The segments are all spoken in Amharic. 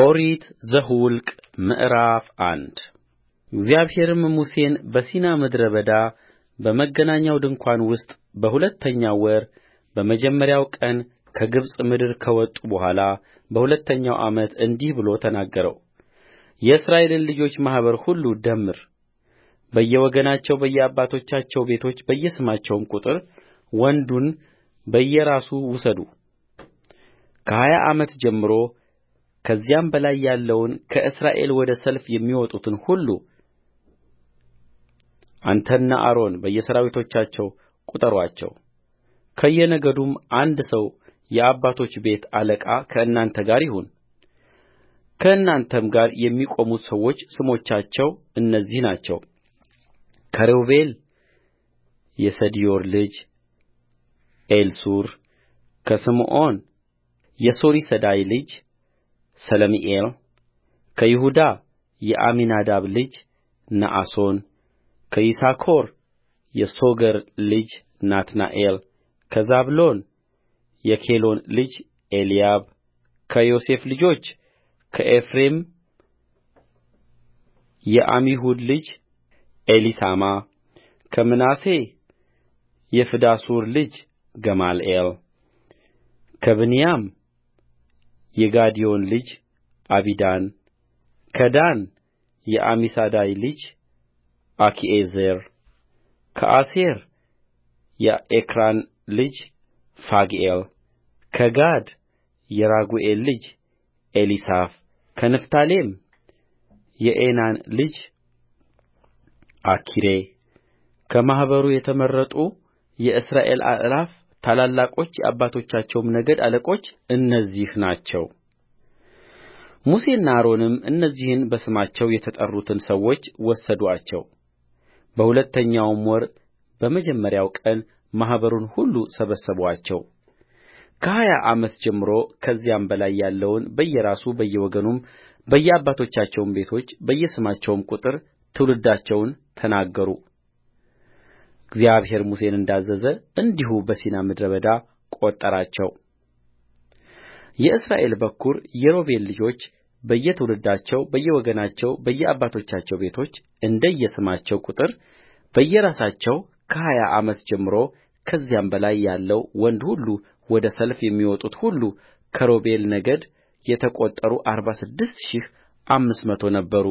ኦሪት ዘኍልቍ ምዕራፍ አንድ እግዚአብሔርም ሙሴን በሲና ምድረ በዳ በመገናኛው ድንኳን ውስጥ በሁለተኛው ወር በመጀመሪያው ቀን ከግብፅ ምድር ከወጡ በኋላ በሁለተኛው ዓመት እንዲህ ብሎ ተናገረውየእስራኤልን ልጆች ማኅበር ሁሉ ድምር በየወገናቸው በየአባቶቻቸው ቤቶች በየስማቸውም ቍጥር ወንዱን በየራሱ ውሰዱ ከሀያ ዓመት ጀምሮ ከዚያም በላይ ያለውን ከእስራኤል ወደ ሰልፍ የሚወጡትን ሁሉ አንተና አሮን በየሠራዊቶቻቸው ቍጠሩአቸው ከየነገዱም አንድ ሰው የአባቶች ቤት አለቃ ከእናንተ ጋር ይሁን። ከእናንተም ጋር የሚቆሙት ሰዎች ስሞቻቸው እነዚህ ናቸው ከሮቤል የሰዲዮር ልጅ ኤሊሱር ከስምዖን የሱሪሰዳይ ልጅ ከይሁዳ የአሚናዳብ ልጅ ነአሶን ከይሳኮር የሶገር ልጅ ናትናኤል ከዛብሎን የኬሎን ልጅ ኤልያብ ከዮሴፍ ልጆች ከኤፍሬም የዓሚሁድ ልጅ ኤሊሳማ ከምናሴ የፍዳሱር ልጅ ገማልኤል ከብንያም የጋዴዮን ልጅ አቢዳንከዳን የአሚሳዳይ ልጅ አኪዔዘር ከአሴር የኤክራን ልጅ ፋግኤልከጋድ የራጉኤል ልጅ ኤሊሳፍ ከንፍታሌም የዔናን ልጅ አኪሬ ከማኅበሩ የተመረጡ የእስራኤል አእላፍ ታላላቆች የአባቶቻቸውም ነገድ አለቆች እነዚህ ናቸውሙሴና አሮንም እነዚህን በስማቸው የተጠሩትን ሰዎች ወሰዱአቸው በሁለተኛውም ወር በመጀመሪያው ቀን ማኅበሩን ሁሉ ሰበሰቡአቸው ከሀያ ዓመት ጀምሮ ከዚያም በላይ ያለውን በየራሱ በየወገኑም በየአባቶቻቸውም ቤቶች በየስማቸውም ቍጥር ትውልዳቸውን ተናገሩ እግዚአብሔር ሙሴን እንዳዘዘ እንዲሁ በሲና ምድረ በዳ ቈጠራቸውየእስራኤል በኵር የሮቤል ልጆች በየትውልዳቸው በየወገናቸው በየአባቶቻቸው ቤቶች እንደየስማቸው ቍጥር በየራሳቸው ከሀያ ዓመት ጀምሮ ከዚያም በላይ ያለው ወንድ ሁሉ ወደ ሰልፍ የሚወጡት ሁሉ ከሮቤል ነገድ የተቈጠሩ አርባ ስድስት ሺህ አምስት መቶ ነበሩ።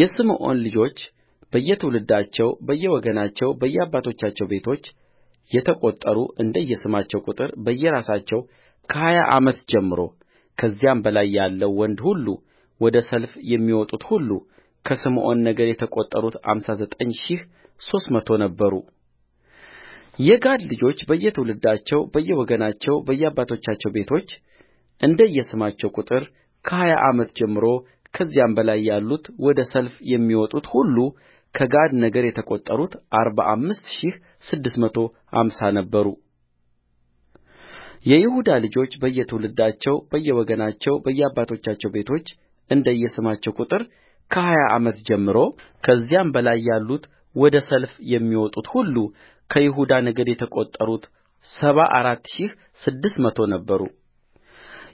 የስምዖን ልጆች በየትውልዳቸው በየወገናቸው በየአባቶቻቸው ቤቶች የተቈጠሩ እንደየስማቸው ቍጥር በየራሳቸው ከሀያ ዓመት ጀምሮ ከዚያም በላይ ያለው ወንድ ሁሉ ወደ ሰልፍ የሚወጡት ሁሉከስምዖን ነገድ የተቈጠሩት አምሳ ዘጠኝ ሺህ ሦስት መቶ የጋድ ልጆች በየትውልዳቸው በየወገናቸው በየአባቶቻቸው ቤቶች እንደየስማቸው ቍጥር ከሀያ ዓመት ጀምሮ ከዚያም በላይ ያሉት ወደ ሰልፍ የሚወጡት ሁሉ ከጋድ ነገድ የተቈጠሩት አርባ አምስት ሺህ ስድስት መቶ አምሳ ነበሩ። የይሁዳ ልጆች በየትውልዳቸው በየወገናቸው በየአባቶቻቸው ቤቶች እንደየስማቸው ቍጥር ከሀያ ዓመት ጀምሮ ከዚያም በላይ ያሉት ወደ ሰልፍ የሚወጡት ሁሉከይሁዳ ነገድ የተቈጠሩት ሰባ አራት ሺህ ስድስት መቶ ነበሩ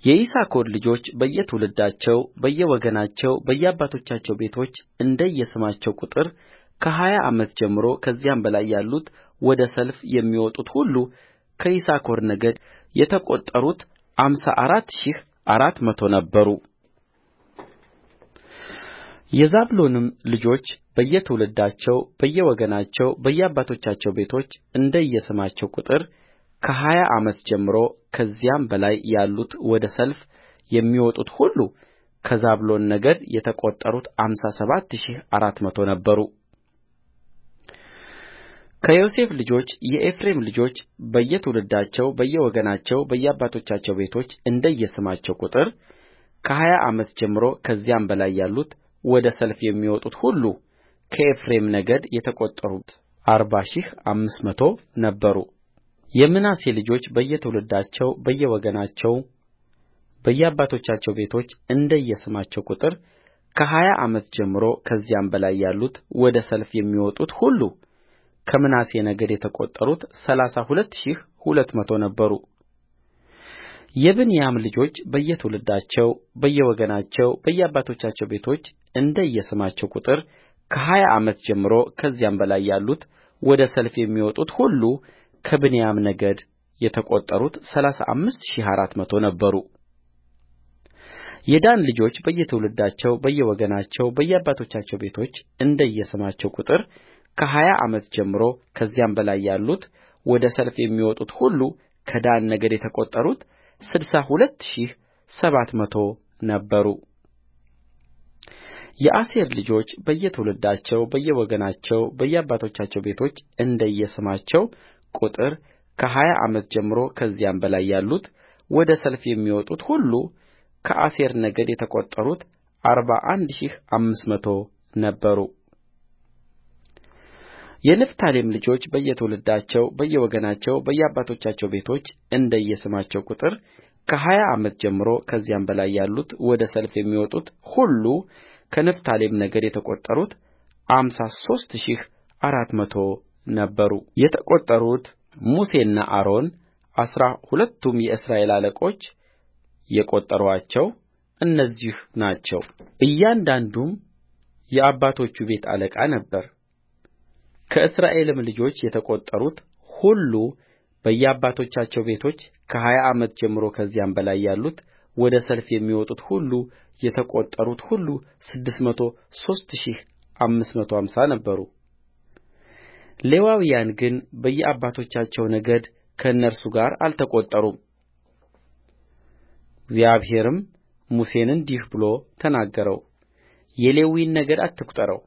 የይሳኮር ልጆች በየትውልዳቸው በየወገናቸው በየአባቶቻቸው ቤቶች እንደየስማቸው ቍጥር ከሀያ ዓመት ጀምሮ ከዚያም በላይ ያሉት ወደ ሰልፍ የሚወጡት ሁሉከይሳኮር ነገድ የተቈጠሩት አምሳ አራት ሺህ አራት መቶ ነበሩ። የዛብሎንም ልጆች በየትውልዳቸው በየወገናቸው በየአባቶቻቸው ቤቶች እንደየስማቸው ቍጥር ከሀያ ዓመት ጀምሮ ከዚያም በላይ ያሉት ወደ ሰልፍ የሚወጡት ሁሉከዛብሎን ነገድ የተቈጠሩት አምሳ ሰባት ሺህ አራት መቶ ነበሩ። ከዮሴፍ ልጆች የኤፍሬም ልጆች በየትውልዳቸው በየወገናቸው በየአባቶቻቸው ቤቶች እንደየስማቸው ቍጥር ከሀያ ዓመት ጀምሮ ከዚያም በላይ ያሉት ወደ ሰልፍ የሚወጡት ሁሉ ከኤፍሬም ነገድ የተቈጠሩት አርባ ሺህ አምስት መቶ ነበሩ የምናሴ ልጆች በየትውልዳቸው በየወገናቸው በየአባቶቻቸው ቤቶች እንደየስማቸው ቍጥር ከሀያ ዓመት ጀምሮ ከዚያም በላይ ያሉት ወደ ሰልፍ የሚወጡት ሁሉከምናሴ ነገድ የተቈጠሩት ሠላሳ ሁለት ሺህ ሁለት መቶ ነበሩ። የብንያም ልጆች በየትውልዳቸው በየወገናቸው በየአባቶቻቸው ቤቶች እንደየስማቸው ቍጥር ከሀያ ዓመት ጀምሮ ከዚያም በላይ ያሉት ወደ ሰልፍ የሚወጡት ሁሉ ከብንያም ነገድ የተቈጠሩት ሠላሳ አምስት ሺህ አራት መቶ ነበሩ። የዳን ልጆች በየትውልዳቸው በየወገናቸው በየአባቶቻቸው ቤቶች እንደየስማቸው ቍጥር ከሀያ ዓመት ጀምሮ ከዚያም በላይ ያሉት ወደ ሰልፍ የሚወጡት ሁሉከዳን ነገድ የተቈጠሩት ስድሳ ሁለት ሺህ ሰባት መቶ ነበሩ የአሴር ልጆች በየትውልዳቸው በየወገናቸው በየአባቶቻቸው ቤቶች እንደየስማቸው ቍጥር ከሀያ ዓመት ጀምሮ ከዚያም በላይ ያሉት ወደ ሰልፍ የሚወጡት ሁሉከአሴር ነገድ የተቈጠሩት አርባ አንድ ሺህ አምስት መቶ ነበሩ የንፍታሌም ልጆች በየትውልዳቸው በየወገናቸው በየአባቶቻቸው ቤቶች እንደየስማቸው ቍጥር ከሀያ ዓመት ጀምሮ ከዚያም በላይ ያሉት ወደ ሰልፍ የሚወጡት ሁሉከንፍታሌም ነገድ የተቈጠሩት አምሳ ሦስት ሺህ አራት መቶ ነበሩ የተቈጠሩት ሙሴና አሮን አሥራ ሁለቱም የእስራኤል አለቆች የቈጠሩአቸው እነዚህ ናቸው እያንዳንዱም የአባቶቹ ቤት አለቃ ነበረከእስራኤልም ልጆች የተቈጠሩት ሁሉ በየአባቶቻቸው ቤቶች ከሀያ ዓመት ጀምሮ ከዚያም በላይ ያሉት ወደ ሰልፍ የሚወጡት ሁሉ የተቈጠሩት ሁሉ ስድስት መቶ ሦስት ሺህ አምስት መቶ አምሳ ነበሩ ሌዋውያን ግን በየአባቶቻቸው ነገድ ከእነርሱ ጋር አልተቈጠሩም እግዚአብሔርም ሙሴን እንዲህ ብሎ ተናገረውየሌዊን ነገድ አትቍጠረው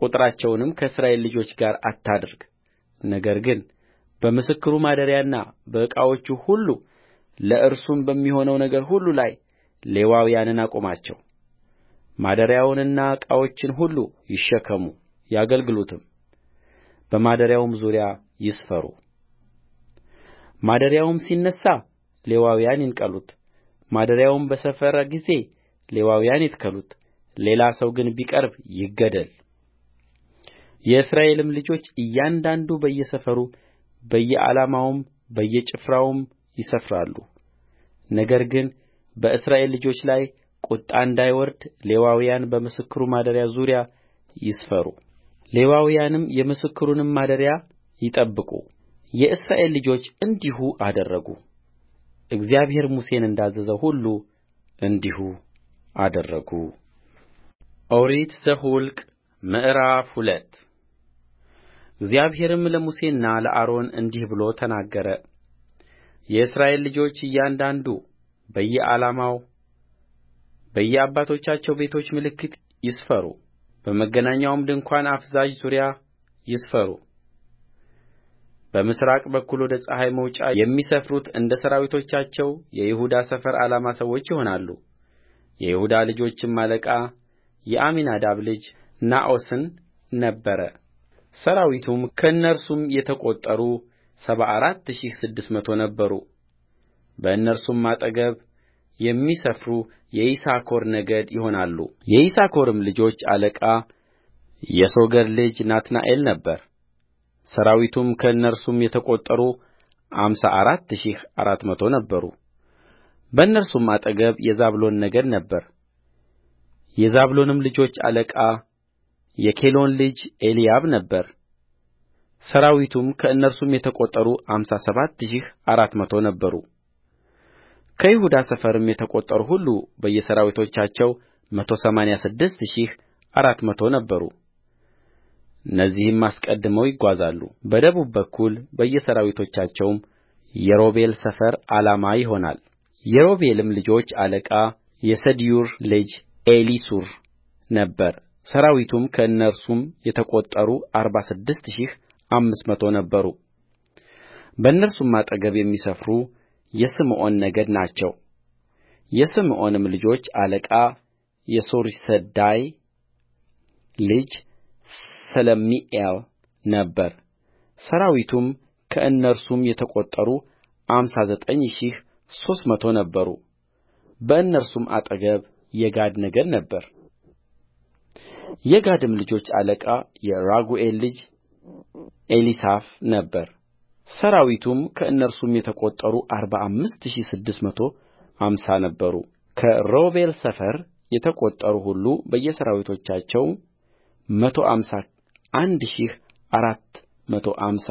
ቍጥራቸውንም ከእስራኤል ልጆች ጋር አታድርግ ነገር ግን በምስክሩ ማደሪያና በዕቃዎቹ ሁሉ ለእርሱም በሚሆነው ነገር ሁሉ ላይ ሌዋውያንን አቁማቸው ማደሪያውንና ዕቃዎቹን ሁሉ ይሸከሙ ያገልግሉትም በማደሪያውም ዙሪያ ይስፈሩማደሪያውም ሲነሣ ሌዋውያን ይንቀሉት ማደሪያውም በሰፈረ ጊዜ ሌዋውያን ይትከሉት ሌላ ሰው ግን ቢቀርብ ይገደል የእስራኤልም ልጆች እያንዳንዱ በየሰፈሩ በየዓላማውም በየጭፍራውም ይሰፍራሉ ነገር ግን በእስራኤል ልጆች ላይ ቍጣ እንዳይወርድ ሌዋውያን በምስክሩ ማደሪያ ዙሪያ ይስፈሩ ሌዋውያንም የምስክሩን ማደሪያ ይጠብቁ የእስራኤል ልጆች እንዲሁ አደረጉ እግዚአብሔር ሙሴን እንዳዘዘው ሁሉ እንዲሁ አደረጉ ኦሪት ዘኍልቍ ምዕራፍ ሁለት እግዚአብሔርም ለሙሴና ለአሮን እንዲህ ብሎ ተናገረ የእስራኤል ልጆች እያንዳንዱ በየዓላማው በየአባቶቻቸው ቤቶች ምልክት ይስፈሩ በመገናኛውም ድንኳን አፍዛዥ ዙሪያ ይስፈሩበምሥራቅ በኩል ወደ ፀሐይ መውጫ የሚሰፍሩት እንደ ሠራዊቶቻቸው የይሁዳ ሰፈር ዓላማ ሰዎች ይሆናሉ የይሁዳ ልጆችም አለቃ የአሚናዳብ ልጅ ነበረ። ነበረሠራዊቱም ከእነርሱም የተቈጠሩ ሰባ አራት ሺህ ስድስት መቶ ነበሩ በእነርሱም አጠገብ የሚሰፍሩ የይሳኮር ነገድ ይሆናሉ። የይሳኮርም ልጆች አለቃ የሶገር ልጅ ናትናኤል ነበረ ሠራዊቱም ከእነርሱም የተቈጠሩ አምሳ አራት ሺህ አራት መቶ ነበሩበእነርሱም አጠገብ የዛብሎን ነገድ ነበረ የዛብሎንም ልጆች አለቃ የኬሎን ልጅ ኤልያብ ነበር። ሠራዊቱም ከእነርሱም የተቈጠሩ አምሳ ሰባት ሺህ አራት መቶ ነበሩ። ከይሁዳ ሰፈርም የተቈጠሩ ሁሉ በየሠራዊቶቻቸው መቶ ሰማንያ ስድስት ሺህ አራት መቶ ነበሩ እነዚህም አስቀድመው ይጓዛሉ በደቡብ በኩል በየሠራዊቶቻቸው የሮቤል ሰፈር ዓላማ ይሆናል የሮቤልም ልጆች አለቃ የሰዲዮር ልጅ ኤሊሱር ነበር። ሠራዊቱም ከእነርሱም የተቈጠሩ አርባ ስድስት ሺህ አምስት መቶ ነበሩ በእነርሱም አጠገብ የሚሰፍሩ የስምዖን ነገድ ናቸው የስምዖንም ልጆች አለቃ የሱሪሰዳይ ልጅ ሰለሚኤል ነበረሠራዊቱም ከእነርሱም የተቈጠሩ አምሳ ዘጠኝ ሺህ ሦስት መቶ ነበሩ በእነርሱም አጠገብ የጋድ ነገድ ነበረ የጋድም ልጆች አለቃ የራጉኤል ልጅ ኤሊሳፍ ነበረ ሠራዊቱም ከእነርሱም የተቈጠሩ አርባ አምስት ሺህ ስድስት መቶ አምሳ ነበሩከሮቤል ሰፈር የተቈጠሩ ሁሉ በየሠራዊቶቻቸው መቶ አምሳ አንድ ሺህ አራት መቶ አምሳ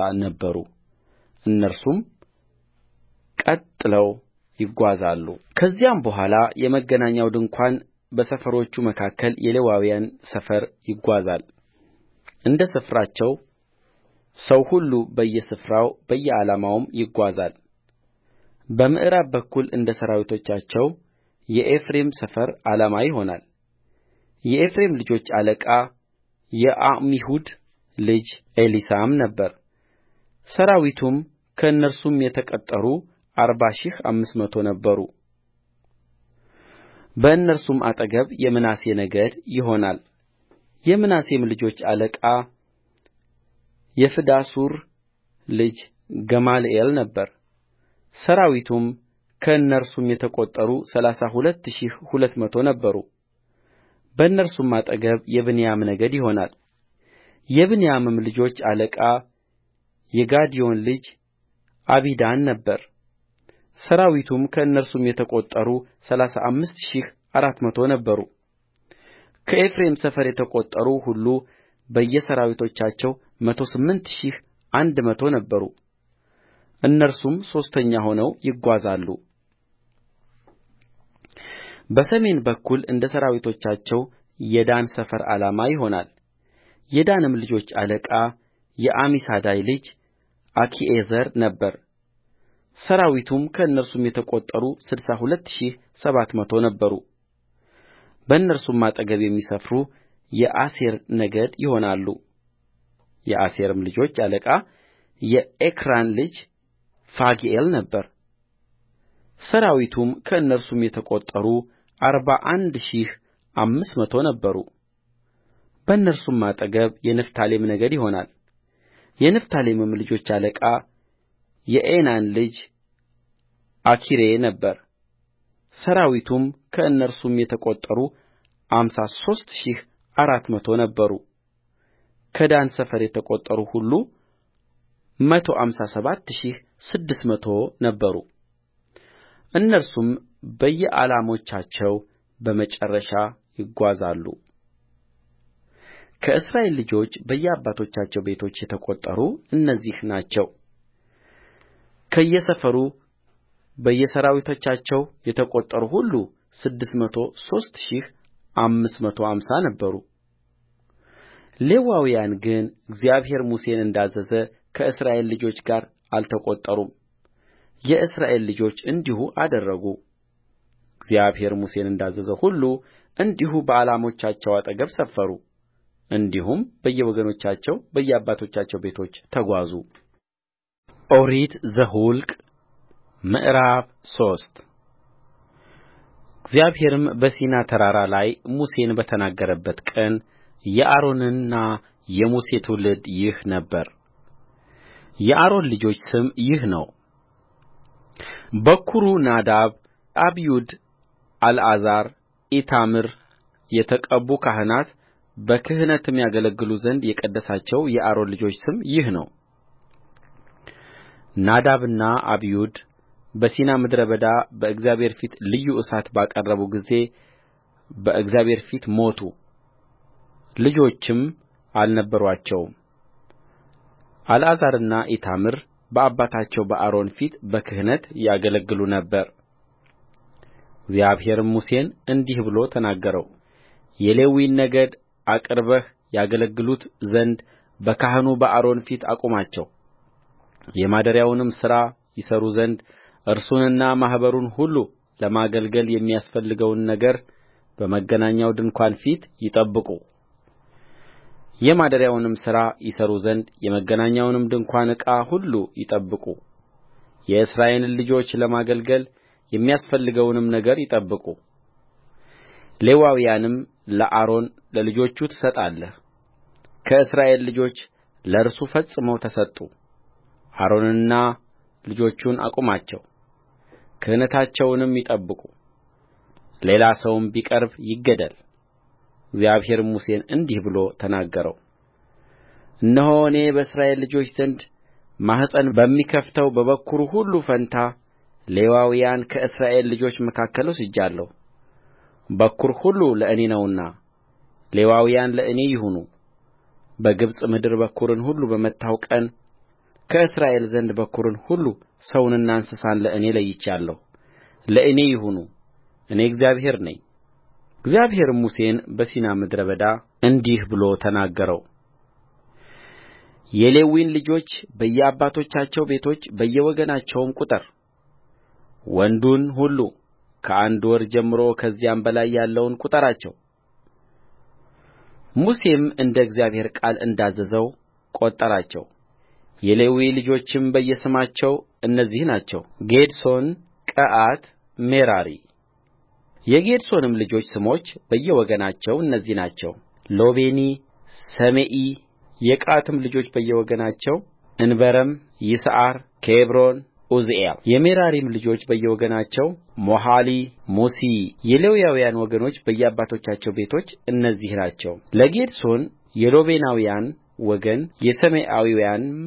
እነርሱም ቀጥለው ከዚያም በኋላ የመገናኛው ድንኳን በሰፈሮቹ መካከል የሌዋውያን ሰፈር ይጓዛል እንደ ስፍራቸው ሰው ሁሉ በየስፍራው በየዓላማውም ይጓዛል በምዕራብ በኩል እንደ ሠራዊቶቻቸው የኤፍሬም ሰፈር ዓላማ ይሆናል የኤፍሬም ልጆች አለቃ የዓሚሁድ ልጅ ኤሊሳማ ነበረሠራዊቱም ከእነርሱም የተቈጠሩ አርባ ሺህ አምስት መቶ ነበሩ በእነርሱም አጠገብ የምናሴ ነገድ ይሆናል የምናሴም ልጆች አለቃ የፍዳሱር ልጅ ገማልኤል ነበረሠራዊቱም ከእነርሱም የተቈጠሩ ሠላሳ ሁለት ሺህ ሁለት መቶ ነበሩበእነርሱም አጠገብ የብንያም ነገድ ይሆናል የብንያምም ልጆች አለቃ የጋዲዮን ልጅ አቢዳን ነበረሠራዊቱም ከእነርሱም የተቈጠሩ ሠላሳ አምስት ሺህ አራት መቶ ነበሩ ከኤፍሬም ሰፈር የተቈጠሩ ሁሉ በየሠራዊቶቻቸው መቶ ስምንት ሺህ አንድ መቶ ነበሩ እነርሱም ሦስተኛ ሆነው ይጓዛሉ በሰሜን በኩል እንደ ሠራዊቶቻቸው የዳን ሰፈር ዓላማ ይሆናል የዳንም ልጆች አለቃ የአሚሳዳይ ልጅ አኪዔዘር ነበር። ሠራዊቱም ከእነርሱም የተቈጠሩ ስድሳ ሁለት ሺህ ሰባት መቶ ነበሩ። በእነርሱም አጠገብ የሚሰፍሩ የአሴር ነገድ ይሆናሉ። የአሴርም ልጆች አለቃ የኤክራን ልጅ ፋግኤል ነበረ ሠራዊቱም ከእነርሱም የተቈጠሩ አርባ አንድ ሺህ አምስት መቶ ነበሩበእነርሱም አጠገብ የንፍታሌም ነገድ ይሆናል የንፍታሌምም ልጆች አለቃ የዔናን ልጅ አኪሬ ነበረ ሠራዊቱም ከእነርሱም የተቈጠሩ አምሳ ሦስት ሺህ አራት መቶ ነበሩ ከዳን ሰፈር የተቈጠሩ ሁሉ መቶ አምሳ ሰባት ሺህ ስድስት መቶ ነበሩ እነርሱም በየዓላሞቻቸው በመጨረሻ ይጓዛሉ ከእስራኤል ልጆች በየአባቶቻቸው ቤቶች የተቈጠሩ እነዚህ ናቸው ከየሰፈሩ በየሠራዊቶቻቸው የተቈጠሩ ሁሉ ስድስት መቶ ሦስት ሺህ አምስት መቶ አምሳ ነበሩ ሌዋውያን ግን እግዚአብሔር ሙሴን እንዳዘዘ ከእስራኤል ልጆች ጋር የእስራኤል ልጆች እንዲሁ አደረጉ እግዚአብሔር ሙሴን እንዳዘዘው ሁሉ እንዲሁ በዓላሞቻቸው አጠገብ ሰፈሩ እንዲሁም በየወገኖቻቸው በየአባቶቻቸው ቤቶች ተጓዙ ኦሪት ዘኍልቍ ምዕራፍ ሶስት እግዚአብሔርም በሲና ተራራ ላይ ሙሴን በተናገረበት ቀን የአሮንና የሙሴ ትውልድ ይህ የአሮን ልጆች ስም ይህ ነው በኵሩ ናዳብ አብዩድ አልዓዛር የተቀቡ ካህናት በክህነትም ያገለግሉ ዘንድ የቀደሳቸው የአሮን ልጆች ስም ይህ ነው ናዳብና አብዩድ በሲና ምድረ በዳ በእግዚአብሔር ፊት ልዩ እሳት ባቀረቡ ጊዜ በእግዚአብሔር ፊት ሞቱ ልጆችም አልነበሩአቸውም አልዓዛርና ኢታምር በአባታቸው በአሮን ፊት በክህነት ያገለግሉ እግዚአብሔርም ሙሴን እንዲህ ብሎ ተናገረውየሌዊን ነገድ አቅርበህ ያገለግሉት ዘንድ በካህኑ በአሮን ፊት አቁማቸው የማደሪያውንም ሥራ ይሠሩ ዘንድ እርሱንና ማኅበሩን ሁሉ ለማገልገል የሚያስፈልገውን ነገር በመገናኛው ድንኳን ፊት ይጠብቁ የማደሪያውንም ሥራ ይሠሩ ዘንድ የመገናኛውንም ድንኳን ዕቃ ሁሉ ይጠብቁ የእስራኤልን ልጆች ለማገልገል የሚያስፈልገውንም ነገር ሌዋውያንም ለአሮን ለልጆቹ ትሰጣለህ ከእስራኤል ልጆች ለእርሱ ፈጽመው ተሰጡ አሮንንና ልጆቹን አቁማቸው ክህነታቸውንም ይጠብቁ ሌላ ሰውም ቢቀርብ ይገደል እግዚአብሔርም ሙሴን እንዲህ ብሎ ተናገረው እነሆ እኔ በእስራኤል ልጆች ዘንድ ማኅፀን በሚከፍተው በበኵሩ ሁሉ ፋንታ ሌዋውያን ከእስራኤል ልጆች መካከል ወስጄአለሁ በኵር ሁሉ ለእኔ ነውና ሌዋውያን ለእኔ ይሁኑ በግብፅ ምድር በኵርን ሁሉ በመታሁ ቀን ከእስራኤል ዘንድ በኵርን ሁሉ ሰውንና እንስሳን ለእኔ ለይቼአለሁ ለእኔ ይሁኑ እኔ እግዚአብሔር ነኝ እግዚአብሔርም ሙሴን በሲና ምድረ በዳ እንዲህ ብሎ ተናገረውየሌዊን ልጆች በየአባቶቻቸው ቤቶች በየወገናቸውም ቍጠር ወንዱን ሁሉ ከአንድ ወር ጀምሮ ከዚያም በላይ ያለውን ቍጠራቸውሙሴም እንደ እግዚአብሔር ቃል እንዳዘዘው ቈጠራቸው የሌዊ ልጆችም በየስማቸው እነዚህ ናቸው ጌድሶን ቀዓት ሜራሪ የጌድሶንም ልጆች ስሞች በየወገናቸው እነዚህ ናቸው ሎቤኒ ሰሜኢ የቀዓትም ልጆች በየወገናቸው እንበረም ይስዓር ኬብሮን የሜራሪም ልጆች በየወገናቸው ሞሖሊ ሙሲ የሌዋውያን ወገኖች በየአባቶቻቸው ቤቶች እነዚህ ናቸው ለጌድሶን የሎቤናውያን ወገን የሰሜአውያንም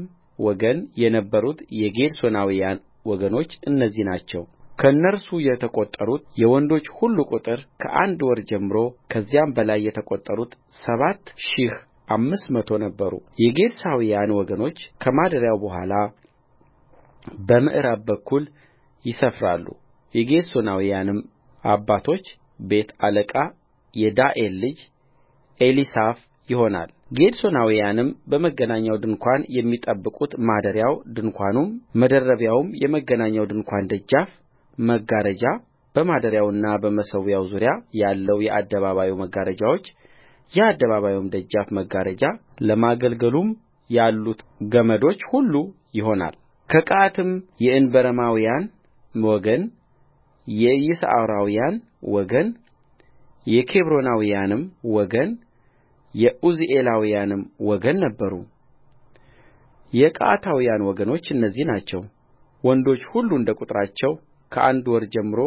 ወገን የነበሩት የጌድሶናውያን ወገኖች እነዚህ ናቸው ከእነርሱ የተቈጠሩት የወንዶች ሁሉ ቍጥር ከአንድ ወር ጀምሮ ከዚያም በላይ የተቈጠሩት ሰባት ሺህ አምስት መቶ ነበሩየጌድሶናውያን ወገኖች ከማደሪያው በኋላ በምዕራብ በኩል ይሰፍራሉ የጌድሶናውያንም አባቶች ቤት አለቃ የዳኤል ልጅ ኤሊሳፍ ይሆናልጌድሶናውያንም በመገናኛው ድንኳን የሚጠብቁት ማደሪያው ድንኳኑም መደረቢያውም የመገናኛው ድንኳን ደጃፍ መጋረጃ በማደሪያውና በመሠዊያው ዙሪያ ያለው የአደባባዩ መጋረጆች የአደባባዩም ደጃፍ መጋረጃ ለማገልገሉም ያሉት ገመዶች ሁሉ ይሆናል ከቀዓትም የእንበረማውያን ወገን የይስዓራውያን ወገን የኬብሮናውያንም ወገን የዑዝኤላውያንም ወገን ነበሩ የቀዓታውያን ወገኖች እነዚህ ናቸው ወንዶች ሁሉ እንደ ቍጥራቸው ከአንድ ወር ጀምሮ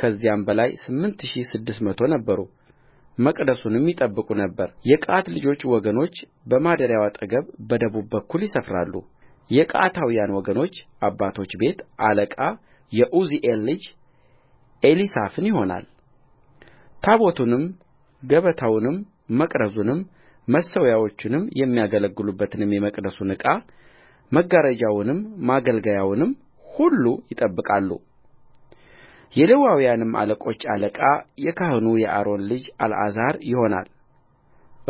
ከዚያም በላይ ስምንት ሺህ ስድስት መቶ ነበሩመቅደሱንም ይጠብቁ ነበር የቀዓት ልጆች ወገኖች በማደሪያው አጠገብ በደቡብ በኩል ይሰፍራሉየቀዓታውያን ወገኖች አባቶች ቤት አለቃ የዑዝኤል ልጅ ኤሊሳፈን ይሆናል ታቦቱንም ገበታውንም መቅረዙንም መሠዊያዎቹንም የሚያገለግሉበትንም የመቅደሱን ዕቃ መጋረጃውንም ማገልገያውንም ሁሉ ይጠብቃሉ የሌዋውያንም አለቆች አለቃ የካህኑ የአሮን ልጅ አልዓዛር ይሆናል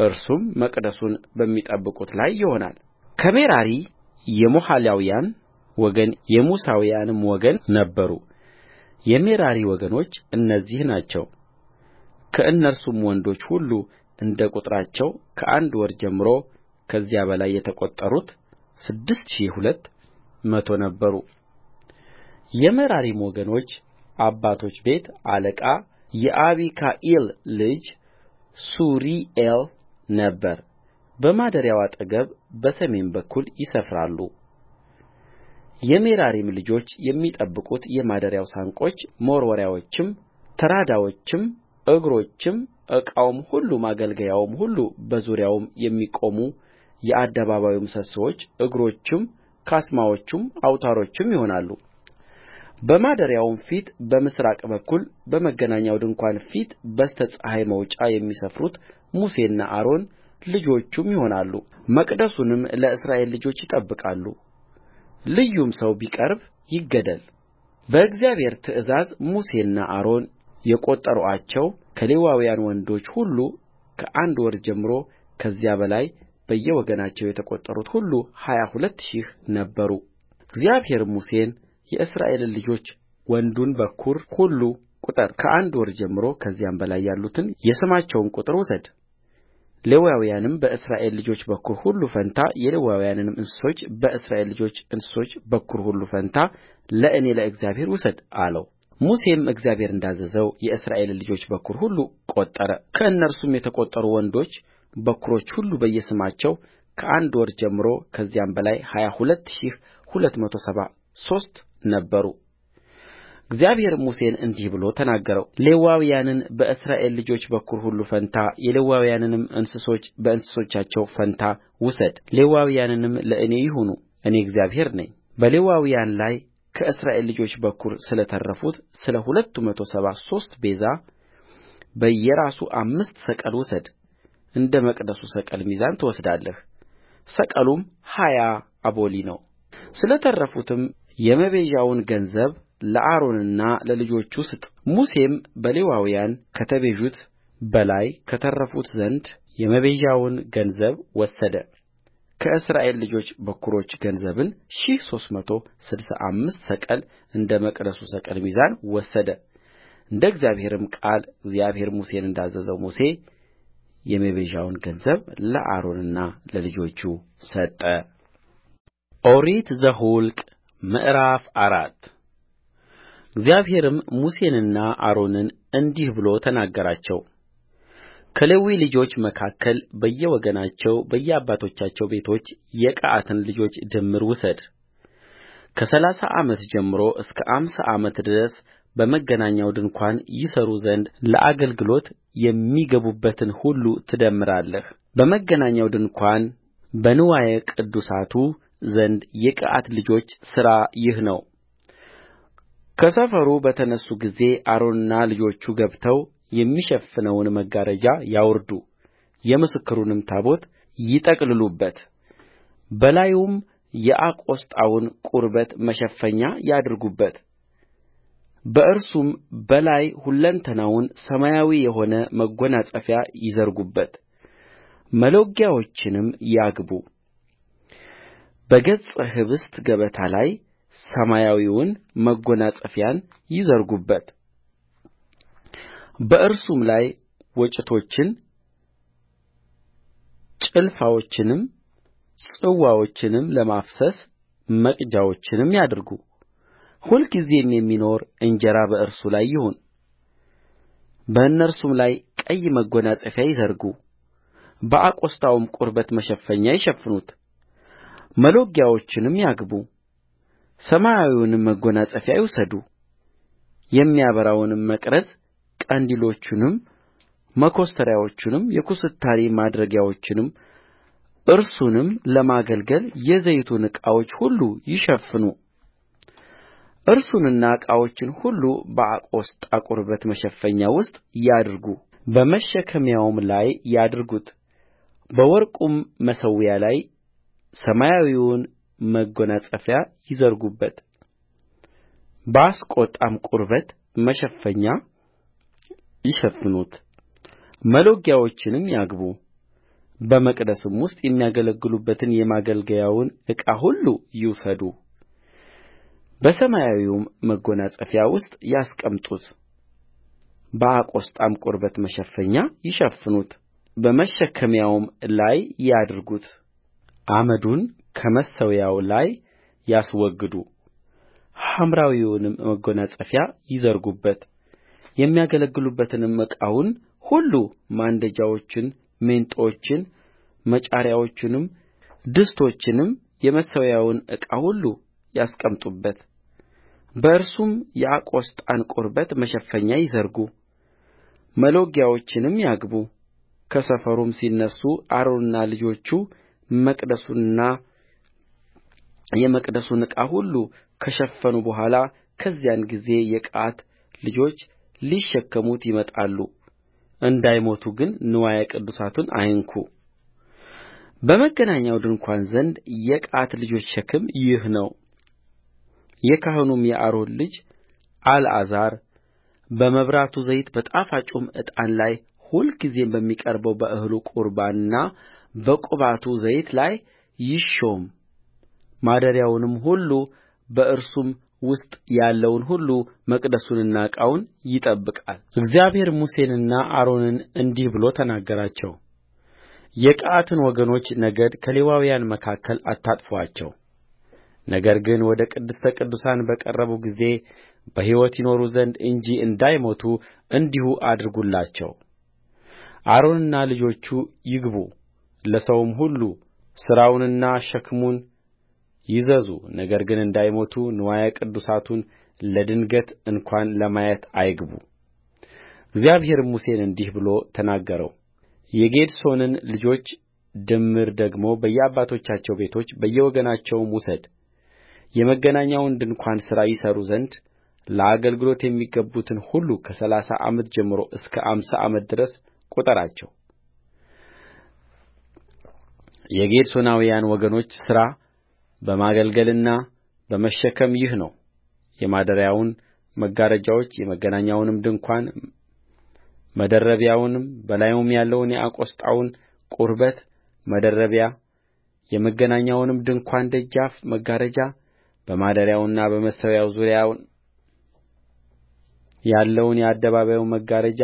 እርሱም መቅደሱን በሚጠብቁት ላይ ይሆናልከሜራሪ የሞሖላውያን ወገን የሙሳውያንም ወገን ነበሩ የሜራሪ ወገኖች እነዚህ ናቸው ከእነርሱም ወንዶች ሁሉ እንደ ቍጥራቸው ከአንድ ወር ጀምሮ ከዚያ በላይ የተቈጠሩት ስድስት ሺህ ሁለት መቶ ነበሩ የሜራሪም ወገኖች አባቶች ቤት አለቃ የአቢካኢል ልጅ ሱሪኤል ነበረበማደሪያው አጠገብ በሰሜን በኩል ይሰፍራሉየሜራሪም ልጆች የሚጠብቁት የማደሪያው ሳንቆች መወርወሪያዎችም ተራዳዎችም እግሮችም ዕቃውም ሁሉ ማገልገያውም ሁሉ በዙሪያውም የሚቆሙ የአደባባዩ ምሰሶች እግሮቹም ካስማዎቹም አውታሮቹም ይሆናሉ በማደሪያውም ፊት በምሥራቅ በኩል በመገናኛው ድንኳን ፊት በስተ ፀሐይ መውጫ የሚሰፍሩት ሙሴና አሮን ልጆቹም ይሆናሉ። መቅደሱንም ለእስራኤል ልጆች ይጠብቃሉ ልዩም ሰው ቢቀርብ ይገደል በእግዚአብሔር ትእዛዝ ሙሴና አሮን የቈጠሩአቸው ከሌዋውያን ወንዶች ሁሉ ከአንድ ወር ጀምሮ ከዚያ በላይ በየወገናቸው የተቈጠሩት ሁሉ ሀያ ሁለት ሺህ ነበሩ። እግዚአብሔርም ሙሴን የእስራኤልን ልጆች ወንዱን በኵር ሁሉ ቍጠር ከአንድ ወር ጀምሮ ከዚያም በላይ ያሉትን የስማቸውን ቍጥር ውሰድሌዋውያንም በእስራኤል ልጆች በኵር ሁሉ ፋንታ የሌዋውያንንም እንስሶች በእስራኤል ልጆች እንስሶች በኵር ሁሉ ፋንታ ለእኔ ለእግዚአብሔር ውሰድ አለውሙሴም እግዚአብሔር እንዳዘዘው የእስራኤልን ልጆች በኵር ሁሉ ቈጠረ ከእነርሱም የተቈጠሩ ወንዶች በኵሮች ሁሉ በየስማቸው ከአንድ ወር ጀምሮ ከዚያም በላይ ሀያ ሁለት ሺህ ሁለት መቶ ሰባ ሦስት ነበሩ እግዚአብሔርም ሙሴን እንዲህ ብሎ ተናገረውሌዋውያንን በእስራኤል ልጆች በኵር ሁሉ ፋንታ የሌዋውያንንም እንስሶች በእንስሶቻቸው ፋንታ ውሰድሌዋውያንም ለእኔ ይሁኑ እኔ እግዚአብሔር ነኝበሌዋውያን ላይ ከእስራኤል ልጆች በኵር ስለ ተረፉት ስለ ሁለቱ መቶ ሰባ ሦስት ቤዛ በየራሱ አምስት ሰቅል ውሰድ እንደ መቅደሱ ሰቅል ሚዛን ትወስዳለህ ሰቀሉም ሀያ አቦሊ ነው ስለ ተረፉትም የመቤዣውን ገንዘብ ለአሮንና ለልጆቹ ስጥሙሴም በሌዋውያን ከተቤዡት በላይ ከተረፉት ዘንድ የመቤዣውን ገንዘብ ወሰደ ከእስራኤል ልጆች በኵሮች ገንዘብን ሺህ ሦስት መቶ ስድሳ አምስት ሰቅል እንደ መቅደሱ ሰቅል ሚዛን ወሰደ እንደ እግዚአብሔርም ቃል እግዚአብሔር ሙሴን እንዳዘዘው ሙሴ የመቤዣውን ገንዘብ ለአሮንና ለልጆቹ ሰጠ ኦሪት ዘኍልቍ ምዕራፍ አራት እግዚአብሔርም ሙሴንና አሮንን እንዲህ ብሎ ተናገራቸው! ከሌዊ ልጆች መካከል በየወገናቸው በየአባቶቻቸው ቤቶች የቀዓትን ልጆች ድምር ውሰድ ከሠላሳ ዓመት ጀምሮ እስከ አምሳ ዓመት ድረስ በመገናኛው ድንኳን ይሠሩ ዘንድ ለአገልግሎት የሚገቡበትን ሁሉ ትደምራለህ በመገናኛው ድንኳን በንዋየ ቅድሳቱ ዘንድ የቀዓት ልጆች ሥራ ይህ ነው። ከሰፈሩ በተነሡ ጊዜ አሮንና ልጆቹ ገብተው የሚሸፍነውን መጋረጃ ያውርዱ የምስክሩንም ታቦት ይጠቅልሉበት በላዩም የአቆስጣውን ቁርበት መሸፈኛ ያድርጉበት በእርሱም በላይ ሁለንተናውን ሰማያዊ የሆነ መጐናጸፊያ ይዘርጉበት መሎጊያዎቹንም ያግቡ በገጽ ኅብስት ገበታ ላይ ሰማያዊውን መጐናጸፊያን ይዘርጉበት በእርሱም ላይ ወጭቶችን ጭልፋዎችንም ጽዋዎችንም ለማፍሰስ መቅጃዎችንም ያድርጉ ሁልጊዜም የሚኖር እንጀራ በእርሱ ላይ ይሁን በእነርሱም ላይ ቀይ መጐናጸፊያ ይዘርጉ በአቆስጣውም ቁርበት መሸፈኛ ይሸፍኑት መሎጊያዎቹንም ያግቡ ሰማያዊውንም መጐናጸፊያ ይውሰዱ የሚያበራውንም መቅረዝ ቀንዲሎቹንም መኰስተሪያዎቹንም የኩስታሪ ማድረጊያዎቹንም እርሱንም ለማገልገል የዘይቱን ዕቃዎች ሁሉ ይሸፍኑ እርሱንና ዕቃዎቹን ሁሉ በአቆስጣ ቁርበት መሸፈኛ ውስጥ ያድርጉ በመሸከሚያውም ላይ ያድርጉት በወርቁም መሠዊያ ላይ ሰማያዊውን መጐናጸፊያ ይዘርጉበት በአቆስጣም ቁርበት መሸፈኛ ይሸፍኑት መሎጊያዎቹንም ያግቡ በመቅደስም ውስጥ የሚያገለግሉበትን የማገልገያውን ዕቃ ሁሉ ይውሰዱ በሰማያዊውም መጐናጸፊያ ውስጥ ያስቀምጡት በአቆስጣም ቁርበት መሸፈኛ ይሸፍኑት በመሸከሚያውም ላይ ያድርጉት አመዱን ከመሠዊያው ላይ ያስወግዱ ሐምራዊውንም መጐናጸፊያ ይዘርጉበት የሚያገለግሉበትንም ዕቃውን ሁሉ ማንደጃዎቹን ሜንጦቹን መጫሪያዎቹንም ድስቶቹንም የመሠዊያውን ዕቃ ሁሉ ያስቀምጡበት በእርሱም የአቆስጣን ቁርበት መሸፈኛ ይዘርጉ መሎጊያዎቹንም ያግቡ ከሰፈሩም ሲነሡ አሮንና ልጆቹ መቅደሱንና የመቅደሱን ዕቃ ሁሉ ከሸፈኑ በኋላ ከዚያን ጊዜ የቀዓት ልጆች ሊሸከሙት ይመጣሉ እንዳይሞቱ ግን ንዋየ ቅድሳቱን አይንኩ በመገናኛው ድንኳን ዘንድ የቀዓት ልጆች ሸክም ይህ ነው የካህኑም የአሮን ልጅ አልዓዛር በመብራቱ ዘይት በጣፋጩም ዕጣን ላይ ሁልጊዜም በሚቀርበው በእህሉ ቍርባንና በቁባቱ ዘይት ላይ ይሾም ማደሪያውንም ሁሉ በእርሱም ውስጥ ያለውን ሁሉ መቅደሱንና ዕቃውን ይጠብቃልእግዚአብሔር ሙሴንና አሮንን እንዲህ ብሎ ተናገራቸው የቀዓትን ወገኖች ነገድ ከሌዋውያን መካከል አታጥፉአቸው ነገር ግን ወደ ቅድስተ ቅዱሳን በቀረቡ ጊዜ በሕይወት ይኖሩ ዘንድ እንጂ እንዳይሞቱ እንዲሁ አድርጉላቸው አሮንና ልጆቹ ይግቡ ለሰውም ሁሉ ሥራውንና ሸክሙን ይዘዙ ነገር ግን እንዳይሞቱ ንዋየ ቅድሳቱን ለድንገት እንኳ ለማየት አይግቡ። እግዚአብሔርም ሙሴን እንዲህ ብሎ ተናገረው የጌድሶንን ልጆች ድምር ደግሞ በየአባቶቻቸው ቤቶች በየወገናቸውም ውሰድ የመገናኛውን ድንኳን ሥራ ይሠሩ ዘንድ ለአገልግሎት የሚገቡትን ሁሉ ከሠላሳ ዓመት ጀምሮ እስከ አምሳ ዓመት ድረስ ቍጠራቸው የጌድሶናውያን ወገኖች ሥራ በማገልገልና በመሸከም ይህ ነው የማደሪያውን መጋረጆች የመገናኛውንም ድንኳን መደረቢያውን በላዩም ያለውን የአቆስጣውን ቁርበት መደረቢያ የመገናኛውንም ድንኳን ደጃፍ መጋረጃ በማደሪያውና በመሠዊያው ዙሪያ ያለውን የአደባባዩን መጋረጃ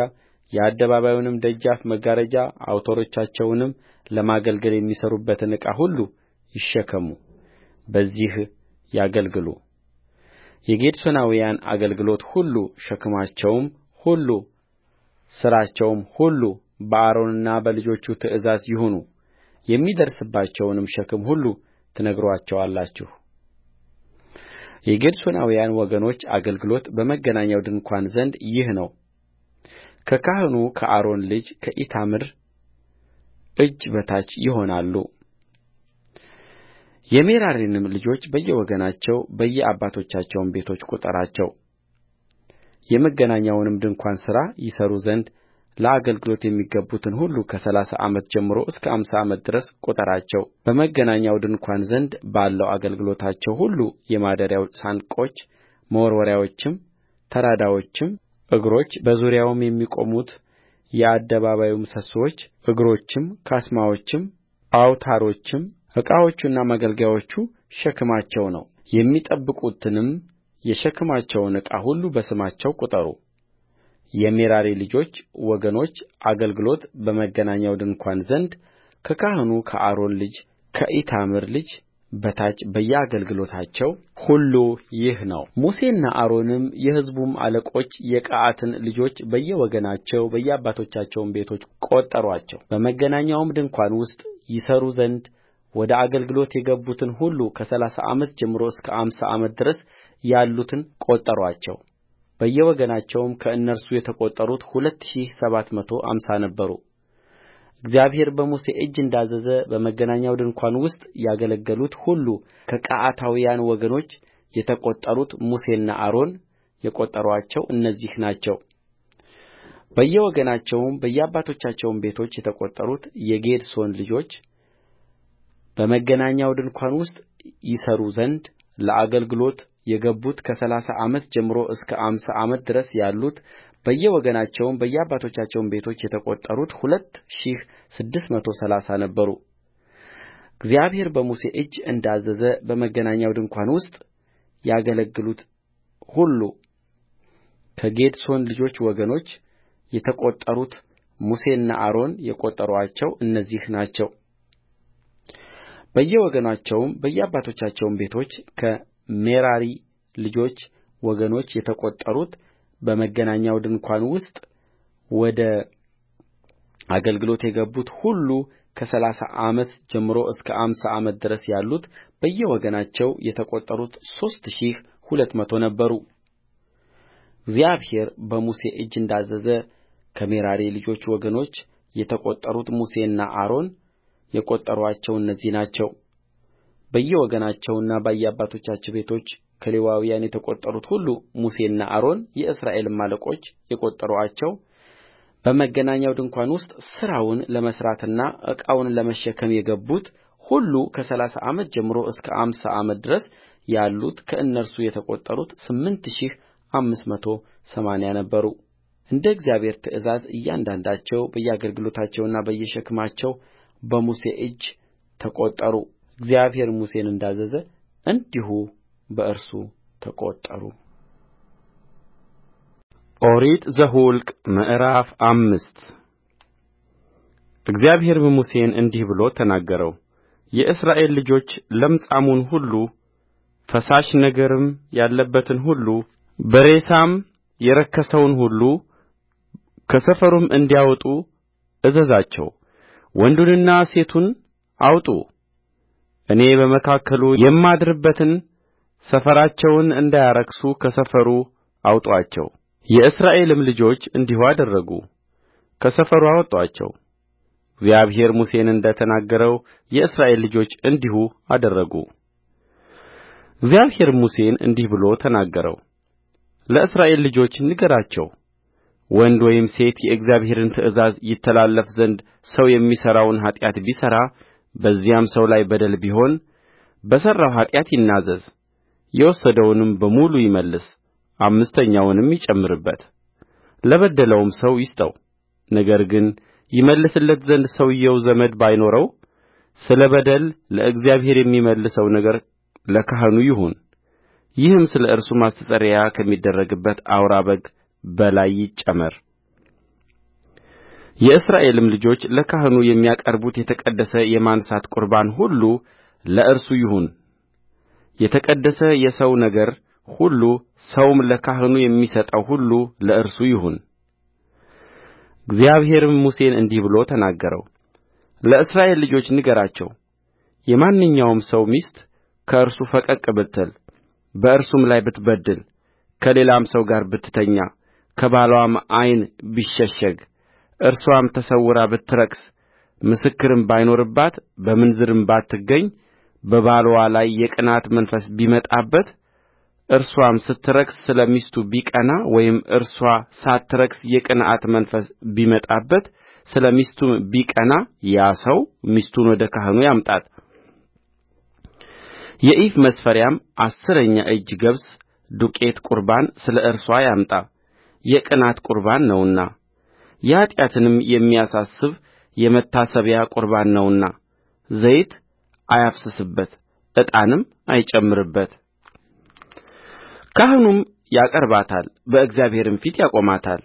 የአደባባዩንም ደጃፍ መጋረጃ አውታሮቻቸውንም ለማገልገል የሚሠሩበትን ዕቃ ሁሉ ይሸከሙ በዚህ ያገልግሉ የጌድሶናውያን አገልግሎት ሁሉ ሸክማቸውም ሁሉ ሥራቸውም ሁሉ በአሮንና በልጆቹ ትእዛዝ ይሁን የሚደርስባቸውንም ሸክም ሁሉ ትነግሩአቸዋላችሁ የጌድሶናውያን ወገኖች አገልግሎት በመገናኛው ድንኳን ዘንድ ይህ ነው ከካህኑ ከአሮን ልጅ ከኢታምር እጅ በታች ይሆናሉየሜራሪንም ልጆች በየወገናቸው በየአባቶቻቸው ቤቶች ቍጠራቸው የመገናኛውንም ድንኳን ሥራ ይሠሩ ዘንድ ለአገልግሎት የሚገቡትን ሁሉ ከሠላሳ ዓመት ጀምሮ እስከ አምሳ ዓመት ድረስ ቍጠራቸውበመገናኛው ድንኳን ዘንድ ባለው አገልግሎታቸው ሁሉ የማደሪያው ሳንቆች መወርወሪያዎችም ተራዳዎችም እግሮች በዙሪያውም የሚቆሙት የአደባባዩ ምሰሶች እግሮቹም ካስማዎቹም አውታሮቹም ዕቃዎቹና ማገልገያዎቹ ሸክማቸው ነው የሚጠብቁትንም የሸክማቸውን ዕቃ ሁሉ በስማቸው ቍጠሩ የሜራሪ ልጆች ወገኖች አገልግሎት በመገናኛው ድንኳን ዘንድ ከካህኑ ከአሮን ልጅ ከኢታምር ልጅ በታች በየአገልግሎታቸው ሁሉ ይህ ነውሙሴና አሮንም የሕዝቡም አለቆች የቀዓትን ልጆች በየወገናቸው በየአባቶቻቸው ቤቶች ቈጠሩአቸው በመገናኛውም ድንኳን ውስጥ ይሠሩ ዘንድ ወደ አገልግሎት የገቡትን ሁሉ ከሠላሳ ዓመት ጀምሮ እስከ አምሳ ዓመት ድረስ ያሉትን ቈጠሩአቸው በየወገናቸውም ከእነርሱ የተቈጠሩት ሁለት ሺህ ሰባት መቶ አምሳ ነበሩ እግዚአብሔር በሙሴ እጅ እንዳዘዘ በመገናኛው ድንኳን ውስጥ ያገለገሉት ሁሉ ከቀዓታውያን ወገኖች የተቈጠሩት ሙሴና አሮን የቈጠሩአቸው እነዚህ ናቸው በየወገናቸውም በየአባቶቻቸውም ቤቶች የተቈጠሩት የጌድሶን ልጆች በመገናኛው ድንኳን ውስጥ ይሠሩ ዘንድ ለአገልግሎት የገቡት ከሠላሳ ዓመት ጀምሮ እስከ አምሳ ዓመት ድረስ ያሉት በየወገናቸውም በየአባቶቻቸውም ቤቶች የተቈጠሩት ሁለት ሺህ ስድስት መቶ ሠላሳ ነበሩእግዚአብሔር በሙሴ እጅ እንዳዘዘ በመገናኛው ድንኳን ውስጥ ያገለግሉት ሁሉ ከጌድሶን ልጆች ወገኖች የተቈጠሩት ሙሴና አሮን የቈጠሩአቸው እነዚህ ናቸው። በየወገናቸውም በየአባቶቻቸውም ቤቶች ከሜራሪ ልጆች ወገኖች የተቈጠሩት በመገናኛው ድንኳን ውስጥ ወደ አገልግሎት የገቡት ሁሉ ከሠላሳ ዓመት ጀምሮ እስከ አምሳ ዓመት ድረስ ያሉት በየወገናቸው የተቈጠሩት ሦስት ሺህ ሁለት መቶ ነበሩእግዚአብሔር በሙሴ እጅ እንዳዘዘ ከሜራሪ ልጆች ወገኖች የተቈጠሩት ሙሴና አሮን የቈጠሩአቸው እነዚህ ናቸው በየወገናቸውና በየአባቶቻቸው ቤቶች ከሌዋውያን የተቈጠሩት ሁሉ ሙሴና አሮን የእስራኤልም አለቆች የቈጠሩአቸው በመገናኛው ድንኳን ውስጥ ሥራውን ለመሥራትና ዕቃውን ለመሸከም የገቡት ሁሉ ከሠላሳ ዓመት ጀምሮ እስከ አምሳ ዓመት ድረስ ያሉት ከእነርሱ የተቈጠሩት ስምንት ሺህ አምስት መቶ ሰማንያ ነበሩእንደ እግዚአብሔር ትእዛዝ እያንዳንዳቸው በየአገልግሎታቸውና በየሸክማቸው በሙሴ እጅ ተቈጠሩእግዚአብሔር ሙሴን እንዳዘዘ እንዲሁ በእርሱ ተቈጠሩ ኦሪት ዘኍልቍ ምዕራፍ አምስት እግዚአብሔርም ሙሴን እንዲህ ብሎ ተናገረው የእስራኤል ልጆች ለምጻሙን ሁሉ ፈሳሽ ነገርም ያለበትን ሁሉ በሬሳም የረከሰውን ሁሉ ከሰፈሩም እንዲያወጡ እዘዛቸው። ወንዱንና ሴቱን አውጡ፣ እኔ በመካከሉ የማድርበትን ሰፈራቸውን እንዳያረክሱ ከሰፈሩ አውጡአቸው የእስራኤልም ልጆች እንዲሁ አደረጉ ከሰፈሩ አወጡአቸው እግዚአብሔር ሙሴን እንደ ተናገረው የእስራኤል ልጆች እንዲሁ አደረጉ እግዚአብሔርም ሙሴን እንዲህ ብሎ ተናገረው ለእስራኤል ልጆች ንገራቸው ወንድ ወይም ሴት የእግዚአብሔርን ትእዛዝ ይተላለፍ ዘንድ ሰው የሚሠራውን ኃጢአት ቢሠራ በዚያም ሰው ላይ በደል ቢሆን በሠራው ኃጢአት ይናዘዝ የወሰደውንም በሙሉ ይመልስ አምስተኛውንም ይጨምርበት ለበደለውም ሰው ይስጠው ነገር ግን ይመልስለት ዘንድ ሰውዮው ዘመድ ባይኖረው ስለ በደል ለእግዚአብሔር የሚመልሰው ነገር ለካህኑ ይሁን ይህም ስለ እርሱ ማስተስረያ ከሚደረግበት አውራ በግ በላይ ይጨመር። የእስራኤልም ልጆች ለካህኑ የሚያቀርቡት የተቀደሰ የማንሣት ቁርባን ሁሉ ለእርሱ ይሁን የተቀደሰ የሰው ነገር ሁሉ ሰውም ለካህኑ የሚሰጠው ሁሉ ለእርሱ ይሁን።እግዚአብሔርም ሙሴን እንዲህ ብሎ ተናገረውለእስራኤል ልጆች ንገራቸው የማንኛውም ሰው ሚስት ከእርሱ ፈቀቅ ብትል በእርሱም ላይ ብትበድል ከሌላም ሰው ጋር ብትተኛ ከባሏም ዓይን ቢሸሸግ እርሷም ተሰውራ ብትረክስ ምስክርም ባይኖርባት በምንዝርም ባትገኝ በባልዋ ላይ የቅናት መንፈስ ቢመጣበት እርስዋም ስትረክስ ስለ ሚስቱ ቢቀና ወይም እርስዋ ሳትረክስ የቅንዓት መንፈስ ቢመጣበት ስለ ሚስቱም ቢቀና ያ ሰው ሚስቱን ወደ ካህኑ ያምጣት የኢፍ መስፈሪያም አሥረኛ እጅ ገብስ ዱቄት ቁርባን ስለ እርሷ ያምጣ የቅናት ቁርባን ነውና የኃጢአትንም የሚያሳስብ የመታሰቢያ ቁርባን ነውና ዘይት አያፍስስበት ዕጣንም ካህኑም ያቀርባታል በእግዚአብሔርም ፊት ያቆማታል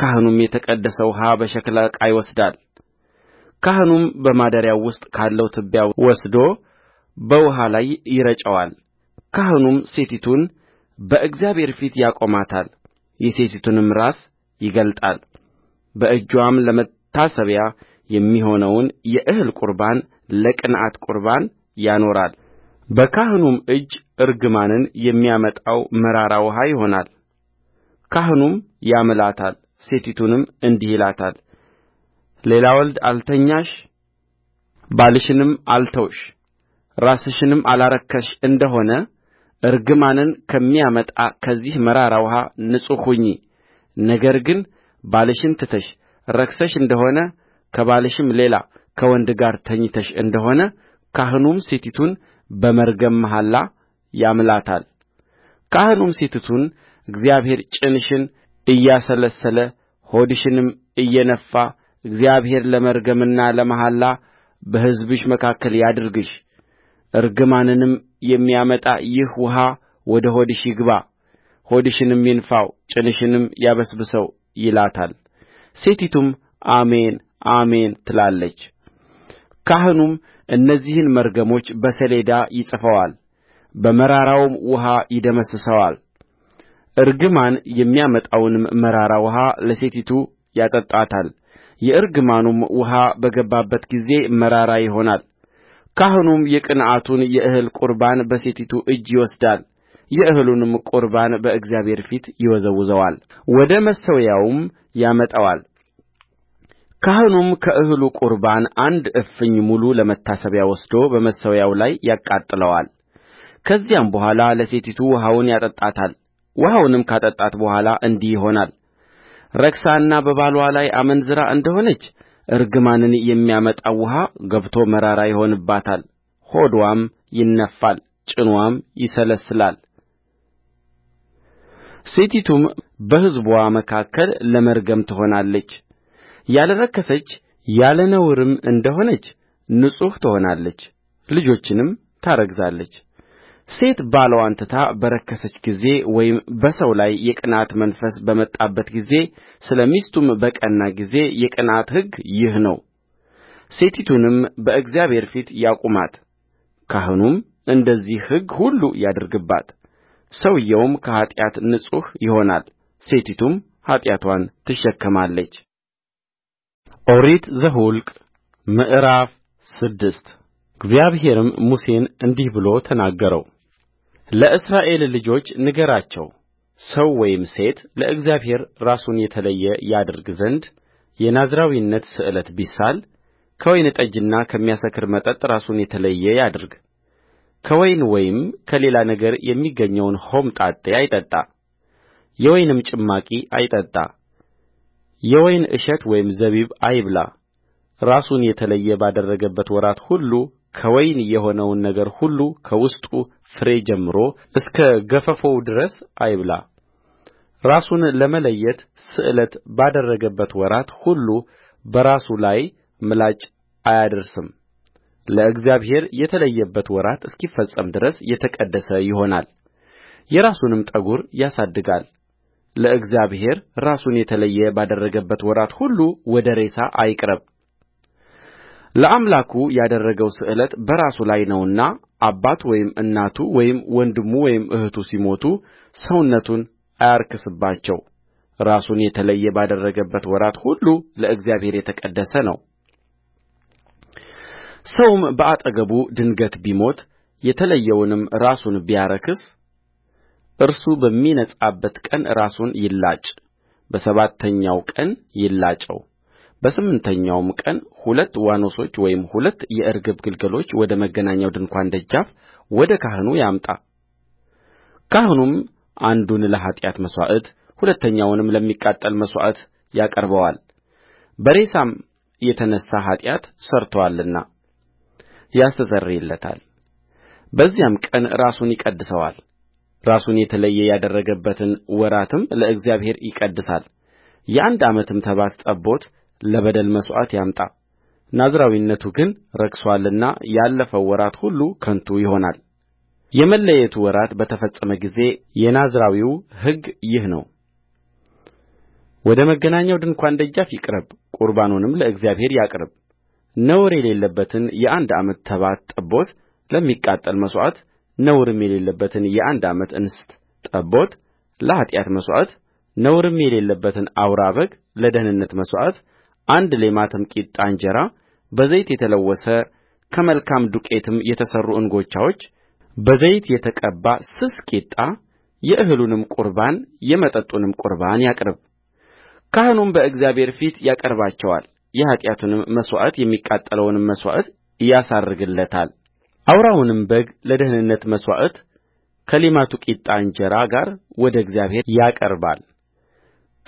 ካህኑም የተቀደሰ ውኃ በሸክላ ዕቃ ይወስዳል ካህኑም በማደሪያው ውስጥ ካለው ትቢያ ወስዶ በውኃ ላይ ይረጨዋል ካህኑም ሴቲቱን በእግዚአብሔር ፊት ያቆማታል የሴቲቱንም ራስ ይገልጣል በእጅዋም ለመታሰቢያ የሚሆነውን የእህል ቍርባን ለቅንዓት ቍርባን በካህኑም እጅ እርግማንን የሚያመጣው መራራ ውኃ ይሆናል ካህኑም ያምላታል ሴቲቱንም እንዲህ ይላታል ሌላ ወንድ አልተኛሽ ባልሽንም አልተውሽ ራስሽንም አላረከስሽ እንደሆነ እርግማንን ከሚያመጣ ከዚህ መራራ ውኃ ንጹሕ ሁኚ ነገር ግን ባልሽን ትተሽ ረክሰሽ እንደሆነ ከባልሽም ሌላ ከወንድ ጋር ተኝተሽ እንደሆነ ካህኑም ሴቲቱን በመርገም መሐላ ያምላታል ካህኑም ሴቲቱን እግዚአብሔር ጭንሽን እያሰለሰለ ሆድሽንም እየነፋ እግዚአብሔር ለመርገምና ለመሐላ በሕዝብሽ መካከል ያድርግሽ እርግማንንም የሚያመጣ ይህ ውኃ ወደ ሆድሽ ይግባ፣ ሆድሽንም ይንፋው፣ ጭንሽንም ያበስብሰው ይላታል። ሴቲቱም አሜን አሜን ትላለች። ካህኑም እነዚህን መርገሞች በሰሌዳ ይጽፈዋል በመራራውም ውኃ እርግማን የሚያመጣውንም መራራ ውኃ ለሴቲቱ ያጠጣታል የእርግማኑም ውኃ በገባበት ጊዜ መራራ ይሆናል ካህኑም የቅንዓቱን የእህል ቍርባን በሴቲቱ እጅ ይወስዳል የእህሉንም ቍርባን በእግዚአብሔር ፊት ይወዘውዘዋል ወደ መሠዊያውም ያመጣዋል ካህኑም ከእህሉ ቍርባን አንድ እፍኝ ሙሉ ለመታሰቢያ ወስዶ በመሠዊያው ላይ ያቃጥለዋል። ከዚያም በኋላ ለሴቲቱ ውኃውን ያጠጣታል። ውኃውንም ካጠጣት በኋላ እንዲህ ይሆናል። ረክሳና በባልዋ ላይ አመንዝራ እንደሆነች እርግማንን የሚያመጣው ውኃ ገብቶ መራራ ይሆንባታል። ሆድዋም ይነፋል፣ ጭኗም ይሰለስላል። ሴቲቱም በሕዝቧ መካከል ለመርገም ትሆናለች። ያለ ረከሰች ያለ ነውርም እንደ ሆነች ንጹሕ ትሆናለች ልጆችንም ሴት ባልዋን ትታ በረከሰች ጊዜ ወይም በሰው ላይ የቅንዓት መንፈስ በመጣበት ጊዜ ስለ ሚስቱም በቀና ጊዜ የቅንዓት ሕግ ይህ ነው ሴቲቱንም በእግዚአብሔር ፊት ያቁማት ካህኑም እንደዚህ ሕግ ሁሉ ያድርግባት ሰውዮውም ከኃጢአት ንጹሕ ይሆናል ሴቲቱም ኃጢአትዋን ትሸከማለች ኦሪት ዘኍልቍ ምዕራፍ ስድስት እግዚአብሔርም ሙሴን እንዲህ ብሎ ተናገረውለእስራኤል ልጆች ንገራቸው ሰው ወይም ሴት ለእግዚአብሔር ራሱን የተለየ ያደርግ ዘንድ የናዝራዊነት ስእለት ቢሳል ከወይን ጠጅና ከሚያሰክር መጠጥ ራሱን የተለየ ያድርግ ከወይን ወይም ከሌላ ነገር የሚገኘውን ሆምጣጤ አይጠጣ የወይንም ጭማቂ አይጠጣ የወይን እሸት ወይም ዘቢብ አይብላ ራሱን የተለየ ባደረገበት ወራት ሁሉ ከወይን የሆነውን ነገር ሁሉ ከውስጡ ፍሬ ጀምሮ እስከ ገፈፎው ድረስ አይብላ ራሱን ለመለየት ስእለት ባደረገበት ወራት ሁሉ በራሱ ላይ ምላጭ አያደርስም። ለእግዚአብሔር የተለየበት ወራት እስኪፈጸም ድረስ የተቀደሰ ይሆናል። የራሱንም ጠጕር ያሳድጋል፣ ለእግዚአብሔር ራሱን የተለየ ባደረገበት ወራት ሁሉ ወደ ሬሳ አይቅረብለአምላኩ ያደረገው ስእለት በራሱ ላይ ነውና አባቱ ወይም እናቱ ወይም ወንድሙ ወይም እኅቱ ሲሞቱ ሰውነቱን አያርክስባቸው ራሱን የተለየ ባደረገበት ወራት ሁሉ ለእግዚአብሔር የተቀደሰ ነው። ሰውም በአጠገቡ ድንገት ቢሞት የተለየውንም ራሱን ቢያረክስ እርሱ በሚነጻበት ቀን ራሱን ይላጭ በሰባተኛው ቀን ይላጨው በስምንተኛውም ቀን ሁለት ዋኖሶች ወይም ሁለት የርግብ ግልገሎች ወደ መገናኛው ድንኳን ደጃፍ ወደ ካህኑ ያምጣ። ካህኑም አንዱን ለኃጢአት መሥዋዕት ሁለተኛውንም ለሚቃጠል መሥዋዕት ያቀርበዋል በሬሳም የተነሣ ኃጢአት ሠርቶአልና ያስተሰርይለታል በዚያም ቀን ራሱን ይቀድሰዋል ራሱን የተለየ ያደረገበትን ወራትም ለእግዚአብሔር ይቀድሳል የአንድ ዓመትም ተባት ጠቦት ለበደል መሥዋዕት ያምጣ ናዝራዊነቱ ግን ረክሶአልና ያለፈው ወራት ሁሉ ከንቱ ይሆናልየመለየቱ ወራት በተፈጸመ ጊዜ የናዝራዊው ሕግ ይህ ነው ወደ መገናኛው ድንኳን ደጃፍ ይቅረብ፣ ቁርባኑንም ለእግዚአብሔር ያቅርብ። ነውር የሌለበትን የአንድ ዓመት ተባት ጠቦት ለሚቃጠል መሥዋዕት ነውርም የሌለበትን የአንድ ዓመት እንስት ጠቦት ለኃጢአት መሥዋዕት ነውርም የሌለበትን አውራ በግ ለደኅንነት መሥዋዕት አንድ ሌማትም ቂጣ እንጀራ በዘይት የተለወሰ ከመልካም ዱቄትም የተሠሩ እንጎቻዎች በዘይት የተቀባ ስስ ቂጣ የእህሉንም ቍርባን የመጠጡንም ቍርባን ያቅርብ ካህኑም በእግዚአብሔር ፊት ያቀርባቸዋል የኃጢአቱንም መሥዋዕት የሚቃጠለውንም መሥዋዕት ያሳርግለታል አውራውንም በግ ለደኅንነት መሥዋዕት ከሌማቱ ቂጣ እንጀራ ጋር ወደ እግዚአብሔር ያቀርባል።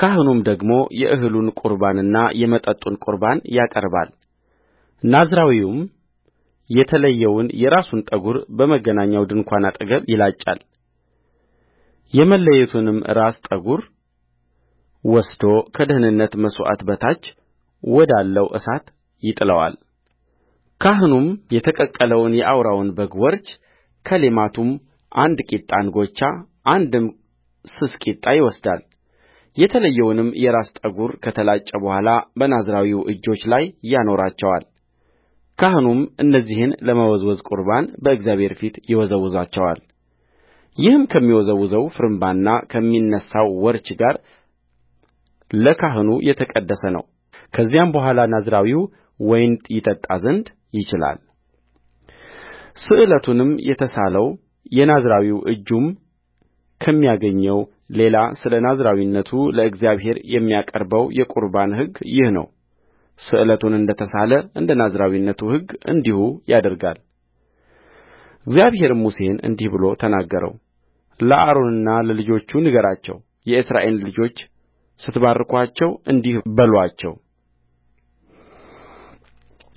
ካህኑም ደግሞ የእህሉን ቍርባንና የመጠጡን ቍርባን ያቀርባል ናዝራዊውም የተለየውን የራሱን ጠጕር በመገናኛው ድንኳን አጠገብ ይላጫል የመለየቱንም ራስ ጠጕር ወስዶ ከደኅንነት መሥዋዕት በታች ወዳለው እሳት ይጥለዋል ካህኑም የተቀቀለውን የአውራውን በግ ወርች ከሌማቱም አንድ ቂጣ እንጐቻ አንድም ስስ ቂጣ ይወስዳል የተለየውንም የራስ ጠጕር ከተላጨ በኋላ በናዝራዊው እጆች ላይ ያኖራቸዋል ካህኑም እነዚህን ለመወዝወዝ ቍርባን በእግዚአብሔር ፊት ይወዘውዛቸዋል ይህም ከሚወዘወዘው ፍርምባና ከሚነሣው ወርች ጋር ለካህኑ የተቀደሰ ነው ከዚያም በኋላ ናዝራዊው ወይን ይጠጣ ዘንድ ይችላል ስእለቱንም የተሳለው የናዝራዊው እጁም ከሚያገኘው ሌላ ስለ ናዝራዊነቱ ለእግዚአብሔር የሚያቀርበው የቁርባን ሕግ ይህ ነው ስእለቱን እንደ ተሳለ እንደ ናዝራዊነቱ ሕግ እንዲሁ ያደርጋልእግዚአብሔርም ሙሴን እንዲህ ብሎ ተናገረው ለአሮንና ለልጆቹ ንገራቸው የእስራኤልን ልጆች ስትባርኩአቸው እንዲህ በሉአቸው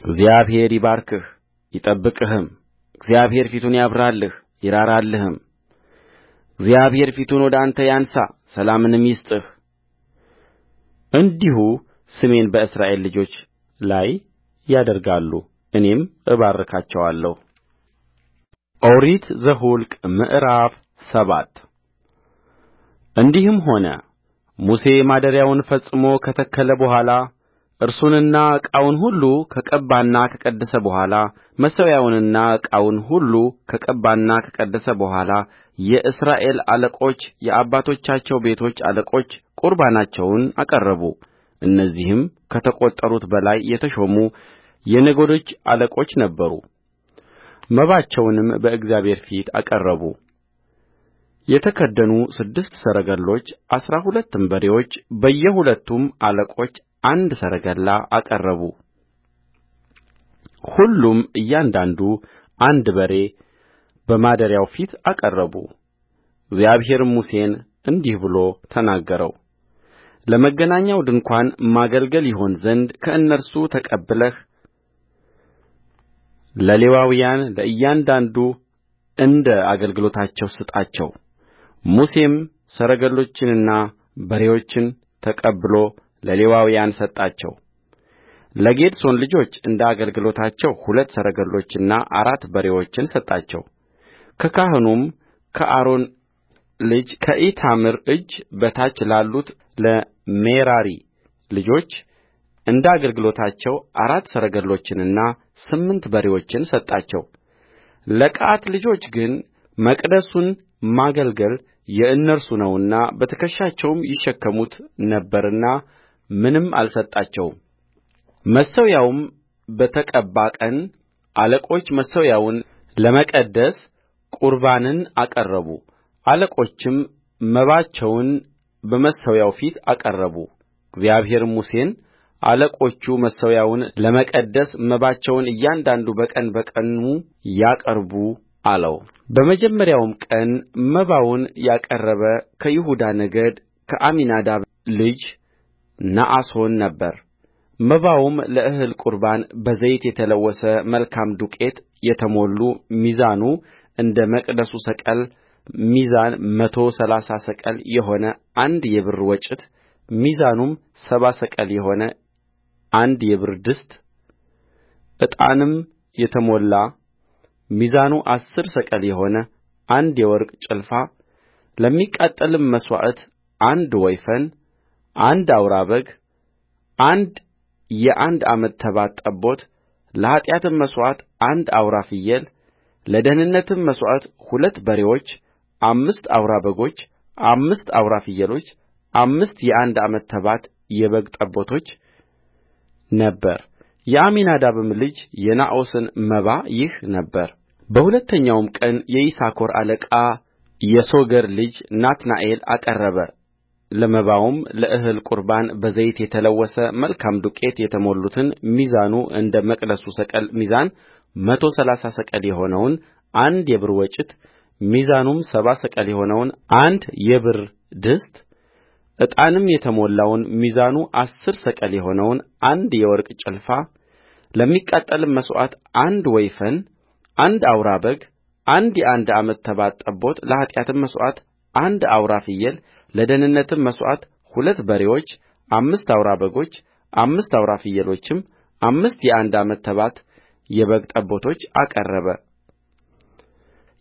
እግዚአብሔር ይባርክህ ይጠብቅህም እግዚአብሔር ፊቱን ያብራልህ ይራራልህም እግዚአብሔር ፊቱን ወደ አንተ ያንሣ ሰላምንም ይስጥህ እንዲሁ ስሜን በእስራኤል ልጆች ላይ ያደርጋሉ እኔም እባርካቸዋለሁ ኦሪት ዘኍልቍ ምዕራፍ ሰባት እንዲህም ሆነ ሙሴ ማደሪያውን ፈጽሞ ከተከለ በኋላ እርሱንና ዕቃውን ሁሉ ከቀባና ከቀደሰ በኋላ መሠዊያውንና ዕቃውን ሁሉ ከቀባና ከቀደሰ በኋላ የእስራኤል አለቆች የአባቶቻቸው ቤቶች አለቆች ቍርባናቸውን አቀረቡ እነዚህም ከተቈጠሩት በላይ የተሾሙ የነገዶች አለቆች ነበሩ መባቸውንም በእግዚአብሔር ፊት አቀረቡ የተከደኑ ስድስት ሰረገሎች አሥራ ሁለትም በሬዎች በየሁለቱም አለቆች አንድ ሰረገላ አቀረቡ ሁሉም እያንዳንዱ አንድ በሬ በማደሪያው ፊት አቀረቡ እግዚአብሔርም ሙሴን እንዲህ ብሎ ተናገረው! ለመገናኛው ድንኳን ማገልገል ይሆን ዘንድ ከእነርሱ ተቀብለህ ለሌዋውያን ለእያንዳንዱ እንደ አገልግሎታቸው ስጣቸውሙሴም ሰረገሎችንና በሬዎችን ተቀብሎ ለሌዋውያን ለጌድሶን ልጆች እንደ አገልግሎታቸው ሁለት ሰረገሎችና አራት በሬዎችን ሰጣቸው ከካህኑም ከአሮን ልጅ ከኢታምር እጅ በታች ላሉት ለሜራሪ ልጆች እንደ አገልግሎታቸው አራት ሰረገሎችንና ስምንት በሬዎችን ሰጣቸው። ለቀዓት ልጆች ግን መቅደሱን ማገልገል የእነርሱ ነውና በትከሻቸውም ይሸከሙት ነበርና ምንም አልሰጣቸውም መሠዊያውም በተቀባ ቀን አለቆች መሠዊያውን ለመቀደስ ቍርባንን አቀረቡ አለቆችም መባቸውን በመሠዊያው ፊት አቀረቡ እግዚአብሔርም ሙሴን አለቆቹ መሠዊያውን ለመቀደስ መባቸውን እያንዳንዱ በቀን በቀኑ ያቅርቡ በመጀመሪያውም ቀን መባውን ያቀረበ ከይሁዳ ነገድ ከአሚናዳብ ልጅ ነአሶን ነበረመባውም ለእህል ቍርባን በዘይት የተለወሰ መልካም ዱቄት የተሞሉ ሚዛኑ እንደ መቅደሱ ሰቅል ሚዛን መቶ ሠላሳ ሰቅል የሆነ አንድ የብር ወጭት ሚዛኑም ሰባ ሰቅል የሆነ አንድ የብር ድስትዕጣንም የተሞላ ሚዛኑ አሥር ሰቅል የሆነ አንድ የወርቅ ጭልፋለሚቃጠልም መሥዋዕት አንድ ወይፈን አንድ አውራ በግ አንድ የአንድ ዓመት ተባት ጠቦትለኃጢአትም መሥዋዕት አንድ አውራ ፍየልለደኅንነትም መሥዋዕት ሁለት በሬዎች አምስት አውራ በጎች አምስት አውራ ፍየሎች አምስት የአንድ ዓመት ተባት የበግ ጠቦቶች ነበረ የአሚናዳብም ልጅ የነአሶን መባ ይህ ነበረበሁለተኛውም ቀን የይሳኮር አለቃ የሶገር ልጅ ናትናኤል አቀረበ ለመባውም ለእህል ቍርባን በዘይት የተለወሰ መልካም ዱቄት የተሞሉትን ሚዛኑ እንደ መቅደሱ ሰቅል ሚዛን መቶ ሠላሳ ሰቅል የሆነውን አንድ የብር ወጭት ሚዛኑም ሰባ ሰቅል የሆነውን አንድ የብር ድስትዕጣንም የተሞላውን ሚዛኑ አሥር ሰቅል የሆነውን አንድ የወርቅ ጭልፋለሚቃጠልም መሥዋዕት አንድ ወይፈን አንድ አውራ በግ አንድ የአንድ ዓመት ተባት ጠቦትለኃጢአትም መሥዋዕት አንድ አውራ ፍየል ለደኅንነትም መሥዋዕት ሁለት በሬዎች አምስት አውራ በጎች አምስት አውራ ፍየሎችም አምስት የአንድ ዓመት ተባት የበግ ጠቦቶች አቀረበ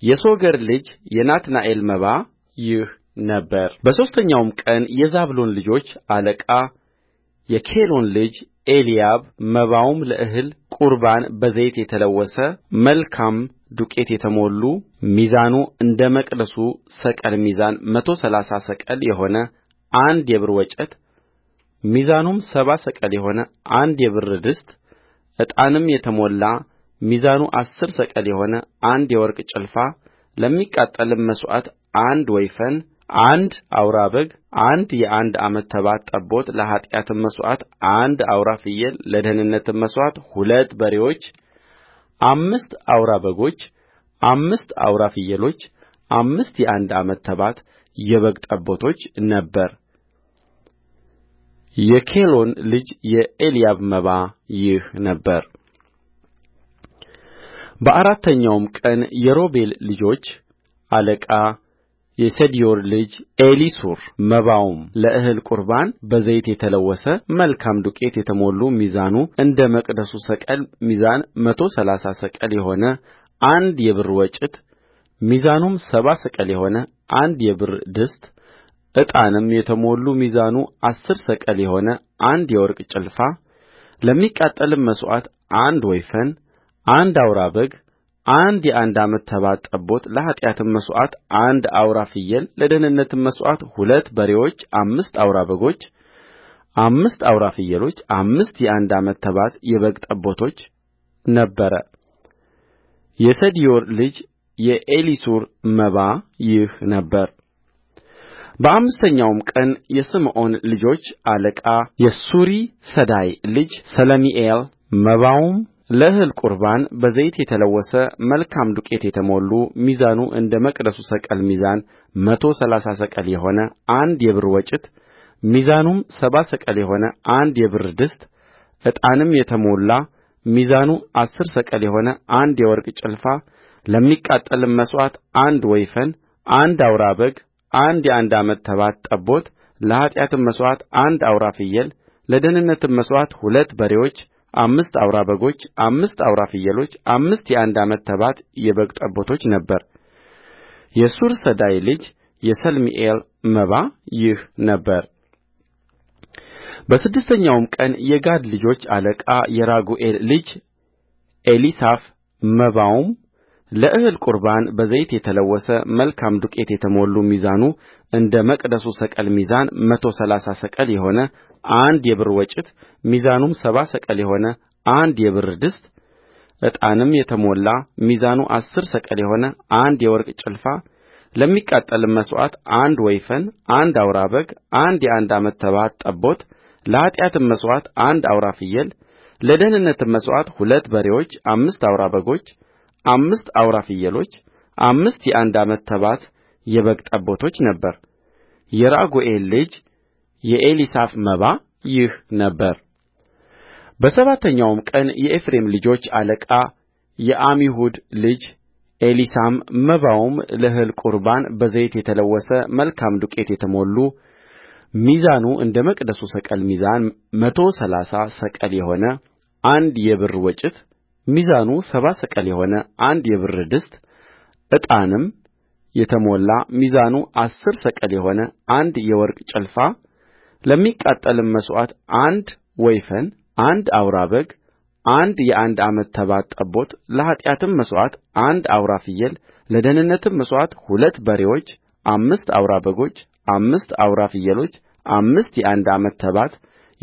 የሶገር ልጅ የናትናኤል መባ ይህ ነበር። በሦስተኛውም ቀን የዛብሎን ልጆች አለቃ የኬሎን ልጅ ኤልያብ መባውም ለእህል ቍርባን በዘይት የተለወሰ መልካም ዱቄት የተሞሉ ሚዛኑ እንደ መቅደሱ ሰቅል ሚዛን መቶ ሠላሳ ሰቅል የሆነ አንድ የብር ወጭት ሚዛኑም ሰባ ሰቅል የሆነ አንድ የብር ድስትዕጣንም የተሞላ ሚዛኑ አሥር ሰቅል የሆነ አንድ የወርቅ ጭልፋለሚቃጠልም መሥዋዕት አንድ ወይፈን አንድ አውራ በግ አንድ የአንድ ዓመት ተባት ጠቦትለኃጢአትም መሥዋዕት አንድ አውራ ፍየልለደኅንነትም መሥዋዕት ሁለት በሬዎች አምስት አውራ በጎች አምስት አውራ ፍየሎች አምስት የአንድ ዓመት ተባት የበግ ጠቦቶች ነበረ የኬሎን ልጅ የኤልያብ መባ ይህ በአራተኛውም ቀን የሮቤል ልጆች አለቃ የሰዲዮር ልጅ ኤሊሱርመባውም ለእህል ቍርባን በዘይት የተለወሰ መልካም ዱቄት የተሞሉ ሚዛኑ እንደ መቅደሱ ሰቅል ሚዛን መቶ ሠላሳ ሰቅል የሆነ አንድ የብር ወጭት ሚዛኑም ሰባ ሰቅል የሆነ አንድ የብር ድስትዕጣንም የተሞሉ ሚዛኑ አሥር ሰቅል የሆነ አንድ የወርቅ ጭልፋለሚቃጠልም መሥዋዕት አንድ ወይፈን አንድ አውራ በግ አንድ የአንድ ዓመት ተባት ጠቦትለኃጢአትም መሥዋዕት አንድ አውራ ፍየልለደኅንነትም መሥዋዕት ሁለት በሬዎች አምስት አውራ በጎች አምስት አውራ ፍየሎች አምስት የአንድ ዓመት ተባት የበግ ጠቦቶች ነበረ የሰዲዮር ልጅ የኤሊሱር መባ ይህ ነበር። በአምስተኛውም ቀን የስምዖን ልጆች አለቃ የሱሪሰዳይ ልጅ ሰለሚኤል መባውም ለእህል ቍርባን በዘይት የተለወሰ መልካም ዱቄት የተሞሉ ሚዛኑ እንደ መቅደሱ ሰቅል ሚዛን መቶ ሠላሳ ሰቅል የሆነ አንድ የብር ወጭት ሚዛኑም ሰባ ሰቅል የሆነ አንድ የብር ድስትዕጣንም የተሞላ ሚዛኑ አሥር ሰቅል የሆነ አንድ የወርቅ ጭልፋለሚቃጠልም መሥዋዕት አንድ ወይፈን አንድ አውራ በግ አንድ የአንድ ዓመት ተባት ጠቦትለኃጢአትም መሥዋዕት አንድ አውራ ፍየል ለደኅንነትም መሥዋዕት ሁለት በሬዎች አምስት አውራ በጎች አምስት አውራ ፍየሎች አምስት የአንድ ዓመት ተባት የበግ ጠቦቶች ነበረ የሱሪሰዳይ ልጅ የሰለሚኤል መባ ይህ ነበረበስድስተኛውም ቀን የጋድ ልጆች አለቃ የራጉኤል ልጅ ኤሊሳፍ መባውም ለእህል ቍርባን በዘይት የተለወሰ መልካም ዱቄት የተሞሉ ሚዛኑ እንደ መቅደሱ ሰቅል ሚዛን መቶ ሠላሳ ሰቅል የሆነ አንድ የብር ወጭት ሚዛኑም ሰባ ሰቅል የሆነ አንድ የብር ድስትዕጣንም የተሞላ ሚዛኑ አሥር ሰቅል የሆነ አንድ የወርቅ ጭልፋለሚቃጠልም መሥዋዕት አንድ ወይፈን አንድ አውራ በግ አንድ የአንድ ዓመት ተባት ጠቦትለኃጢአትም መሥዋዕት አንድ አውራ ፍየልለደኅንነትም መሥዋዕት ሁለት በሬዎች አምስት አውራ በጎች አምስት አውራ ፍየሎች አምስት የአንድ ዓመት ተባት የበግ ጠቦቶች ነበረ የራጉኤል ልጅ የኤሊሳፍ መባ ይህ ነበረበሰባተኛውም ቀን የኤፍሬም ልጆች አለቃ የዓሚሁድ ልጅ ኤሊሳማ መባውም ለእህል ቍርባን በዘይት የተለወሰ መልካም ዱቄት የተሞሉ ሚዛኑ እንደ መቅደሱ ሰቅል ሚዛን መቶ ሠላሳ ሰቅል የሆነ አንድ የብር ወጭት ሚዛኑ ሰባ ሰቅል የሆነ አንድ የብር ድስትዕጣንም የተሞላ ሚዛኑ አሥር ሰቅል የሆነ አንድ የወርቅ ጭልፋ ለሚቃጠልም መሥዋዕት አንድ ወይፈን አንድ አውራ በግ አንድ የአንድ ዓመት ተባት ጠቦትለኃጢአትም መሥዋዕት አንድ አውራ ፍየልለደኅንነትም መሥዋዕት ሁለት በሬዎች አምስት አውራ በጎች አምስት አውራ ፍየሎች አምስት የአንድ ዓመት ተባት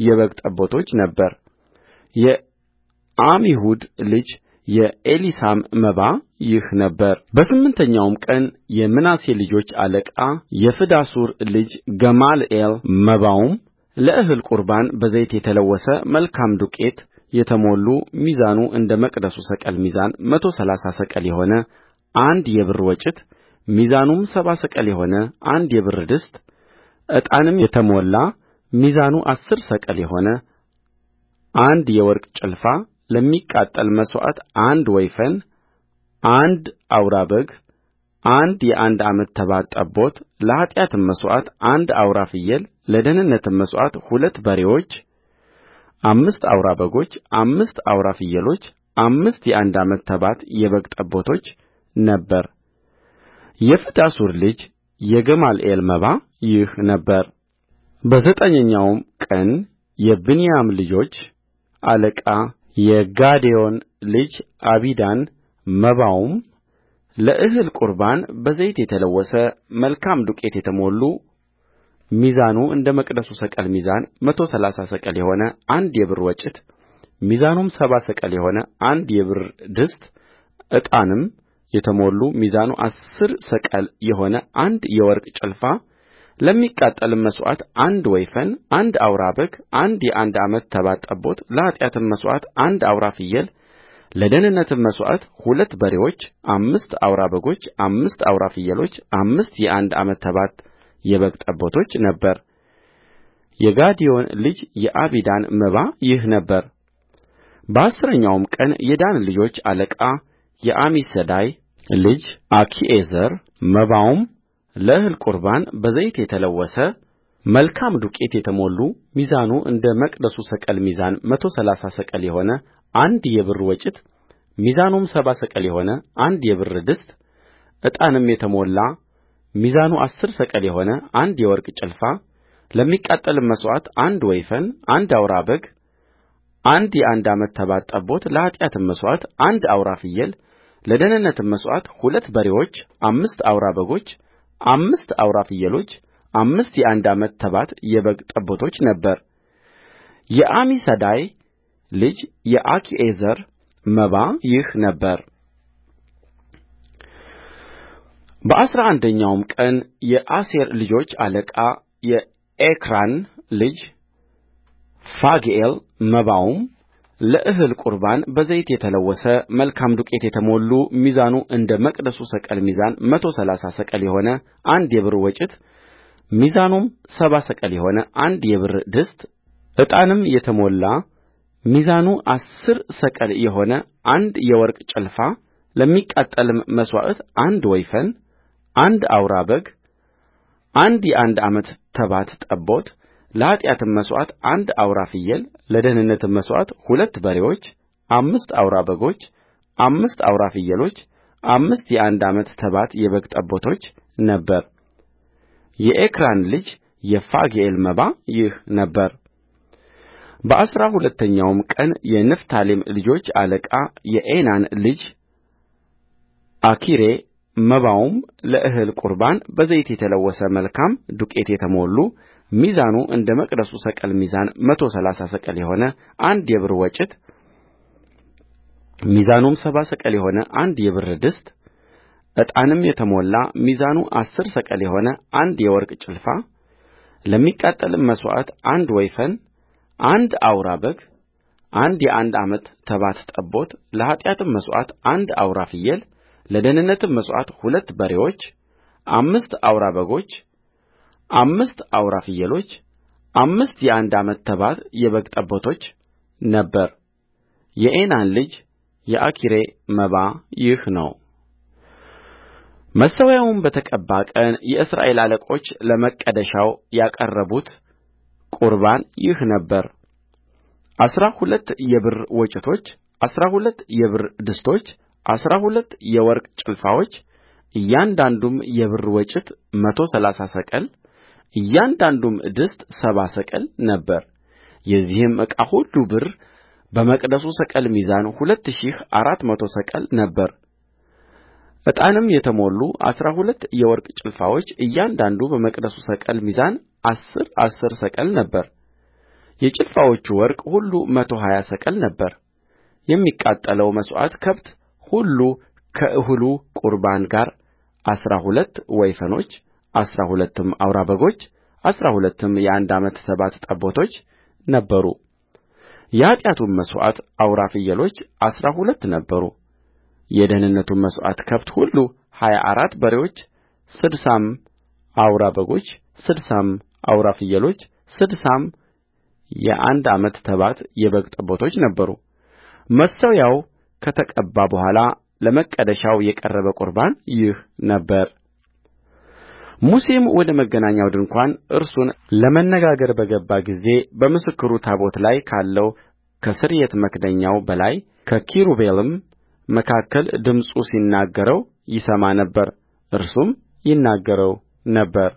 የበግ ጠቦቶች ነበረ የዓሚሁድ ልጅ የኤሊሳማ መባ ይህ ነበረበስምንተኛውም ቀን የምናሴ ልጆች አለቃ የፍዳሱር ልጅ ገማልኤልመባውም ለእህል ቍርባን በዘይት የተለወሰ መልካም ዱቄት የተሞሉ ሚዛኑ እንደ መቅደሱ ሰቅል ሚዛን መቶ ሠላሳ ሰቅል የሆነ አንድ የብር ወጭት ሚዛኑም ሰባ ሰቅል የሆነ አንድ የብር ድስትዕጣንም የተሞላ ሚዛኑ አሥር ሰቅል የሆነ አንድ የወርቅ ጭልፋ ለሚቃጠል መሥዋዕት አንድ ወይፈን አንድ አውራ በግ አንድ የአንድ ዓመት ተባት ጠቦትለኃጢአትም መሥዋዕት አንድ አውራ ፍየልለደኅንነትም መሥዋዕት ሁለት በሬዎች አምስት አውራ በጎች አምስት አውራ ፍየሎች አምስት የአንድ ዓመት ተባት የበግ ጠቦቶች ነበረ የፍዳሱር ልጅ የገማልኤል መባ ይህ ነበረበዘጠኝኛውም ቀን የብንያም ልጆች አለቃ የጋዴዮን ልጅ አቢዳን መባውም ለእህል ቍርባን በዘይት የተለወሰ መልካም ዱቄት የተሞሉ ሚዛኑ እንደ መቅደሱ ሰቅል ሚዛን መቶ ሠላሳ ሰቅል የሆነ አንድ የብር ወጭት ሚዛኑም ሰባ ሰቅል የሆነ አንድ የብር ድስትዕጣንም የተሞሉ ሚዛኑ አሥር ሰቅል የሆነ አንድ የወርቅ ጭልፋ ለሚቃጠልም መሥዋዕት አንድ ወይፈን አንድ አውራ በግ አንድ የአንድ ዓመት ተባት ጠቦትለኃጢአትም መሥዋዕት አንድ አውራ ፍየልለደኅንነትም መሥዋዕት ሁለት በሬዎች አምስት አውራ በጎች አምስት አውራ ፍየሎች አምስት የአንድ ዓመት ተባት የበግ ጠቦቶች ነበረ የጋዴዮን ልጅ የአቢዳን መባ ይህ ነበረበአሥረኛውም ቀን የዳን ልጆች አለቃ የአሚሳዳይ ልጅ አኪኤዘር መባውም ለእህል ቍርባን በዘይት የተለወሰ መልካም ዱቄት የተሞሉ ሚዛኑ እንደ መቅደሱ ሰቅል ሚዛን መቶ ሠላሳ ሰቅል የሆነ አንድ የብር ወጭት ሚዛኑም ሰባ ሰቅል የሆነ አንድ የብር ድስትዕጣንም የተሞላ ሚዛኑ አሥር ሰቅል የሆነ አንድ የወርቅ ጭልፋለሚቃጠልም መሥዋዕት አንድ ወይፈን አንድ አውራ በግ አንድ የአንድ ዓመት ተባት ጠቦትለኃጢአትም መሥዋዕት አንድ አውራ ፍየልለደኅንነትም መሥዋዕት ሁለት በሬዎች አምስት አውራ በጎች አምስት አውራ ፍየሎች አምስት የአንድ ዓመት ተባት የበግ ጠቦቶች ነበረ የአሚሳዳይ ልጅ የአኪዔዘር መባ ይህ ነበረበአሥራ አንደኛውም ቀን የአሴር ልጆች አለቃ የኤክራን ልጅ ፋግኤል መባውም ለእህል ቍርባን በዘይት የተለወሰ መልካም ዱቄት የተሞሉ ሚዛኑ እንደ መቅደሱ ሰቅል ሚዛን መቶ ሠላሳ ሰቅል የሆነ አንድ የብር ወጭት ሚዛኑም ሰባ ሰቅል የሆነ አንድ የብር ድስትዕጣንም የተሞላ ሚዛኑ አሥር ሰቅል የሆነ አንድ የወርቅ ጭልፋለሚቃጠልም መሥዋዕት አንድ ወይፈን አንድ አውራ በግ አንድ የአንድ ዓመት ተባት ጠቦት ለኃጢአትም መሥዋዕት አንድ አውራ ፍየልለደኅንነትም መሥዋዕት ሁለት በሬዎች አምስት አውራ በጎች አምስት አውራ ፍየሎች አምስት የአንድ ዓመት ተባት የበግ ጠቦቶች ነበረ የኤክራን ልጅ የፋግኤል መባ ይህ ነበረበአሥራ ሁለተኛውም ቀን የንፍታሌም ልጆች አለቃ የዔናን ልጅ አኪሬ መባውም ለእህል ቍርባን በዘይት የተለወሰ መልካም ዱቄት የተሞሉ ሚዛኑ እንደ መቅደሱ ሰቅል ሚዛን መቶ ሠላሳ ሰቅል የሆነ አንድ የብር ወጭት ሚዛኑም ሰባ ሰቅል የሆነ አንድ የብር ድስትዕጣንም የተሞላ ሚዛኑ አሥር ሰቅል የሆነ አንድ የወርቅ ጭልፋለሚቃጠልም መሥዋዕት አንድ ወይፈን አንድ አውራ በግ አንድ የአንድ ዓመት ተባት ጠቦትለኃጢአትም መሥዋዕት አንድ አውራ ፍየል ለደኅንነትም መሥዋዕት ሁለት በሬዎች አምስት አውራ በጎች አምስት አውራ ፍየሎች አምስት የአንድ ዓመት ተባት የበግ ጠቦቶች ነበረ የዔናን ልጅ የአኪሬ መባ ይህ ነው። መሠዊያውም በተቀባ ቀን የእስራኤል አለቆች ለመቀደሻው ያቀረቡት ቍርባን ይህ ነበረ አሥራ ሁለት የብር ወጭቶች አሥራ ሁለት የብር ድስቶች አሥራ ሁለት የወርቅ ጭልፋዎች እያንዳንዱም የብር ወጭት መቶ ሠላሳ ሰቅል እያንዳንዱም ድስት ሰባ ሰቅል የዚህም ዕቃ ሁሉ ብር በመቅደሱ ሰቅል ሚዛን ሁለት ሺህ አራት መቶ ሰቅል ዕጣንም የተሞሉ አሥራ ሁለት የወርቅ ጭልፋዎች እያንዳንዱ በመቅደሱ ሰቅል ሚዛን አሥር አሥር ሰቅል የጭልፋዎቹ ወርቅ ሁሉ መቶ ሀያ ሰቅል የሚቃጠለው መሥዋዕት ከብት ሁሉ ከእህሉ ቍርባን ጋር አሥራ ሁለት ወይፈኖች አሥራ ሁለትም አውራ በጎች አሥራ ሁለትም የአንድ ዓመት ተባት ጠቦቶች ነበሩ የኃጢአቱም መሥዋዕት አውራ ፍየሎች አሥራ ሁለት ነበሩ የደኅንነቱም መሥዋዕት ከብት ሁሉ ሀያ አራት በሬዎች ስድሳም አውራ በጎች ስድሳም አውራ ፍየሎች ስድሳም የአንድ ዓመት ተባት የበግ ጠቦቶች ነበሩ መሠዊያው ከተቀባ በኋላ ለመቀደሻው የቀረበ ቍርባን ይህ ነበረ ሙሴም ወደ መገናኛው ድንኳን እርሱን ለመነጋገር በገባ ጊዜ በምስክሩ ታቦት ላይ ካለው ከስርየት መክደኛው በላይ ከኪሩቤልም መካከል ድምፁ ሲናገረው ይሰማ ነበር፣ እርሱም ይናገረው ነበር።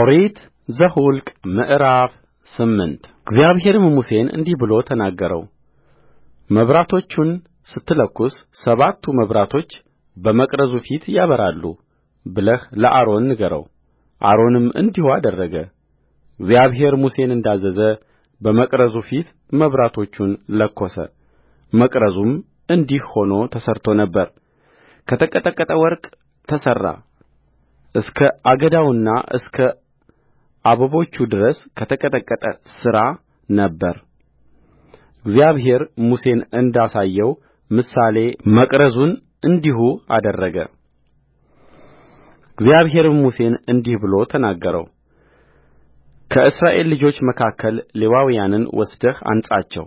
ኦሪት ዘኍልቍ ምዕራፍ ስምንት እግዚአብሔርም ሙሴን እንዲህ ብሎ ተናገረው። መብራቶቹን ስትለኵስ ሰባቱ መብራቶች በመቅረዙ ፊት ያበራሉ ብለህ ለአሮን አሮንም እንዲሁ አደረገ እግዚአብሔር ሙሴን እንዳዘዘ በመቅረዙ ፊት መብራቶቹን ለኰሰ መቅረዙም እንዲህ ሆኖ ተሠርቶ ነበር ከተቀጠቀጠ ወርቅ ተሠራ እስከ አገዳውና እስከ አበቦቹ ድረስ ከተቀጠቀጠ ሥራ ነበር። እግዚአብሔር ሙሴን እንዳሳየው ምሳሌ መቅረዙን እንዲሁ አደረገ። እግዚአብሔርም ሙሴን እንዲህ ብሎ ተናገረውከእስራኤል ልጆች መካከል ሌዋውያንን ወስደህ አንጻቸው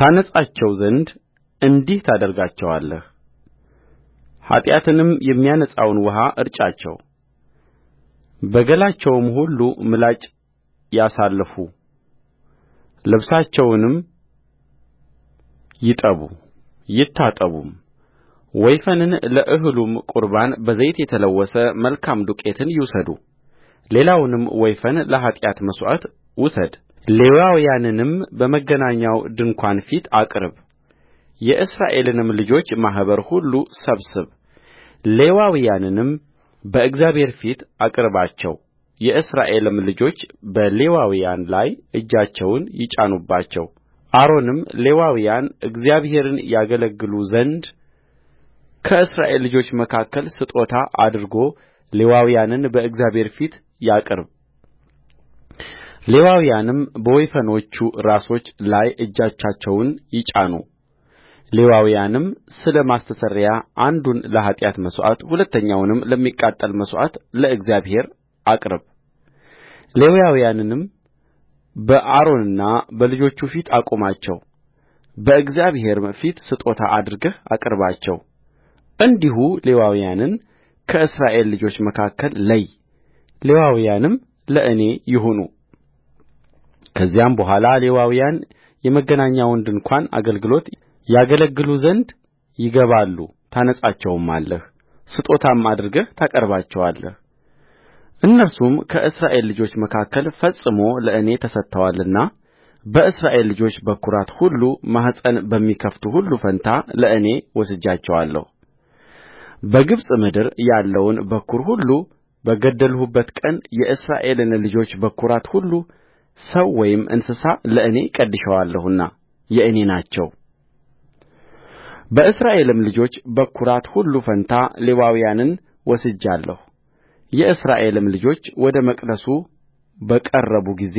ታነጻቸው ዘንድ እንዲህ ታደርጋቸዋለህ ኃጢአትንም የሚያነጻውን ውኃ እርጫቸው በገላቸውም ሁሉ ምላጭ ያሳልፉ ልብሳቸውንም ይጠቡ ይታጠቡም ወይፈንን ለእህሉም ቍርባን በዘይት የተለወሰ መልካም ዱቄትን ይውሰዱ ሌላውንም ወይፈን ለኃጢአት መሥዋዕት ሌዋውያንንም በመገናኛው ድንኳን ፊት አቅርብ የእስራኤልንም ልጆች ማኅበር ሁሉ ሰብስብ ሌዋውያንንም በእግዚአብሔር ፊት አቅርባቸው የእስራኤልም ልጆች በሌዋውያን ላይ እጃቸውን ይጫኑባቸው አሮንም ሌዋውያን እግዚአብሔርን ያገለግሉ ዘንድ ከእስራኤል ልጆች መካከል ስጦታ አድርጎ ሌዋውያንን በእግዚአብሔር ፊት ያቅርብ ሌዋውያንም በወይፈኖቹ ራሶች ላይ እጆቻቸውን ይጫኑ ሌዋውያንም ስለ ማስተስረያ አንዱን ለኃጢአት መሥዋዕት ሁለተኛውንም ለሚቃጠል መሥዋዕት ለእግዚአብሔር አቅርብ ሌዋውያንንም በአሮንና በልጆቹ ፊት አቁማቸው በእግዚአብሔርም ፊት ስጦታ አድርገህ አቅርባቸው እንዲሁ ሌዋውያንን ከእስራኤል ልጆች መካከል ለይ ሌዋውያንም ለእኔ ይሁኑ ከዚያም በኋላ ሌዋውያን የመገናኛውን ድንኳን አገልግሎት ያገለግሉ ዘንድ ይገባሉ ታነጻቸውማለህ ስጦታም አድርገህ ታቀርባቸዋለህ እነርሱም ከእስራኤል ልጆች መካከል ፈጽሞ ለእኔ ተሰጥተዋልና በእስራኤል ልጆች በኵራት ሁሉ ማኅፀን በሚከፍቱ ሁሉ ፋንታ ለእኔ ወስጄአቸዋለሁ በግብፅ ምድር ያለውን በኵር ሁሉ በገደልሁበት ቀን የእስራኤልን ልጆች በኵራት ሁሉ ሰው ወይም እንስሳ ለእኔ ቀድሼአቸዋለሁና የእኔ ናቸው። በእስራኤልም ልጆች በኵራት ሁሉ ፋንታ ሌዋውያንን ወስጄአለሁ የእስራኤልም ልጆች ወደ መቅደሱ በቀረቡ ጊዜ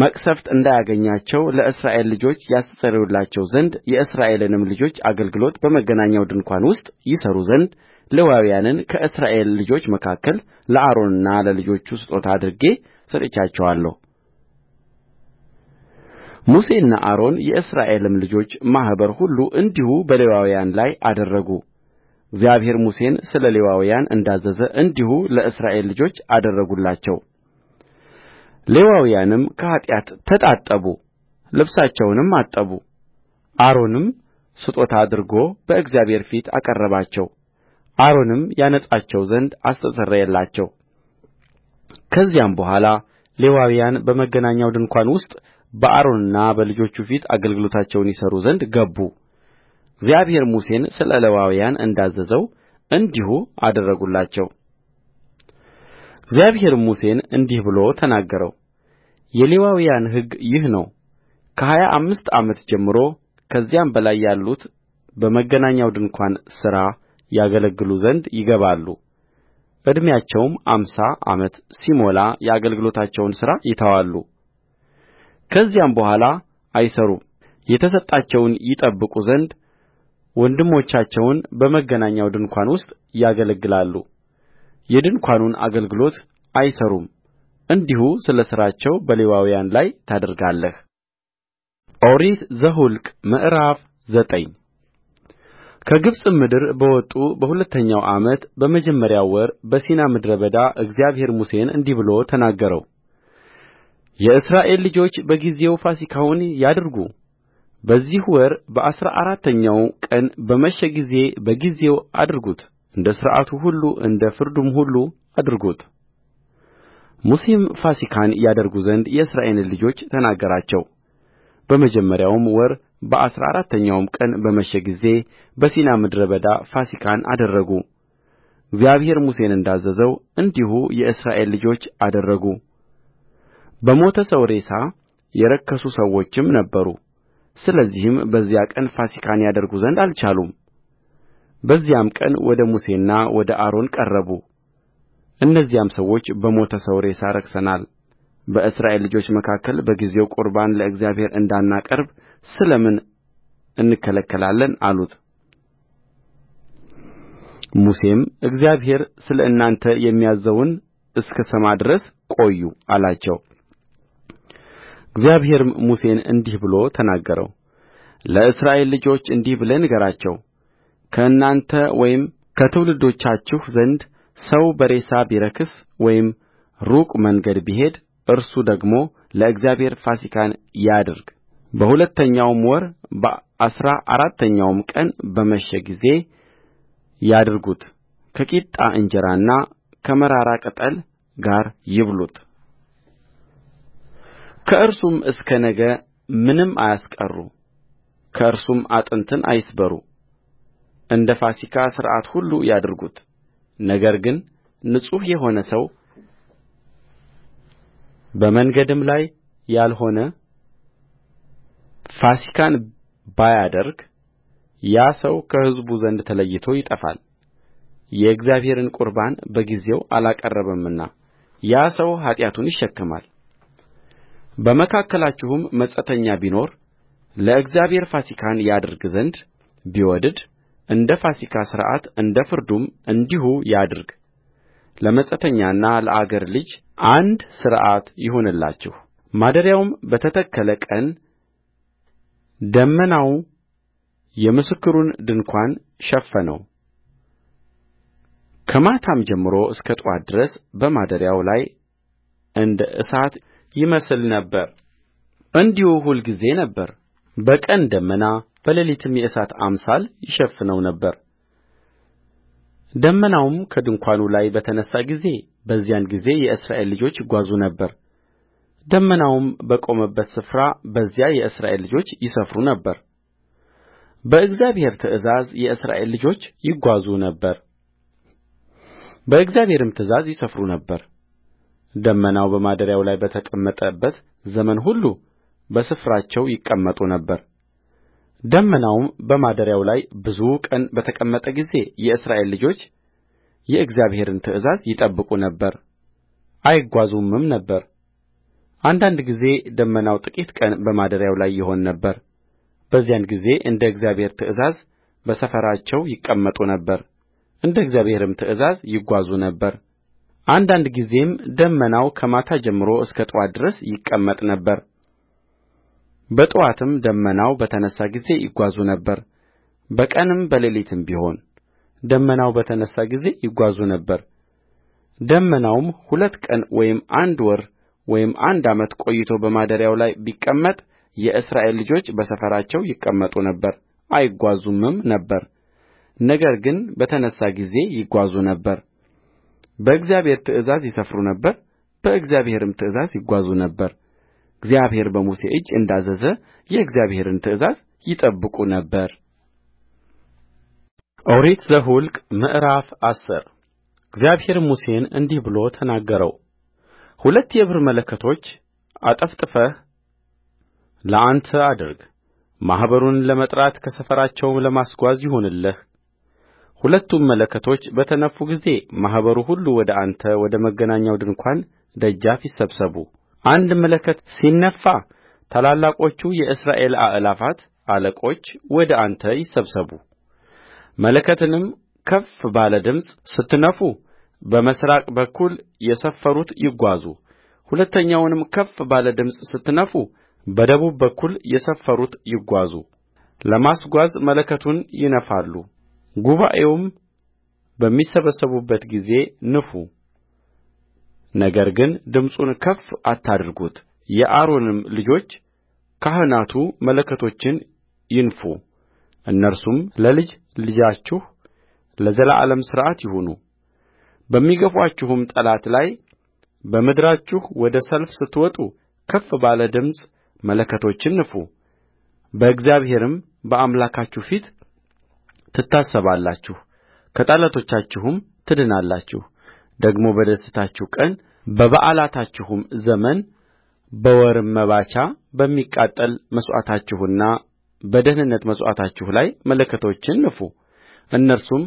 መቅሠፍት እንዳያገኛቸው ለእስራኤል ልጆች ያስተሰርዩላቸው ዘንድ የእስራኤልንም ልጆች አገልግሎት በመገናኛው ድንኳን ውስጥ ይሠሩ ዘንድ ሌዋውያንን ከእስራኤል ልጆች መካከል ለአሮንና ለልጆቹ ስጦታ አድርጌ ሰጥቼአቸዋለሁሙሴና አሮን የእስራኤልም ልጆች ማኅበር ሁሉ እንዲሁ በሌዋውያን ላይ አደረጉ እግዚአብሔር ሙሴን ስለ ሌዋውያን እንዳዘዘ እንዲሁ ለእስራኤል ልጆች አደረጉላቸው ሌዋውያንም ከኃጢአት ተጣጠቡ ልብሳቸውንም አጠቡ አሮንም ስጦታ አድርጎ በእግዚአብሔር ፊት አቀረባቸው አሮንም ያነጻቸው ዘንድ አስተሰረየላቸው ከዚያም በኋላ ሌዋውያን በመገናኛው ድንኳን ውስጥ በአሮንና በልጆቹ ፊት አገልግሎታቸውን ይሠሩ ዘንድ ገቡ እግዚአብሔር ሙሴን ስለ ሌዋውያን እንዳዘዘው እንዲሁ አደረጉላቸው እግዚአብሔርም ሙሴን እንዲህ ብሎ ተናገረው የሌዋውያን ሕግ ይህ ነው ከሀያ አምስት ዓመት ጀምሮ ከዚያም በላይ ያሉት በመገናኛው ድንኳን ሥራ ያገለግሉ ዘንድ ይገባሉ ዕድሜያቸውም አምሳ ዓመት ሲሞላ የአገልግሎታቸውን ሥራ ይተዋሉ ከዚያም በኋላ አይሠሩም የተሰጣቸውን ይጠብቁ ዘንድ ወንድሞቻቸውን በመገናኛው ድንኳን ውስጥ ያገለግላሉ የድንኳኑን አገልግሎት አይሠሩም እንዲሁ ስለ ሥራቸው በሌዋውያን ላይ ታደርጋለህ ኦሪት ዘኍልቍ ምዕራፍ ዘጠኝ ከግብፅም ምድር በወጡ በሁለተኛው ዓመት በመጀመሪያው ወር በሲና ምድረ በዳ እግዚአብሔር ሙሴን እንዲህ ብሎ ተናገረው የእስራኤል ልጆች በጊዜው ፋሲካውን ያድርጉ በዚህ ወር በአሥራ አራተኛው ቀን በመሸ ጊዜ በጊዜው አድርጉት እንደ ሥርዓቱ ሁሉ እንደ ፍርዱም ሁሉ አድርጉትሙሴም ፋሲካን ያደርጉ ዘንድ የእስራኤልን ልጆች ተናገራቸው በመጀመሪያውም ወር በአሥራ አራተኛው ቀን በመሸ ጊዜ በሲና ምድረ በዳ ፋሲካን አደረጉ እግዚአብሔር ሙሴን እንዳዘዘው እንዲሁ የእስራኤል ልጆች አደረጉ በሞተ ሰው ሬሳ የረከሱ ሰዎችም ነበሩ ስለዚህም በዚያ ቀን ፋሲካን ያደርጉ ዘንድ አልቻሉም በዚያም ቀን ወደ ሙሴና ወደ አሮን ቀረቡ እነዚያም ሰዎች በሞተ ሰው ሬሳ ረክሰናል በእስራኤል ልጆች መካከል በጊዜው ቍርባን ለእግዚአብሔር እንዳናቀርብ ስለ ምን እንከለከላለን ሙሴም እግዚአብሔር ስለ እናንተ የሚያዝዘውን እስክሰማ ድረስ ቆዩ አላቸው እግዚአብሔርም ሙሴን እንዲህ ብሎ ተናገረው ለእስራኤል ልጆች እንዲህ ብለህ ንገራቸው ከእናንተ ወይም ከትውልዶቻችሁ ዘንድ ሰው በሬሳ ቢረክስ ወይም ሩቅ መንገድ ቢሄድ እርሱ ደግሞ ለእግዚአብሔር ፋሲካን ያድርግ በሁለተኛውም ወር በአሥራ አራተኛው ቀን በመሸ ጊዜ ያድርጉት ከቂጣ እንጀራና ከመራራ ቅጠል ጋር ይብሉት። ከእርሱም እስከ ነገ ምንም አያስቀሩ፣ ከእርሱም አጥንትን አይስበሩ። እንደ ፋሲካ ሥርዓት ሁሉ ነገር ግን ንጹሕ የሆነ ሰው በመንገድም ላይ ያልሆነ ፋሲካን ባያደርግ ያ ሰው ከሕዝቡ ዘንድ ተለይቶ ይጠፋል የእግዚአብሔርን ቁርባን በጊዜው አላቀረበምና ያ ሰው ኃጢአቱን ይሸከማልበመካከላችሁም መጻተኛ ቢኖር ለእግዚአብሔር ፋሲካን ያደርግ ዘንድ ቢወድድ እንደ ፋሲካ ሥርዓት እንደ ፍርዱም እንዲሁ ያድርግ ለመጻተኛና ለአገር ልጅ አንድ ሥርዓት ይሁንላችሁ ማደሪያውም በተተከለ ቀን ደመናው የምስክሩን ድንኳን ሸፈነው ከማታም ጀምሮ እስከ ጥዋት ድረስ በማደሪያው ላይ እንደ እሳት ይመስል ነበር። እንዲሁ ሁልጊዜ ነበር። በቀን ደመና በሌሊትም የእሳት አምሳል ይሸፍነው ነበር ደመናውም ከድንኳኑ ላይ በተነሣ ጊዜ በዚያን ጊዜ የእስራኤል ልጆች ይጓዙ ነበር ደመናውም በቆመበት ስፍራ በዚያ የእስራኤል ልጆች ይሰፍሩ ነበር በእግዚአብሔር ትእዛዝ የእስራኤል ልጆች ይጓዙ ነበር በእግዚአብሔርም ትእዛዝ ይሰፍሩ ነበር ደመናው በማደሪያው ላይ በተቀመጠበት ዘመን ሁሉ በስፍራቸው ይቀመጡ ነበር ደመናውም በማደሪያው ላይ ብዙ ቀን በተቀመጠ ጊዜ የእስራኤል ልጆች የእግዚአብሔርን ትእዛዝ ይጠብቁ ነበር አይጓዙምም ነበር አንዳንድ ጊዜ ደመናው ጥቂት ቀን በማደሪያው ላይ ይሆን ነበር በዚያን ጊዜ እንደ እግዚአብሔር ትእዛዝ በሰፈራቸው ይቀመጡ ነበር እንደ እግዚአብሔርም ትእዛዝ ይጓዙ ነበር አንዳንድ ጊዜም ደመናው ከማታ ጀምሮ እስከ ጥዋት ድረስ ይቀመጥ ነበር በጥዋትም ደመናው በተነሣ ጊዜ ይጓዙ ነበር በቀንም በሌሊትም ቢሆን ደመናው በተነሣ ጊዜ ይጓዙ ነበር ደመናውም ሁለት ቀን ወይም አንድ ወር ወይም አንድ ዓመት ቆይቶ በማደሪያው ላይ ቢቀመጥ የእስራኤል ልጆች በሰፈራቸው ይቀመጡ ነበር አይጓዙምም ነበር ነገር ግን በተነሣ ጊዜ ይጓዙ ነበር በእግዚአብሔር ትእዛዝ ይሰፍሩ ነበር በእግዚአብሔርም ትእዛዝ ይጓዙ ነበር እግዚአብሔር በሙሴ እጅ እንዳዘዘ የእግዚአብሔርን ትእዛዝ ይጠብቁ ነበር ኦሪት ዘኍልቍ ምዕራፍ አስር እግዚአብሔርም ሙሴን እንዲህ ብሎ ተናገረው ሁለት የብር መለከቶች አጠፍጥፈህ ለአንተ አድርግ ማኅበሩን ለመጥራት ከሰፈራቸውም ለማስጓዝ ይሁንልህ ሁለቱም መለከቶች በተነፉ ጊዜ ማኅበሩ ሁሉ ወደ አንተ ወደ መገናኛው ድንኳን ደጃፍ ይሰብሰቡ አንድ መለከት ሲነፋ ታላላቆቹ የእስራኤል አእላፋት አለቆች ወደ አንተ ይሰብሰቡ። መለከትንም ከፍ ባለ ድምፅ ስትነፉ በምሥራቅ በኩል የሰፈሩት ይጓዙ ሁለተኛውንም ከፍ ባለ ድምፅ ስትነፉ በደቡብ በኩል የሰፈሩት ለማስጓዝ መለከቱን ይነፋሉ ጉባኤውም በሚሰበሰቡበት ጊዜ ንፉ ነገር ግን ድምፁን ከፍ አታድርጉት የአሮንም ልጆች ካህናቱ መለከቶቹን ይንፉ እነርሱም ለልጅ ልጃችሁ ለዘላለም ሥርዓት ይሁኑበሚገፋችሁም ጠላት ላይ በምድራችሁ ወደ ሰልፍ ስትወጡ ከፍ ባለ ድምፅ መለከቶችን ንፉ በእግዚአብሔርም በአምላካችሁ ፊት ትታሰባላችሁ ከጠላቶቻችሁም ትድናላችሁ ደግሞ በደስታችሁ ቀን በበዓላታችሁም ዘመን በወርም መባቻ በሚቃጠል መሥዋዕታችሁና በደኅንነት መሥዋዕታችሁ ላይ መለከቶችን ንፉ እነርሱም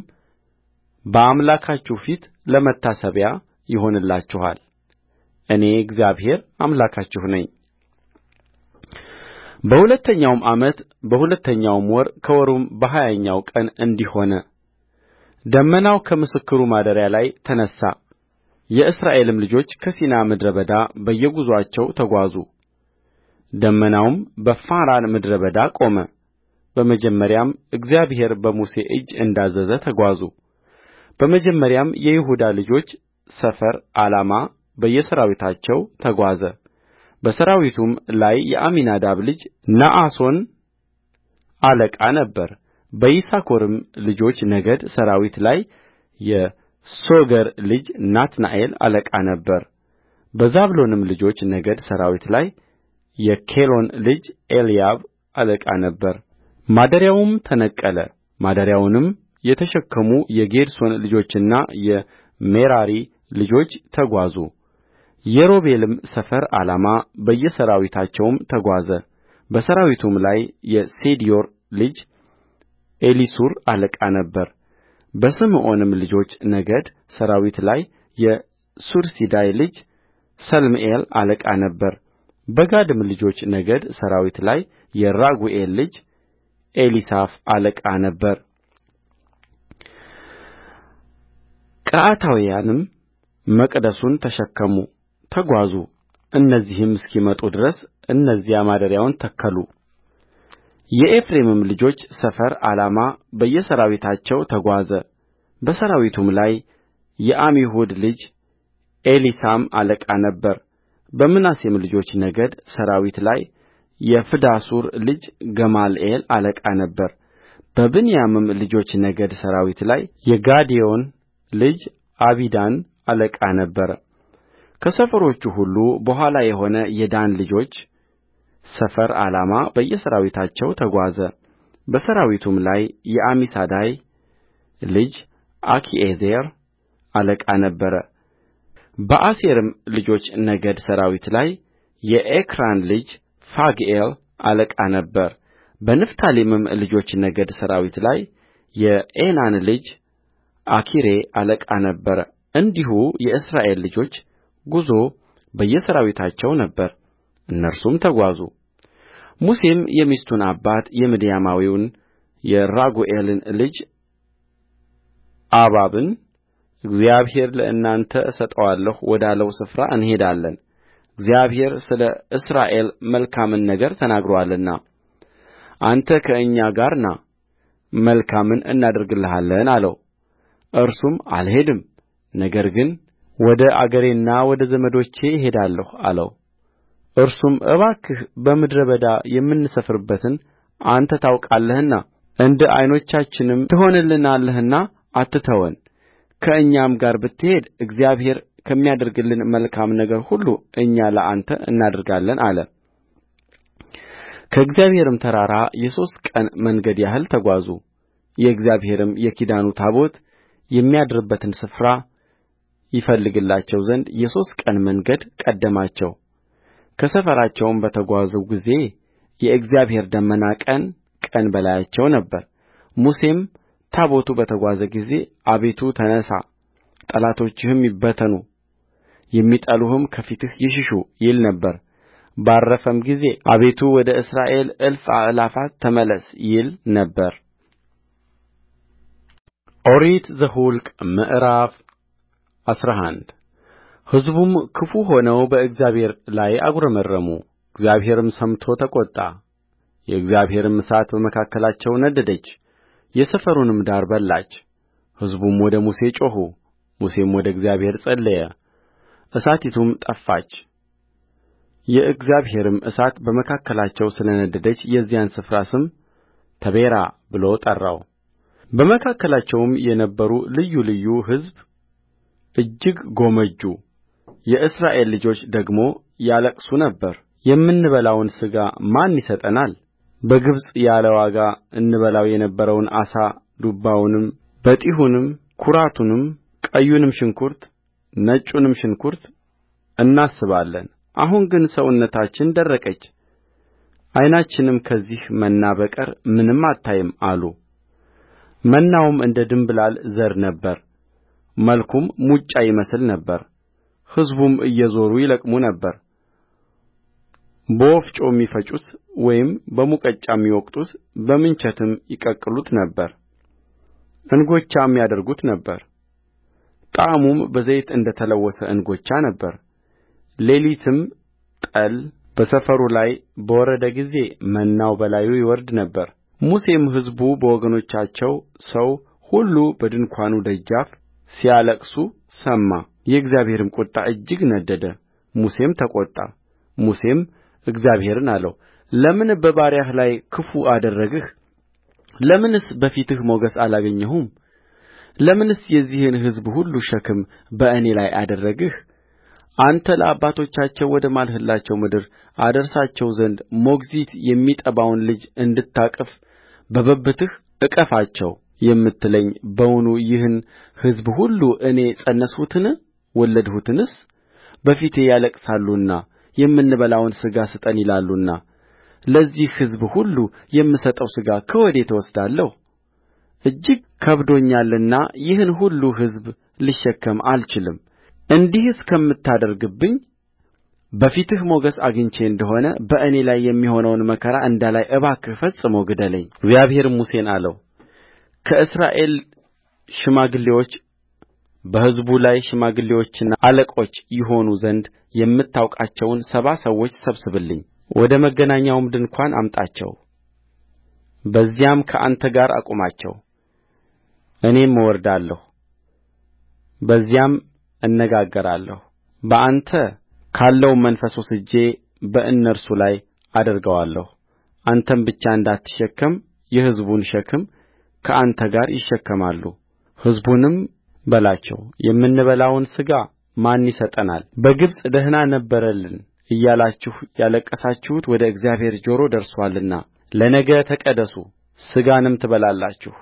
በአምላካችሁ ፊት ለመታሰቢያ ይሆኑላችኋል። እኔ እግዚአብሔር አምላካችሁ ነኝ። በሁለተኛውም ዓመት በሁለተኛውም ወር ከወሩም በሀያኛው ቀን እንዲህ ሆነ፣ ደመናው ከምስክሩ ማደሪያ ላይ ተነሣ። የእስራኤልም ልጆች ከሲና ምድረ በዳ በየጕዞአቸው ተጓዙ ደመናውም በፋራን ምድረ በዳ ቆመ በመጀመሪያም እግዚአብሔር በሙሴ እጅ እንዳዘዘ ተጓዙ በመጀመሪያም የይሁዳ ልጆች ሰፈር ዓላማ በየሠራዊታቸው ተጓዘ በሠራዊቱም ላይ የአሚናዳብ ልጅ ነአሶን አለቃ ነበረ በይሳኮርም ልጆች ነገድ ሠራዊት ላይ ሶገር ልጅ ናትናኤል አለቃ ነበረበዛብሎንም ልጆች ነገድ ሠራዊት ላይ የኬሎን ልጅ ኤልያብ አለቃ ነበረማደሪያውም ተነቀለ ማደሪያውንም የተሸከሙ የጌድሶን ልጆችና የሜራሪ ልጆች ተጓዙ የሮቤልም ሰፈር ዓላማ በየሠራዊታቸው ተጓዘ በሠራዊቱም ላይ የሴዲዮር ልጅ ኤሊሱር አለቃ ነበረ በስምዖንም ልጆች ነገድ ሠራዊት ላይ የሱሪሰዳይ ልጅ ሰልምኤል አለቃ ነበረበጋድም ልጆች ነገድ ሠራዊት ላይ የራጉኤል ልጅ ኤሊሳፍ አለቃ ነበረቀዓታውያንም መቅደሱን ተሸከሙ ተጓዙ እነዚህም እስኪመጡ ድረስ እነዚያ ማደሪያውን ተከሉ የኤፍሬምም ልጆች ሰፈር ዓላማ በየሠራዊታቸው ተጓዘ በሠራዊቱም ላይ የዓሚሁድ ልጅ ኤሊሳማ አለቃ ነበረበምናሴም ልጆች ነገድ ሠራዊት ላይ የፍዳሱር ልጅ ገማልኤል አለቃ ነበረበብንያምም ልጆች ነገድ ሠራዊት ላይ የጋዴዮን ልጅ አቢዳን አለቃ ነበረ ከሰፈሮቹ ሁሉ በኋላ የሆነ የዳን ልጆች ሰፈር ዓላማ በየሠራዊታቸው ተጓዘ በሠራዊቱም ላይ የአሚሳዳይ ልጅ አኪዔዘር አለቃ ነበረበአሴርም ልጆች ነገድ ሠራዊት ላይ የኤክራን ልጅ ፋግኤል አለቃ ነበረበንፍታሌምም ልጆች ነገድ ሠራዊት ላይ የዔናን ልጅ አኪሬ አለቃ ነበረእንዲሁ የእስራኤል ልጆች ጕዞ በየሠራዊታቸው ነበረ እነርሱም ተጓዙ ሙሴም የሚስቱን አባት የምድያማዊውን የራጉኤልን ልጅ አባብን እግዚአብሔር ለእናንተ እሰጠዋለሁ ወዳለው ስፍራ እንሄዳለን እግዚአብሔር ስለ እስራኤል መልካምን ነገር ተናግሮአልና አንተ ከእኛ ጋር ና መልካምን እናደርግልሃለን አለው። እርሱም አልሄድም፣ ነገር ግን ወደ አገሬና ወደ ዘመዶቼ እሄዳለሁ አለው። እርሱም እባክህ በምድረ በዳ የምንሰፍርበትን አንተ ታውቃለህና እንደ ዓይኖቻችንም ትሆንልናለህና አትተወን ከእኛም ጋር ብትሄድ እግዚአብሔር ከሚያደርግልን መልካም ነገር ሁሉ እኛ ለአንተ እናደርጋለን አለ ከእግዚአብሔርም ተራራ የሦስት ቀን መንገድ ያህል ተጓዙ የእግዚአብሔርም የኪዳኑ ታቦት የሚያድርበትን ስፍራ ይፈልግላቸው ዘንድ የሦስት ቀን መንገድ ቀደማቸው ከሰፈራቸውም በተጓዙ ጊዜ የእግዚአብሔር ደመና ቀን ቀን በላያቸው ነበረሙሴም ታቦቱ በተጓዘ ጊዜ አቤቱ ተነሣ ጠላቶችህም ይበተኑ የሚጠሉህም ከፊትህ ይሽሹ ይል ነበር ባረፈም ጊዜ አቤቱ ወደ እስራኤል እልፍ አእላፋት ተመለስ ይል ነበር። ኦሪት ዘኍልቍ ምዕራፍ አስራ አንድ ሕዝቡም ክፉ ሆነው በእግዚአብሔር ላይ አጕረመረሙ እግዚአብሔርም ሰምቶ ተቈጣ የእግዚአብሔርም እሳት በመካከላቸው ነደደች የሰፈሩንም ዳር በላች ሕዝቡም ወደ ሙሴ ጮኹ ሙሴም ወደ እግዚአብሔር ጸለየ እሳቲቱም ጠፋች የእግዚአብሔርም እሳት በመካከላቸው ስለ ነደደች የዚያን ስፍራ ስም ተቤራ ብሎ ጠራው። በመካከላቸውም የነበሩ ልዩ ልዩ ሕዝብ እጅግ ጐመጁ የእስራኤል ልጆች ደግሞ ያለቅሱ ነበር የምንበላውን ሥጋ ማን ይሰጠናል በግብፅ ያለ ዋጋ እንበላው የነበረውን ዓሣ ዱባውንም በጢኹንም ኩራቱንም ቀዩንም ሽንኩርት ነጩንም ሽንኩርት እናስባለን አሁን ግን ሰውነታችን ደረቀች ዓይናችንም ከዚህ መና በቀር ምንም አታይም አሉ። መናውም እንደ ድንብላል ዘር ነበረ መልኩም ሙጫ ይመስል ነበር ሕዝቡም እየዞሩ ይለቅሙ ነበር በወፍጮ የሚፈጩት ወይም በሙቀጫ የሚወቅጡት በምንቸትም ይቀቅሉት ነበር እንጎቻም ያደርጉት ነበር ጣዕሙም በዘይት እንደ ተለወሰ እንጎቻ ሌሊትም ጠል በሰፈሩ ላይ በወረደ ጊዜ መናው በላዩ ይወርድ ነበር። ሙሴም ሕዝቡ በወገኖቻቸው ሰው ሁሉ በድንኳኑ ደጃፍ ሲያለቅሱ ሰማ የእግዚአብሔርም ቍጣ እጅግ ነደደ ሙሴም ተቈጣ ሙሴም እግዚአብሔርን አለው ለምን በባሪያህ ላይ ክፉ አደረግህ ለምንስ በፊትህ ሞገስ አላገኘሁም ለምንስ የዚህን ሕዝብ ሁሉ ሸክም በእኔ ላይ አደረግህ አንተ ለአባቶቻቸው ወደ ማልህላቸው ምድር አደርሳቸው ዘንድ ሞግዚት የሚጠባውን ልጅ እንድታቅፍ በብብትህ እቀፋቸው የምትለኝ በውኑ ይህን ሕዝብ ሁሉ እኔ ፀነስሁትን ወለድሁትንስ በፊቴ ያለቅሳሉና የምንበላውን ሥጋ ስጠን ይላሉና ለዚህ ሕዝብ ሁሉ የምሰጠው ሥጋ ከወዴት እወስዳለሁ እጅግ ከብዶኛልና ይህን ሁሉ ሕዝብ ልሸከም አልችልም እንዲህስ ከምታደርግብኝ በፊትህ ሞገስ አግኝቼ እንደሆነ በእኔ ላይ የሚሆነውን መከራ እንዳላይ እባክህ ፈጽሞ እግዚአብሔርም ሙሴን አለው ከእስራኤል ሽማግሌዎች በሕዝቡ ላይ ሽማግሌዎችና አለቆች ይሆኑ ዘንድ የምታውቃቸውን ሰባ ሰዎች ሰብስብልኝ ወደ መገናኛውም ድንኳን አምጣቸው በዚያም ከአንተ ጋር አቁማቸው እኔም እወርዳለሁ በዚያም እነጋገራለሁ በአንተ ካለውም መንፈስ ወስጄ በእነርሱ ላይ አደርገዋለሁ አንተም ብቻ እንዳትሸከም የሕዝቡን ሸክም ከአንተ ጋር ይሸከማሉ ሕዝቡንም በላቸው የምንበላውን ሥጋ ማን ይሰጠናል በግብፅ ደኅና ነበረልን እያላችሁ ያለቀሳችሁት ወደ እግዚአብሔር ጆሮ ደርሶአልና ለነገ ተቀደሱ ሥጋንም ትበላላችሁ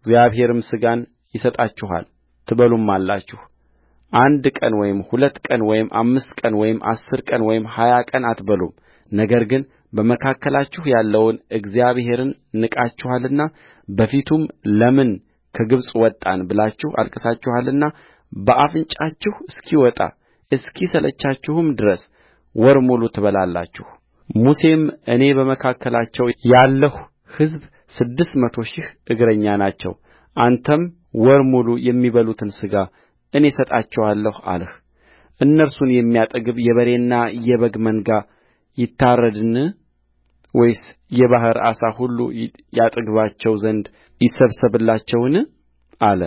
እግዚአብሔርም ሥጋን ይሰጣችኋል ትበሉማላችሁ አንድ ቀን ወይም ሁለት ቀን ወይም አምስት ቀን ወይም አሥር ቀን ወይም ሀያ ቀን አትበሉም ነገር ግን በመካከላችሁ ያለውን እግዚአብሔርን ንቃችኋልና በፊቱም ለምን ከግብፅ ወጣን ብላችሁ አልቅሳችኋልና በአፍንጫችሁ እስኪወጣ እስኪሰለቻችሁም ድረስ ወር ሙሉ ትበላላችሁሙሴም እኔ በመካከላቸው ያለሁ ሕዝብ ስድስት መቶ ሺህ እግረኛ ናቸው አንተም ወር ሙሉ የሚበሉትን ሥጋ እኔ እሰጣቸዋለሁ አልህ። እነርሱን የሚያጠግብ የበሬና የበግ መንጋ ይታረድን? ወይስ የባሕር ዓሣ ሁሉ ያጠግባቸው ዘንድ ይሰብሰብላቸውን አለ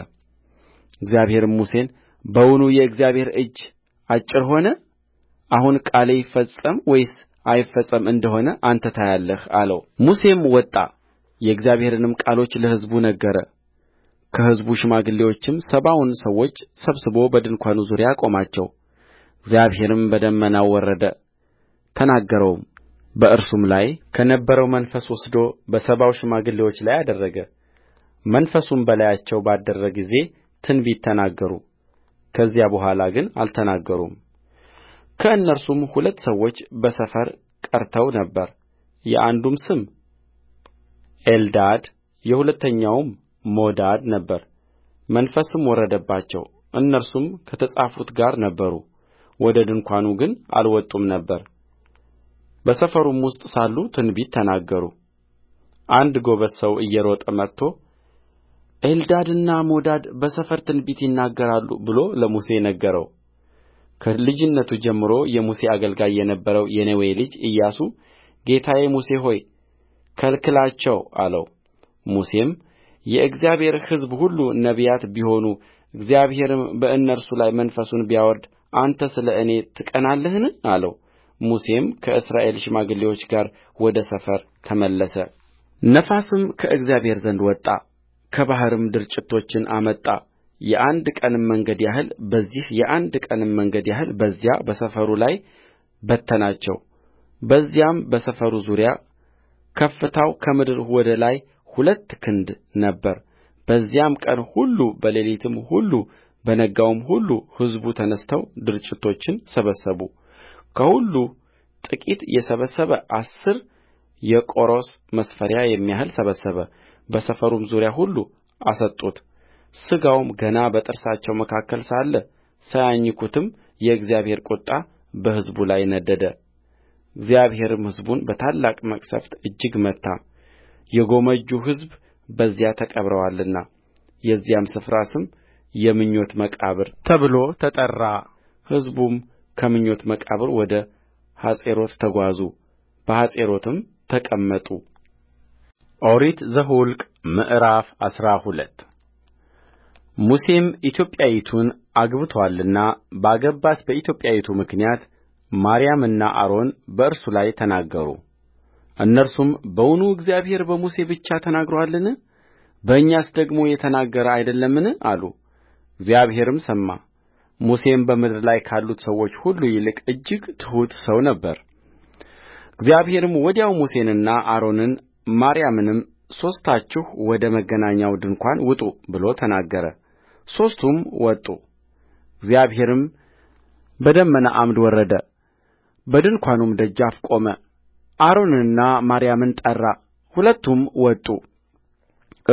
እግዚአብሔርም ሙሴን በውኑ የእግዚአብሔር እጅ አጭር ሆነ አሁን ቃሌ ይፈጸም ወይስ አይፈጸም እንደሆነ አንተ ታያለህ ሙሴም ወጣ የእግዚአብሔርንም ቃሎች ለሕዝቡ ነገረ ከሕዝቡ ሽማግሌዎችም ሰባውን ሰዎች ሰብስቦ በድንኳኑ ዙሪያ አቆማቸው እግዚአብሔርም በደመናው ወረደ ተናገረውም በእርሱም ላይ ከነበረው መንፈስ ወስዶ በሰባው ሽማግሌዎች ላይ አደረገ መንፈሱም በላያቸው ባደረ ጊዜ ትንቢት ተናገሩ ከዚያ በኋላ ግን አልተናገሩም። ከእነርሱም ሁለት ሰዎች በሰፈር ቀርተው ነበር የአንዱም ስም ኤልዳድ የሁለተኛውም ሞዳድ መንፈስም ወረደባቸው እነርሱም ከተጻፉት ጋር ነበሩ ወደ ድንኳኑ ግን አልወጡም ነበር በሰፈሩም ውስጥ ሳሉ ትንቢት ተናገሩ አንድ ጎበዝ ሰው እየሮጠ መጥቶ ኤልዳድና ሞዳድ በሰፈር ትንቢት ይናገራሉ ብሎ ለሙሴ ነገረው ከልጅነቱ ጀምሮ የሙሴ አገልጋይ የነበረው የነዌ ልጅ ኢያሱ ጌታዬ ሙሴ ሆይ ከልክላቸው አለው ሙሴም የእግዚአብሔር ሕዝብ ሁሉ ነቢያት ቢሆኑ እግዚአብሔርም በእነርሱ ላይ መንፈሱን ቢያወርድ አንተ ስለ እኔ ትቀናለህን አለው ሙሴም ከእስራኤል ሽማግሌዎች ጋር ወደ ሰፈር ተመለሰ ነፋስም ከእግዚአብሔር ዘንድ ወጣ ከባሕርም ድርጭቶችን አመጣ የአንድ ቀንም መንገድ ያህል በዚህ የአንድ ቀንም መንገድ ያህል በዚያ በሰፈሩ ላይ በተናቸው። በዚያም በሰፈሩ ዙሪያ ከፍታው ከምድር ወደ ላይ ሁለት ክንድ ነበረ በዚያም ቀን ሁሉ በሌሊትም ሁሉ በነጋውም ሁሉ ሕዝቡ ተነሥተው ድርጭቶችን ሰበሰቡ ከሁሉ ጥቂት የሰበሰበ አሥር የቆሮስ መስፈሪያ የሚያህል ሰበሰበ በሰፈሩም ዙሪያ ሁሉ አሰጡት ሥጋውም ገና በጥርሳቸው መካከል ሳለ ሳያኝኩትም የእግዚአብሔር ቍጣ በሕዝቡ ላይ ነደደ። እግዚአብሔርም ሕዝቡን በታላቅ መቅሠፍት እጅግ መታ የጎመጁ ሕዝብ በዚያ ተቀብረዋልና የዚያም ስፍራ ስም የምኞት መቃብር ተብሎ ተጠራ ሕዝቡም ከምኞት መቃብር ወደ ሐጼሮት ተጓዙ በሐጼሮትም ተቀመጡ ኦሪት ዘኍልቍ ምዕራፍ አስራ ሁለት ሙሴም ኢትዮጵያይቱን አግብቶአልና ባገባት በኢትዮጵያይቱ ምክንያት ማርያምና አሮን በእርሱ ላይ ተናገሩ እነርሱም በውኑ እግዚአብሔር በሙሴ ብቻ ተናግሮአልን በእኛስ ደግሞ የተናገረ አይደለምን አሉ እግዚአብሔርም ሰማ ሙሴም በምድር ላይ ካሉት ሰዎች ሁሉ ይልቅ እጅግ ትሑት ሰው ነበረ እግዚአብሔርም ወዲያው ሙሴንና አሮንን ማርያምንም ሦስታችሁ ወደ መገናኛው ድንኳን ውጡ ብሎ ተናገረ ሦስቱም እግዚአብሔርም በደመና ዓምድ ወረደ በድንኳኑም ደጃፍ ቆመ አሮንንና ማርያምን ጠራ ሁለቱም ወጡ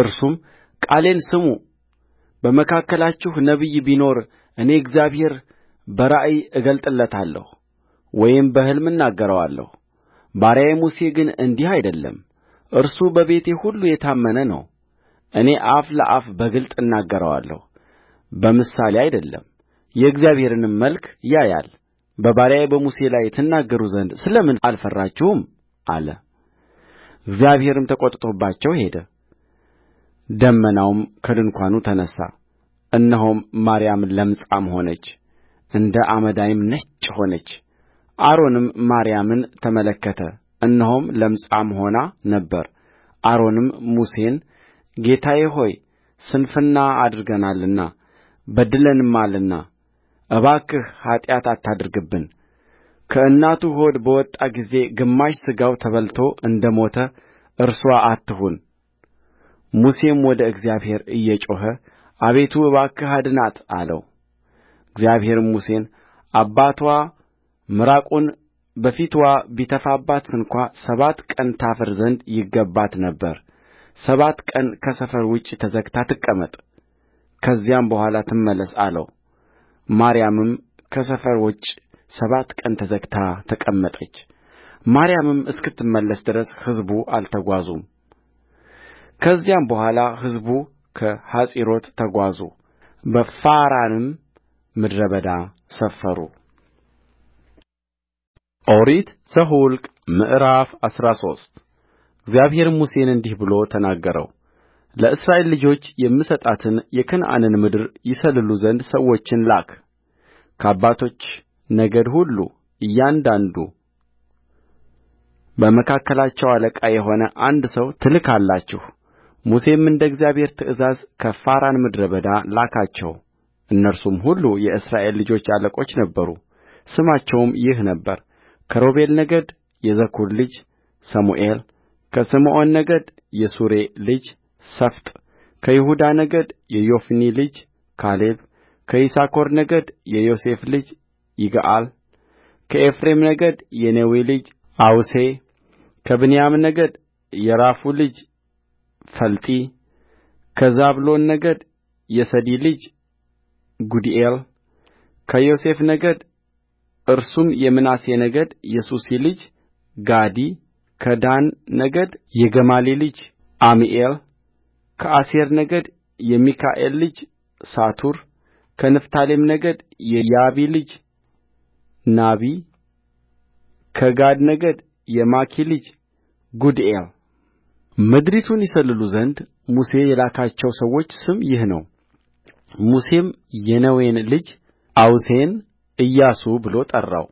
እርሱም ቃሌን ስሙ በመካከላችሁ ነቢይ ቢኖር እኔ እግዚአብሔር በራእይ እገልጥለታለሁ ወይም በሕልም እናገረዋለሁ ባሪያዬ ሙሴ ግን እንዲህ አይደለም እርሱ በቤቴ ሁሉ የታመነ ነው። እኔ አፍ ለአፍ በግልጥ እናገረዋለሁ በምሳሌ አይደለም የእግዚአብሔርንም መልክ ያያል በባሪያዬ በሙሴ ላይ ትናገሩ ዘንድ ስለ ምን አልፈራችሁም አለ እግዚአብሔርም ተቈጥቶባቸው ሄደ ደመናውም ከድንኳኑ ተነሣ እነሆም ማርያም ለምጻም ሆነች እንደ አመዳይም ነጭ ሆነች አሮንም ማርያምን ተመለከተ እነሆም ለምጻም ሆና ነበር! አሮንም ሙሴን ጌታዬ ሆይ ስንፍና አድርገናልና በድለንማልና እባክህ ኃጢአት አታድርግብን ከእናቱ ሆድ በወጣ ጊዜ ግማሽ ሥጋው ተበልቶ እንደ ሞተ እርሷ አትሁን ሙሴም ወደ እግዚአብሔር እየጮኸ አቤቱ እባክህ አድናት አለው እግዚአብሔርም ሙሴን አባትዋ ምራቁን በፊትዋ ቢተፋባት ስንኳ ሰባት ቀን ታፍር ዘንድ ይገባት ነበር። ሰባት ቀን ከሰፈር ውጭ ተዘግታ ትቀመጥ፣ ከዚያም በኋላ ትመለስ አለው። ማርያምም ከሰፈር ውጭ ሰባት ቀን ተዘግታ ተቀመጠች። ማርያምም እስክትመለስ ድረስ ሕዝቡ አልተጓዙም። ከዚያም በኋላ ሕዝቡ ከሐጼሮት ተጓዙ፣ በፋራንም ምድረ በዳ ሰፈሩ። ኦሪት ዘኍልቍ ምዕራፍ አስራ ሶስት እግዚአብሔርም ሙሴን እንዲህ ብሎ ተናገረውለእስራኤል ልጆች የምሰጣትን የከነዓንን ምድር ይሰልሉ ዘንድ ሰዎችን ላክ ከአባቶች ነገድ ሁሉ እያንዳንዱ በመካከላቸው አለቃ የሆነ አንድ ሰው ትልካላችሁሙሴም እንደ እግዚአብሔር ትእዛዝ ከፋራን ምድረ በዳ ላካቸው እነርሱም ሁሉ የእስራኤል ልጆች አለቆች ነበሩ ስማቸውም ይህ ነበር ከሮቤል ነገድ የዘኩር ልጅ ሰሙኤልከስምዖን ነገድ የሱሬ ልጅ ከይሁዳ ነገድ የዮፎኒ ልጅ ካሌብከይሳኮር ነገድ የዮሴፍ ልጅ ይግአልከኤፍሬም ነገድ የነዌ ልጅ አውሴከብንያም ነገድ የራፉ ልጅ ፈልጢ ከዛብሎን ነገድ የሰዲ ልጅ ጉዲኤል ከዮሴፍ ነገድ እርሱም የምናሴ ነገድ የሱሲ ልጅ ጋዲ ከዳን ነገድ የገማሊ ልጅ ዓሚኤልከአሴር ነገድ የሚካኤል ልጅ ከንፍታሌም ነገድ የያቢ ልጅ ናቢከጋድ ነገድ የማኪ ልጅ ጉዲኤልምድሪቱን ይሰልሉ ዘንድ ሙሴ የላካቸው ሰዎች ስም ይህ ነው ሙሴም የነዌን ልጅ አውሴን ኢያሱ ብሎ ጠራው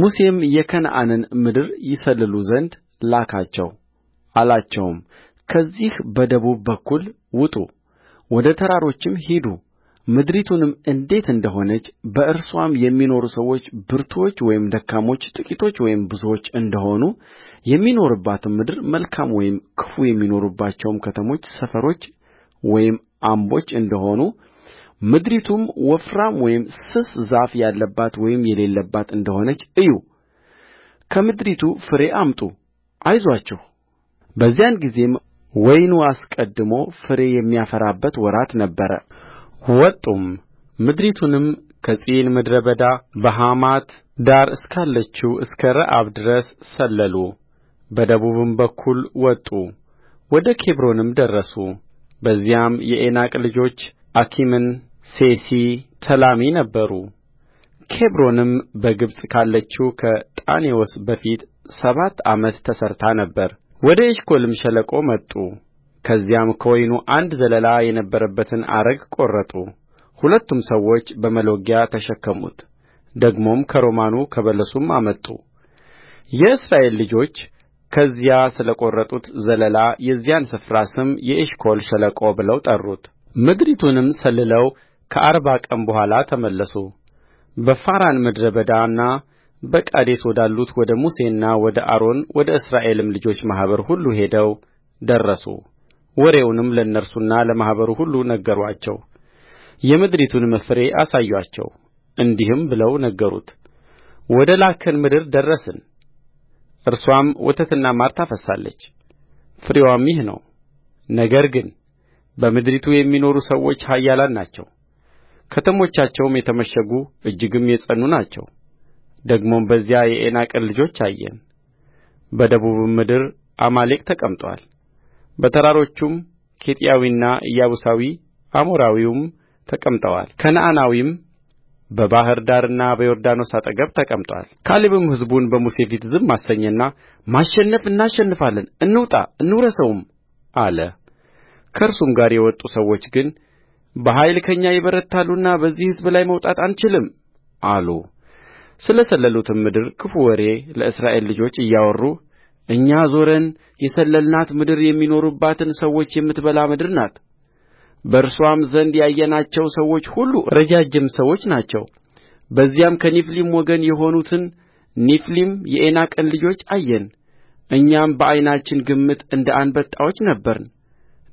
ሙሴም የከነዓንን ምድር ይሰልሉ ዘንድ ላካቸው አላቸውም ከዚህ በደቡብ በኩል ውጡ ወደ ተራሮችም ሂዱ ምድሪቱንም እንዴት እንደ ሆነች በእርሷም የሚኖሩ ሰዎች ብርቱዎች ወይም ደካሞች ጥቂቶች ወይም ብዙዎች እንደሆኑ የሚኖሩባትም ምድር መልካም ወይም ክፉ የሚኖሩባቸውም ከተሞች ሰፈሮች ወይም አምቦች እንደሆኑ ምድሪቱም ወፍራም ወይም ስስ ዛፍ ያለባት ወይም የሌለባት እንደ ሆነች እዩ ከምድሪቱ ፍሬ አምጡ አይዞአችሁ በዚያን ጊዜም ወይኑ አስቀድሞ ፍሬ የሚያፈራበት ወራት ወጡም ምድሪቱንም ከጺን ምድረ በዳ በሐማት ዳር እስካለችው እስከ ረአብ ድረስ ሰለሉ። በደቡብም በኩል ወጡ፣ ወደ ኬብሮንም ደረሱ። በዚያም የዔናቅ ልጆች አኪመን ሴሲ ተላሚ ነበሩ ኬብሮንም በግብፅ ካለችው ከጣኔዎስ በፊት ሰባት ዓመት ተሠርታ ነበር ወደ ኤሽኮልም ሸለቆ መጡ ከዚያም ከወይኑ አንድ ዘለላ የነበረበትን አረግ ቈረጡ ሁለቱም ሰዎች በመሎጊያ ተሸከሙት ደግሞም ከሮማኑ ከበለሱም አመጡ የእስራኤል ልጆች ከዚያ ስለ ቈረጡት ዘለላ የዚያን ስፍራ ስም የኤሽኮል ሸለቆ ብለው ጠሩት ምድሪቱንም ሰልለው ከአርባ ቀን በኋላ ተመለሱ በፋራን ምድረ በዳና በቃዴስ ወዳሉት ወደ ሙሴና ወደ አሮን ወደ እስራኤልም ልጆች ማኅበር ሁሉ ሄደው ደረሱ። ወሬውንም ለእነርሱና ለማኅበሩ ሁሉ ነገሩአቸው፣ የምድሪቱንም ፍሬ አሳዩአቸው። እንዲህም ብለው ነገሩት፣ ወደ ላክኸን ምድር ደረስን፣ እርሷም ወተትና ማር ታፈስሳለች፣ ፍሬዋም ይህ ነው። ነገር ግን በምድሪቱ የሚኖሩ ሰዎች ኃያላን ናቸው ከተሞቻቸውም የተመሸጉ እጅግም የጸኑ ናቸው ደግሞም በዚያ የዔናቅን ልጆች አየን በደቡብም ምድር አማሌቅ ተቀምጦአል በተራሮቹም ኬጢያዊና ኢያቡሳዊ አሞራዊውም ተቀምጠዋል ከነዓናዊም በባሕር ዳርና በዮርዳኖስ አጠገብ ተቀምጦአል ካሌብም ሕዝቡን በሙሴ ፊት ዝም አሰኘና ማሸነፍ እናሸንፋለን እንውጣ እንውረሰውም አለ ከእርሱም ጋር የወጡ ሰዎች ግን በኃይል ከእኛ ይበረታሉና በዚህ ሕዝብ ላይ መውጣት አንችልም አሉ ስለ ሰለሉአትም ምድር ክፉ ወሬ ለእስራኤል ልጆች እያወሩ እኛ ዞረን የሰለልናት ምድር የሚኖሩባትን ሰዎች የምትበላ ምድር ናት በእርስዋም ዘንድ ያየናቸው ሰዎች ሁሉ ረጃጅም ሰዎች ናቸው በዚያም ከኔፊሊም ወገን የሆኑትን ኔፊሊም የዔናቅን ልጆች አየን እኛም በዓይናችን ግምት እንደ አንበጣዎች ነበርን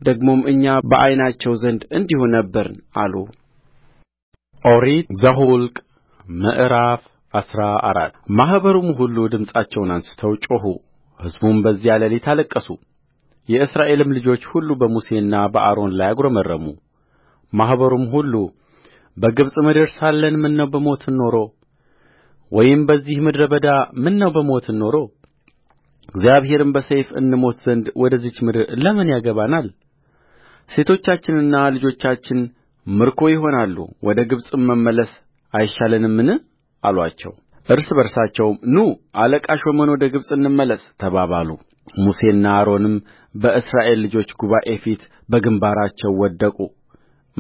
ደግሞም እኛ በዓይናቸው ዘንድ እንዲሁ ነበርን አሉ ኦሪት ዘኍልቍ ምዕራፍ አስራ አራት ማኅበሩም ሁሉ ድምፃቸውን አንሥተው ጮኹ ሕዝቡም በዚያ ሌሊት አለቀሱ የእስራኤልም ልጆች ሁሉ በሙሴና በአሮን ላይ አጕረመረሙ ማኅበሩም ሁሉ በግብፅ ምድር ሳለን ምነው በሞትን ኖሮ ወይም በዚህ ምድረ በዳ ምነው በሞትን ኖሮ እግዚአብሔርም በሰይፍ እንሞት ዘንድ ወደዚች ምድር ለምን ያገባናል ሴቶቻችንና ልጆቻችን ምርኮ ይሆናሉ ወደ ግብፅም መመለስ አይሻለንምን እርስ በርሳቸውም ኑ አለቃ ሾመን ወደ ግብፅ እንመለስ ተባባሉ። ሙሴና አሮንም በእስራኤል ልጆች ጉባኤ ፊት በግምባራቸው ወደቁ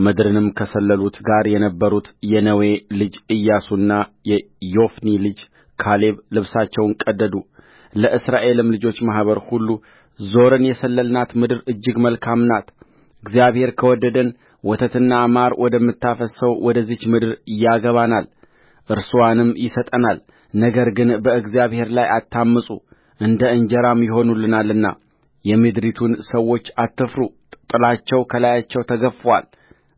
ምድርንም ከሰለሉት ጋር የነበሩት የነዌ ልጅ ኢያሱና የዮፎኒ ልጅ ካሌብ ልብሳቸውን ቀደዱ ለእስራኤልም ልጆች ማኅበር ሁሉ ዞረን የሰለልናት ምድር እጅግ መልካም ናት እግዚአብሔር ከወደደን ወተትና ማር ወደምታፈስሰው ወደዚች ምድር ያገባናል እርስዋንም ይሰጠናል። ነገር ግን በእግዚአብሔር ላይ አታምፁ እንደ እንጀራም ይሆኑልናልና የምድሪቱን ሰዎች አትፍሩ ጥላቸው ከላያቸው ተገፍፎአል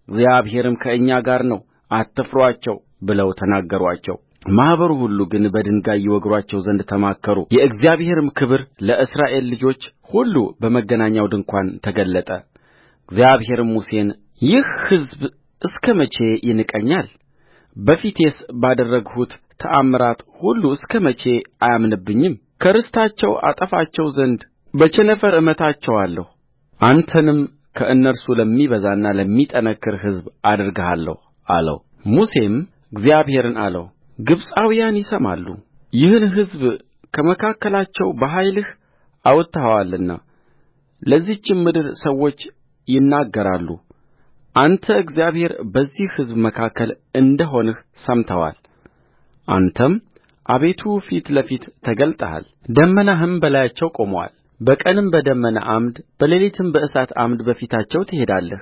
እግዚአብሔርም ከእኛ ጋር ነው አትፍሩአቸው ብለው ተናገሯቸው። ማኅበሩ ሁሉ ግን በድንጋይ ይወግሩአቸው ዘንድ ተማከሩ የእግዚአብሔርም ክብር ለእስራኤል ልጆች ሁሉ በመገናኛው ድንኳን ተገለጠ እግዚአብሔርም ሙሴን ይህ ሕዝብ እስከ መቼ ይንቀኛል? በፊቴስ ባደረግሁት ተአምራት ሁሉ እስከ መቼ አያምንብኝም? ከርስታቸው አጠፋቸው ዘንድ በቸነፈር እመታቸዋለሁ። አንተንም ከእነርሱ ለሚበዛና ለሚጠነክር ሕዝብ አደርግሃለሁ አለው። ሙሴም እግዚአብሔርን አለው፣ ግብፃውያን ይሰማሉ፣ ይህን ሕዝብ ከመካከላቸው በኃይልህ አውጥተኸዋልና ለዚህችም ምድር ሰዎች ይናገራሉ አንተ እግዚአብሔር በዚህ ሕዝብ መካከል እንደ ሆንህ አንተም አቤቱ ፊት ለፊት ተገልጠሃል ደመናህም በላያቸው ቆሞአል በቀንም በደመና ዓምድ በሌሊትም በእሳት ዓምድ በፊታቸው ትሄዳለህ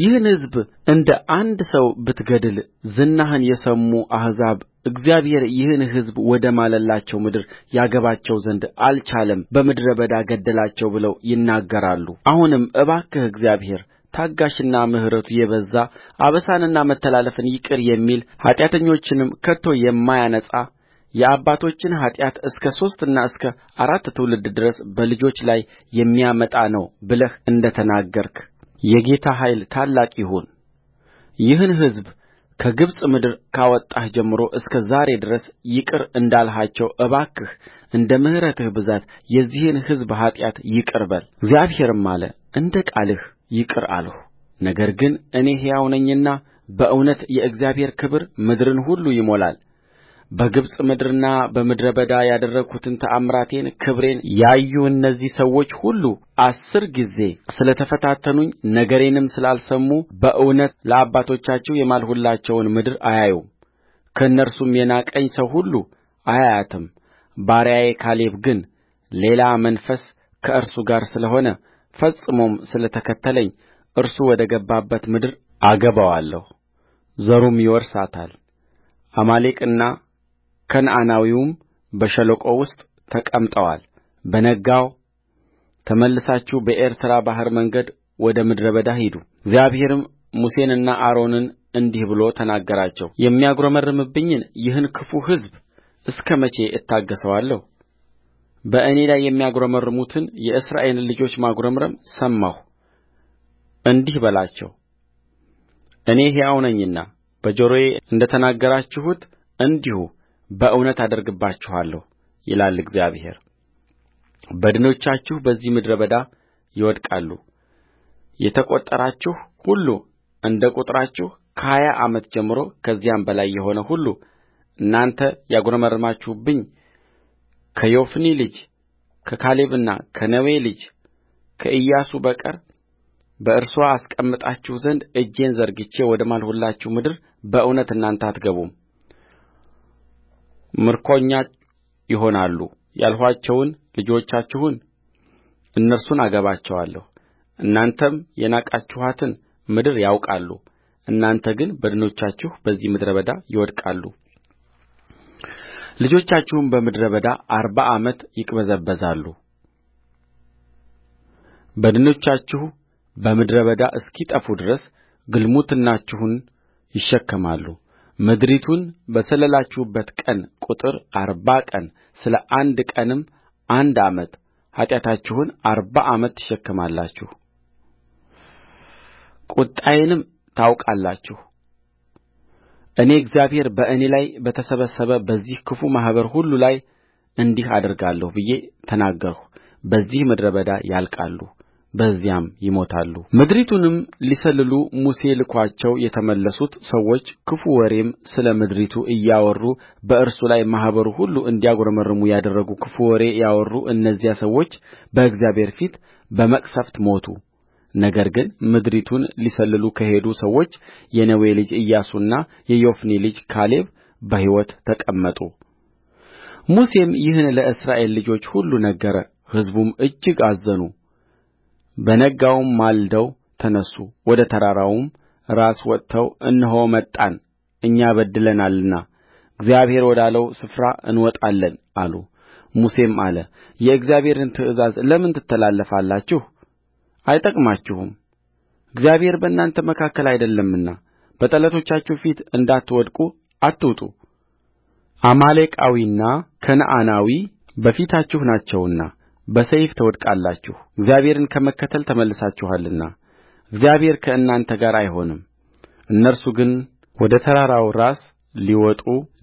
ይህን ሕዝብ እንደ አንድ ሰው ብትገድል ዝናህን የሰሙ አሕዛብ እግዚአብሔር ይህን ሕዝብ ወደ ማለላቸው ምድር ያገባቸው ዘንድ አልቻለም በምድረ በዳ ገደላቸው ብለው ይናገራሉ አሁንም እባክህ እግዚአብሔር ታጋሽና ምሕረቱ የበዛ አበሳንና መተላለፍን ይቅር የሚል ኃጢአተኞችንም ከቶ የማያነጻ የአባቶችን ኃጢአት እስከ ሦስትና እስከ አራት ትውልድ ድረስ በልጆች ላይ የሚያመጣ ነው ብለህ እንደ ተናገርህ የጌታ ኃይል ታላቅ ይሁን ይህን ሕዝብ ከግብፅ ምድር ካወጣህ ጀምሮ እስከ ዛሬ ድረስ ይቅር እንዳልሃቸው እባክህ እንደ ምሕረትህ ብዛት የዚህን ሕዝብ ኃጢአት ይቅር በልእግዚአብሔርም አለ እንደ ቃልህ ይቅር አልሁ። ነገር ግን እኔ ሕያው ነኝና በእውነት የእግዚአብሔር ክብር ምድርን ሁሉ ይሞላል በግብፅ ምድርና በምድረ በዳ ያደረግሁትን ተአምራቴን ክብሬን ያዩ እነዚህ ሰዎች ሁሉ አሥር ጊዜ ስለ ተፈታተኑኝ ነገሬንም ስላልሰሙ በእውነት ለአባቶቻቸው የማልሁላቸውን ምድር አያዩም፣ ከእነርሱም የናቀኝ ሰው ሁሉ አያያትም። ባሪያዬ ካሌብ ግን ሌላ መንፈስ ከእርሱ ጋር ስለ ሆነ ፈጽሞም ስለ ተከተለኝ እርሱ ወደ ገባባት ምድር አገባዋለሁ፣ ዘሩም ይወርሳታል። አማሌቅና ከነዓናዊውም በሸለቆው ውስጥ ተቀምጠዋል በነጋው ተመልሳችሁ በኤርትራ ባሕር መንገድ ወደ ምድረ በዳ ሂዱእግዚአብሔርም ሙሴንና አሮንን እንዲህ ብሎ ተናገራቸው የሚያጕረመርምብኝን ይህን ክፉ ሕዝብ እስከ መቼ እታገሠዋለሁ? በእኔ ላይ የሚያጕረመርሙትን የእስራኤልን ልጆች ማጕረምረም ሰማሁ። እንዲህ በላቸው፣ እኔ ሕያው ነኝና በጆሮዬ እንደ ተናገራችሁት እንዲሁ በእውነት አደርግባችኋለሁ ይላል እግዚአብሔር በድኖቻችሁ በዚህ ምድረ በዳ ይወድቃሉ የተቈጠራችሁ ሁሉ እንደ ቍጥራችሁ ከሀያ ዓመት ጀምሮ ከዚያም በላይ የሆነ ሁሉ እናንተ ያጕረመረማችሁብኝ ከዮፎኒ ልጅ ከካሌብና ከነዌ ልጅ ከኢያሱ በቀር በእርስዋ አስቀምጣችሁ ዘንድ እጄን ዘርግቼ ወደ ማልሁላችሁ ምድር በእውነት እናንተ አትገቡም ምርኮኛ ይሆናሉ ያልኋቸውን ልጆቻችሁን እነርሱን አገባቸዋለሁ እናንተም የናቃችኋትን ምድር ያውቃሉ እናንተ ግን በድኖቻችሁ በዚህ ምድረ በዳ ይወድቃሉ ልጆቻችሁም በምድረ በዳ አርባ ዓመት ይቅበዘበዛሉ በድኖቻችሁ በምድረ በዳ እስኪጠፉ ድረስ ግልሙትናችሁን ይሸከማሉ ምድሪቱን በሰለላችሁበት ቀን ቍጥር አርባ ቀን ስለ አንድ ቀንም አንድ ዓመት ኃጢአታችሁን አርባ ዓመት ትሸከማላችሁ ቍጣዬንም ታውቃላችሁ እኔ እግዚአብሔር በእኔ ላይ በተሰበሰበ በዚህ ክፉ ማኅበር ሁሉ ላይ እንዲህ አደርጋለሁ ብዬ ተናገርሁ በዚህ ምድረ በዳ ያልቃሉ በዚያም ይሞታሉምድሪቱንም ሊሰልሉ ሙሴ ልኮአቸው የተመለሱት ሰዎች ክፉ ወሬም ስለ ምድሪቱ እያወሩ በእርሱ ላይ ማኅበሩ ሁሉ እንዲያጕረመርሙ ያደረጉ ክፉ ወሬ ያወሩ እነዚያ ሰዎች በእግዚአብሔር ፊት በመቅሠፍት ሞቱነገር ግን ምድሪቱን ሊሰልሉ ከሄዱ ሰዎች የነዌ ልጅ ኢያሱና የዮፎኒ ልጅ ካሌብ በሕይወት ተቀመጡ ሙሴም ይህን ለእስራኤል ልጆች ሁሉ ነገረ ሕዝቡም እጅግ አዘኑ በነጋውም ማልደው ተነሡ ወደ ተራራውም ራስ ወጥተው እነሆ መጣን እኛ በድለናልና እግዚአብሔር ወዳለው ስፍራ እንወጣለን አሉ ሙሴም አለ የእግዚአብሔርን ትእዛዝ ለምን ትተላለፋላችሁ አይጠቅማችሁም እግዚአብሔር በእናንተ መካከል አይደለምና በጠላቶቻችሁ ፊት እንዳትወድቁ አትውጡ አማሌቃዊና ከነዓናዊ በፊታችሁ ናቸውና በሰይፍ ትወድቃላችሁ እግዚአብሔርን ከመከተል ተመልሳችኋልና እግዚአብሔር ከእናንተ ጋር አይሆንም እነርሱ ግን ወደ ተራራው ራስ ሊወጡ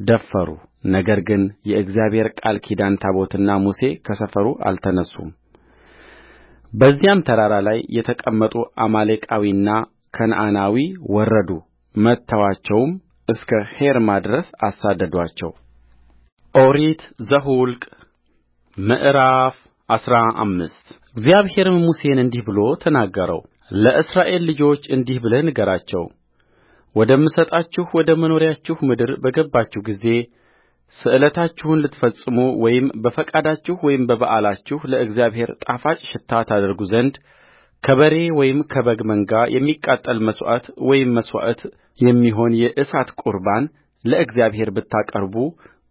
ደፈሩ ነገር ግን የእግዚአብሔር ቃል ኪዳን ታቦትና ሙሴ ከሰፈሩ አልተነሡም በዚያም ተራራ ላይ የተቀመጡ አማሌቃዊና ከነዓናዊ ወረዱ መትተዋቸውም እስከ ሔርማ ድረስ አሳደዱአቸው ኦሪት ዘኍልቍ ምዕራፍ አስራ አምስት እግዚአብሔርም ሙሴን እንዲህ ብሎ ተናገረውለእስራኤል ልጆች እንዲህ ብለህ ንገራቸው ወደምሰጣችሁ ወደ መኖሪያችሁ ምድር በገባችሁ ጊዜ ስእለታችሁን ልትፈጽሙ ወይም በፈቃዳችሁ ወይም በበዓላችሁ ለእግዚአብሔር ጣፋጭ ሽታ ታደርጉ ዘንድ ከበሬ ወይም ከበግ መንጋ የሚቃጠል መሥዋዕት ወይም መሥዋዕት የሚሆን የእሳት ቁርባን ለእግዚአብሔር ብታቀርቡ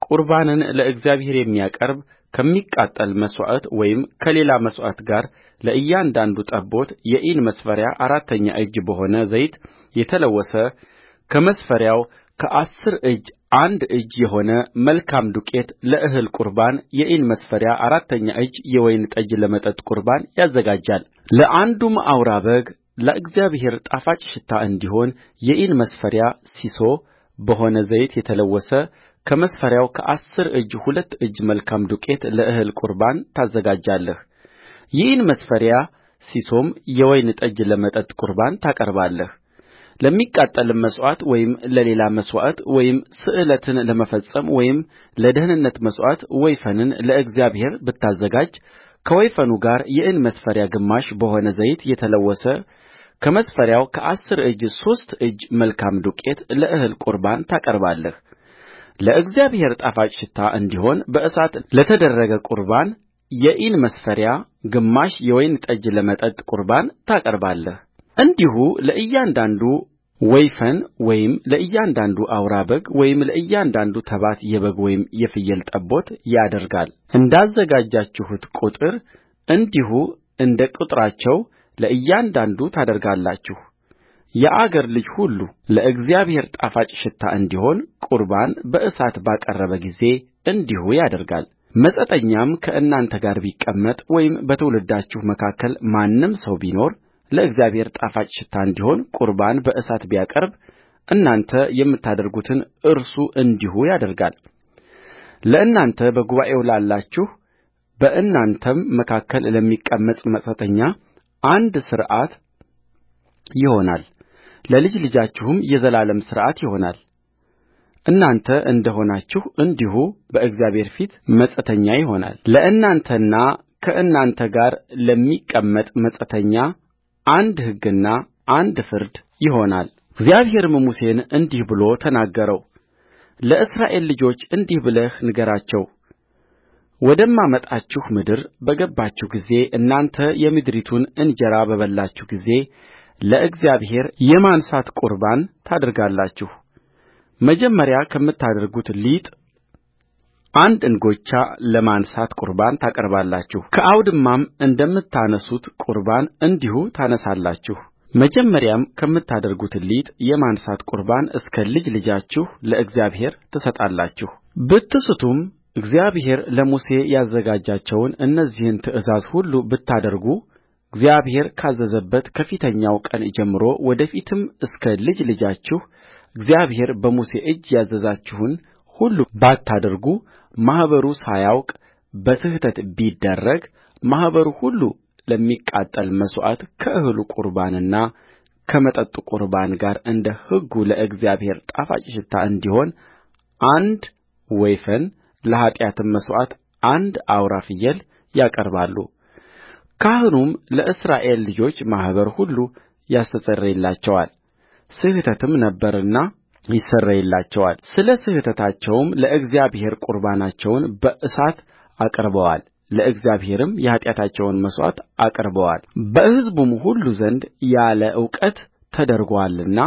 ቁርባንን ለእግዚአብሔር የሚያቀርብ ከሚቃጠል መሥዋዕት ወይም ከሌላ መሥዋዕት ጋር ለእያንዳንዱ ጠቦት የኢን መስፈሪያ አራተኛ እጅ በሆነ ዘይት የተለወሰ ከመስፈሪያው ከአሥር እጅ አንድ እጅ የሆነ መልካም ዱቄት ለእህል ቍርባን የኢን መስፈሪያ አራተኛ እጅ የወይን ጠጅ ለመጠጥ ቍርባን ያዘጋጃልለአንዱም አውራ በግ ለእግዚአብሔር ጣፋጭ ሽታ እንዲሆን የኢን መስፈሪያ ሢሶ በሆነ ዘይት የተለወሰ ከመስፈሪያው ከአሥር እጅ ሁለት እጅ መልካም ዱቄት ለእህል ቍርባን ታዘጋጃለህ የኢን መስፈሪያ ሢሶም የወይን ጠጅ ለመጠጥ ቍርባን ታቀርባለህለሚቃጠልም መሥዋዕት ወይም ለሌላ መሥዋዕት ወይም ስእለትን ለመፈጸም ወይም ለደኅንነት መሥዋዕት ወይፈንን ለእግዚአብሔር ብታዘጋጅ ከወይፈኑ ጋር የኢን መስፈሪያ ግማሽ በሆነ ዘይት የተለወሰ ከመስፈሪያው ከአሥር እጅ ሦስት እጅ መልካም ዱቄት ለእህል ቍርባን ታቀርባለህ ለእግዚአብሔር ጣፋጭ ሽታ እንዲሆን በእሳት ለተደረገ ቍርባን የኢን መስፈሪያ ግማሽ የወይን ጠጅ ለመጠጥ ቍርባን እንዲሁ ለእያንዳንዱ ወይፈን ወይም ለእያንዳንዱ አውራ በግ ወይም ለእያንዳንዱ ተባት የበግ ወይም የፍየል ጠቦት ያደርጋል እንዳዘጋጃችሁት ቍጥር እንዲሁ እንደ ቍጥራቸው ለእያንዳንዱ ታደርጋላችሁ የአገር ልጅ ሁሉ ለእግዚአብሔር ጣፋጭ ሽታ እንዲሆን ቍርባን በእሳት ባቀረበ ጊዜ እንዲሁ ያደርጋልመጻተኛም ከእናንተ ጋር ቢቀመጥ ወይም በትውልዳችሁ መካከል ማንም ሰው ቢኖር ለእግዚአብሔር ጣፋጭ ሽታ እንዲሆን ቍርባን በእሳት ቢያቀርብ እናንተ የምታደርጉትን እርሱ እንዲሁ ያደርጋልለእናንተ በጉባኤው ላላችሁ በእናንተም መካከል ለሚቀመጥ መጻተኛ አንድ ሥርዓት ይሆናል ለልጅ ልጃችሁም የዘላለም ሥርዓት ይሆናል እናንተ እንደ ሆናችሁ እንዲሁ በእግዚአብሔር ፊት መጻተኛ ይሆናልለእናንተና ከእናንተ ጋር ለሚቀመጥ መጻተኛ አንድ ሕግና አንድ ፍርድ ይሆናልእግዚአብሔርም ሙሴን እንዲህ ብሎ ተናገረው ለእስራኤል ልጆች እንዲህ ብለህ ንገራቸው ወደማመጣችሁ ምድር በገባችሁ ጊዜ እናንተ የምድሪቱን እንጀራ በበላችሁ ጊዜ ለእግዚአብሔር የማንሣት ቍርባን መጀመሪያ ከምታደርጉት ሊጥ አንድ እንጐቻ ለማንሣት ቍርባን ታቀርባላችሁ ከአውድማም እንደምታነሡት ቍርባን እንዲሁ መጀመሪያም ከምታደርጉት ሊጥ የማንሣት ቍርባን እስከ ልጅ ልጃችሁ ለእግዚአብሔር ትሰጣላችሁ ብትስቱም እግዚአብሔር ለሙሴ ያዘጋጃቸውን እነዚህን ትእዛዛት ሁሉ ብታደርጉ እግዚአብሔር ካዘዘበት ከፊተኛው ቀን ጀምሮ ወደ ፊትም እስከ ልጅ ልጃችሁ እግዚአብሔር በሙሴ እጅ ያዘዛችሁን ሁሉ ባታደርጉማኅበሩ ሳያውቅ በስሕተት ቢደረግ ማኅበሩ ሁሉ ለሚቃጠል መሥዋዕት ከእህሉ ቍርባንና ከመጠጡ ቍርባን ጋር እንደ ሕጉ ለእግዚአብሔር ጣፋጭ ሽታ እንዲሆን አንድ ወይፈን ለኃጢአትም መሥዋዕት አንድ አውራ ፍየል ያቀርባሉ ካህኑም ለእስራኤል ልጆች ማኅበር ሁሉ ያስተሰርይላቸዋል ስሕተትም ነበረና ስለ ስሕተታቸውም ለእግዚአብሔር ቍርባናቸውን በእሳት አቅርበዋል ለእግዚአብሔርም የኃጢአታቸውን መሥዋዕት አቅርበዋል በሕዝቡም ሁሉ ዘንድ ያለ እውቀት ተደርጎአልና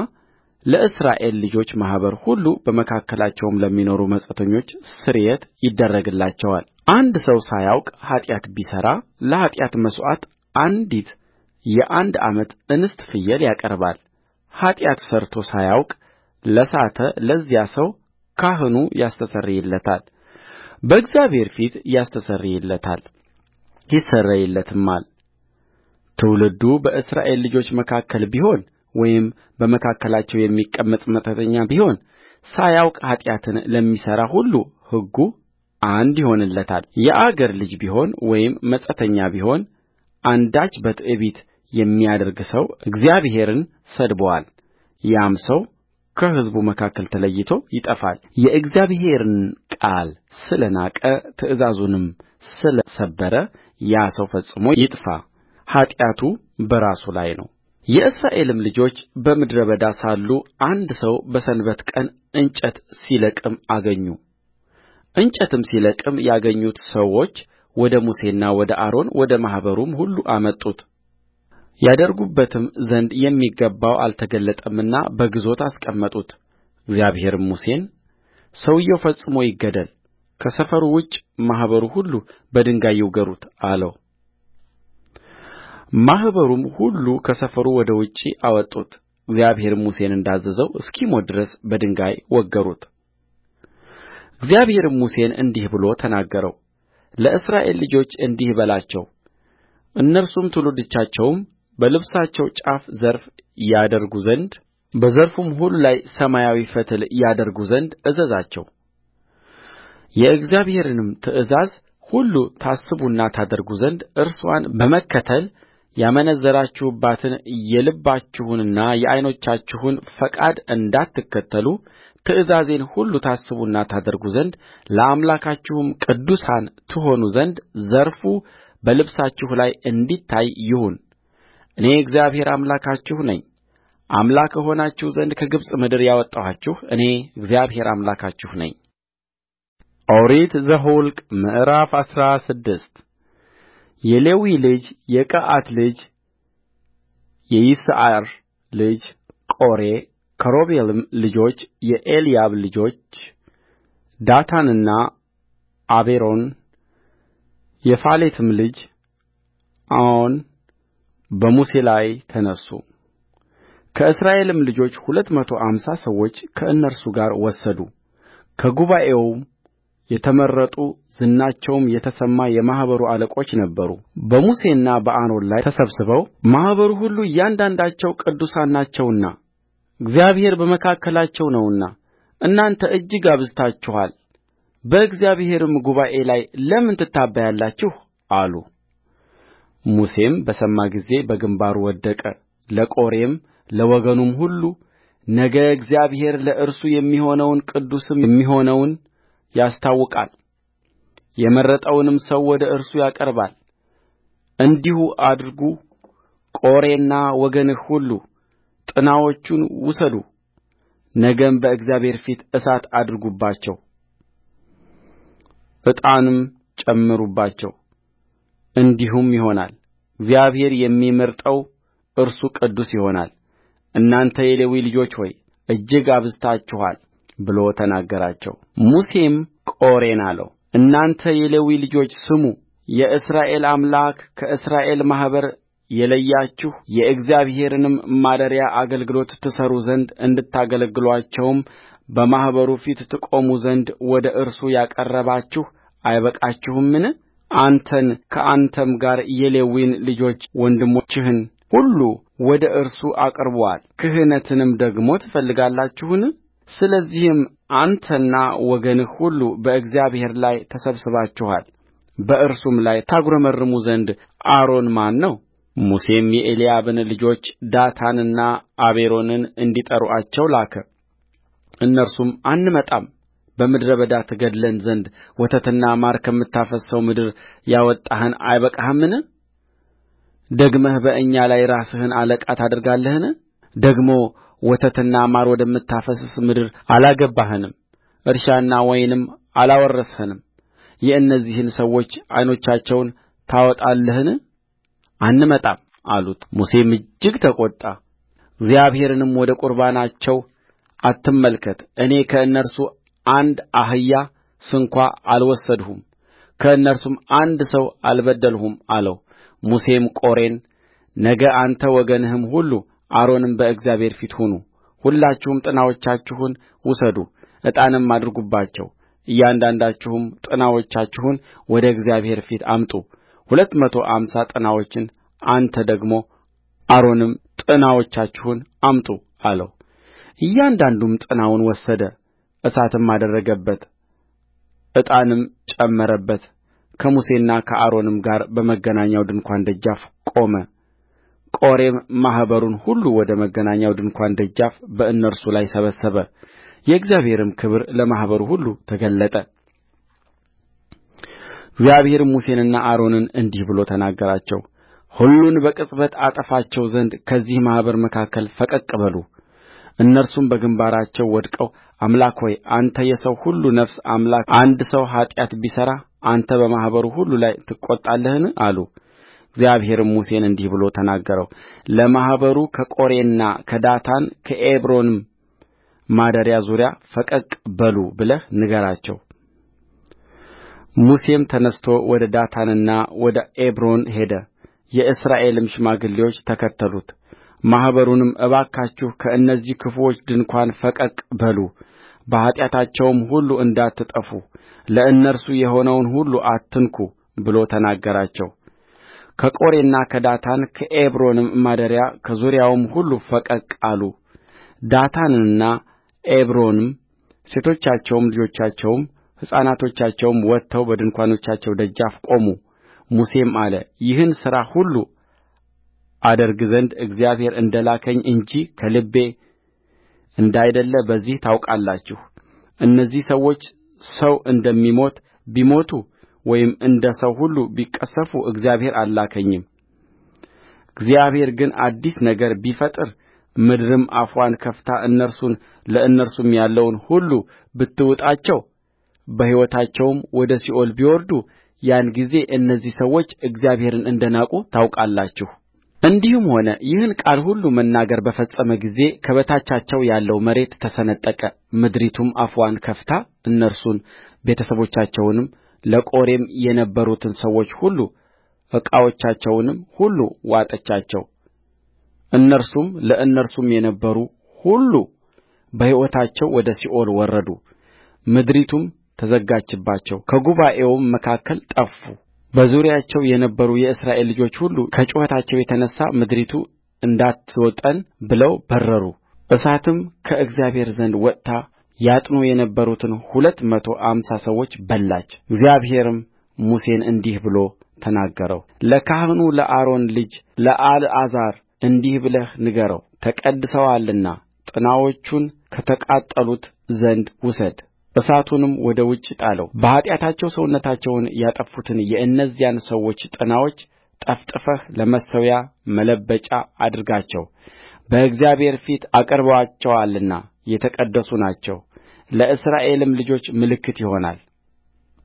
ለእስራኤል ልጆች ማኅበር ሁሉ በመካከላቸውም ለሚኖሩ መጻተኞች ስርየት ይደረግላቸዋል አንድ ሰው ሳያውቅ ኃጢአት ቢሠራ ለኃጢአት መሥዋዕት አንዲት የአንድ ዓመት እንስት ፍየል ያቀርባል ኃጢአት ሠርቶ ሳያውቅ ለሳተ ለዚያ ሰው ካህኑ ያስተሰርይለታል በእግዚአብሔር ፊት ያስተሰርይለታል ይሰረይለትማል ትውልዱ በእስራኤል ልጆች መካከል ቢሆን ወይም በመካከላቸው የሚቀመጥ መጻተኛ ቢሆን ሳያውቅ ኃጢአትን ለሚሠራ ሁሉ ሕጉ አንድ ይሆንለታልየአገር ልጅ ቢሆን ወይም መጻተኛ ቢሆን አንዳች በትዕቢት የሚያደርግ ሰው እግዚአብሔርን ሰድቦአል ያም ሰው ከሕዝቡ መካከል ተለይቶ ይጠፋልየእግዚአብሔርን ቃል ስለ ናቀ ትእዛዙንም ስለ ሰበረ ያ ሰው ፈጽሞ ይጥፋ ኃጢአቱ በራሱ ላይ ነውየእስራኤልም ልጆች በምድረ በዳ ሳሉ አንድ ሰው በሰንበት ቀን እንጨት ሲለቅም አገኙ እንጨትም ሲለቅም ያገኙት ሰዎች ወደ ሙሴና ወደ አሮን ወደ ማኅበሩም ሁሉ አመጡት። ያደርጉበትም ዘንድ የሚገባው አልተገለጠምና በግዞት አስቀመጡት እግዚአብሔርም ሙሴን ሰውዮው ፈጽሞ ይገደል ከሰፈሩ ውጭ ማኅበሩ ሁሉ በድንጋይ ይውገሩት ማኅበሩም ሁሉ ከሰፈሩ ወደ ውጭ አወጡት እግዚአብሔርም ሙሴን እንዳዘዘው እስኪሞት ድረስ በድንጋይ ወገሩት እግዚአብሔርም ሙሴን እንዲህ ብሎ ተናገረው ለእስራኤል ልጆች እንዲህ በላቸው እነርሱም ትውልዶቻቸውም በልብሳቸው ጫፍ ዘርፍ ያደርጉ ዘንድ በዘርፉም ሁሉ ላይ ሰማያዊ ፈትል ያደርጉ ዘንድ እዘዛቸው። የእግዚአብሔርንም ትእዛዝ ሁሉ ታስቡና ታደርጉ ዘንድ እርሷን በመከተል ያመነዘራችሁባትን የልባችሁንና የዓይኖቻችሁን ፈቃድ እንዳትከተሉ ትእዛዜን ሁሉ ታስቡና ታደርጉ ዘንድ ለአምላካችሁም ቅዱሳን ትሆኑ ዘንድ ዘርፉ በልብሳችሁ ላይ እንዲታይ ይሁን እኔ እግዚአብሔር አምላካችሁ ነኝአምላክ እሆናችሁ ዘንድ ከግብፅ ምድር ያወጣኋችሁ እኔ እግዚአብሔር አምላካችሁ ነኝ። ኦሪት ዘኍልቍ ምዕራፍ አስራ ስድስት የሌዊ ልጅ የቀዓት ልጅ የይስዓር ልጅ ቆሬ ከሮቤልም ልጆች የኤልያብ ልጆች ዳታንና አቤሮን የፋሌትም ልጅ አዎን በሙሴ ላይ ተነሡ ከእስራኤልም ልጆች ሁለት መቶ አምሳ ሰዎች ከእነርሱ ጋር ወሰዱ ከጉባኤውም የተመረጡ ዝናቸውም የተሰማ የማኅበሩ አለቆች ነበሩ። በሙሴና በአሮን ላይ ተሰብስበው ማኅበሩ ሁሉ እያንዳንዳቸው ቅዱሳን ናቸውና እግዚአብሔር በመካከላቸው ነውና እናንተ እጅግ አብዝታችኋል በእግዚአብሔርም ጉባኤ ላይ ለምን ትታበያላችሁ አሉ ሙሴም በሰማ ጊዜ በግንባሩ ወደቀ ለቆሬም ለወገኑም ሁሉ ነገ እግዚአብሔር ለእርሱ የሚሆነውን ቅዱስም የሚሆነውን ያስታውቃል የመረጠውንም ሰው ወደ እርሱ ያቀርባል እንዲሁ አድርጉ ቆሬና ወገንህ ሁሉ ጥናዎቹን ውሰዱ ነገም በእግዚአብሔር ፊት እሳት አድርጉባቸው ዕጣንም ጨምሩባቸው እንዲሁም ይሆናል እግዚአብሔር የሚመርጠው እርሱ ቅዱስ ይሆናል እናንተ የሌዊ ልጆች ሆይ እጅግ አብዝታችኋል ብሎ ተናገራቸውሙሴም ቆሬን አለው እናንተ የሌዊ ልጆች ስሙ የእስራኤል አምላክ ከእስራኤል ማኅበር የለያችሁ የእግዚአብሔርንም ማደሪያ አገልግሎት ትሠሩ ዘንድ እንድታገለግሉአቸውም በማኅበሩ ፊት ትቆሙ ዘንድ ወደ እርሱ ያቀረባችሁ አይበቃችሁምን አንተን ከአንተም ጋር የሌዊን ልጆች ወንድሞችህን ሁሉ ወደ እርሱ አቅርቦአል ክህነትንም ደግሞ ትፈልጋላችሁን ስለዚህም አንተና ወገንህ ሁሉ በእግዚአብሔር ላይ ተሰብስባችኋል በእርሱም ላይ ታጕረመርሙ ዘንድ አሮን ማን ነው ሙሴም የኤልያብን ልጆች ዳታንና አቤሮንን እንዲጠሩአቸው ላከ እነርሱም አንመጣም በምድረ በዳ ትገድለን ዘንድ ወተትና ማር ከምታፈስሰው ምድር ያወጣኸን አይበቃህምን ደግመህ በእኛ ላይ ራስህን አለቃ ታደርጋለህን ደግሞ ወተትና ማር ወደምታፈስስ ምድር አላገባኸንም እርሻና ወይንም አላወረስኸንም የእነዚህን ሰዎች ዓይኖቻቸውን ታወጣለህን አንመጣም አሉት ሙሴም እጅግ ተቈጣ እግዚአብሔርንም ወደ ቁርባናቸው አትመልከት እኔ ከእነርሱ አንድ አህያ ስንኳ አልወሰድሁም ከእነርሱም አንድ ሰው አልበደልሁም አለው ሙሴም ቆሬን ነገ አንተ ወገንህም ሁሉ አሮንም በእግዚአብሔር ፊት ሁኑ ሁላችሁም ጥናዎቻችሁን ውሰዱ ዕጣንም አድርጉባቸው እያንዳንዳችሁም ጥናዎቻችሁን ወደ እግዚአብሔር ፊት አምጡ ሁለት መቶ አምሳ ጥናዎችን አንተ ደግሞ አሮንም ጥናዎቻችሁን አምጡ አለው። እያንዳንዱም ጥናውን ወሰደ እሳትም አደረገበት ዕጣንም ጨመረበት ከሙሴና ከአሮንም ጋር በመገናኛው ድንኳን ደጃፍ ቆመ። ቆሬም ማኅበሩን ሁሉ ወደ መገናኛው ድንኳን ደጃፍ በእነርሱ ላይ ሰበሰበ። የእግዚአብሔርም ክብር ለማኅበሩ ሁሉ ተገለጠ። እግዚአብሔርም ሙሴንና አሮንን እንዲህ ብሎ ተናገራቸው። ሁሉን በቅጽበት አጠፋቸው ዘንድ ከዚህ ማኅበር መካከል ፈቀቅ በሉ እነርሱም በግምባራቸው ወድቀው አምላክ ሆይ አንተ የሰው ሁሉ ነፍስ አምላክ አንድ ሰው ኃጢአት ቢሠራ አንተ በማኅበሩ ሁሉ ላይ ትቈጣለህን አሉ እግዚአብሔርም ሙሴን እንዲህ ብሎ ተናገረው ለማኅበሩ ከቆሬና ከዳታን ከአቤሮንም ማደሪያ ዙሪያ ፈቀቅ በሉ ብለህ ንገራቸው ሙሴም ተነሥቶ ወደ ዳታንና ወደ አቤሮን ሄደ የእስራኤልም ሽማግሌዎች ተከተሉት ማኅበሩንም እባካችሁ ከእነዚህ ክፉዎች ድንኳን ፈቀቅ በሉ በኃጢአታቸውም ሁሉ እንዳትጠፉ ለእነርሱ የሆነውን ሁሉ አትንኩ ብሎ ተናገራቸው ከቆሬና ከዳታን ከአቤሮንም ማደሪያ ከዙሪያውም ሁሉ ፈቀቅ አሉ ዳታንና አቤሮንም ሴቶቻቸውም ልጆቻቸውም ሕፃናቶቻቸውም ወጥተው በድንኳኖቻቸው ደጃፍ ቆሙ ሙሴም አለ ይህን ሥራ ሁሉ አደርግ ዘንድ እግዚአብሔር እንደ ላከኝ እንጂ ከልቤ እንዳይደለ በዚህ ታውቃላችሁ። እነዚህ ሰዎች ሰው እንደሚሞት ቢሞቱ ወይም እንደ ሰው ሁሉ ቢቀሰፉ እግዚአብሔር አልላከኝም። እግዚአብሔር ግን አዲስ ነገር ቢፈጥር ምድርም አፏን ከፍታ እነርሱን ለእነርሱም ያለውን ሁሉ ብትውጣቸው በሕይወታቸውም ወደ ሲኦል ቢወርዱ ያን ጊዜ እነዚህ ሰዎች እግዚአብሔርን እንደ ናቁ ታውቃላችሁእንዲህም ሆነ ይህን ቃል ሁሉ መናገር በፈጸመ ጊዜ ከበታቻቸው ያለው መሬት ተሰነጠቀ ምድሪቱም አፍዋን ከፍታ እነርሱን ቤተሰቦቻቸውንም ለቆሬም የነበሩትን ሰዎች ሁሉ ዕቃዎቻቸውንም ሁሉ ዋጠቻቸው እነርሱም ለእነርሱም የነበሩ ሁሉ በሕይወታቸው ወደ ሲኦል ወረዱ ምድሪቱም ተዘጋችባቸው ከጉባኤውም መካከል ጠፉ በዙሪያቸው የነበሩ የእስራኤል ልጆች ሁሉ ከጩኸታቸው የተነሣ ምድሪቱ እንዳትወጠን ብለው በረሩ። እሳትም ከእግዚአብሔር ዘንድ ወጥታ ያጥኑ የነበሩትን ሁለት መቶ አምሳ ሰዎች በላች። እግዚአብሔርም ሙሴን እንዲህ ብሎ ተናገረውለካህኑ ለአሮን ልጅ ለአልዓዛር እንዲህ ብለህ ንገረው ተቀድሰዋልና ጥናዎቹን ከተቃጠሉት ዘንድ ውሰድ እሳቱንም ወደ ውጭ ጣለውበኃጢአታቸው ሰውነታቸውን ያጠፉትን የእነዚያን ሰዎች ጥናዎች ጠፍጥፈህ ለመሠዊያ መለበጫ አድርጋቸው በእግዚአብሔር ፊት አቅርበዋቸዋልና የተቀደሱ ናቸው ለእስራኤልም ልጆች ምልክት ይሆናል።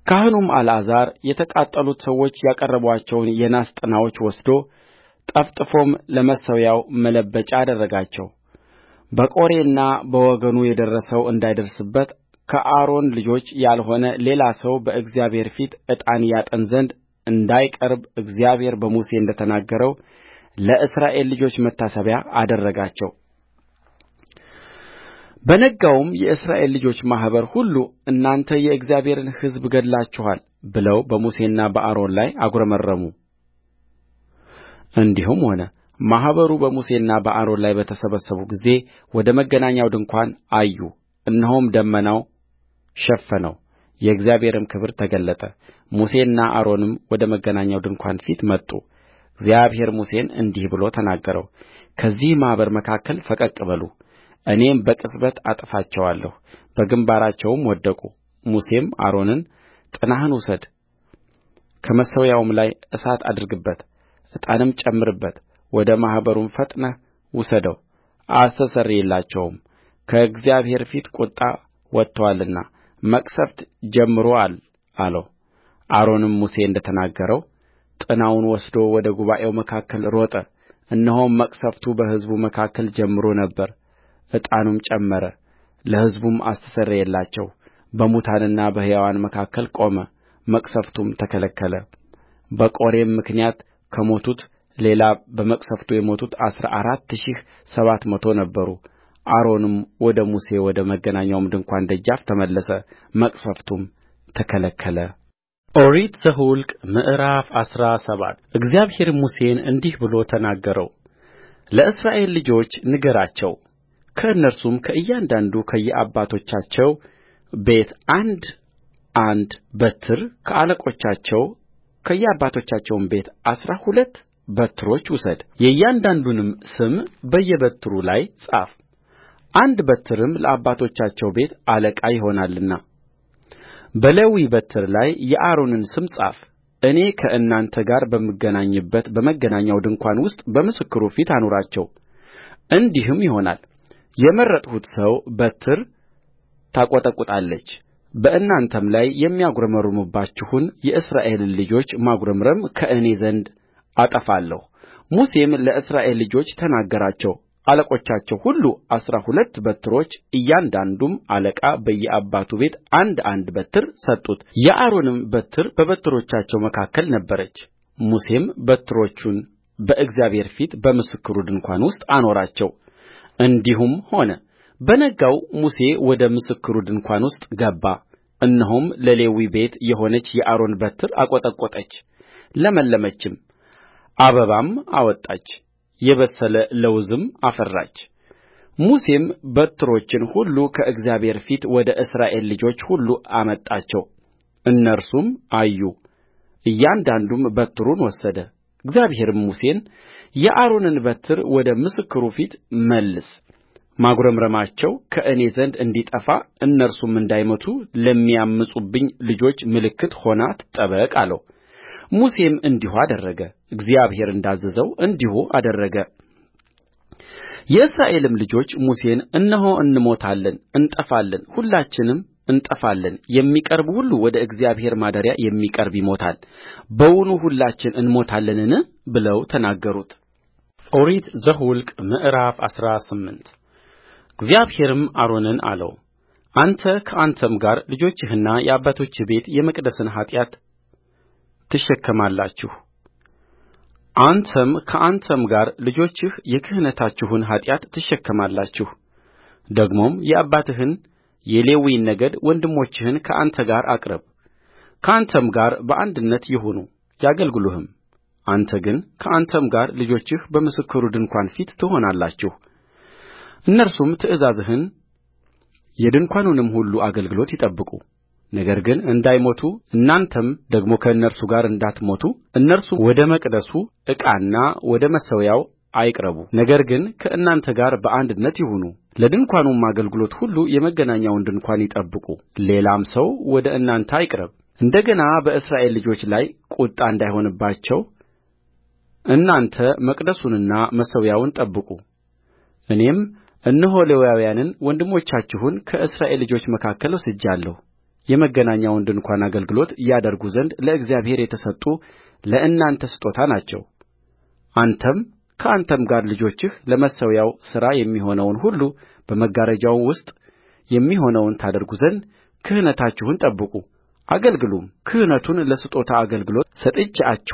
ካህኑም አልዓዛር የተቃጠሉት ሰዎች ያቀረቡአቸውን የናስ ጥናዎች ወስዶ ጠፍጥፎም ለመሠዊያው መለበጫ አደረጋቸው በቆሬና በወገኑ የደረሰው እንዳይደርስበት ከአሮን ልጆች ያልሆነ ሌላ ሰው በእግዚአብሔር ፊት ዕጣን ያጥን ዘንድ እንዳይቀርብ እግዚአብሔር በሙሴ እንደ ተናገረው ለእስራኤል ልጆች መታሰቢያ አደረጋቸው። በነጋውም የእስራኤል ልጆች ማኅበር ሁሉ እናንተ የእግዚአብሔርን ሕዝብ ገድላችኋል ብለው በሙሴና በአሮን ላይ እንዲሁም ሆነ ማኅበሩ በሙሴና በአሮን ላይ በተሰበሰቡ ጊዜ ወደ መገናኛው ድንኳን አዩ እነሆም ደመናው ሸፈነው የእግዚአብሔርም ክብር ተገለጠ ሙሴና አሮንም ወደ መገናኛው ድንኳን ፊት መጡ እግዚአብሔር ሙሴን እንዲህ ብሎ ተናገረውከዚህ ማኅበር መካከል ፈቀቅ በሉ እኔም በቅጽበት አጠፋቸዋለሁ በግምባራቸውም ወደቁሙሴም አሮንን ጥናህን ውሰድ ከመሠዊያውም ላይ እሳት አድርግበት ዕጣንም ጨምርበት ወደ ማኅበሩም ፈጥነህ ውሰደው አስተስርይላቸውም ከእግዚአብሔር ፊት ቍጣ ወጥቶአልና መቅሠፍት ጀምሮአል አሮንም ሙሴ እንደ ተናገረው ጥናውን ወስዶ ወደ ጉባኤው መካከል ሮጠ እነሆም መቅሠፍቱ በሕዝቡ መካከል ጀምሮ ነበር ዕጣንም ጨመረ ለሕዝቡም አስተሰረየላቸው በሙታንና በሕያዋን መካከል ቆመ መቅሠፍቱም በቆሬም ምክንያት ከሞቱት ሌላ በመቅሠፍቱ የሞቱት አሥራ አራት ሺህ ሰባት መቶ ነበሩ አሮንም ወደ ሙሴ ወደ መገናኛው ድንኳን ደጃፍ ተመለሰ መቅሠፍቱም ተከለከለ ኦሪት ዘኍልቍ ምዕራፍ አስራ ሰባት እግዚአብሔርም ሙሴን እንዲህ ብሎ ተናገረውለእስራኤል ልጆች ንገራቸው ከእነርሱም ከእያንዳንዱ ከየአባቶቻቸው ቤት አንድ አንድ በትር ከአለቆቻቸው ከየአባቶቻቸውም ቤት አሥራ ሁለት በትሮች ውሰድ የእያንዳንዱንም ስም በየበትሩ ላይ ጻፍ አንድ በትርም ለአባቶቻቸው ቤት አለቃ ይሆናልና በሌዊ በትር ላይ የአሮንን ስም ጻፍ እኔ ከእናንተ ጋር በምገናኝበት በመገናኛው ድንኳን ውስጥ በምስክሩ ፊት አኑራቸው እንዲህም ይሆናል የመረጥሁት ሰው በትር ታቈጠቁጣለች በእናንተም ላይ የሚያጕረመርሙባችሁን የእስራኤልን ልጆች ማጕረምረም ከእኔ ዘንድ አጠፋለሁሙሴም ለእስራኤል ልጆች ተናገራቸው አለቆቻቸው ሁሉ አሥራ ሁለት በትሮች እያንዳንዱም አለቃ በየአባቱ ቤት አንድ አንድ በትር ሰጡት የአሮንም በትር በበትሮቻቸው መካከል ነበረች ሙሴም በትሮቹን በእግዚአብሔር ፊት በምስክሩ ድንኳን ውስጥ አኖራቸው እንዲሁም ሆነ በነጋው ሙሴ ወደ ምስክሩ ድንኳን ውስጥ ገባ እነሆም ለሌዊ ቤት የሆነች የአሮን በትር አቈጠቈጠች ለመለመችም አበባም አወጣች የበሰለ ለውዝም አፈራች ሙሴም በትሮችን ሁሉ ከእግዚአብሔር ፊት ወደ እስራኤል ልጆች ሁሉ አመጣቸው እነርሱም አዩ እያንዳንዱም በትሩን ወሰደ እግዚአብሔርም ሙሴን የአሮንን በትር ወደ ምስክሩ ፊት መልስ ማጉረምረማቸው ከእኔ ዘንድ እንዲጠፋ እነርሱም እንዳይሞቱ ለሚያምፁብኝ ልጆች ምልክት ሆና ትጠበቅ አለው ሙሴም እንዲሁ አደረገ እግዚአብሔር እንዳዘዘው እንዲሁ የእስራኤልም ልጆች ሙሴን እነሆ እንሞታለን እንጠፋለን ሁላችንም እንጠፋለን የሚቀርብ ሁሉ ወደ እግዚአብሔር ማደሪያ የሚቀርብ ይሞታል በውኑ ሁላችን እንሞታለንን ብለው ተናገሩት ኦሪት ዘኍልቍ ምዕራፍ አስራ ስምንት እግዚአብሔርም አሮንን አለው አንተ ከአንተም ጋር ልጆችህና የአባቶችህ ቤት የመቅደስን ኃጢአት ትሸከማላችሁ አንተም ከአንተም ጋር ልጆችህ የክህነታችሁን ኃጢአት ትሸከማላችሁ ደግሞም የአባትህን የሌዊን ነገድ ወንድሞችህን ከአንተ ጋር አቅርብ ከአንተም ጋር በአንድነት ይሁኑ ያገልግሉህም አንተ ግን ከአንተም ጋር ልጆችህ በምስክሩ ድንኳን ፊት ትሆናላችሁ እነርሱም ትእዛዝህን የድንኳኑንም ሁሉ አገልግሎት ይጠብቁ ነገር ግን እንዳይሞቱ እናንተም ደግሞ ከእነርሱ ጋር እንዳትሞቱ እነርሱ ወደ መቅደሱ ዕቃና ወደ መሠዊያው አይቅረቡ ነገር ግን ከእናንተ ጋር በአንድነት ለድንኳኑም አገልግሎት ሁሉ የመገናኛውን ድንኳን ይጠብቁ ሌላም ሰው ወደ እናንተ አይቅረብ እንደ ገና በእስራኤል ልጆች ላይ ቍጣ እንዳይሆንባቸው እናንተ መቅደሱንና መሠዊያውን ጠብቁ እኔም እነሆ ሌዋውያንን ወንድሞቻችሁን ከእስራኤል ልጆች መካከል ወስጄአለሁ የመገናኛውን ድንኳን አገልግሎት ያደርጉ ዘንድ ለእግዚአብሔር የተሰጡ ለእናንተ ስጦታ ናቸው አንተም ከአንተም ጋር ልጆችህ ለመሠዊያው ሥራ የሚሆነውን ሁሉ በመጋረጃውም ውስጥ የሚሆነውን ታደርጉ ዘንድ ክህነታችሁን ጠብቁ አገልግሉም ክህነቱን ለስጦታ አገልግሎት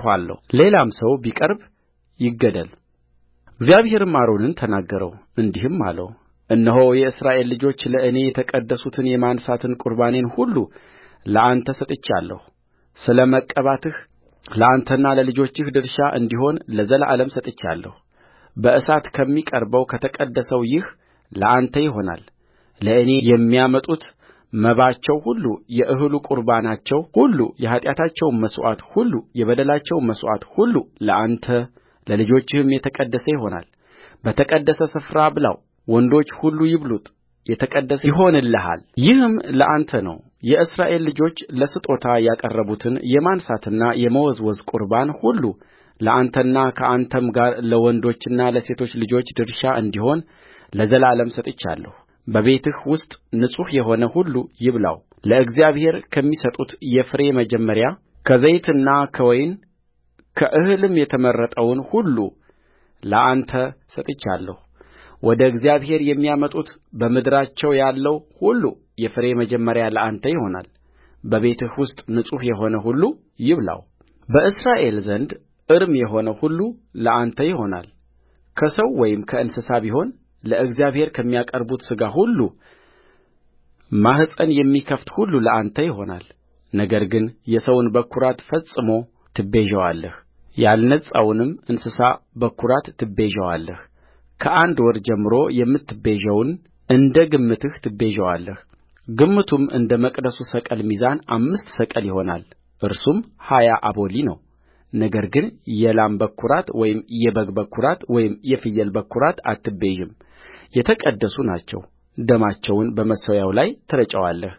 ሌላም ሰው ቢቀርብ ይገደል እግዚአብሔርም አሮንን ተናገረው እንዲህም አለው እነሆ የእስራኤል ልጆች ለእኔ የተቀደሱትን የማንሣት ቍርባኔን ሁሉ ለአንተ ሰጥቼአለሁ ስለ መቀባትህ ለአንተና ለልጆችህ ድርሻ እንዲሆን ለዘላለም በእሳት ከሚቀርበው ከተቀደሰው ይህ ለአንተ ይሆናል ለእኔ የሚያመጡት መባቸው ሁሉ የእህሉ ቍርባናቸው ሁሉ የኃጢአታቸውም መሥዋዕት ሁሉ የበደላቸውም መሥዋዕት ሁሉ ለአንተ ለልጆችህም የተቀደሰ ይሆናል በተቀደሰ ስፍራ ብላው ወንዶች ሁሉ ይብሉት የተቀደሰ ይህም ለአንተ ነው የእስራኤል ልጆች ለስጦታ ያቀረቡትን የማንሣትና የመወዝወዝ ቍርባን ሁሉ ለአንተና ከአንተም ጋር ለወንዶችና ለሴቶች ልጆች ድርሻ እንዲሆን ለዘላለም በቤትህ ውስጥ ንጹሕ የሆነ ሁሉ ይብላው ለእግዚአብሔር ከሚሰጡት የፍሬ መጀመሪያ ከዘይትና ከወይን ከእህልም የተመረጠውን ሁሉ ለአንተ ሰጥቼአለሁ ወደ እግዚአብሔር የሚያመጡት በምድራቸው ያለው ሁሉ የፍሬ መጀመሪያ ለአንተ ይሆናል በቤትህ ውስጥ ንጹሕ የሆነ ሁሉ ይብላውበእስራኤል ዘንድ እርም የሆነ ሁሉ ለአንተ ይሆናል ከሰው ወይም ከእንስሳ ቢሆን ለእግዚአብሔር ከሚያቀርቡት ሥጋ ሁሉ ማኅፀን የሚከፍት ሁሉ ለአንተ ይሆናል። ነገር ግን የሰውን በኵራት ፈጽሞ ትቤዠዋለህ፣ ያልነጻውንም እንስሳ በኵራት ትቤዠዋለህ። ከአንድ ወር ጀምሮ የምትቤዠውን እንደ ግምትህ ትቤዠዋለህ ግምቱም እንደ መቅደሱ ሰቅል ሚዛን አምስት ሰቅል ይሆናል እርሱም ሀያ አቦሊ ነውነገር ግን የላም በኵራት ወይም የበግ በኵራት ወይም የፍየል በኵራት አትቤዥም የተቀደሱ ናቸው ደማቸውን በመሠዊያው ላይ ትረጨዋለህ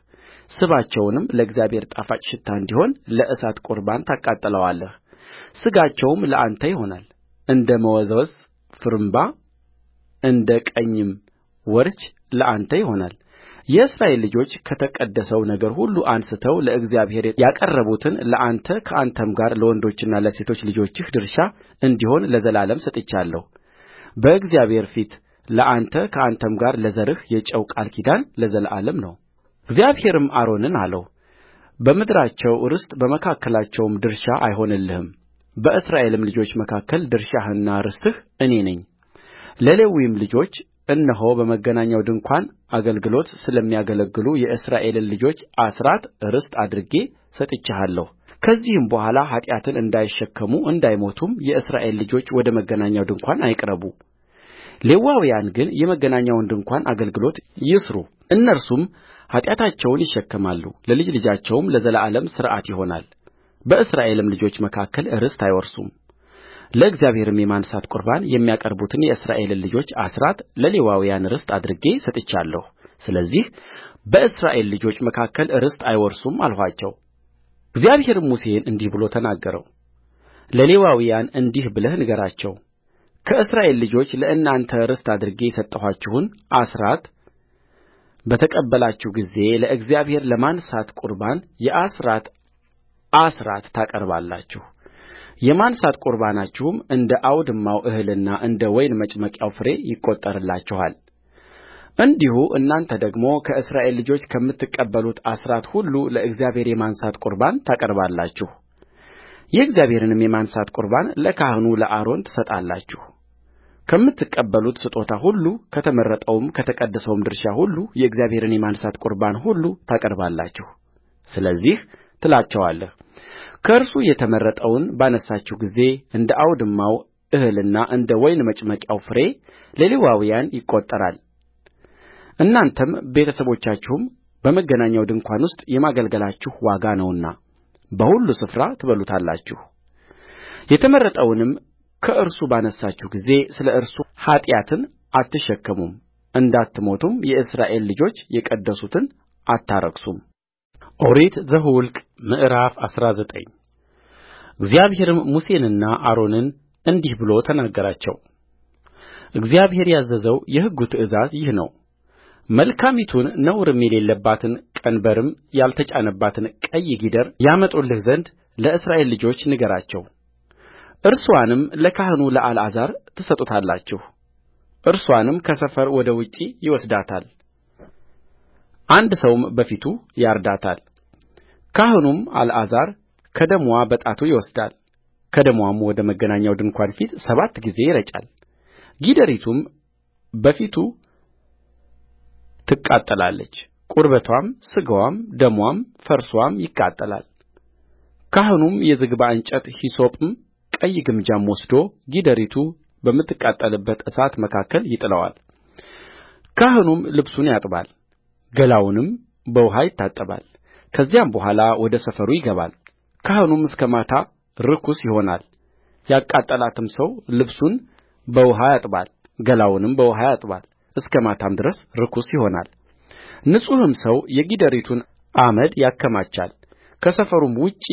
ስባቸውንም ለእግዚአብሔር ጣፋጭ ሽታ እንዲሆን ለእሳት ቁርባን ታቃጥለዋለህ ሥጋቸውም ለአንተ ይሆናል እንደ መወዝወዝ ፍርምባ እንደ ቀኝም ወርች ለአንተ ይሆናል የእስራኤል ልጆች ከተቀደሰው ነገር ሁሉ አንሥተው ለእግዚአብሔር ያቀረቡትን ለአንተ ከአንተም ጋር ለወንዶችና ለሴቶች ልጆችህ ድርሻ እንዲሆን ለዘላለም በእግዚአብሔር ፊት ለአንተ ከአንተም ጋር ለዘርህ የጨው ቃል ኪዳን ለዘላለም ነውእግዚአብሔርም አሮንን አለው በምድራቸው ርስት በመካከላቸውም ድርሻ አይሆንልህም በእስራኤልም ልጆች መካከል ድርሻህና ርስትህ እኔ ነኝ ለሌዊም ልጆች እነሆ በመገናኛው ድንኳን አገልግሎት ስለሚያገለግሉ የእስራኤልን ልጆች አሥራት ርስት አድርጌ ከዚህም በኋላ ኃጢአትን እንዳይሸከሙ እንዳይሞቱም የእስራኤል ልጆች ወደ መገናኛው ድንኳን አይቅረቡ ሌዋውያን ግን የመገናኛውን ድንኳን አገልግሎት ይሥሩ እነርሱም ኃጢአታቸውን ይሸከማሉ ለልጅ ልጃቸውም ለዘላለም ሥርዓት ይሆናል በእስራኤልም ልጆች መካከል ርስት አይወርሱም ለእግዚአብሔርም የማንሣት ቍርባን የሚያቀርቡትን የእስራኤልን ልጆች አሥራት ለሌዋውያን ርስት አድርጌ ሰጥቼአለሁ ስለዚህ በእስራኤል ልጆች መካከል ርስት አይወርሱም አልኋቸውእግዚአብሔርም ሙሴን እንዲህ ብሎ ተናገረው ለሌዋውያን እንዲህ ብለህ ንገራቸው ከእስራኤል ልጆች ለእናንተ ርስት አድርጌ የሰጠኋችሁን አሥራት በተቀበላችሁ ጊዜ ለእግዚአብሔር ለማንሣት ቍርባን የአሥራት አሥራት ታቀርባላችሁ የማንሣት ቍርባናችሁም እንደ አውድማው እህልና እንደ ወይን መጭመቂያው ፍሬ ይቈጠርላችኋልእንዲሁ እናንተ ደግሞ ከእስራኤል ልጆች ከምትቀበሉት አሥራት ሁሉ ለእግዚአብሔር የማንሣት ቍርባን ታቀርባላችሁ የእግዚአብሔርንም የማንሣት ቍርባን ለካህኑ ለአሮን ትሰጣላችሁ ከምትቀበሉት ስጦታ ሁሉ ከተመረጠውም ከተቀደሰውም ድርሻ ሁሉ የእግዚአብሔርን የማንሣት ቍርባን ሁሉ ታቀርባላችሁ ስለዚህ ትላቸዋለህ ከእርሱ የተመረጠውን ባነሣችሁ ጊዜ እንደ አውድማው እህልና እንደ ወይን መጭመቂያው ፍሬ ለሌዋውያን ይቈጠራልእናንተም ቤተ ሰቦቻችሁም በመገናኛው ድንኳን ውስጥ የማገልገላችሁ ዋጋ ነውና በሁሉ ስፍራ ትበሉታላችሁ። የተመረጠውንም ከእርሱ ባነሣችሁ ጊዜ ስለ እርሱ ኃጢአትን አትሸከሙም እንዳትሞቱም የእስራኤል ልጆች የቀደሱትን አታረክሱም ኦሪት ዘኍልቍ ምዕራፍ አስራ ዘጠኝ እግዚአብሔርም ሙሴንና አሮንን እንዲህ ብሎ ተናገራቸው። እግዚአብሔር ያዘዘው የሕጉ ትእዛዝ ይህ ነው። መልካሚቱን ነውርም የሌለባትን ቀንበርም ያልተጫነባትን ቀይ ጊደር ያመጡልህ ዘንድ ለእስራኤል ልጆች ንገራቸው። እርሷንም ለካህኑ ለአልዓዛር ትሰጡታላችሁ። እርሷንም ከሰፈር ወደ ውጭ ይወስዳታል አንድ ሰውም በፊቱ ያርዳታልካህኑም አልዓዛር ከደምዋ በጣቱ ይወስዳል ከደምዋም ወደ መገናኛው ድንኳን ፊት ሰባት ጊዜ ይረጫል ጊደሪቱም በፊቱ ትቃጠላለች ቁርበትዋም ሥጋዋም ደምዋም ፈርስዋም ይቃጠላልካህኑም የዝግባ እንጨት ሂሶጵም ቀይ ግምጃም ወስዶ ጊደሪቱ በምትቃጠልበት እሳት መካከል ይጥለዋል ካህኑም ልብሱን ያጥባል ገላውንም በውኃ ይታጠባል ከዚያም በኋላ ወደ ሰፈሩ ይገባል ካህኑም እስከ ማታ ርኩስ ይሆናል ያቃጠላትም ሰው ልብሱን በውኃ ያጥባል ገላውንም በውኃ ያጥባል እስከ ማታም ድረስ ርኩስ ይሆናል ንጹሕም ሰው የጊደሪቱን አመድ ያከማቻል ከሰፈሩም ውጭ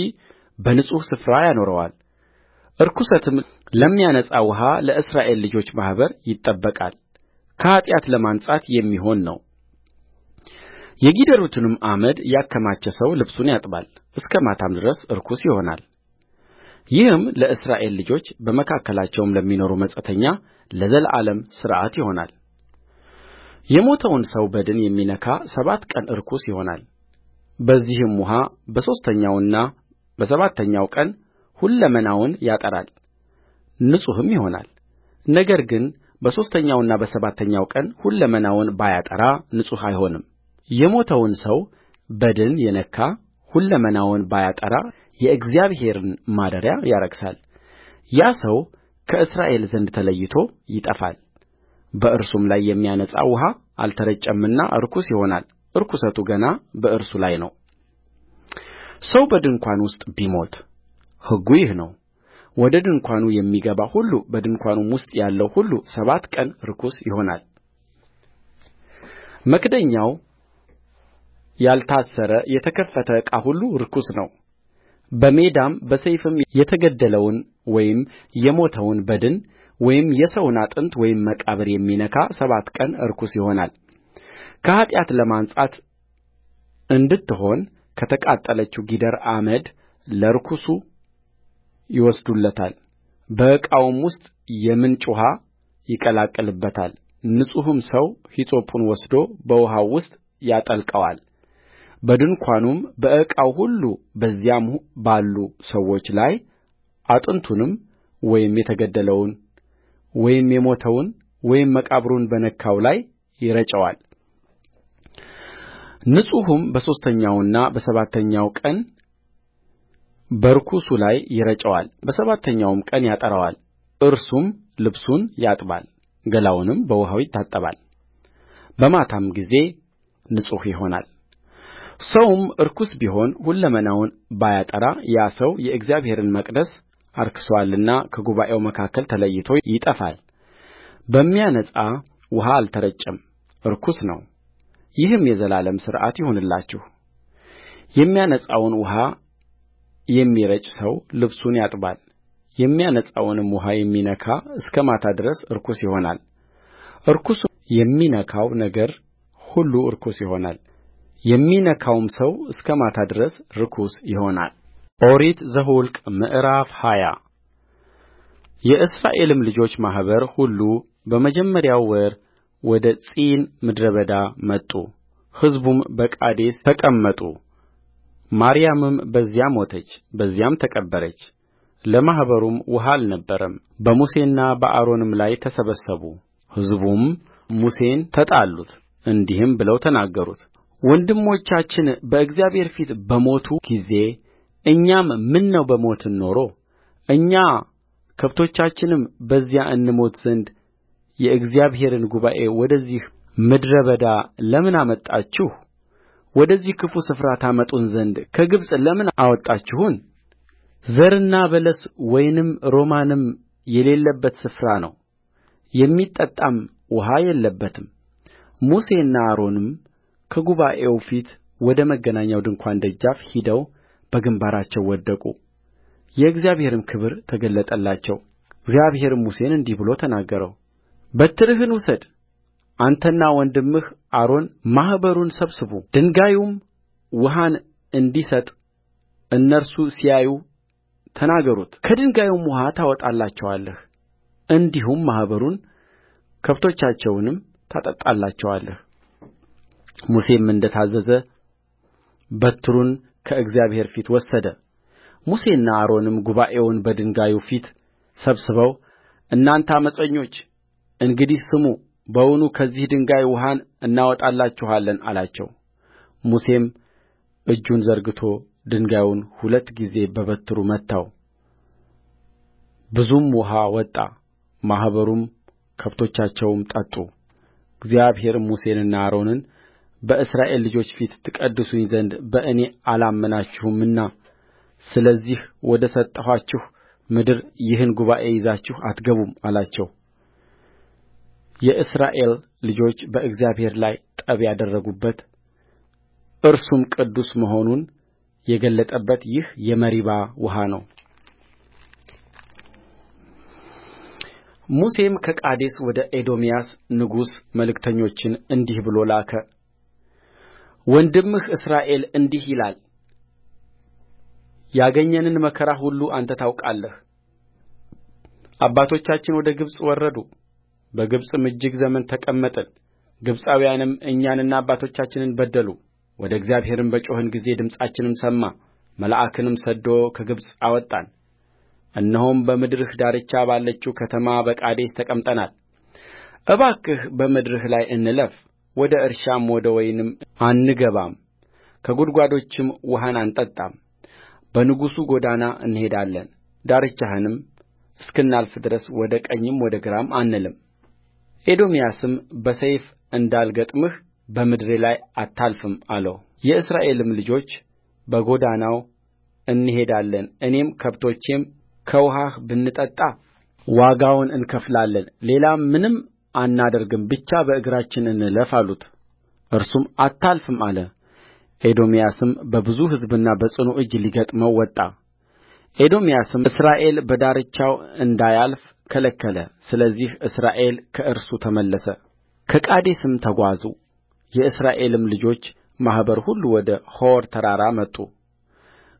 በንጹሕ ስፍራ ያኖረዋል ርኵሰትም ለሚያነጻ ውኃ ለእስራኤል ልጆች ማኅበር ይጠበቃል ከኃጢአት ለማንጻት የሚሆን ነው የጊደሪቱንም አመድ ያከማቸ ሰው ልብሱን ያጥባል እስከ ማታም ድረስ ርኩስ ይሆናልይህም ለእስራኤል ልጆች በመካከላቸውም ለሚኖሩ መጻተኛ ለዘላለም ሥርዓት ይሆናል የሞተውን ሰው በድን የሚነካ ሰባት ቀን ርኩስ ይሆናል በዚህም ውኃ በሦስተኛውና በሰባተኛው ቀን ሁለመናውን ያጠራል ንጹሕም ነገር ግን በሦስተኛውና በሰባተኛው ቀን ሁለመናውን ባያጠራ ንጹሕ አይሆንም የሞተውን ሰው በድን የነካ ሁለመናውን ባያጠራ የእግዚአብሔርን ማደሪያ ያረክሳል ያ ሰው ከእስራኤል ዘንድ ተለይቶ ይጠፋል በእርሱም ላይ የሚያነጻ ውኃ አልተረጨምና ርኩስ ይሆናል ርኵሰቱ ገና በእርሱ ላይ ነውሰው በድንኳን ውስጥ ቢሞት ሕጉ ይህ ነው ወደ ድንኳኑ የሚገባ ሁሉ በድንኳኑም ውስጥ ያለው ሁሉ ሰባት ቀን ርኩስ ይሆናል መክደኛው ያልታሰረ የተከፈተ ዕቃ ሁሉ ርኩስ ነውበሜዳም በሰይፍም የተገደለውን ወይም የሞተውን በድን ወይም የሰውን አጥንት ወይም መቃብር የሚነካ ሰባት ቀን ርኩስ ይሆናልከኃጢአት ለማንጻት እንድትሆን ከተቃጠለችው ጊደር አመድ ለርኩሱ ይወስዱለታል በዕቃውም ውስጥ የምንጭ ውኃ ይቀላቅልበታል ንጹሕም ሰው ሂሶጱን ወስዶ በውኃው ውስጥ ያጠልቀዋል በድንኳኑም በዕቃው ሁሉ በዚያም ባሉ ሰዎች ላይ አጥንቱንም ወይም የተገደለውን ወይም የሞተውን ወይም መቃብሩን በነካው ላይ ይረጨዋል ንጹሑም በሦስተኛውና በሰባተኛው ቀን በርኩሱ ላይ ይረጨዋል በሰባተኛውም ቀን ያጠራዋል እርሱም ልብሱን ያጥባል ገላውንም በውኃ ይታጠባል በማታም ጊዜ ንጹሕ ይሆናል ሰውም ርኩስ ቢሆን ሁለመናውን ባያጠራ ያ ሰው የእግዚአብሔርን መቅደስ አርክሶአልና ከጉባኤው መካከል ተለይቶ ይጠፋል። በሚያነጻ ውኃ አልተረጨም ርኩስ ነው ይህም የዘላለም ሥርዓት ይሁንላችሁ የሚያነጻውን ውኃ የሚረጭ ሰው ልብሱን ያጥባል የሚያነጻውንም ውኃ የሚነካ እስከ ማታ ድረስ ርኩስ ይሆናል ርኩስ የሚነካው ነገር ሁሉ ርኩስ ይሆናል የሚነካውም ሰው እስከ ማታ ድረስ ርኩስ ይሆናልኦሪት ዘኍልቍ ምዕራፍ ሃያ የእስራኤልም ልጆች ማኅበር ሁሉ በመጀመሪያው ወር ወደ ጺን ምድረ በዳ መጡ ሕዝቡም በቃዴስ ተቀመጡ ማርያምም በዚያ ሞተች በዚያም ተቀበረች ለማኅበሩም ውኃ አልነበረም በሙሴና በአሮንም ላይ ተሰበሰቡ ሕዝቡም ሙሴን ተጣሉት እንዲህም ብለው ተናገሩት ወንድሞቻችን በእግዚአብሔር ፊት በሞቱ ጊዜ እኛም ምነው በሞትን ኖሮ እኛ ከብቶቻችንም በዚያ እንሞት ዘንድ የእግዚአብሔርን ጉባኤ ወደዚህ ምድረ በዳ ለምን አመጣችሁ ወደዚህ ክፉ ስፍራ ታመጡን ዘንድ ከግብፅ ለምን አወጣችሁን ዘርና በለስ ወይንም ሮማንም የሌለበት ስፍራ ነው የሚጠጣም ውኃ ሙሴና አሮንም ከጉባኤው ፊት ወደ መገናኛው ድንኳን ደጃፍ ሄደው በግምባራቸው ወደቁ የእግዚአብሔርም ክብር ተገለጠላቸው እግዚአብሔርም ሙሴን እንዲህ ብሎ ተናገረው በትርህን ውሰድ አንተና ወንድምህ አሮን ማኅበሩን ሰብስቡ ድንጋዩም ውኃን እንዲሰጥ እነርሱ ሲያዩ ተናገሩት ከድንጋዩም ውኃ ታወጣላቸዋለህ እንዲሁም ማኅበሩን ከብቶቻቸውንም ታጠጣላቸዋለህ ሙሴም እንደ ታዘዘ በትሩን ከእግዚአብሔር ፊት ወሰደ ሙሴና አሮንም ጉባኤውን በድንጋዩ ፊት ሰብስበው እናንተ ዓመፀኞች እንግዲህ ስሙ በውኑ ከዚህ ድንጋይ ውኃን እናወጣላችኋለን አላቸው ሙሴም እጁን ዘርግቶ ድንጋዩን ሁለት ጊዜ በበትሩ መታው ብዙም ውኃ ወጣ ማኅበሩም ከብቶቻቸውም ጠጡ እግዚአብሔርም ሙሴንና አሮንን በእስራኤል ልጆች ፊት ትቀድሱኝ ዘንድ በእኔ አላመናችሁምና ስለዚህ ወደ ሰጠኋችሁ ምድር ይህን ጉባኤ ይዛችሁ አትገቡም አላቸው። የእስራኤል ልጆች በእግዚአብሔር ላይ ጠብ ያደረጉበት እርሱም ቅዱስ መሆኑን የገለጠበት ይህ የመሪባ ውኃ ነው ሙሴም ከቃዴስ ወደ ኤዶምያስ ንጉሥ መልእክተኞችን እንዲህ ብሎ ላከ ወንድምህ እስራኤል እንዲህ ይላል ያገኘንን መከራ ሁሉ አንተ ታውቃለህ አባቶቻችን ወደ ግብፅ ወረዱ በግብፅም እጅግ ዘመን ተቀመጥን ግብፃውያንም እኛንና አባቶቻችንን በደሉ ወደ እግዚአብሔርም በጮኽን ጊዜ ድምፃችንን ሰማ መልአክንም ሰድዶ ከግብፅ አወጣን እነሆም በምድርህ ዳርቻ ባለችው ከተማ በቃዴስ ተቀምጠናል እባክህ በምድርህ ላይ እንለፍ ወደ እርሻም ወደ ወይንም አንገባም ከጕድጓዶችም ውኃን አንጠጣም በንጉሡ ጐዳና እንሄዳለን ዳርቻህንም እስክናልፍ ድረስ ወደ ቀኝም ወደ ግራም አንልም። ኤዶምያስም በሰይፍ እንዳልገጥምህ በምድሬ ላይ አታልፍም አለው። የእስራኤልም ልጆች በጐዳናው እንሄዳለን እኔም ከብቶቼም ከውኃህ ብንጠጣ ዋጋውን እንከፍላለን ሌላ ምንም አናደርግም ብቻ በእግራችን እንለፍ አሉት እርሱም አታልፍም አለ ኤዶምያስም በብዙ ሕዝብና በጽኑ እጅ ሊገጥመው ወጣ ኤዶምያስም እስራኤል በዳርቻው እንዳያልፍ ከለከለ ስለዚህ እስራኤል ከእርሱ ተመለሰ ከቃዴስም ተጓዙ የእስራኤልም ልጆች ማኅበር ሁሉ ወደ ሖር ተራራ መጡ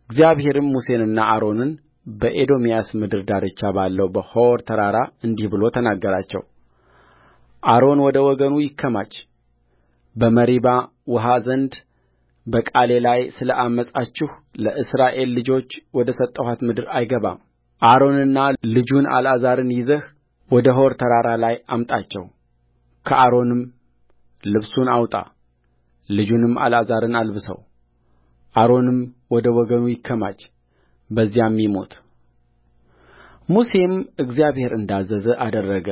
እግዚአብሔርም ሙሴንና አሮንን በኤዶምያስ ምድር ዳርቻ ባለው በሖር ተራራ እንዲህ ብሎ ተናገራቸው አሮን ወደ ወገኑ ይከማች በመሪባ ውኃ ዘንድ በቃሌ ላይ ስለ ዐመፃችሁ ለእስራኤል ልጆች ወደ ሰጠኋት ምድር አሮንና ልጁን አልዓዛርን ይዘህ ወደ ሖር ተራራ ላይ አምጣቸው ከአሮንም ልብሱን አውጣ ልጁንም አልዓዛርን አልብሰው አሮንም ወደ ወገኑ ይከማች በዚያም ይሞት ሙሴም እግዚአብሔር እንዳዘዘ አደረገ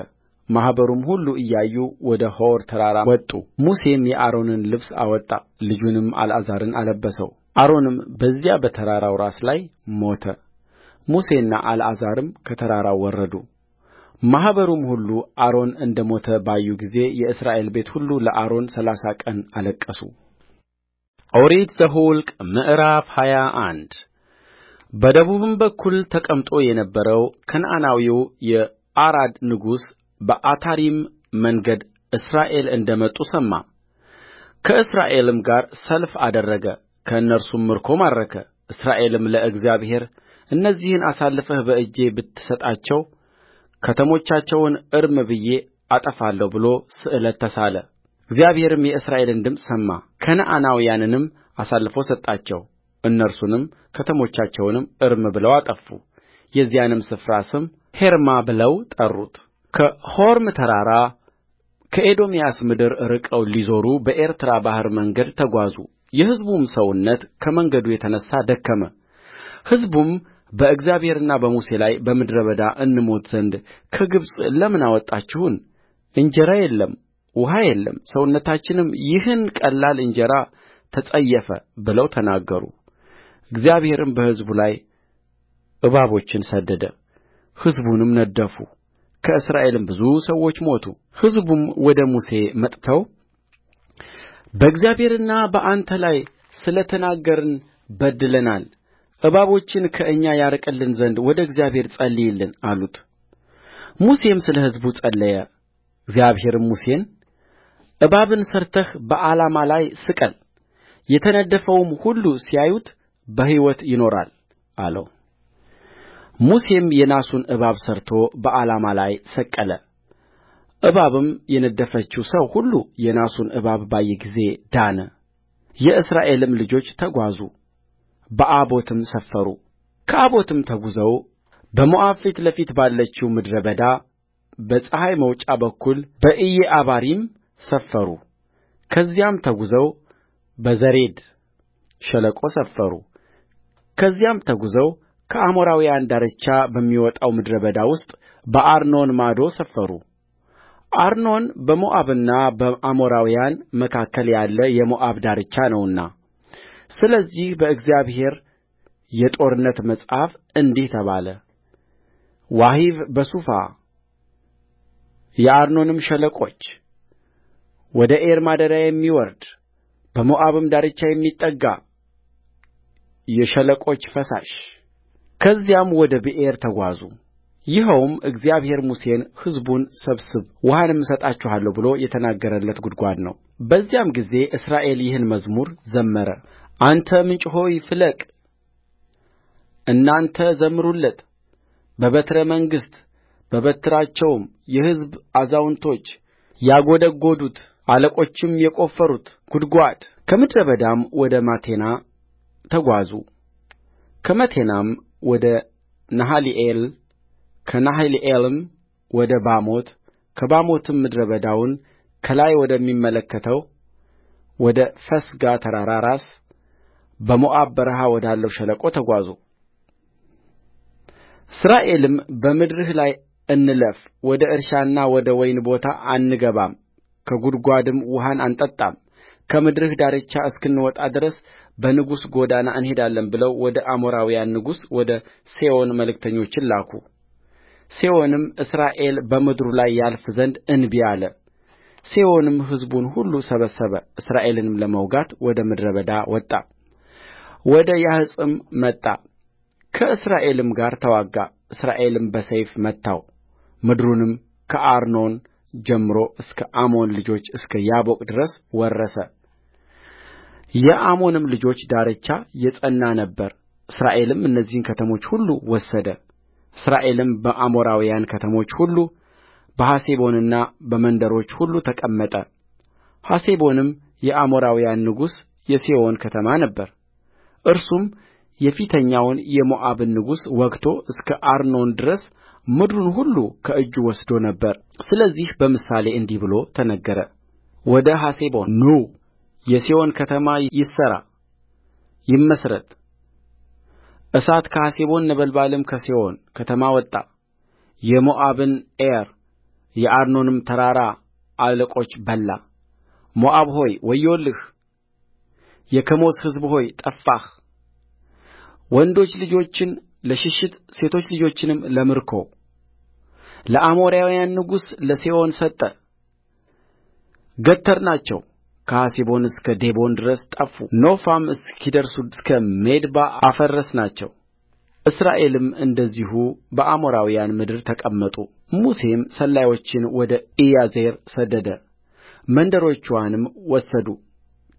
ማኅበሩም ሁሉ እያዩ ወደ ሖር ተራራ ወጡሙሴም የአሮንን ልብስ አወጣ ልጁንም አልዓዛርን አለበሰው አሮንም በዚያ በተራራው ራስ ላይ ሞተሙሴና አልዓዛርም ከተራራው ወረዱ ማኅበሩም ሁሉ አሮን እንደ ሞተ ባዩ ጊዜ የእስራኤል ቤት ሁሉ ለአሮን ሠላሳ ቀን አለቀሱ ኦሪት ዘኍልቍ ምዕራፍ ሃያ አንድ በደቡብም በኩል ተቀምጦ የነበረው ከነዓናዊው የአራድ ንጉሥ በአታሪም መንገድ እስራኤል እንደ መጡ ሰማ ከእስራኤልም ጋር ሰልፍ አደረገ ከእነርሱም ምርኮ እስራኤልም ለእግዚአብሔር እነዚህን አሳልፈህ በእጄ ብትሰጣቸው ከተሞቻቸውን እርም ብዬ አጠፋለሁ ብሎ ስእለት ተሳለ እግዚአብሔርም የእስራኤልን ድምፅ ሰማ ከነዓናውያንንም አሳልፎ ሰጣቸው እነርሱንም ከተሞቻቸውንም እርም ብለው አጠፉ የዚያንም ስፍራ ስም ሔርማ ብለው ጠሩት ከሖርም ተራራ ከኤዶምያስ ምድር ርቀው ሊዞሩ በኤርትራ ባሕር መንገድ ተጓዙ የሕዝቡም ሰውነት ከመንገዱ የተነሣ ሕዝቡም በእግዚአብሔርና በሙሴ ላይ በምድረ በዳ እንሞት ዘንድ ከግብፅ ለምን አወጣችሁን እንጀራ የለም ውኃ የለም ሰውነታችንም ይህን ቀላል እንጀራ ተጸየፈ ብለው ተናገሩ። እግዚአብሔርም በሕዝቡ ላይ እባቦችን ሰደደ፣ ሕዝቡንም ነደፉ። ከእስራኤልም ብዙ ሰዎች ሞቱ ሕዝቡም ወደ ሙሴ መጥተው በእግዚአብሔርና በአንተ ላይ ስለ ተናገርን በድለናል እባቦችን ከእኛ ያርቅልን ዘንድ ወደ እግዚአብሔር ጸልይልን አሉት። ሙሴም ስለ ሕዝቡ ጸለየ እግዚአብሔርም ሙሴን እባብን ሠርተህ በዓላማ ላይ ስቀል የተነደፈውም ሁሉ ሲያዩት በሕይወት ይኖራል አለው ሙሴም የናሱን እባብ ሠርቶ በዓላማ ላይ ሰቀለ እባብም የነደፈችው ሰው ሁሉ የናሱን እባብ ባየ ጊዜ የእስራኤልም ልጆች ተጓዙ በኦቦትም ሰፈሩ ከኦቦትም ተጕዘው በሞዓብ ፊት ለፊት ባለችው ምድረ በዳ በፀሐይ መውጫ በኩል በኢዬዓባሪም ሰፈሩ ከዚያም ተጕዘው በዘሬድ ሸለቆ ሰፈሩ ከዚያም ተጕዘው ከአሞራውያን ዳርቻ በሚወጣው ምድረ በዳ ውስጥ በአርኖን ማዶ ሰፈሩአርኖን በሞዓብና በአሞራውያን መካከል ያለ የሞዓብ ዳርቻ ነውና ስለዚህ በእግዚአብሔር የጦርነት መጽሐፍ እንዲህ ተባለ ዋሄብ በሱፋ የአርኖንም ሸለቆች ወደ ኤር ማደሪያ የሚወርድ በሞዓብም ዳርቻ የሚጠጋ የሸለቆች ፈሳሽ ከዚያም ወደ ብኤር ተጓዙ ይኸውም እግዚአብሔር ሙሴን ሕዝቡን ሰብስብ ውኃንም እሰጣችኋለሁ ብሎ የተናገረለት ጕድጓድ ነውበዚያም ጊዜ እስራኤል ይህን መዝሙር ዘመረ አንተ ምንጭ ሆይ ፍለቅ እናንተ ዘምሩለት በበትረ መንግሥት በበትራቸውም የሕዝብ አዛውንቶች ያጐደጐዱት አለቆችም የቈፈሩት ጕድጓድ ከምድረ በዳም ወደ መቴና ተጓዙ ከመቴናም ወደ ነሃሊኤል ከነሃሊኤልም ወደ ባሞት ከባሞትም ምድረ በዳውን ከላይ ወደሚመለከተው ወደ ፈስጋ ተራራ ራስ በሞዓብ በረሃ ወዳለው ሸለቆ ተጓዙ እስራኤልም በምድርህ ላይ እንለፍ ወደ እርሻና ወደ ወይን ቦታ አንገባም ከጕድጓድም ውኃን አንጠጣም ከምድርህ ዳርቻ እስክንወጣ ድረስ በንጉሥ ጐዳና እንሄዳለን ብለው ወደ አሞራውያን ንጉሥ ወደ ሴዎን መልእክተኞችን ላኩ ሴዎንም እስራኤል በምድሩ ላይ ያልፍ ዘንድ እንቢ አለ ሴዎንም ሕዝቡን ሁሉ ሰበሰበ እስራኤልንም ለመውጋት ወደ ምድረ በዳ ወጣ ወደ ያሀጽም መጣ ከእስራኤልም ጋር ተዋጋ እስራኤልም በሰይፍ መታው ምድሩንም ከአርኖን ጀምሮ እስከ አሞን ልጆች እስከ ያቦቅ ድረስ ወረሰ የአሞንም ልጆች ዳርቻ የጸና እስራኤልም እነዚህን ከተሞች ሁሉ ወሰደ እስራኤልም በአሞራውያን ከተሞች ሁሉ በሐሴቦንና በመንደሮቹ ሁሉ ተቀመጠ ሐሴቦንም የአሞራውያን ንጉሥ የሴዎን ከተማ ነበረ እርሱም የፊተኛውን የሞዓብን ንጉሥ ወግቶ እስከ አርኖን ድረስ ምድሩን ሁሉ ከእጁ ወስዶ ነበር ስለዚህ በምሳሌ እንዲህ ብሎ ተነገረ ወደ ሐሴቦን ኑ የሴዎን ከተማ ይሠራ ይመሥረት እሳት ከሐሴቦን ነበልባልም ከሴዎን ከተማ ወጣ የሞዓብን ዔር የአርኖንም ተራራ አለቆች በላ ሞዓብ ሆይ ወዮልህ! የከሞስ ሕዝብ ሆይ ጠፋህ! ወንዶች ልጆችን ለሽሽት ሴቶች ልጆችንም ለምርኮ ለአሞራውያን ንጉሥ ለሴዎን ሰጠ ገተርናቸው ከሐሴቦን እስከ ዴቦን ድረስ ጠፉኖፋም እስኪደርሱ እስከ ሜድባ አፈረስናቸው እስራኤልም እንደዚሁ በአሞራውያን ምድር ተቀመጡሙሴም ሰላዮችን ወደ ኢያዜር ሰደደ መንደሮችዋንም ወሰዱ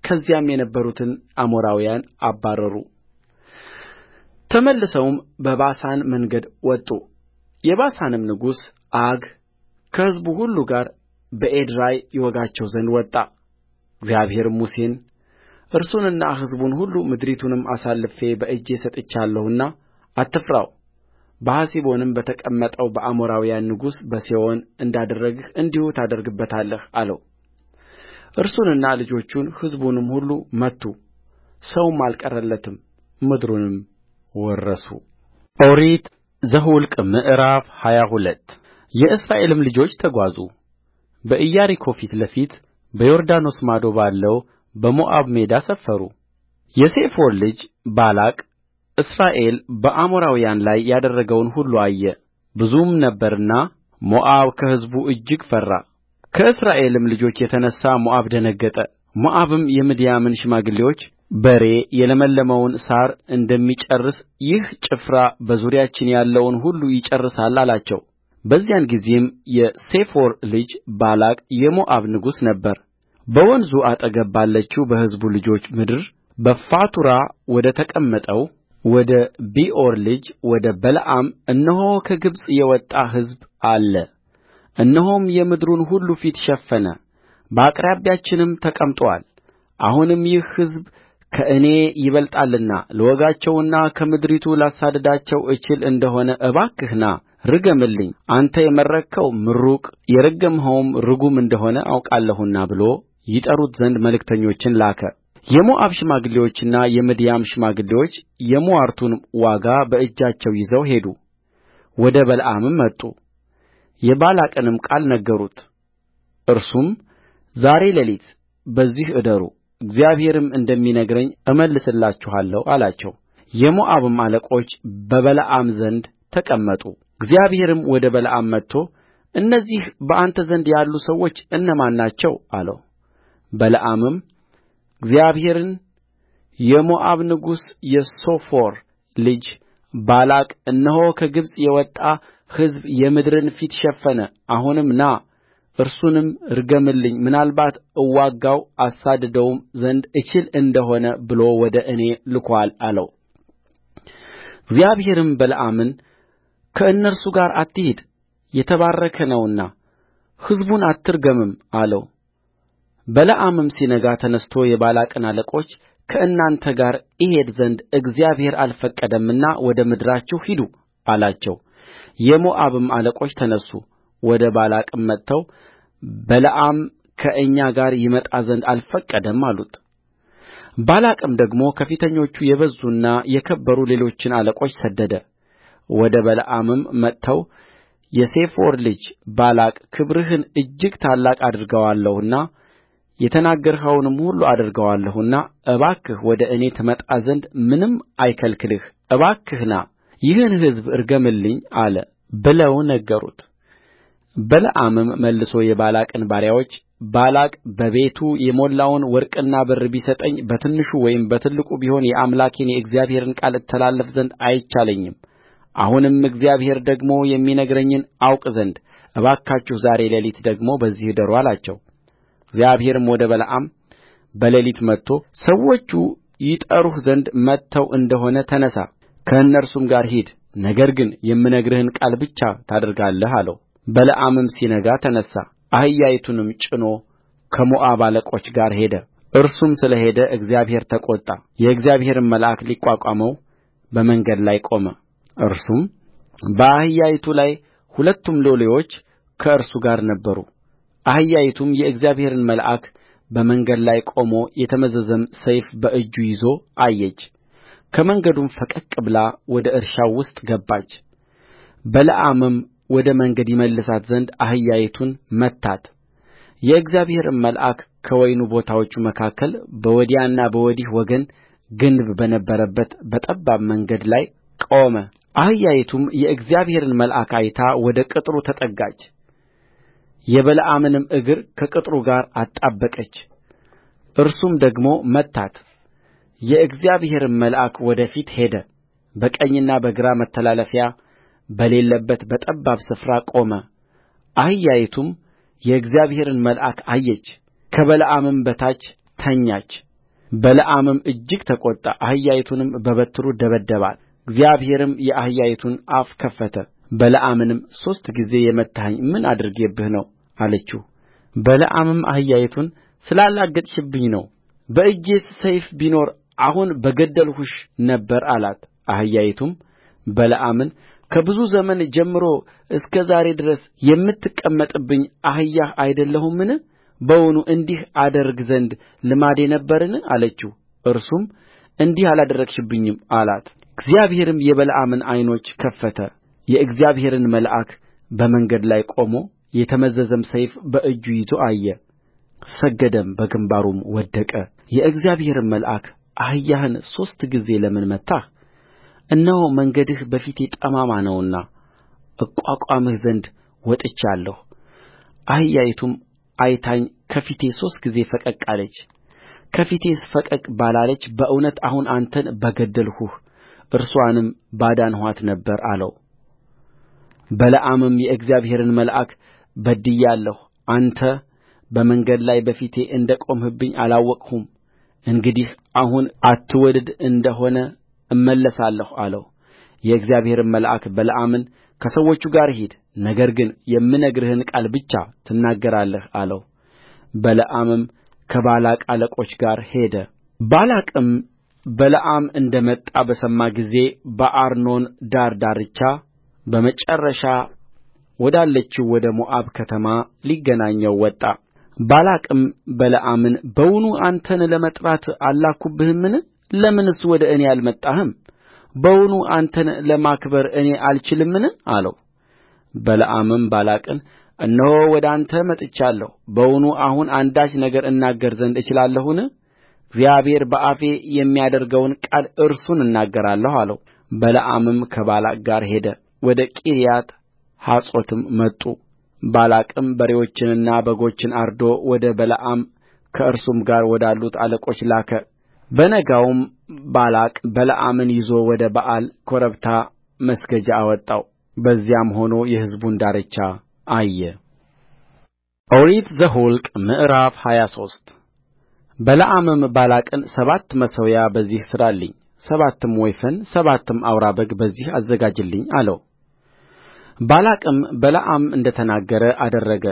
ከዚያም የነበሩትን አሞራውያን አባረሩተመልሰውም በባሳን መንገድ ወጡ የባሳንም ንጉሥ ዐግ ከሕዝቡ ሁሉ ጋር በኤድራይ ይወጋቸው ዘንድ ወጣ እግዚአብሔርም ሙሴን እርሱንና ሕዝቡን ሁሉ ምድሪቱንም አሳልፌ በእጅህ ሰጥቼአለሁና አትፍራው በሐሴቦንም በተቀመጠው በአሞራውያን ንጉሥ በሴዎን እንዳደረግህ እንዲሁ ታደርግበታለህ አለው እርሱንና ልጆቹን ሕዝቡንም ሁሉ መቱ ሰውም አልቀረለትም ምድሩንም ወረሱ ኦሪት ዘኍልቍ ምዕራፍ ሃያ ሁለት የእስራኤልም ልጆች ተጓዙ በኢያሪኮ ፊት ለፊት በዮርዳኖስ ማዶ ባለው በሞዓብ ሜዳ ሰፈሩ የሴፎር ልጅ ባላቅ እስራኤል በአሞራውያን ላይ ያደረገውን ሁሉ አየ ብዙም ነበረና ሞዓብ ከሕዝቡ እጅግ ፈራ ከእስራኤልም ልጆች የተነሣ ሞዓብ ደነገጠ ሞዓብም የምድያምን ሽማግሌዎች በሬ የለመለመውን ሣር እንደሚጨርስ ይህ ጭፍራ በዙሪያችን ያለውን ሁሉ ይጨርሳል አላቸው በዚያን ጊዜም የሴፎር ልጅ ባላቅ የሞዓብ ንጉሥ ነበረበወንዙ አጠገብ ባለችው በሕዝቡ ልጆች ምድር በፋቱራ ወደ ተቀመጠው ወደ ቢዖር ልጅ ወደ በለዓም እነሆ ከግብፅ የወጣ ሕዝብ አለ እነሆም የምድሩን ሁሉ ፊት ሸፈነ በአቅራቢያችንም ተቀምጦአል አሁንም ይህ ሕዝብ ከእኔ ይበልጣልና ልወጋቸውና ከምድሪቱ ላሳድዳቸው እችል እንደሆነ እባክህ ና ርገምልኝ አንተ የመረቅኸው ምሩቅ የረገምኸውም ርጉም እንደ ሆነ አውቃለሁና ብሎ ይጠሩት ዘንድ መልእክተኞችን የሞዓብ ሽማግሌዎችና የምድያም ሽማግሌዎች የምዋርቱን ዋጋ በእጃቸው ይዘው ሄዱ ወደ በለዓምም መጡ የባላቅንም ቃል ነገሩት እርሱም ዛሬ ሌሊት በዚህ እደሩ እግዚአብሔርም እንደሚነግረኝ እመልስላችኋለሁ አላቸውየሞዓብም አለቆች በበለዓም ዘንድ ተቀመጡ እግዚአብሔርም ወደ በለዓም መጥቶ እነዚህ በአንተ ዘንድ ያሉ ሰዎች እነማን ናቸው አለው በለዓምም እግዚአብሔርን የሞዓብ ንጉሥ የሴፎር ልጅ ባላቅ እነሆ ከግብፅ የወጣ ሕዝብ የምድርን ፊት ሸፈነ አሁንም ና እርሱንም ርገምልኝ ምናልባት እዋጋው አሳድደውም ዘንድ እችል እንደሆነ ብሎ ወደ እኔ ልኮአል አለው እግዚአብሔርም በለዓምን ከእነርሱ ጋር አትሂድ የተባረከ ነውና ሕዝቡን አትርገምም አለው በለዓምም ሲነጋ ተነሥቶ የባላቅን አለቆች ከእናንተ ጋር እሄድ ዘንድ እግዚአብሔር አልፈቀደምና ወደ ምድራችሁ ሂዱ አላቸው የሞዓብም አለቆች ተነሡ ወደ ባላቅም መጥተው በለዓም ከእኛ ጋር ይመጣ ዘንድ አልፈቀደም አሉት ባላቅም ደግሞ ከፊተኞቹ የበዙና የከበሩ ሌሎችን አለቆች ሰደደ ወደ በለዓምም መጥተው የሴፎር ልጅ ባላቅ ክብርህን እጅግ ታላቅ አድርገዋለሁና የተናገርኸውንም ሁሉ አድርጌአለሁና እባክህ ወደ እኔ ትመጣ ዘንድ ምንም አይከልክልህ እባክህ ና ይህን ሕዝብ ርገምልኝ አለ ብለው ነገሩትበለዓምም መልሶ የባላቅን ባሪያዎች ባላቅ በቤቱ የሞላውን ወርቅና ብር ቢሰጠኝ በትንሹ ወይም በትልቁ ቢሆን የአምላኬን የእግዚአብሔርን ቃል እተላለፍ ዘንድ አይቻለኝም አሁንም እግዚአብሔር ደግሞ የሚነግረኝን አውቅ ዘንድ እባካችሁ ዛሬ ሌሊት ደግሞ በዚህ እደሩ አላቸው እግዚአብሔርም ወደ በለዓም በሌሊት መጥቶ ሰዎቹ ይጠሩህ ዘንድ መጥተው እንደሆነ ተነሣ ከእነርሱም ጋር ሂድ ነገር ግን የምነግርህን ቃል ብቻ ታደርጋለህ አለውበለዓምም ሲነጋ ተነሣ አህያይቱንም ጭኖ ከሞዓብ አለቆች ጋር ሄደ እርሱም ስለ ሄደ እግዚአብሔር ተቈጣ የእግዚአብሔርም መልአክ ሊቋቋመው በመንገድ ላይ ቆመ እርሱም በአህያይቱ ላይ ሁለቱም ሎሌዎች ከእርሱ ጋር ነበሩ አህያይቱም የእግዚአብሔርን መልአክ በመንገድ ላይ ቆሞ የተመዘዘም ሰይፍ በእጁ ይዞ አየች ከመንገዱም ፈቀቅ ብላ ወደ እርሻው ውስጥ ገባች በለዓምም ወደ መንገድ ይመልሳት ዘንድ አህያይቱን መታት የእግዚአብሔርም መልአክ ከወይኑ ቦታዎች መካከል በወዲያና በወዲህ ወገን ግንብ በነበረበት በጠባብ መንገድ ላይ ቆመ አህያይቱም የእግዚአብሔርን መልአክ አይታ ወደ ቅጥሩ ተጠጋች የበለዓምንም እግር ከቅጥሩ ጋር አጣበቀች እርሱም ደግሞ መታት የእግዚአብሔርም መልአክ ወደ ፊት ሄደ በቀኝና በግራ መተላለፊያ በሌለበት በጠባብ ስፍራ ቆመ አህያይቱም የእግዚአብሔርን መልአክ አየች ከበለዓምም በታች ተኛች በለዓምም እጅግ ተቈጣ አህያይቱንም በበትሩ ደበደባት እግዚአብሔርም የአህያይቱን አፍ ከፈተ በለዓምንም ሦስት ጊዜ የመታኸኝ ምን አድርጌብህ ነው በለዓምም አህያይቱን ስላላገጥሽብኝ ነው በእጄስ ሰይፍ ቢኖር አሁን በገደልሁሽ ነበር አላት አህያይቱም በለዓምን ከብዙ ዘመን ጀምሮ እስከ ዛሬ ድረስ የምትቀመጥብኝ አህያህ አይደለሁምን? በውኑ እንዲህ አደርግ ዘንድ ልማዴ ነበርን? አለችው። እርሱም እንዲህ አላደረግሽብኝም አላት። እግዚአብሔርም የበለዓምን ዓይኖች ከፈተ የእግዚአብሔርን መልአክ በመንገድ ላይ ቆሞ የተመዘዘም ሰይፍ በእጁ ይዞ አየ ሰገደም በግንባሩም ወደቀየእግዚአብሔርም መልአክ አህያህን ሦስት ጊዜ ለምን መታህ እነሆ መንገድህ በፊቴ ጠማማ ነውና እቋቋምህ ዘንድ ወጥቻለሁ አህያይቱም አይታኝ ከፊቴ ሦስት ጊዜ ፈቀቅ አለች ከፊቴስ ፈቀቅ ባላለች በእውነት አሁን አንተን በገደልሁህ እርስዋንም ባዳንኋት ነበር አለውበለዓምም የእግዚአብሔርን መልአክ በድያለሁ አንተ በመንገድ ላይ በፊቴ እንደ ቆምህብኝ አላወቅሁም እንግዲህ አሁን አትወድድ እንደ ሆነ እመለሳለሁ አለው የእግዚአብሔርም መልአክ በለዓምን ከሰዎቹ ጋር ሂድ ነገር ግን የምነግርህን ቃል ብቻ ትናገራለህ አለው በለዓምም ከባላቅ አለቆች ጋር ሄደ ባላቅም በለዓም እንደ መጣ በሰማ ጊዜ በአርኖን ዳር ዳርቻ በመጨረሻ ወዳለችው ወደ ሞዓብ ከተማ ሊገናኘው ወጣባላቅም በለዓምን በውኑ አንተን ለመጥራት አልላክሁብህምን ለምንስ ወደ እኔ አልመጣህም በውኑ አንተን ለማክበር እኔ አልችልምን አለውበለዓምም ባላቅን እነሆ ወደ አንተ መጥቻለሁ በውኑ አሁን አንዳች ነገር እናገር ዘንድ እችላለሁን እግዚአብሔር በአፌ የሚያደርገውን ቃል እርሱን እናገራለሁ አለውበለዓምም ከባላቅ ጋር ሄደ ወደ ቂርያት ሐጾትም መጡ ባላቅም በሬዎችንና በጎችን አርዶ ወደ በለዓም ከእርሱም ጋር ወዳሉት አለቆች ላከ በነጋውም ባላቅ በለዓምን ይዞ ወደ በኣል ኮረብታ መስገጃ አወጣው በዚያም ሆኖ የሕዝቡን ዳርቻ አየ ኦሪት ዘኍልቍ ምዕራፍ ሃያ ሶስት በለዓምም ባላቅን ሰባት መሠዊያ በዚህ ሥራልኝ ሰባትም ወይፈን ሰባትም አውራ በግ በዚህ አዘጋጅልኝ አለውባላቅም በለዓም እንደ ተናገረ አደረገ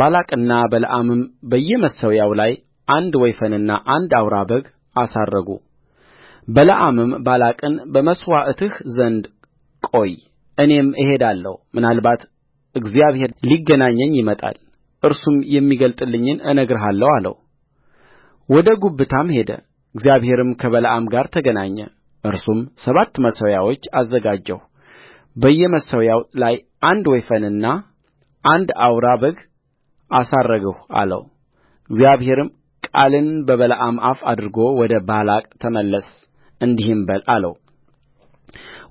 ባላቅና በለዓምም በየመሠዊያው ላይ አንድ ወይፈንና አንድ አውራ በግ አሳረጉ በለዓምም ባላቅን በመሥዋዕትህ ዘንድ ቆይ እኔም እሄዳለሁ ምናልባት እግዚአብሔር ሊገናኘኝ ይመጣል እርሱም የሚገልጥልኝን እነግርሃለሁ አለው ወደ ጉብታም ሄደ እግዚአብሔርም ከበለዓም ጋር ተገናኘ እርሱም ሰባት መሠዊያዎች አዘጋጀሁ በየመሠዊያው ላይ አንድ ወይፈንና አንድ አውራ በግ አሳረግሁ አለውእግዚአብሔርም ቃልን በበለዓም አፍ አድርጎ ወደ ባላቅ ተመለስ እንዲህም በል አለው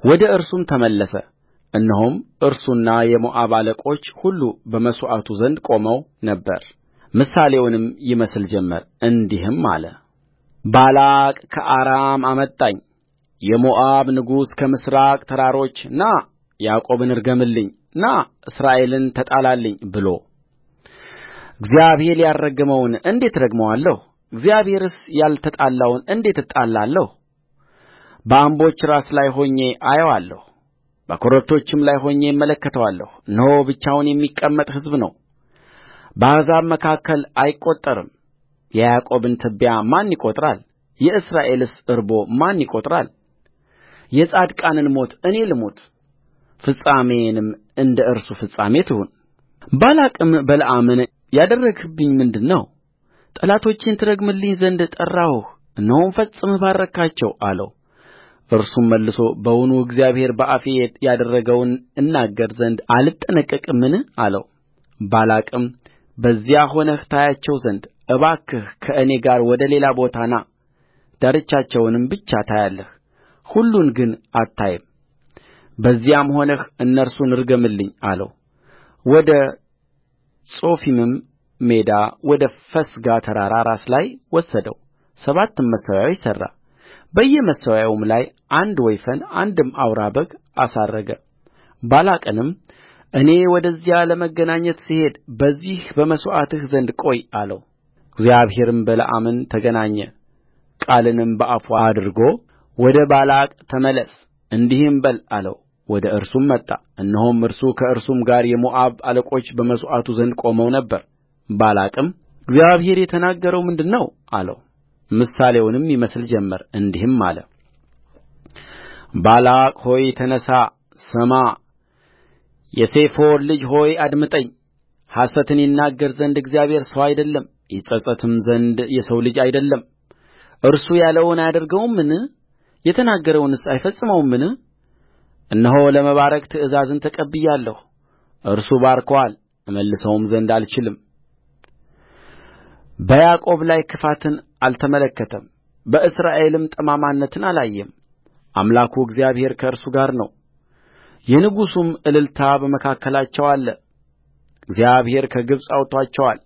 ወደ እርሱም ተመለሰ እነሆም እርሱና የሞዓብ አለቆች ሁሉ በመሥዋዕቱ ዘንድ ቆመው ነበር ምሳሌውንም ይመስል ጀመር እንዲህም አለባላቅ ከአራም አመጣኝ የሞዓብ ንጉሥ ከምሥራቅ ተራሮች ና ያዕቆብን ርገምልኝ ና እስራኤልን ተጣላልኝ ብሎ እግዚአብሔር ያልረገመውን እንዴት እረግመዋለሁ? እግዚአብሔርስ ያልተጣላውን እንዴት እጣላለሁ? በአምቦች ራስ ላይ ሆኜ አየዋለሁ፣ በኮረብቶችም ላይ ሆኜ እመለከተዋለሁ። እነሆ ብቻውን የሚቀመጥ ሕዝብ ነው፣ በአሕዛብ መካከል አይቈጠርም የያዕቆብን ትቢያ ማን ይቈጥራል የእስራኤልስ እርቦ ማን ይቈጥራል የጻድቃንን ሞት እኔ ልሙት ፍጻሜዬም እንደ እርሱ ፍጻሜ ትሁን ባላቅም በለዓምን ያደረግህብኝ ምንድር ነው ጠላቶቼን ትረግምልኝ ዘንድ ጠራሁህ እነሆም ፈጽመህ ባረክሃቸው አለው እርሱም መልሶ በውኑ እግዚአብሔር በአፌ ያደረገውን እናገር ዘንድ አልጠነቀቅምን አለው ባላቅም በዚያ ሆነህ ታያቸው ዘንድ እባክህ ከእኔ ጋር ወደ ሌላ ቦታ ና ዳርቻቸውንም ብቻ ታያለህ ሁሉን ግን አታይም። በዚያም ሆነህ እነርሱን ርገምልኝ ወደ ጾፊምም ሜዳ ወደ ፈስጋ ተራራ ራስ ላይ ወሰደው ሰባትም መሠዊያዎች ሠራ በየመሠዊያውም ላይ አንድ ወይፈን አንድም አውራ በግ አሳረገ ባላቅንም እኔ ወደዚያ ለመገናኘት ስሄድ በዚህ በመሥዋዕትህ ዘንድ ቆይ አለውእግዚአብሔርም በለዓምን ተገናኘ ቃልንም በአፉ አድርጎ ወደ ባላቅ ተመለስ እንዲህም በል አለው ወደ እርሱም መጣ እነሆም እርሱ ከእርሱም ጋር የሞዓብ አለቆች በመሥዋዕቱ ዘንድ ቆመው ነበር ባላቅም እግዚአብሔር የተናገረው ምንድር ነው አለው ምሳሌውንም ይመስል ጀመር እንዲህም አለ ባላቅ ሆይ ተነሣ ስማ የሴፎር ልጅ ሆይ አድምጠኝ ሐሰትን ይናገር ዘንድ እግዚአብሔር ሰው አይደለም ይጸጸትም ዘንድ የሰው ልጅ አይደለም እርሱ ያለውን አያደርገውምን የተናገረውንስ አይፈጽመውምን እነሆ ለመባረክ ትእዛዝን ተቀብያለሁ እርሱ ባርኮአል እመልሰውም ዘንድ አልችልም በያዕቆብ ላይ ክፋትን አልተመለከተም በእስራኤልም ጠማማነትን አላየም አምላኩ እግዚአብሔር ከእርሱ ጋር ነው የንጉሡም እልልታ በመካከላቸው አለ እግዚአብሔር ከግብፅ አውጥቶአቸዋል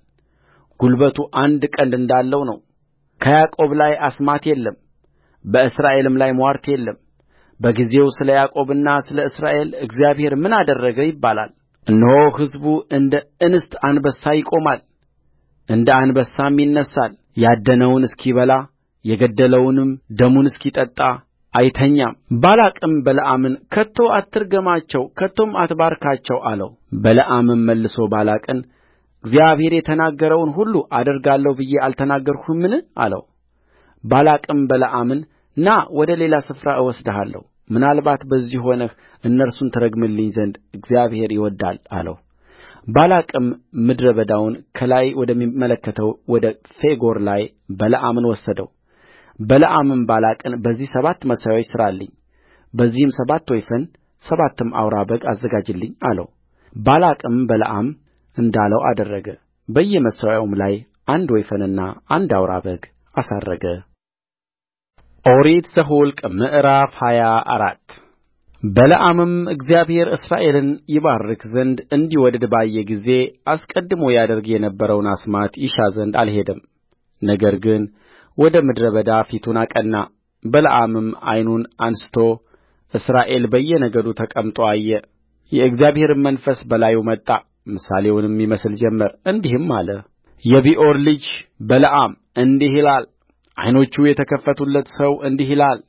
ጕልበቱ አንድ ቀንድ እንዳለው ነው ከያዕቆብ ላይ አስማት የለም በእስራኤልም ላይ ምዋርት የለም በጊዜው ስለ ያዕቆብና ስለ እስራኤል እግዚአብሔር ምን አደረገ ይባላል እነሆ ሕዝቡ እንደ እንስት አንበሳ ይቆማል እንደ አንበሳም ይነሣል ያደነውን እስኪበላ የገደለውንም ደሙን እስኪጠጣ አይተኛም ባላቅም በለዓምን ከቶ አትርገማቸው ከቶም አትባርካቸው አለውበለዓምም መልሶ ባላቅን እግዚአብሔር የተናገረውን ሁሉ አደርጋለሁ ብዬ አልተናገርሁህምን አለውባላቅም በለዓምን ና ወደ ሌላ ስፍራ እወስድሃለሁ ምናልባት በዚህ ሆነህ እነርሱን ትረግምልኝ ዘንድ እግዚአብሔር ይወድዳል አለውባላቅም ምድረ በዳውን ከላይ ወደሚመለከተው ወደ ፌጎር ላይ በለዓምን ወሰደው በለዓምም ባላቅን በዚህ ሰባት መሠዊያዎች ሥራልኝ በዚህም ሰባት ወይፈን ሰባትም አውራ በግ አዘጋጅልኝ አለውባላቅም በለዓም እንዳለው አደረገ በየመሠዊያውም ላይ አንድ ወይፈንና አንድ አውራ በግ አሳረገ ኦሪት ዘኍልቍ ምዕራፍ ሃያ አራት በለዓምም እግዚአብሔር እስራኤልን ይባርክ ዘንድ እንዲወድድ ባየ ጊዜ አስቀድሞ ያደርግ የነበረውን አስማት ይሻ ዘንድ አልሄደም ነገር ግን ወደ ምድረ በዳ ፊቱን አቀና በለዓምም ዓይኑን አንሥቶ እስራኤል በየነገዱ ተቀምጦ አየ የእግዚአብሔርም መንፈስ በላዩ መጣ ምሳሌውንም ይመስል ጀመር እንዲህም አለ የቢዖር ልጅ በለዓም እንዲህ ይላል ዓይኖቹ የተከፈቱለት ሰው እንዲህ ይላል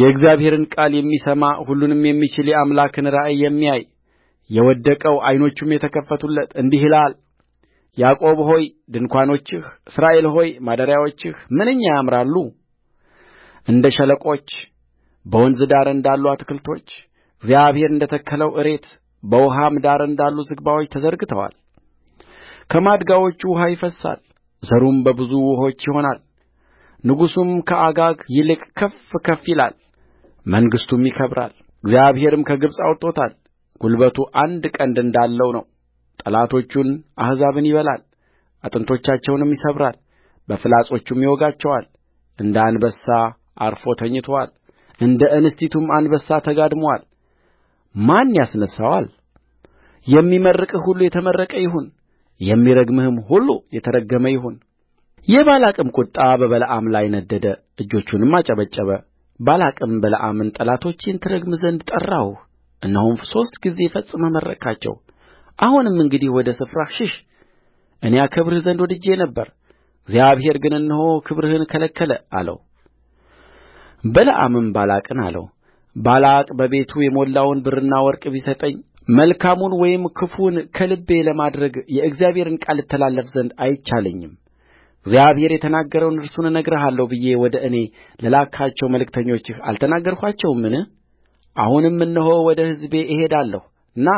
የእግዚአብሔርን ቃል የሚሰማ ሁሉንም የሚችል የአምላክን ራእይ የሚያይ የወደቀው ዓይኖቹም የተከፈቱለት እንዲህ ይላል ያዕቆብ ሆይ ድንኳኖችህ እስራኤል ሆይ ማደሪያዎችህ ምንኛ ያምራሉ እንደ ሸለቆች በወንዝ ዳር እንዳሉ አትክልቶች እግዚአብሔር እንደ ተከለው እሬት በውኃም ዳር እንዳሉ ዝግባዎች ተዘርግተዋል ከማድጋዎቹ ውኃ ይፈስሳል ዘሩም በብዙ ውኆች ይሆናል ንጉሡም ከአጋግ ይልቅ ከፍ ከፍ ይላል መንግሥቱም ይከብራል እግዚአብሔርም ከግብፅ አውጥቶታል ጉልበቱ አንድ ቀንድ እንዳለው ነው ጠላቶቹን አሕዛብን ይበላል አጥንቶቻቸውንም ይሰብራል በፍላጾቹም ይወጋቸዋል እንደ አንበሳ ዐርፎ ተኝቶአል እንደ እንስቲቱም አንበሳ ማን ያስነሣዋል የሚመርቅህ ሁሉ የተመረቀ ይሁን የሚረግምህም ሁሉ የተረገመ ይሁን የባላቅም ቍጣ በበለዓም ላይ ነደደ እጆቹንም አጨበጨበ ባላቅም በለዓምን ጠላቶቼን ትረግም ዘንድ ጠራሁህ እነሆም ሦስት ጊዜ ፈጽመህ መረቅሃቸው አሁንም እንግዲህ ወደ ስፍራህ ሽሽ እኔ አከብርህ ዘንድ ወድጄ ነበር እግዚአብሔር ግን እነሆ ክብርህን ከለከለ አለው በለዓምም ባላቅን አለው ባላቅ በቤቱ የሞላውን ብርና ወርቅ ቢሰጠኝ መልካሙን ወይም ክፉውን ከልቤ ለማድረግ የእግዚአብሔርን ቃል እተላለፍ ዘንድ አይቻለኝም እግዚአብሔር የተናገረውን እርሱን እነግርሃለሁ ብዬ ወደ እኔ ለላካቸው መልእክተኞችህ አልተናገርኋቸውምን አሁንም እነሆ ወደ ሕዝቤ እሄዳለሁ ና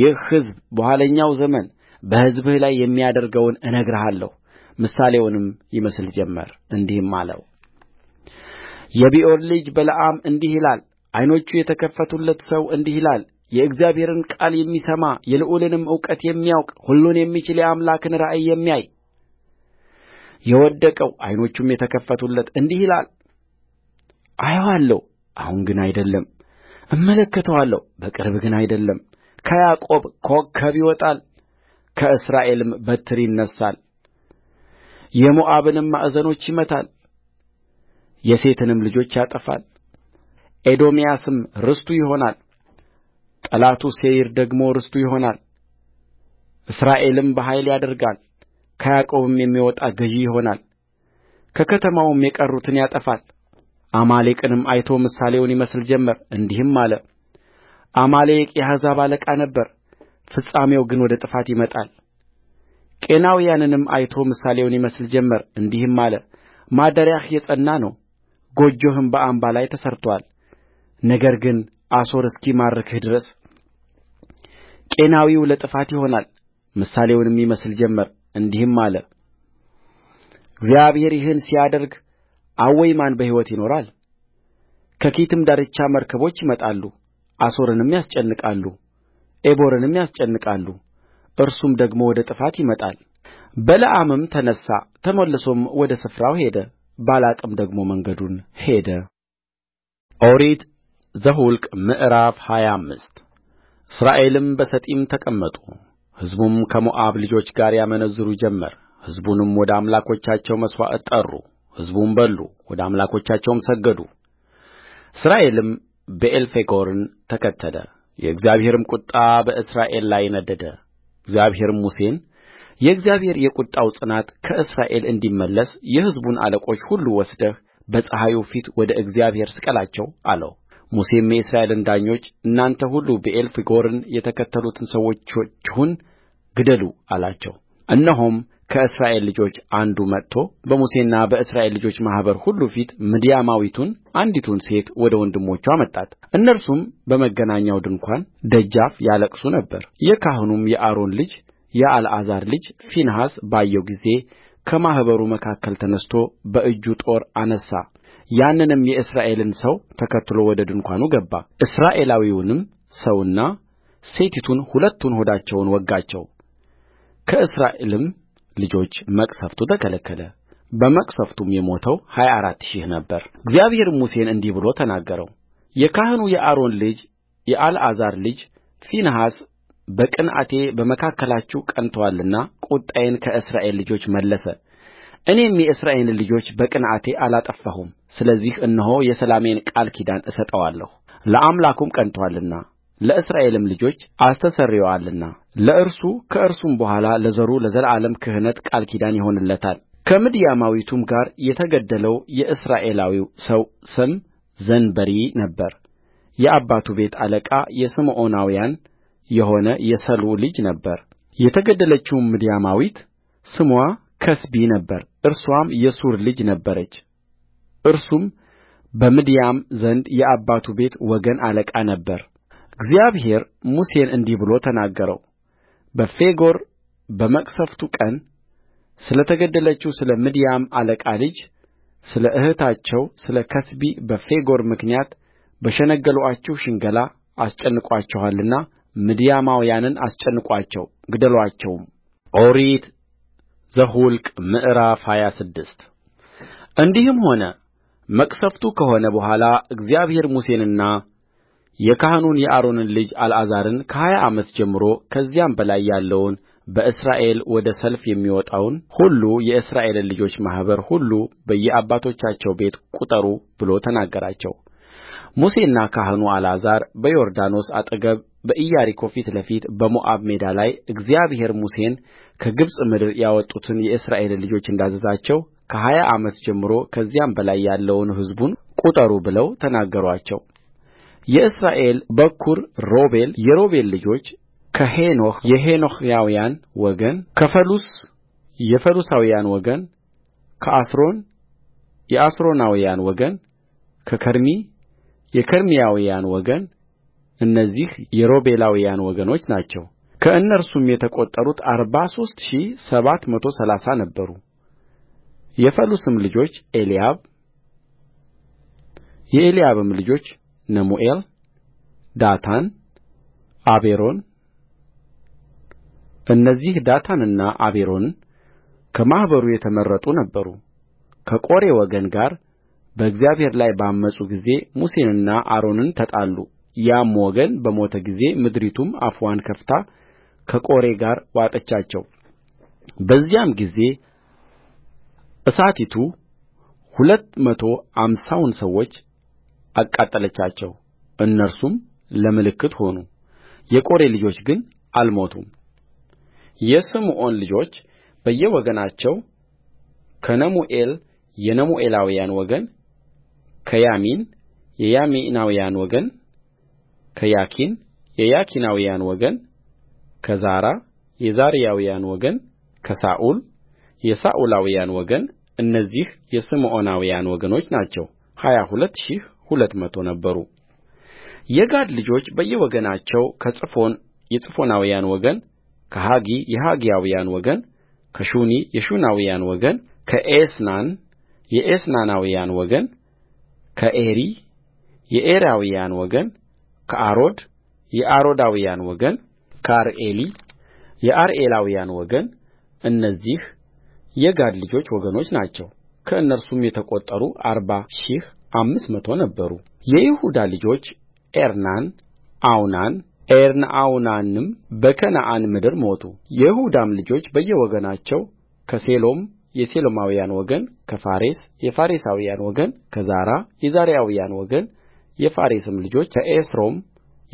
ይህ ሕዝብ በኋለኛው ዘመን በሕዝብህ ላይ የሚያደርገውን ምሳሌውንም ይመስል ጀመር እንዲህም አለው የቢዖር ልጅ በለዓም እንዲህ ይላል ዓይኖቹ የተከፈቱለት ሰው እንዲህ ይላል የእግዚአብሔርን ቃል የሚሰማ የልዑልንም እውቀት የሚያውቅ ሁሉን የሚችል የአምላክን ራእይ የሚያይ የወደቀው ዓይኖቹም የተከፈቱለት እንዲህ ይላል አየዋለሁ፣ አሁን ግን አይደለም፣ እመለከተዋለሁ፣ በቅርብ ግን አይደለም ከያዕቆብ ኮከብ ይወጣል ከእስራኤልም በትር ይነሣል የሞዓብንም ማዕዘኖች ይመታል የሴትንም ልጆች ያጠፋል ኤዶምያስም ርስቱ ጠላቱ ሴይር ደግሞ ርስቱ እስራኤልም በኃይል ያደርጋል ከያዕቆብም የሚወጣ ገዥ ይሆናል ከከተማውም የቀሩትን ያጠፋል አማሌቅንም አይቶ ምሳሌውን ይመስል ጀመር እንዲህም አለ አማሌቅ የአሕዛብ አለቃ ነበረ ፍጻሜው ግን ወደ ጥፋት ይመጣል ቄናውያንንም አይቶ ምሳሌውን ይመስል ጀመር እንዲህም አለ ማደሪያህ የጸና ነው ጎጆህም በአምባ ላይ ተሠርቶአል ነገር ግን አሦር እስኪማርክህ ድረስ ቄናዊው ለጥፋት ይሆናል ምሳሌውንም ይመስል ጀመር እንዲህም አለ እግዚአብሔር ይህን ሲያደርግ አወይ ማን በሕይወት ይኖራል ከኪቲም ዳርቻ መርከቦች ይመጣሉ አሶርንም ያስጨንቃሉ ዔቦርንም ያስጨንቃሉ እርሱም ደግሞ ወደ ጥፋት ይመጣል በለዓምም ተነሣ ተመልሶም ወደ ስፍራው ሄደ ባላቅም ደግሞ መንገዱን ሄደ ኦሪት ዘኍልቍ ምዕራፍ ሃያ አምስት እስራኤልም በሰጢም ተቀመጡ ሕዝቡም ከሞዓብ ልጆች ጋር ያመነዝሩ ጀመር ሕዝቡንም ወደ አምላኮቻቸው መሥዋዕት ጠሩ ሕዝቡም በሉ ወደ አምላኮቻቸውም ሰገዱ እስራኤልም ብዔልፌጎርን ተከተለ የእግዚአብሔርም ቍጣ በእስራኤል ላይ ነደደ እግዚአብሔርም ሙሴን የእግዚአብሔር የቍጣው ጽናት ከእስራኤል እንዲመለስ የሕዝቡን አለቆች ሁሉ ወስደህ በፀሐዩ ፊት ወደ እግዚአብሔር ስቀላቸው አለውሙሴም የእስራኤልን ዳኞች እናንተ ሁሉ ብዔልፌጎርን የተከተሉትን ሰዎቻችሁን ግደሉ አላቸው እነሆም ከእስራኤል ልጆች አንዱ መጥቶ በሙሴና በእስራኤል ልጆች ማኅበር ሁሉ ፊት ምድያማዊቱን አንዲቱን ሴት ወደ ወንድሞቹ እነርሱም በመገናኛው ድንኳን ደጃፍ ያለቅሱ ነበር። የካህኑም የአሮን ልጅ የአልዓዛር ልጅ ፊንሐስ ባየው ጊዜ ከማኅበሩ መካከል ተነሥቶ በእጁ ጦር አነሣ ያንንም የእስራኤልን ሰው ተከትሎ ወደ ድንኳኑ ገባ። እስራኤላዊውንም ሰውና ሴቲቱን ሁለቱን ሆዳቸውን ወጋቸው ከእስራኤልም ልጆች መቅሠፍቱ ተከለከለበመቅሠፍቱም የሞተው ሀያ አራት ሺህ ነበረእግዚአብሔርም ሙሴን እንዲህ ብሎ ተናገረውየካህኑ የአሮን ልጅ የአልዓዛር ልጅ ፊንሐስ በቅንዓቴ በመካከላችሁ ቀንቶአልና ቍጣዬን ከእስራኤል ልጆች መለሰ እኔም የእስራኤልን ልጆች በቅንዓቴ አላጠፋሁም ስለዚህ እነሆ የሰላሜን ቃል ኪዳን እሰጠዋለሁ ለአምላኩም ቀንቶአልና ለእስራኤልም ልጆች አስተስርዮአልና ለእርሱ ከእርሱም በኋላ ለዘሩ ለዘላለም ክህነት ቃል ኪዳን ይሆንለታልከምድያማዊቱም ጋር የተገደለው የእስራኤላዊው ሰው ስም ዘንበሪ ነበረ የአባቱ ቤት አለቃ የስምዖናውያን የሆነ የሰሉ ልጅ የተገደለችውም ምድያማዊት ስምዋ ከስቢ ነበረ እርስዋም የሱር ልጅ ነበረች እርሱም በምድያም ዘንድ የአባቱ ቤት ወገን አለቃ ነበረ እግዚአብሔር ሙሴን እንዲህ ብሎ ተናገረውበፌጎር በመቅሠፍቱ ቀን ስለ ተገደለችው ስለ ምድያም አለቃ ልጅ ስለ እኅታቸው ስለ ከስቢ በፌጎር ምክንያት በሸነገሉአችሁ ሽንገላ አስጨንቆአችኋልና ምድያማውያንን አስጨንቋቸው ግደሉአቸውም ኦሪት ዘኍልቍ ምዕራፍ ሃያ ስድስት እንዲህም ሆነ መቅሠፍቱ ከሆነ በኋላ እግዚአብሔር ሙሴንና የካህኑን የአሮንን ልጅ አልዓዛርን ከሀያ ዓመት ጀምሮ ከዚያም በላይ ያለውን በእስራኤል ወደ ሰልፍ የሚወጣውን ሁሉ የእስራኤልን ልጆች ማኅበር ሁሉ በየአባቶቻቸው ቤት ቍጠሩ ብሎ ተናገራቸውሙሴና ካህኑ አልዓዛር በዮርዳኖስ አጠገብ በኢያሪኮ ፊት ለፊት በሞዓብ ሜዳ ላይ እግዚአብሔር ሙሴን ከግብፅ ምድር ያወጡትን የእስራኤልን ልጆች እንዳዘዛቸው ከሀያ ዓመት ጀምሮ ከዚያም በላይ ያለውን ሕዝቡን ቍጠሩ ብለው ተናገሩአቸው የእስራኤል በኵር ሮቤል የሮቤል ልጆች ከሄኖኅ የሄኖኃውያን ወገን ከፈሉስ የፈሉሳውያን ወገን ከአስሮን የአስሮናውያን ወገን ከከርሚ የከርሚያውያን ወገን እነዚህ የሮቤላውያን ወገኖች ናቸው ከእነርሱም የተቈጠሩት አርባ ሦስት ሺህ ሰባት መቶ ሠላሳ የፈሉስም ልጆች ኤልያብ የኤልያብም ልጆች ነሙኤል ዳታን አቤሮን እነዚህ ዳታንና አቤሮን ከማኅበሩ የተመረጡ ነበሩ ከቆሬ ወገን ጋር በእግዚአብሔር ላይ ባመፁ ጊዜ ሙሴንና አሮንን ተጣሉ። ያም ወገን በሞተ ጊዜ ምድሪቱም አፍዋን ከፍታ ከቆሬ ጋር ዋጠቻቸው በዚያም ጊዜ እሳቲቱ ሁለት መቶ አምሳውን ሰዎች አቃጠለቻቸው እነርሱም ለምልክት ሆኑየቆሬ ልጆች ግን አልሞቱምየስምዖን ልጆች በየወገናቸው ከነሙኤል የነሙኤላውያን ወገን ከያሚን የያሚናውያን ወገን ከያኪን የያኪናውያን ወገን ከዛራ የዛራውያን ወገን ከሳኡል የሳኡላውያን ወገን እነዚህ የስምዖናውያን ወገኖች ናቸው ሀያ ሁለት ሺህ ሁለት መቶ ነበሩየጋድ ልጆች በየወገናቸው ከጽፎን የጽፎናውያን ወገን ከሐጊ የሐጋውያን ወገን ከሹኒ የሹናውያን ወገን ከኤስናን የኤስናናውያን ወገን ከኤሪ የኤራውያን ወገን ከአሮድ የአሮዳውያን ወገን ከአርኤሊ የአርኤላውያን ወገን እነዚህ የጋድ ልጆች ወገኖች ናቸው ከእነርሱም የተቈጠሩ አርባ ሺህ አምስት መቶ ነበሩየይሁዳ ልጆች ኤርናን አውናን ኤርንአውናንም በከነዓን ምድር ሞቱ የይሁዳም ልጆች በየወገናቸው ከሴሎም የሴሎማውያን ወገን ከፋሬስ የፋሬሳውያን ወገን ከዛራ የዛራውያን ወገን የፋሬስም ልጆች ከኤስሮም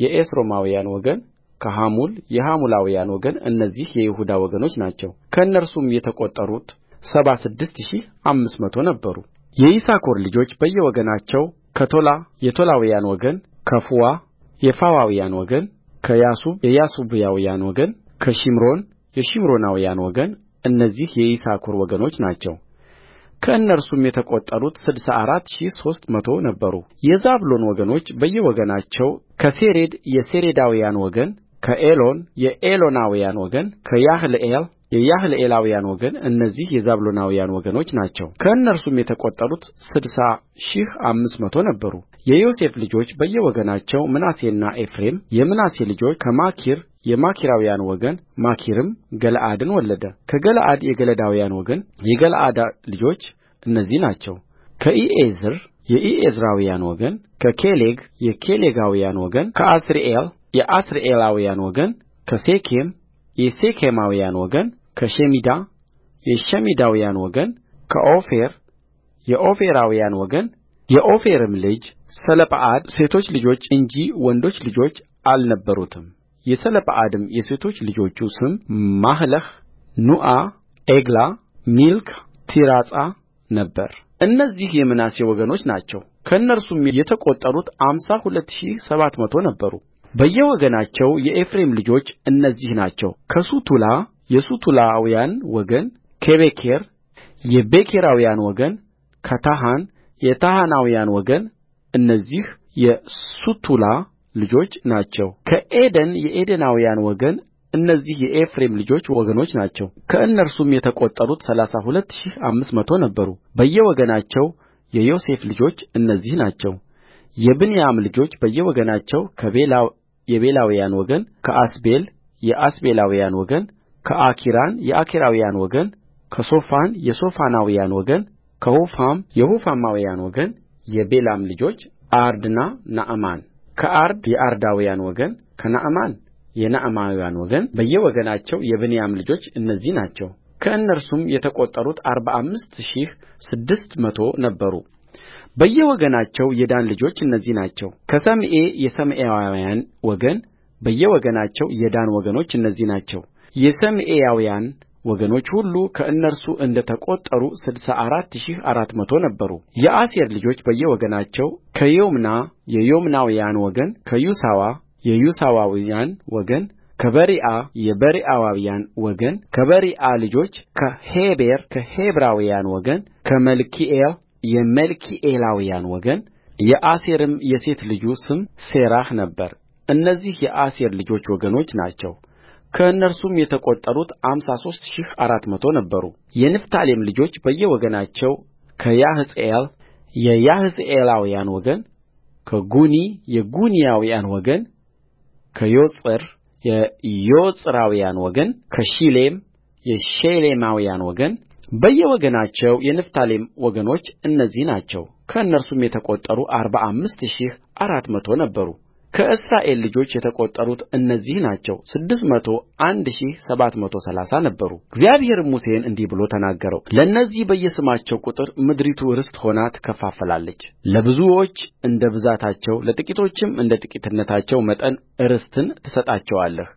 የኤስሮማውያን ወገን ከሐሙል የሐሙላውያን እነዚህ የይሁዳ ወገኖች ናቸው ከእነርሱም የተቈጠሩት ሰባ ስድስት ሺህ አምስት መቶ ነበሩ የይሳኮር ልጆች በየወገናቸው ከቶላ የቶላውያን ወገን ከፉዋ የፉዋውያን ወገን ከያሱብ የያሱባውያን ወገን ከሺምሮን የሺምሮናውያን እነዚህ የይሳኮር ወገኖች ናቸው ከእነርሱም የተቈጠሩት ስድሳ አራት ሺህ ሦስት መቶ ነበሩየዛብሎን ወገኖች በየወገናቸው ከሴሬድ የሴሬዳውያን ወገን ከኤሎን የኤሎናውያን ወገን ከያሕልኤል የያሕልኤላውያን ወገን እነዚህ የዛብሎናውያን ወገኖች ናቸው ከእነርሱም የተቈጠሩት ስድሳ ሺህ አምስት መቶ ነበሩየዮሴፍ ልጆች በየወገናቸው ምናሴና የምናሴ ልጆች ከማኪር የማኪራውያን ወገን ማኪርም ገለዓድን ወለደ ከገለዓድ የገለዳውያን ወገን የገለዓድ ልጆች እነዚህ ናቸው ከኢኤዝር የኢኤዝራውያን ወገን ከኬሌግ የኬሌጋውያን ወገን ከአስሪኤል የአስርኤላውያን ወገን ከሴኬም የሴኬማውያን ወገን ከሸሚዳ የሸሚዳውያን ወገን ከኦፌር የኦፌራውያን ወገን የኦፌርም ልጅ ሰለጰዓድ ሴቶች ልጆች እንጂ ወንዶች ልጆች አልነበሩትም የሰለጰዓድም የሴቶች ልጆቹ ስም ማህለህ ኑዓ ዔግላ ሚልካ ቲርጻ ነበረእነዚህ የምናሴ ወገኖች ናቸው ከእነርሱም የተቈጠሩት አምሳ ሁለት ሺህ ሰባት መቶ ነበሩበየወገናቸው የኤፍሬም ልጆች እነዚህ ናቸው ከሱቱላ የሱቱላውያን ወገን ከቤኬር የቤኬራውያን ወገን ከታሐን የታሐናውያን ወገን እነዚህ የሱቱላ ልጆች ናቸው ከዔዴን የዔዴናውያን ወገን እነዚህ የኤፍሬም ልጆች ወገኖች ናቸው ከእነርሱም የተቈጠሩት ሠላሳ ሁለት ሺህ አምስት መቶ ነበሩ። በየወገናቸው የዮሴፍ ልጆች እነዚህ ናቸው የብንያም ልጆች በየወገናቸው ከቤላ የቤላውያን ወገን ከአስቤል የአስቤላውያን ወገን ከአኪራን የአኪራናውያን ወገን ከሶፋን የሶፋናውያን ወገን ወገንከሑፋም የሑፋማውያን የቤላም ልጆች አርድና ናዕማን ከአርድ የአርዳውያን ወገን ከናዕማን የናዕማናውያን በየወገናቸው የብንያም ልጆች እነዚህ ናቸው ከእነርሱም የተቈጠሩት አርባ አምስት ሺህ ስድስት መቶ ነበሩ በየወገናቸው የዳን ልጆች እነዚህ ናቸው ከሰምዔ የሰምዔያውያን ወገን በየወገናቸው የዳን ወገኖች እነዚህ ናቸው የሰምዔያውያን ወገኖች ሁሉ ከእነርሱ እንደ ተቈጠሩ ስድሳ አራት ሺህ አራት መቶ ነበሩየአሴር ልጆች በየወገናቸው ከዪምና የዪምናውያን ወገን ከዩሳዋ የየሱዋውያን ወገን ከበሪዓ የበሪዓውያን ወገን ከበሪዓ ልጆች ከሔቤር የሔቤራውያን ወገን ከመልኪኤል የመልኪኤላውያን ወገንየአሴርም የሴት ልጁ ስም ሤራሕ ነበረ እነዚህ የአሴር ልጆች ወገኖች ናቸው ከእነርሱም የተቈጠሩት አምሳ ሦስት ሺህ አራት መቶ ነበሩየንፍታሌም ልጆች በየወገናቸው ከያሕጽኤል የያሕጽኤላውያን ወገን ከጉኒ የጉናውያን ወገን ከዬጽር የዬጽራውያን ወገን ከሺሌም የሺሌማውያን ወገን በየወገናቸው የንፍታሌም ወገኖች እነዚህ ናቸው ከእነርሱም የተቈጠሩ አርባ አምስት ሺህ አራት መቶ ነበሩ ከእስራኤል ልጆች የተቈጠሩት እነዚህ ናቸው ስድስት መቶ አንድ ሺህ ሰባት መቶ ሰላሳ ነበሩእግዚአብሔርም ሙሴን እንዲህ ብሎ ተናገረውለእነዚህ በየስማቸው ቍጥር ምድሪቱ ርስት ሆና ትከፋፈላለች ለብዙዎች እንደ ብዛታቸው ለጥቂቶችም እንደ ጥቂትነታቸው መጠን ርስትን ትሰጣቸዋለህ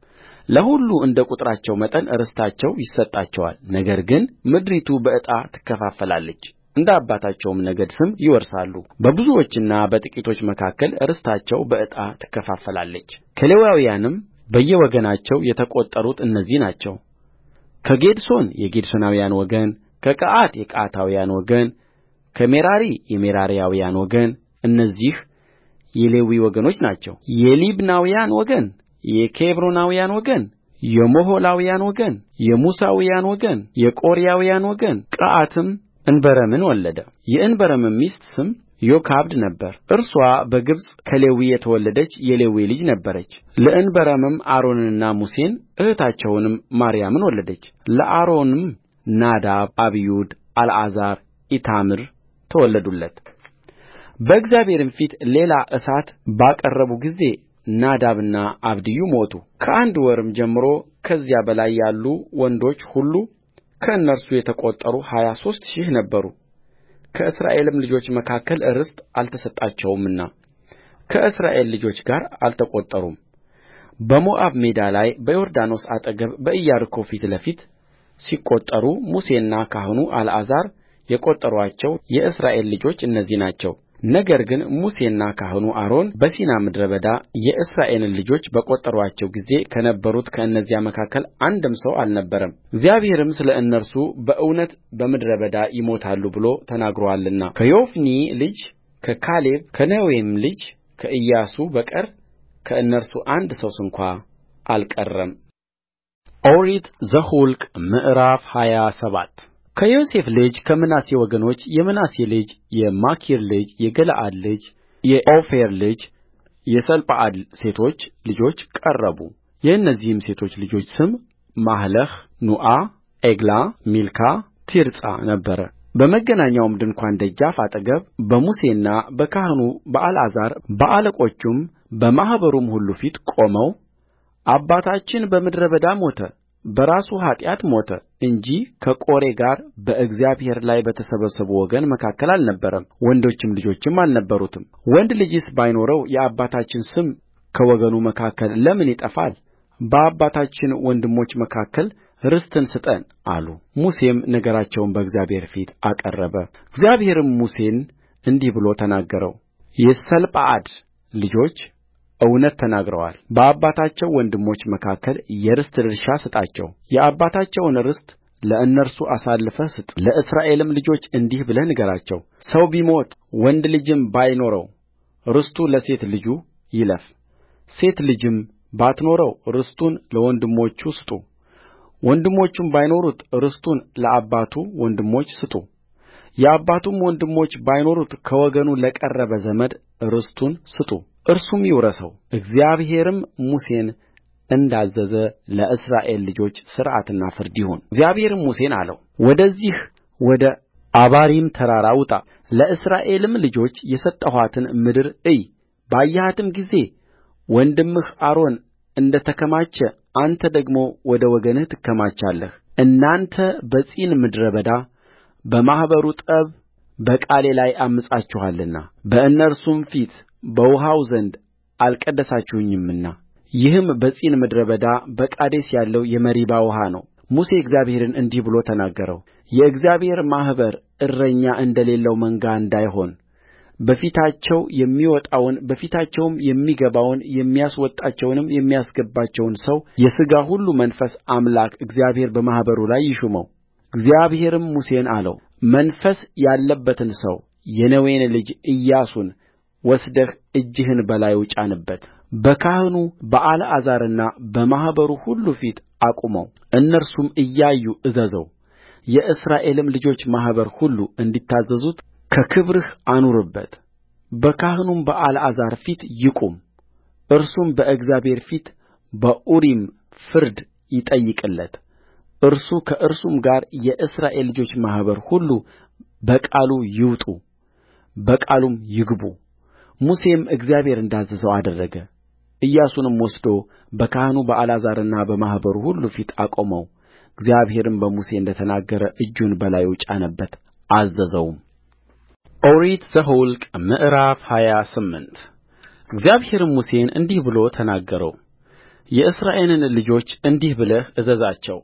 ለሁሉ እንደ ቍጥራቸው መጠን ርስታቸው ይሰጣቸዋል ነገር ግን ምድሪቱ በዕጣ ትከፈላለች እንደ አባታቸውም ነገድ ስም ይወርሳሉበብዙዎችና በጥቂቶች መካከል ርስታቸው በዕጣ ትከፈላለች ከሌዋውያንም በየወገናቸው የተቈጠሩት እነዚህ ናቸው ከጌድሶን የጌድሶናውያን ወገን ከቀዓት የቀዓታውያን ወገን ከሜራሪ የሜራራውያን እነዚህ የሌዊ ወገኖች ናቸው የሊብናውያን ወገን የኬብሮናውያን ወገን የሞሖላውያን ወገን የሙሳውያን ወገን የቆሬያውያን ወገን ቀዓትም እንበረምን ወለደ የእንበረምም ሚስት ስም ዮካብድ ነበረ እርስዋ በግብፅ ከሌዊ የተወለደች የሌዊ ልጅ ነበረች። ለእንበረምም አሮንንና ሙሴን እኅታቸውንም ማርያምን ወለደች ለአሮንም ናዳብ አብዩድ አልዓዛር ኢታምር ተወለዱለት። በእግዚአብሔርም ፊት ሌላ እሳት ባቀረቡ ጊዜ ናዳብና አብዩድ ሞቱ ከአንድ ወርም ጀምሮ ከዚያ በላይ ያሉ ወንዶች ሁሉ ከእነርሱ የተቈጠሩ ሀያ ሦስት ሺህ ነበሩ። ከእስራኤልም ልጆች መካከል ርስት አልተሰጣቸውምና ከእስራኤል ልጆች ጋር አልተቈጠሩም በሞዓብ ሜዳ ላይ በዮርዳኖስ አጠገብ በኢያሪኮ ፊት ለፊት ሲቈጠሩ ሙሴና ካህኑ አልዓዛር የቈጠሩአቸው የእስራኤል ልጆች እነዚህ ናቸው ነገር ግን ሙሴና ካህኑ አሮን በሲና ምድረ በዳ የእስራኤልን ልጆች በቈጠሩአቸው ጊዜ ከነበሩት ከእነዚያ መካከል አንድም ሰው አልነበረምእግዚአብሔርም ስለ እነርሱ በእውነት በምድረ በዳ ይሞታሉ ብሎ ተናግሮአልና ከዮፎኒ ልጅ ከካሌብ ከነዌም ልጅ ከኢያሱ በቀር ከእነርሱ አንድ ሰው ስንኳ አልቀረም ኦሪት ዘኍልቍ ምዕራፍ ሃያ ሰባት ከዮሴፍ ልጅ ከምናሴ ወገኖች የምናሴ ልጅ የማኪር ልጅ የገለዓድ ልጅ የኦፌር ልጅ የሰለጰዓድ ሴቶች ልጆች ቀረቡ የእነዚህም ሴቶች ልጆች ስም ማህለህ ኑዓ ዔግላ ሚልካ ቲርጻ ነበረበመገናኛውም ድንኳን ደጃፍ አጠገብ በሙሴና በካህኑ በአልዓዛር በአለቆቹም በማኅበሩም ሁሉ ፊት ቆመው አባታችን በምድረ በዳ ሞተ በራሱ ኃጢአት ሞተ እንጂ ከቆሬ ጋር በእግዚአብሔር ላይ በተሰበሰቡ ወገን መካከል አልነበረም ወንዶችም ልጆችም አልነበሩትም። ወንድ ልጅስ ባይኖረው የአባታችን ስም ከወገኑ መካከል ለምን ይጠፋል በአባታችን ወንድሞች መካከል ርስትን ስጠን አሉ ሙሴም ነገራቸውን በእግዚአብሔር ፊት አቀረበ እግዚአብሔርም ሙሴን እንዲህ ብሎ ተናገረው ተናገረውየሰለጰዓድ ልጆች እውነት ተናግረዋል በአባታቸው ወንድሞች መካከል የርስት ድርሻ ስጣቸው የአባታቸውን ርስት ለእነርሱ አሳልፈህ ስጥለእስራኤልም ልጆች እንዲህ ብለህ ንገራቸው ሰው ቢሞት ወንድ ልጅም ባይኖረው ርስቱ ለሴት ልጁ ይለፍ ሴት ልጅም ባትኖረው ርስቱን ለወንድሞቹ ስጡ ወንድሞቹም ባይኖሩት ርስቱን ለአባቱ ወንድሞች ስጡ የአባቱም ወንድሞች ባይኖሩት ከወገኑ ለቀረበ ዘመድ ርስቱን ስጡ እርሱም ይውረሰውእግዚአብሔርም ሙሴን እንዳዘዘ ለእስራኤል ልጆች ሥርዓትና ፍርድ ይሁንእግዚአብሔርም ሙሴን አለው ወደዚህ ወደ አባሪም ተራራ ውጣ ለእስራኤልም ልጆች የሰጠኋትን ምድር እይ ባየሃትም ጊዜ ወንድምህ አሮን እንደ ተከማቸ አንተ ደግሞ ወደ ወገንህ ትከማቻለህእናንተ በጺን ምድረ በዳ በማኅበሩ ጠብ በቃሌ ላይ ዐምፃችኋልና በእነርሱም ፊት በውኃው ዘንድ አልቀደሳችሁኝምና ይህም በጺን ምድረ በዳ በቃዴስ ያለው የመሪባ ውኃ ነውሙሴ እግዚአብሔርን እንዲህ ብሎ ተናገረው የእግዚአብሔር ማኅበር እረኛ እንደሌለው መንጋ እንዳይሆን በፊታቸው የሚወጣውን በፊታቸውም የሚገባውን የሚያስወጣቸውንም የሚያስገባቸውን ሰው የሥጋ ሁሉ መንፈስ አምላክ እግዚአብሔር በማኅበሩ ላይ ይሹመውእግዚአብሔርም ሙሴን አለው መንፈስ ያለበትን ሰው የነዌን ልጅ ኢያሱን ወስደህ እጅህን በላዩ በካህኑ በአልዓዛርና በማኅበሩ ሁሉ ፊት አቁመው እነርሱም እያዩ እዘዘው የእስራኤልም ልጆች ማኅበር ሁሉ እንዲታዘዙት ከክብርህ አኑርበት በካህኑም በአልዓዛር ፊት ይቁም እርሱም በእግዚአብሔር ፊት በኡሪም ፍርድ ይጠይቅለት እርሱ ከእርሱም ጋር የእስራኤል ልጆች ማኅበር ሁሉ በቃሉ ይውጡ በቃሉም ይግቡ ሙሴም እግዚአብሔር እንዳዘዘው አደረገ ኢያሱንም ወስዶ በካህኑ በአልዓዛርና በማኅበሩ ሁሉ ፊት እግዚአብሔርም በሙሴ እንደ ተናገረ እጁን በላዩ ጫነበት አዘዘውም ኦሪት ዘኍልቍ ምዕራፍ ሃያ ስምንት እግዚአብሔርም ሙሴን እንዲህ ብሎ ተናገረው የእስራኤልን ልጆች እንዲህ ብለህ እዘዛቸው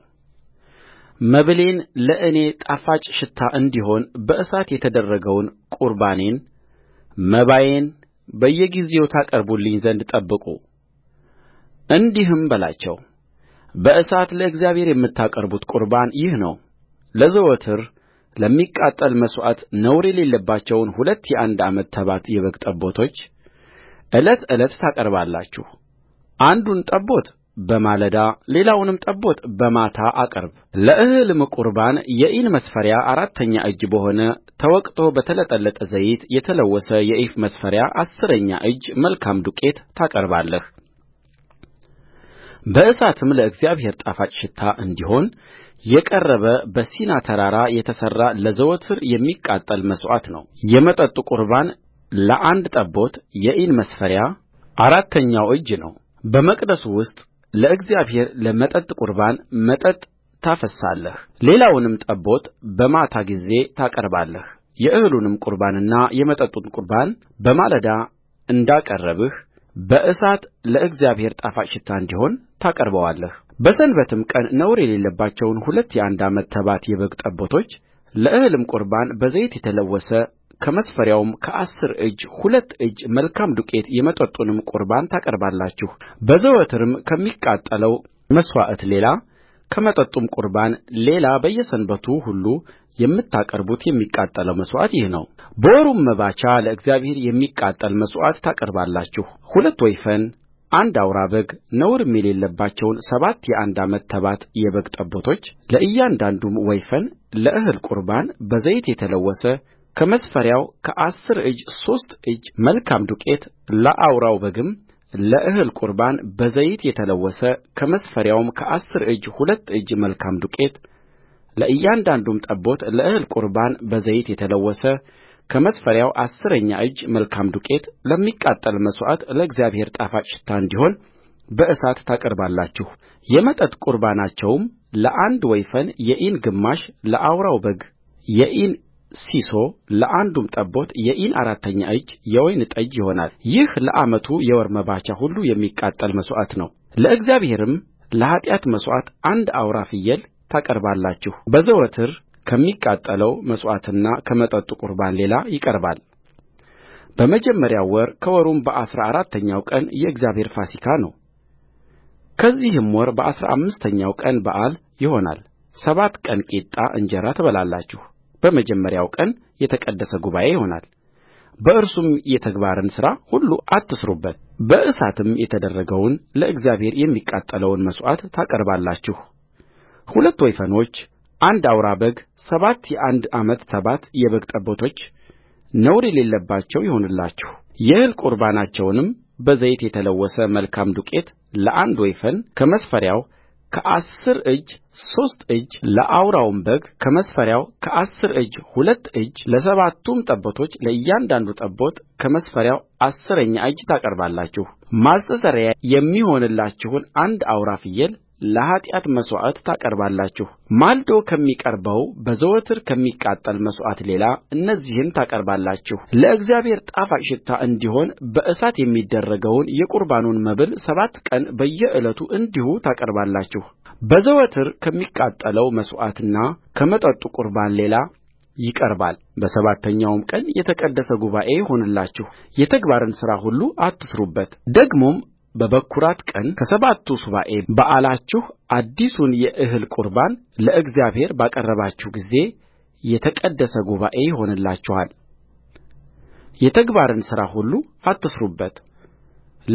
መብሌን ለእኔ ጣፋጭ ሽታ እንዲሆን በእሳት የተደረገውን ቁርባኔን መባዬን በየጊዜው ታቀርቡልኝ ዘንድ ጠብቁ እንዲህም በላቸው በእሳት ለእግዚአብሔር የምታቀርቡት ቍርባን ይህ ነው ለዘወትር ለሚቃጠል መሥዋዕት ነውር የሌለባቸውን ሁለት የአንድ ዓመት ተባት የበግ ጠቦቶች ዕለት ዕለት ታቀርባላችሁ አንዱን ጠቦት በማለዳ ሌላውንም ጠቦት በማታ አቅርብለእህልም ቍርባን የኢን መስፈሪያ አራተኛ እጅ በሆነ ተወቅጦ በተጠለለ ዘይት የተለወሰ የኢፍ መስፈሪያ አሥረኛ እጅ መልካም ዱቄት ታቀርባለህ በእሳትም ለእግዚአብሔር ጣፋጭ ሽታ እንዲሆን የቀረበ በሲና ተራራ የተሠራ ለዘወትር የሚቃጠል መሥዋዕት የመጠጡ ቍርባን ለአንድ ጠቦት የኢን መስፈሪያ አራተኛው እጅ ነው በመቅደሱ ውስጥ ለእግዚአብሔር ለመጠጥ ቍርባን መጠጥ ታፈስሳለህ ሌላውንም ጠቦት በማታ ጊዜ ታቀርባለህ የእህሉንም ቍርባንና የመጠጡን ቍርባን በማለዳ እንዳቀረብህ በእሳት ለእግዚአብሔር ጣፋጭ ሽታ እንዲሆን በሰንበትም ቀን ነውር የሌለባቸውን ሁለት የአንድ ዓመት ተባት የበግ ጠቦቶች ለእህልም ቍርባን በዘይት የተለወሰ ከመስፈሪያውም ከአሥር እጅ ሁለት እጅ መልካም ዱቄት የመጠጡንም ቍርባን ታቀርባላችሁበዘወትርም ከሚቃጠለው መሥዋዕት ሌላ ከመጠጡም ቍርባን ሌላ በየሰንበቱ ሁሉ የምታቀርቡት የሚቃጠለው መሥዋዕት ይህ ነው። በወሩም መባቻ ለእግዚአብሔር የሚቃጠል መሥዋዕት ታቀርባላችሁ ሁለት ወይፈን አንድ አውራ በግ ነውርም የሌለባቸውን ሰባት የአንድ ዓመት ተባት የበግ ጠቦቶች ለእያንዳንዱም ወይፈን ለእህል ቍርባን በዘይት የተለወሰ ከመስፈሪያው ከአሥር እጅ ሦስት መልካም ዱቄት ለአውራው በግም ለእህል ቍርባን በዘይት የተለወሰ ከመስፈሪያው ከአሥር እጅ ሁለት እጅ መልካም ዱቄት ለእያንዳንዱም ጠቦት ለእህል ቍርባን በዘይት የተለወሰ ከመስፈሪያው አሥረኛ እጅ መልካም ዱቄት ለሚቃጠል መሥዋዕት ለእግዚአብሔር ጣፋጭ ሽታ እንዲሆን በእሳት ታቀርባላችሁየመጠጥ ቍርባናቸውም ለአንድ ወይፈን የኢን ግማሽ ለአውራው በግ የኢን ሢሶ ለአንዱም ጠቦት የኢን አራተኛ እጅ የወይን ጠጅ ይሆናል። ይህ ለዓመቱ የወር መባቻ ሁሉ የሚቃጠል መሥዋዕት ለእግዚአብሔርም ለኃጢአት መሥዋዕት አንድ አውራ ፍየል ታቀርባላችሁ በዘወትር ከሚቃጠለው መሥዋዕትና ከመጠጡ ቍርባን ሌላ ይቀርባል። በመጀመሪያው ወር ከወሩም በአሥራ አራተኛው ቀን የእግዚአብሔር ፋሲካ ነው ከዚህም ወር በአሥራ አምስተኛው ቀን በዓል ይሆናል ሰባት ቀን ቂጣ እንጀራ ትበላላችሁ በመጀመሪያው ቀን የተቀደሰ ጉባኤ ይሆናል በእርሱም የተግባርን ሥራ ሁሉ በእሳትም የተደረገውን ለእግዚአብሔር የሚቃጠለውን መሥዋዕት ታቀርባላችሁ ሁለት ወይፈኖች አንድ አውራ በግ ሰባት የአንድ ዓመት ተባት የበግ ጠቦቶች ነውር የሌለባቸው ይሁኑላችሁ የእህል ቍርባናቸውንም በዘይት የተለወሰ መልካም ዱቄት ለአንድ ወይፈን ከመስፈሪያው ከአሥር እጅ ሦስት ለአውራውም በግ ከመስፈሪያው ከአሥር እጅ ሁለት እጅለሰባቱም ጠቦቶች ለእያንዳንዱ ጠቦት ከመስፈሪያው አሥረኛ እጅ ታቀርባላችሁ። ማስተስረያ የሚሆንላችሁን አንድ አውራ ፍየል ለኃጢአት መሥዋዕት ታቀርባላችሁማልዶ ከሚቀርበው በዘወትር ከሚቃጠል መሥዋዕት ሌላ እነዚህን ታቀርባላችሁ ለእግዚአብሔር ጣፋጭ ሽታ እንዲሆን በእሳት የሚደረገውን የቍርባኑን መብል ሰባት ቀን በየዕለቱ እንዲሁ ታቀርባላችሁ። በዘወትር ከሚቃጠለው መሥዋዕትና ከመጠጡ ቍርባን ሌላ ይቀርባል በሰባተኛውም ቀን የተቀደሰ ጉባኤ ይሁንላችሁ የተግባርን ሥራ ሁሉ አትሥሩበትደግሞም በበኵራት ቀን ከሰባቱ ሱባዔ በዓላችሁ አዲሱን የእህል ቍርባን ለእግዚአብሔር ባቀረባችሁ ጊዜ የተቀደሰ ጉባኤ ይሆንላችኋል የተግባርን ሥራ ሁሉ አትሥሩበት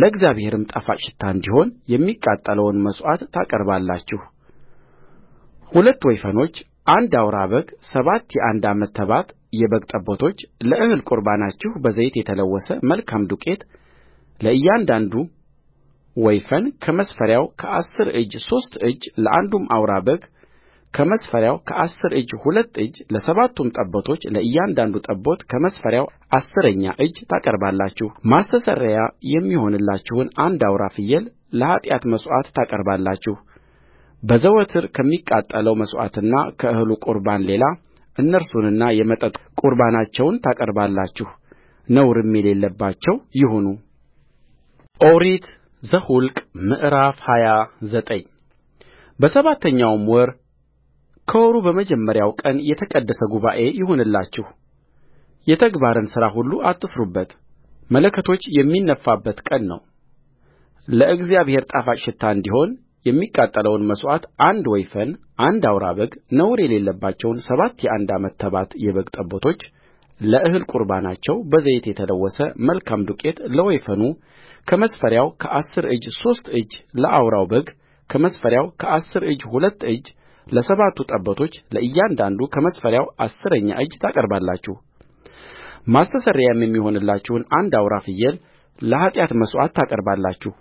ለእግዚአብሔርም ጣፋጭ ሽታ እንዲሆን የሚቃጠለውን መሥዋዕት ታቀርባላችሁ ሁለት ወይፈኖች አንድ አውራ በግ ሰባት የአንድ ዓመት ተባት የበግ ጠቦቶች ለእህል ቍርባናችሁ በዘይት የተለወሰ መልካም ዱቄት ለእያንዳንዱ ወይፈን ከመስፈሪያው ከአሥር እጅ ሦስት እጅለአንዱም አውራ በግ ከመስፈሪያው ከአሥር እጅ ሁለት እጅለሰባቱም ጠቦቶች ለእያንዳንዱ ጠቦት ከመስፈሪያው አሥረኛ እጅ ታቀርባላችሁማስተስረያ የሚሆንላችሁን አንድ አውራ ፍየል ለኃጢአት መሥዋዕት ታቀርባላችሁ በዘወትር ከሚቃጠለው መሥዋዕትና ከእህሉ ቍርባን ሌላ እነርሱንና የመጠጥ ቍርባናቸውን ታቀርባላችሁ ነውርም የሌለባቸው ይሁኑ ኦሪት ዘኍልቍ ምዕራፍ ሃያ ዘጠኝ በሰባተኛውም ወር ከወሩ በመጀመሪያው ቀን የተቀደሰ ጉባኤ ይሁንላችሁ የተግባርን ሥራ ሁሉ አትሥሩበት መለከቶች የሚነፉበት ቀን ነው ለእግዚአብሔር ጣፋጭ ሽታ እንዲሆን የሚቃጠለውን መሥዋዕት አንድ ወይፈን አንድ አውራ በግ ነውር የሌለባቸውን ሰባት የአንድ ዓመት ተባት የበግ ጠቦቶች ለእህል ቍርባናቸው በዘይት የተለወሰ መልካም ዱቄት ለወይፈኑ ከመስፈሪያው ከአሥር እጅ ሦስት እጅ ለአውራው በግ ከመስፈሪያው ከአሥር እጅ ሁለት እጅለሰባቱ ጠቦቶች ለእያንዳንዱ ከመስፈሪያው አሥረኛ እጅ ታቀርባላችሁ። ማስተስረያም የሚሆንላችሁን አንድ አውራ ፍየል ለኃጢአት መሥዋዕት ታቀርባላችሁ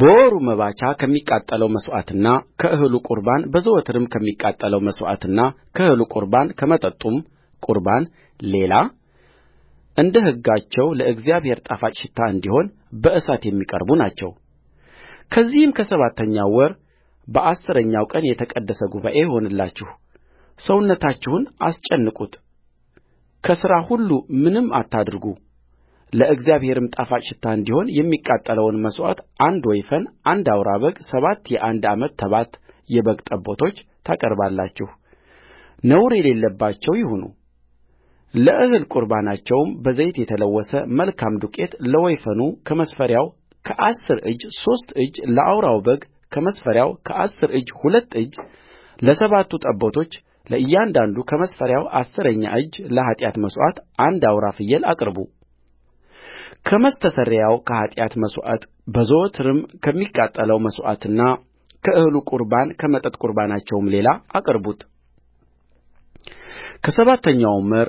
በወሩ መባቻ ከሚቃጠለው መሥዋዕትና ከእህሉ ቍርባን በዘወትርም ከሚቃጠለው መሥዋዕትና ከእህሉ ቍርባን ከመጠጡም ቍርባን ሌላ እንደ ሕጋቸው ለእግዚአብሔር ጣፋጭ ሽታ እንዲሆን በእሳት የሚቀርቡ ናቸውከዚህም ከሰባተኛው ወር በአሥረኛው ቀን የተቀደሰ ጉባኤ ይሁንላችሁ ሰውነታችሁን አስጨንቁት ከሥራ ሁሉ ምንም አታድርጉ ለእግዚአብሔርም ጣፋጭ ሽታ እንዲሆን የሚቃጠለውን መሥዋዕት አንድ ወይፈን አንድ አውራ በግ ሰባት የአንድ ዓመት ተባት የበግ ጠቦቶች ታቀርባላችሁ ነውር የሌለባቸው ይሁኑ ለእህል ቍርባናቸውም በዘይት የተለወሰ መልካም ዱቄት ለወይፈኑ ከመስፈሪያው ከአሥር እጅ ሦስት እጅለአውራው በግ ከመስፈሪያው ከአሥር እጅ ሁለት እጅለሰባቱ ጠቦቶች ለእያንዳንዱ ከመስፈሪያው አሥረኛ እጅለኃጢአት መሥዋዕት አንድ አውራ ፍየል አቅርቡ ከሚያስተሰርየው ከኃጢአት መሥዋዕት በዘወትርም ከሚቃጠለው መሥዋዕትና ከእህሉ ቍርባን ከመጠጥ ቍርባናቸውም ሌላ አቅርቡት ከሰባተኛውም ወር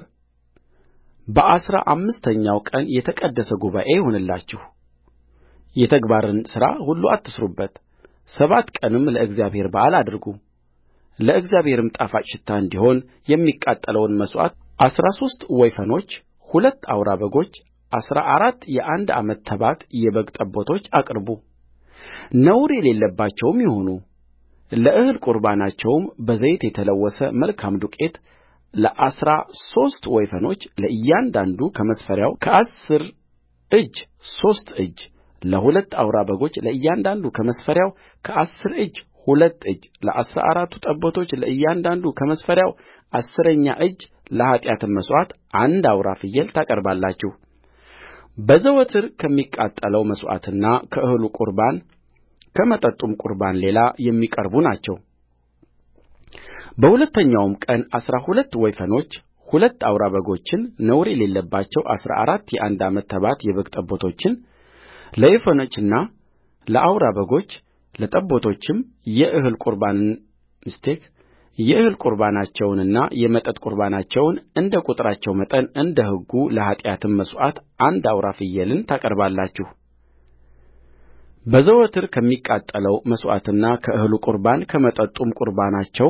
በአሥራ አምስተኛው ቀን የተቀደሰ ጉባኤ ይሁንላችሁ የተግባርን ሥራ ሁሉ አትሥሩበት ሰባት ቀንም ለእግዚአብሔር በዓል አድርጉ ለእግዚአብሔርም ጣፋጭ ሽታ እንዲሆን የሚቃጠለውን መሥዋዕት አሥራ ሦስት ወይፈኖች ሁለት አውራ በጎች አሥራ አራት የአንድ ዓመት ተባት የበግ ጠቦቶች አቅርቡ ነውር የሌለባቸውም ይሁኑ ለእህል ቍርባናቸውም በዘይት የተለወሰ መልካም ዱቄት ለአሥራ ሦስት ወይፈኖች ለእያንዳንዱ ከመስፈሪያው ከአሥር እጅ ሦስት እጅለሁለት አውራ በጎች ለእያንዳንዱ ከመስፈሪያው ከአሥር እጅ ሁለት እጅለአሥራ አራቱ ጠቦቶች ለእያንዳንዱ ከመስፈሪያው አሥረኛ እጅለኃጢአትም መሥዋዕት አንድ አውራ ፍየል ታቀርባላችሁ። በዘወትር ከሚቃጠለው መሥዋዕትና ከእህሉ ቍርባን ከመጠጡም ቍርባን ሌላ የሚቀርቡ ናቸው በሁለተኛውም ቀን አሥራ ሁለት ወይፈኖች ሁለት አውራ በጎችን ነውር የሌለባቸው አሥራ አራት የአንድ ዓመት ተባት የበግ ጠቦቶችን ለወይፈኖችና ለአውራ በጎቹ ለጠቦቶቹም የእህል ቍርባናቸውንና የመጠጥ ቍርባናቸውን እንደ ቍጥራቸው መጠን እንደ ሕጉለኃጢአትም መሥዋዕት አንድ አውራ ፍየልን ታቀርባላችሁ በዘወትር ከሚቃጠለው መሥዋዕትና ከእህሉ ቍርባን ከመጠጡም ቍርባናቸው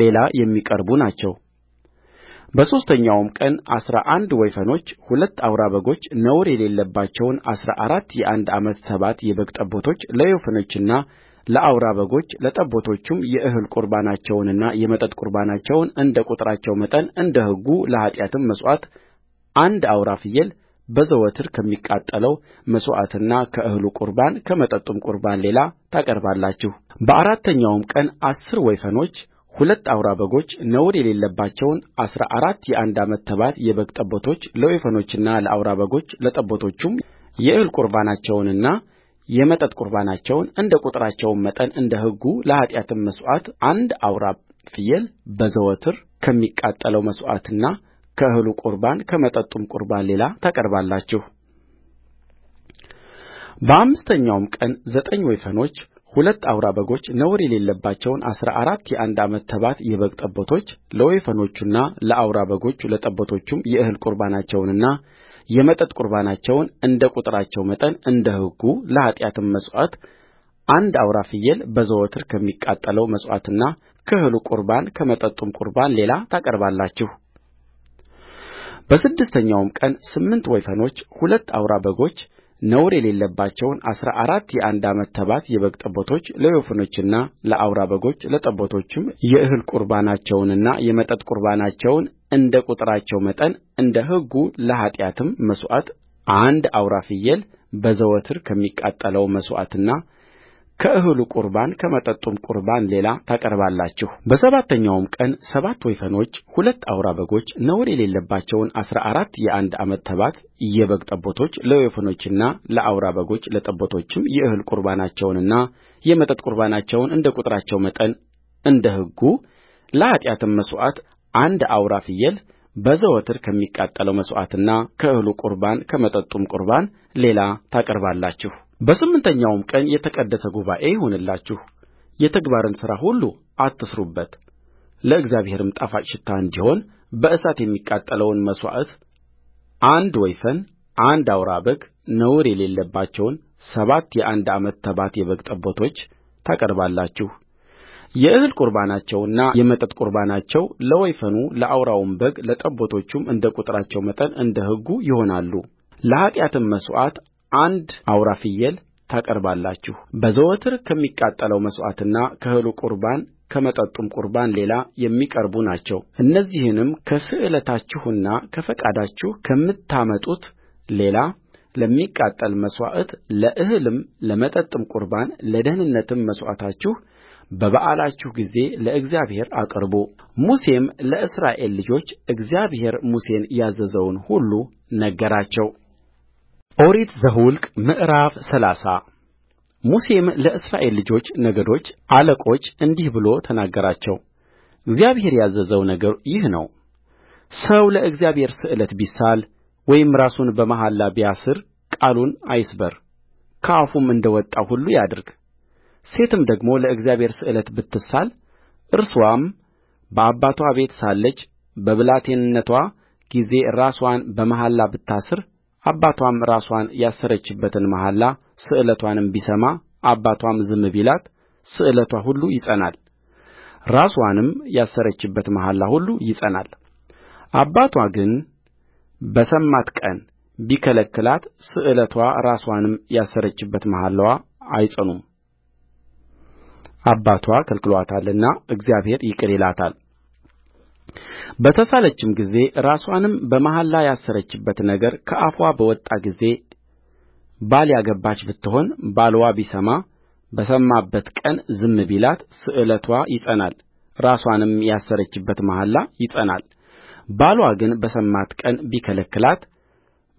ሌላ የሚቀርቡ ናቸውበሦስተኛውም ቀን አሥራ አንድ ወይፈኖች ሁለት አውራ በጎች ነውር የሌለባቸውን አሥራ አራት የአንድ ዓመት ተባት የበግ ጠቦቶች ለወይፈኖቹና ለአውራ በጎቹ ለጠቦቶቹም የእህል ቍርባናቸውንና የመጠጥ ቍርባናቸውን እንደ ቍጥራቸው መጠን እንደ ሕጉለኃጢአትም መሥዋዕት አንድ አውራ ፍየል በዘወትር ከሚቃጠለው መሥዋዕትና ከእህሉ ቍርባን ከመጠጡም ቍርባን ሌላ ታቀርባላችሁበአራተኛውም ቀን አሥር ወይፈኖች ሁለት አውራ በጎች ነውር የሌለባቸውን አሥራ አራት የአንድ ዓመት ተባት የበግ ጠቦቶችለወይፈኖቹና ለአውራ በጎቹ ለጠቦቶቹም የእህል ቍርባናቸውንና የመጠጥ ቍርባናቸውን እንደ ቍጥራቸው መጠን እንደ ሕጉለኃጢአትም መሥዋዕት አንድ አውራ ፍየል በዘወትር ከሚቃጠለው መሥዋዕትና ከእህሉ ቍርባን ከመጠጡም ቍርባን ሌላ ታቀርባላችሁበአምስተኛውም ቀን ዘጠኝ ወይፈኖች ሁለት አውራ በጎች ነውር የሌለባቸውን አሥራ አራት የአንድ ዓመት ተባት የበግ ጠቦቶችለወይፈኖቹና ለአውራ በጎቹ ለጠቦቶቹም የእህል ቍርባናቸውንና የመጠጥ ቍርባናቸውን እንደ ቍጥራቸው መጠን እንደ ሕጉለኃጢአትም መሥዋዕት አንድ አውራ ፍየል በዘወትር ከሚቃጠለው መሥዋዕትና ከእህሉ ቍርባን ከመጠጡም ቍርባን ሌላ ታቀርባላችሁ። በስድስተኛውም ቀን ስምንት ወይፈኖች ሁለት አውራ በጎች ነውር የሌለባቸውን አሥራ አራት የአንድ ዓመት ተባት የበግ ጠቦቶችለወይፈኖቹና ለአውራ በጎቹ ለጠቦቶቹም የእህል ቍርባናቸውንና የመጠጥ ቍርባናቸውን እንደ ቍጥራቸው መጠን እንደ ሕጉለኃጢአትም መሥዋዕት አንድ አውራ ፍየል በዘወትር ከሚቃጠለው መሥዋዕትና ከእህሉ ቍርባን ከመጠጡም ቍርባን ሌላ ታቀርባላችሁበሰባተኛውም ቀን ሰባት ወይፈኖች ሁለት አውራ በጎች ነውር የሌለባቸውን አሥራ አራት የአንድ ዓመት ተባት የበግ ጠቦቶች ለወይፈኖቹና ለአውራ በጎቹ ለጠቦቶቹም የእህል ቍርባናቸውንና የመጠጥ ቍርባናቸውን እንደ ቍጥራቸው መጠን እንደ ሕጉለኃጢአትም መሥዋዕት አንድ አውራ ፍየል በዘወትር ከሚቃጠለው መሥዋዕትና ከእህሉ ቍርባን ከመጠጡም ቍርባን ሌላ ታቀርባላችሁበስምንተኛውም ቀን የተቀደሰ ጉባኤ ይሁንላችሁ የተግባርን ሥራ ሁሉ አትሥሩበት ለእግዚአብሔርም ጣፋጭ ሽታ እንዲሆን በእሳት የሚቃጠለውን መሥዋዕት አንድ ወይፈን አንድ አውራ በግ ነውር የሌለባቸውን ሰባት የአንድ ዓመት ተባት የበግ ጠቦቶች ታቀርባላችሁ የእህል ቍርባናቸውና የመጠጥ ቍርባናቸው ለወይፈኑ ለአውራውም በግ ለጠቦቶቹም እንደ ቍጥራቸው መጠን እንደ ሕጉ ይሆናሉለኃጢአትም መሥዋዕት አንድ አውራ ፍየል ታቀርባላችሁ በዘወትር ከሚቃጠለው መሥዋዕትና ከእህሉ ቍርባን ከመጠጡም ቍርባን ሌላ የሚቀርቡ ናቸው። እነዚህንም ከስእለታችሁና ከፈቃዳችሁ ከምታመጡት ሌላ ለሚቃጠል መሥዋዕት ለእህልም ለመጠጥም ቍርባን ለደኅንነትም መሥዋዕታችሁ በበዓላችሁ ጊዜ ለእግዚአብሔር አቅርቡሙሴም ለእስራኤል ልጆች እግዚአብሔር ሙሴን ያዘዘውን ሁሉ ነገራቸው ኦሪት ዘኍልቍ ምዕራፍ ሰላሳ ሙሴም ለእስራኤል ልጆች ነገዶች አለቆች እንዲህ ብሎ ተናገራቸው እግዚአብሔር ያዘዘው ነገር ይህ ነው ሰው ለእግዚአብሔር ስእለት ቢሳል ወይም ራሱን በመሐላ ቢያስር ቃሉን አይስበር ከአፉም እንደ ወጣው ሁሉ ያድርግ ሴትም ደግሞ ለእግዚአብሔር ስእለት ብትሳል እርስዋም በአባትዋ ቤት ሳለች በብላቴንነትዋ ጊዜ ራስዋን በመሐላ ብታስር አባትዋም ራስዋን ያሰረችበትን መሐላ ስእለትዋንም ቢሰማ አባትዋም ዝም ቢላት ስዕለቷ ሁሉ ይጸናል ራስዋንም ያሰረችበት መሐላ ሁሉ ይጸናል። አባቷ ግን በሰማበት ቀን ቢከለክላት ስእለትዋ ራስዋንም ያሰረችበት መሐላዋ አይጸኑም አባትዋ ከልክሎአታልና እግዚአብሔር ይቅር ይላታልበተሳለችም ጊዜ ራስዋንም በመሐላ ያሰረችበት ነገር ከአፍዋ በወጣ ጊዜ ባል ያገባች ብትሆን ባልዋ ቢሰማ በሰማበት ቀን ዝም ቢላት ስዕለቷ ይጸናል፣ ራስዋንም ያሰረችበት መሐላ ይጸናል። ባልዋ ግን በሰማበት ቀን ቢከለክላት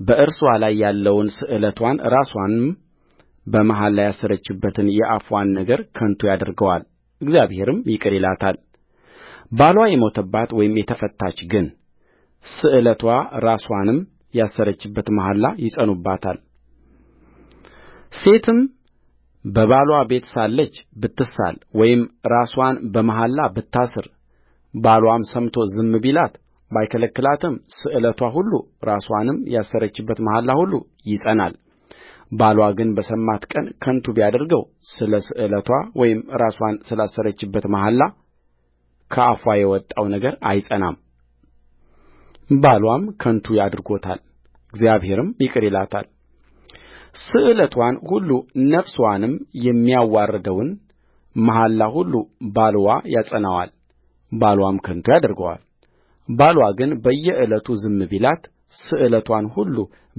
በእርስዋ ላይ ያለውን ስእለቷን ራስዋንም በመሐላ ያሰረችበትን የአፍዋን ነገር ከንቱ ያደርገዋል እግዚአብሔርም ይቅር ይላታልባልዋ የሞተባት ወይም የተፋታች ግን ስእለትዋ ራስዋንም ያሰረችበት መሐላ ይጸኑባታል ሴትም በባሏ ቤት ሳለች ብትሳል ወይም ራስዋን በመሐላ ብታስር ባሏም ሰምቶ ዝም ቢላት ባይከለክላትም ስዕለቷ ሁሉ ራስዋንም ያሰረችበት መሐላ ሁሉ ይጸናል ባልዋ ግን በሰማበት ቀን ከንቱ ቢያደርገው ስለ ስእለትዋ ወይም ራስዋን ስላሰረችበት መሐላ ከአፍዋ የወጣው ነገር አይጸናም ባልዋም ከንቱ አድርጎታል እግዚአብሔርም ይቅር ይላታልስእለትዋን ሁሉ ነፍስዋንም የሚያዋርደውን መሐላ ሁሉ ባልዋ ያጸናዋል ባልዋም ከንቱ ያደርገዋል ባልዋ ግን በየዕለቱ ዝም ቢላት ስእለትዋን ሁሉ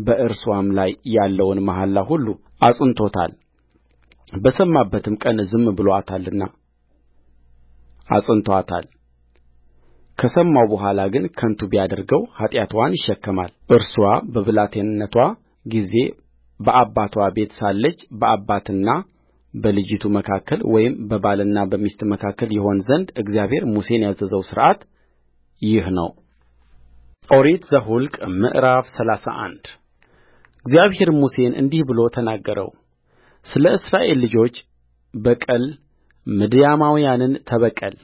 በእርስዋም ላይ ያለውን መሐላ ሁሉ አጽንቶታል በሰማበትም ቀን ዝም ብሎአታልና አጽንቶአታል ከሰማው በኋላ ግን ከንቱ ቢያደርገው ኃጢአትዋን ይሸከማልእርስዋ በብላቴንነቷ ጊዜ በአባትዋ ቤት ሳለች በአባትና በልጂቱ መካከል ወይም በባልና በሚስት መካከል ይሆን ዘንድ እግዚአብሔር ሙሴን ያዘዘው ሥርዓት ይህ ነው ኦሪት ዘኍልቍ ምዕራፍ ሰላሳ አንድ እግዚአብሔርም ሙሴን እንዲህ ብሎ ተናገረው ስለ እስራኤል ልጆች በቀል ምድያማውያንን ተበቀል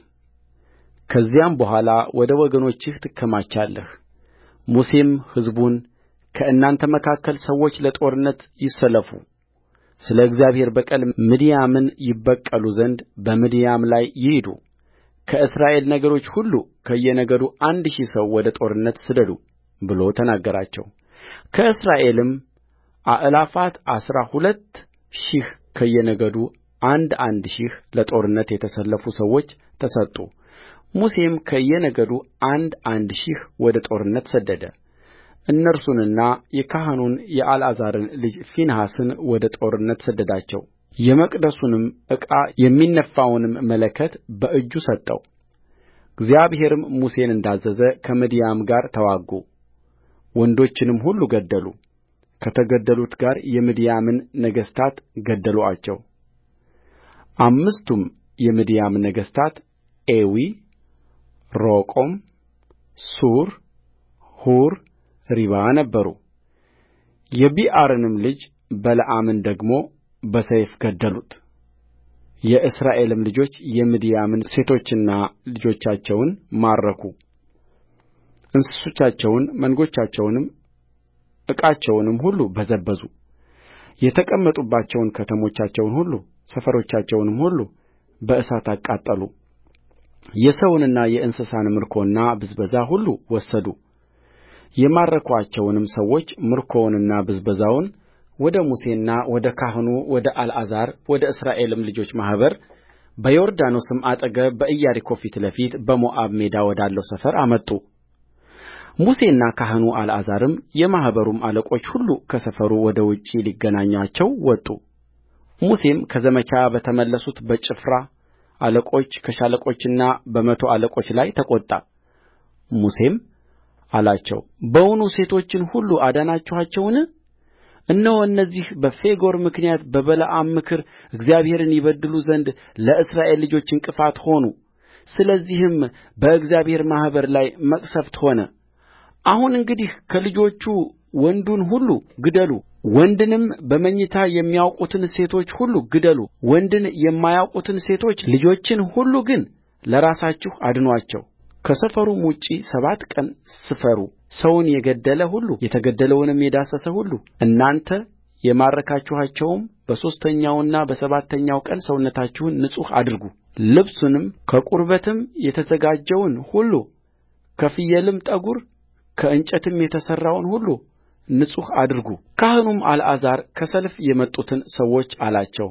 ከዚያም በኋላ ወደ ወገኖችህ ትከማቻለህሙሴም ሕዝቡን ከእናንተ መካከል ሰዎች ለጦርነት ይሰለፉ ስለ እግዚአብሔር በቀል ምድያምን ይበቀሉ ዘንድ በምድያም ላይ ይሂዱ ከእስራኤል ነገዶች ሁሉ ከየነገዱ አንድ ሺህ ሰው ወደ ጦርነት ስደዱ ብሎ ተናገራቸው ከእስራኤልም አእላፋት አሥራ ሁለት ሺህ ከየነገዱ አንድ አንድ ሺህ ለጦርነት የተሰለፉ ሰዎች ተሰጡ ሙሴም ከየነገዱ አንድ አንድ ሺህ ወደ ጦርነት ሰደደ እነርሱንና የካህኑን የአልዓዛርን ልጅ ፊንሐስን ወደ ጦርነት ሰደዳቸው የመቅደሱንም ዕቃ የሚነፋውንም መለከት በእጁ ሰጠው እግዚአብሔርም ሙሴን እንዳዘዘ ከምድያም ጋር ተዋጉ ወንዶችንም ሁሉ ገደሉ ከተገደሉት ጋር የምድያምን ነገሥታት ገደሉአቸው አምስቱም የምድያም ነገሥታት ኤዊ ሮቆም ሱር ሁር ሪባ ነበሩ የቢዖርንም ልጅ በለዓምን ደግሞ በሰይፍ ገደሉት የእስራኤልም ልጆች የምድያምን ሴቶችና ልጆቻቸውን ማረኩ እንስሶቻቸውን መንጎቻቸውንም ዕቃቸውንም ሁሉ በዘበዙ የተቀመጡባቸውን ከተሞቻቸውን ሁሉ ሰፈሮቻቸውንም ሁሉ በእሳት አቃጠሉ። የሰውንና የእንስሳን ምርኮና ብዝበዛ ሁሉ ወሰዱ የማረኩአቸውንም ሰዎች ምርኮውንና ብዝበዛውን ወደ ሙሴና ወደ ካህኑ ወደ አልዓዛር ወደ እስራኤልም ልጆች ማኅበር በዮርዳኖስም አጠገብ በኢያሪኮ ፊት ለፊት በሞዓብ ሜዳ ወዳለው ሰፈር አመጡ ሙሴና ካህኑ አልዓዛርም የማኅበሩም አለቆች ሁሉ ከሰፈሩ ወደ ውጭ ሊገናኙአቸው ወጡሙሴም ከዘመቻ በተመለሱት በጭፍራ አለቆች ከሻለቆችና በመቶ አለቆች ላይ ተቈጣ ሙሴም አላቸው በውኑ ሴቶችን ሁሉ አዳናችኋቸውን እነሆ እነዚህ በፌጎር ምክንያት በበለዓም ምክር እግዚአብሔርን ይበድሉ ዘንድ ለእስራኤል ልጆች ዕንቅፋት ሆኑ ስለዚህም በእግዚአብሔር ማኅበር ላይ መቅሠፍት ሆነ አሁን እንግዲህ ከልጆቹ ወንዱን ሁሉ ግደሉ ወንድንም በመኝታ የሚያውቁትን ሴቶች ሁሉ ግደሉ ወንድን የማያውቁትን ሴቶች ልጆችን ሁሉ ግን ለራሳችሁ አድኑአቸው ከሰፈሩም ውጭ ሰባት ቀን ስፈሩ ሰውን የገደለ ሁሉ የተገደለውንም የዳሰሰ ሁሉ እናንተ የማረካችኋቸውም በሦስተኛውና በሰባተኛው ቀን ሰውነታችሁን ንጹሕ አድርጉ ልብሱንም ከቁርበትም የተዘጋጀውን ሁሉ ከፍየልም ጠጉር ከእንጨትም የተሠራውን ሁሉ ንጹሕ አድርጉካህኑም አልዓዛር ከሰልፍ የመጡትን ሰዎች አላቸው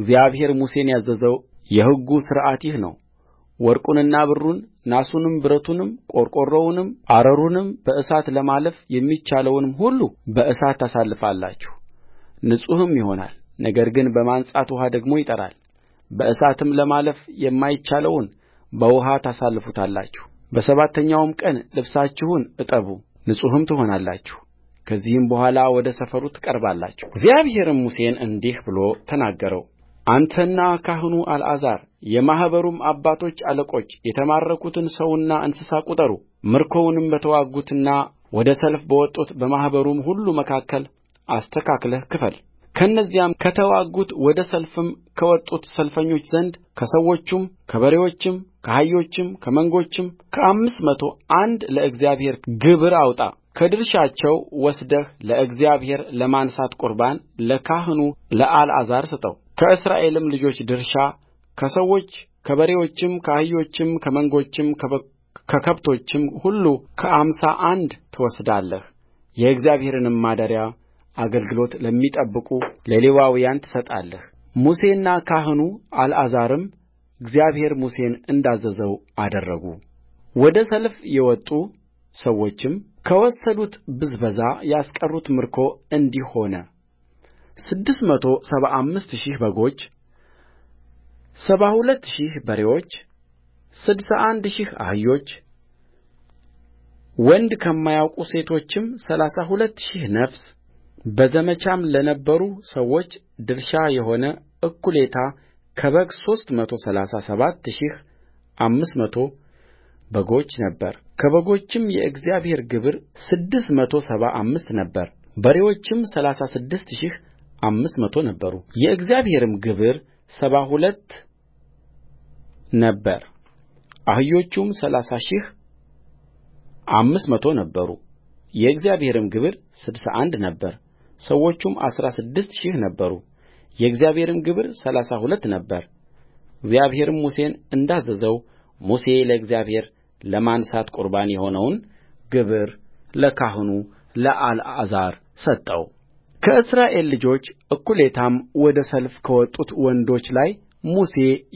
እግዚአብሔር ሙሴን ያዘዘው የሕጉ ሥርዓት ይህ ነው ወርቁንና ብሩን ናሱንም ብረቱንም ቆርቆሮውንም አረሩንም በእሳት ለማለፍ የሚቻለውንም ሁሉ በእሳት ታሳልፋላችሁ ንጹሕም ይሆናል ነገር ግን በማንጻት ውኃ ደግሞ ይጠራል በእሳትም ለማለፍ የማይቻለውን በውኃ ታሳልፉታላችሁ በሰባተኛውም ቀን ልብሳችሁን እጠቡ ንጹሕም ትሆናላችሁ ከዚህም በኋላ ወደ ሰፈሩ ትቀርባላችሁእግዚአብሔርም ሙሴን እንዲህ ብሎ ተናገረው አንተና ካህኑ አልዓዛር የማኅበሩም አባቶች አለቆች የተማረኩትን ሰውና እንስሳ ቍጠሩ ምርኮውንም በተዋጉትና ወደ ሰልፍ በወጡት በማኅበሩም ሁሉ መካከል አስተካክለህ ክፈል ከእነዚያም ከተዋጉት ወደ ሰልፍም ከወጡት ሰልፈኞች ዘንድ ከሰዎችም ከበሬዎችም ከአህዮችም ከመንጎችም ከአምስት መቶ አንድ ለእግዚአብሔር ግብር አውጣ ከድርሻቸው ወስደህ ለእግዚአብሔር ለማንሣት ቍርባን ለካህኑ ለአልዓዛር ስጠውከእስራኤልም ልጆች ድርሻ ከሰዎች ከበሬዎችም ከአህዮችም ከመንጎችም ከከብቶችም ሁሉ ከአምሳ አንድ ትወስዳለህ የእግዚአብሔርንም ማደሪያ አገልግሎት ለሚጠብቁ ለሌዋውያን ትሰጣለህሙሴና ካህኑ አልዓዛርም እግዚአብሔር ሙሴን እንዳዘዘው አደረጉ ወደ ሰልፍ የወጡ ሰዎችም ከወሰዱት ብዝበዛ ያስቀሩት ምርኮ እንዲህ ሆነ ስድስት መቶ ሰባ አምስት ሺህ በጎች፣ ሰባ ሁለት ሺህ በሬዎች፣ ስድሳ አንድ ሺህ አህዮች፣ ወንድ ከማያውቁ ሴቶችም ሠላሳ ሁለት ሺህ ነፍስ በዘመቻም ለነበሩ ሰዎች ድርሻ የሆነ እኩሌታ ከበግ ሦስት መቶ ሠላሳ ሰባት ሺህ አምስት መቶ በጎች ነበረከበጎችም የእግዚአብሔር ግብር ስድስት መቶ ሰባ አምስት ነበረበሬዎችም ሠላሳ ስድስት ሺህ አምስት መቶ ነበሩየእግዚአብሔርም ግብር ሰባ ሁለት ነበረአህዮቹም ሠላሳ ሺህ አምስት መቶ ነበሩ የእግዚአብሔርም ግብር ስድሳ አንድ ነበረ ሰዎቹም አሥራ ስድስት ሺህ ነበሩ። የእግዚአብሔርም ግብር ሠላሳ ሁለት እግዚአብሔርም ሙሴን እንዳዘዘው ሙሴ ለእግዚአብሔር ለማንሣት ቍርባን የሆነውን ግብር ለካህኑ ለአልዓዛር ሰጠው። ከእስራኤል ልጆች እኩሌታም ወደ ሰልፍ ከወጡት ወንዶች ላይ ሙሴ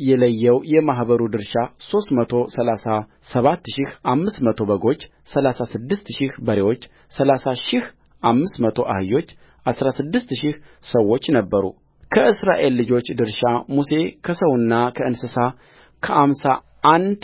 የለየው የማኅበሩ ድርሻ ሦስት መቶ ሠላሳ ሰባት ሺህ አምስት መቶ በጎች ሠላሳ ስድስት ሺህ በሬዎች ሠላሳ ሺህ አምስት መቶ አህዮች አሥራ ስድስት ሺህ ሰዎች ነበሩከእስራኤል ልጆች ድርሻ ሙሴ ከሰውና ከእንስሳ ከአምሳ አንድ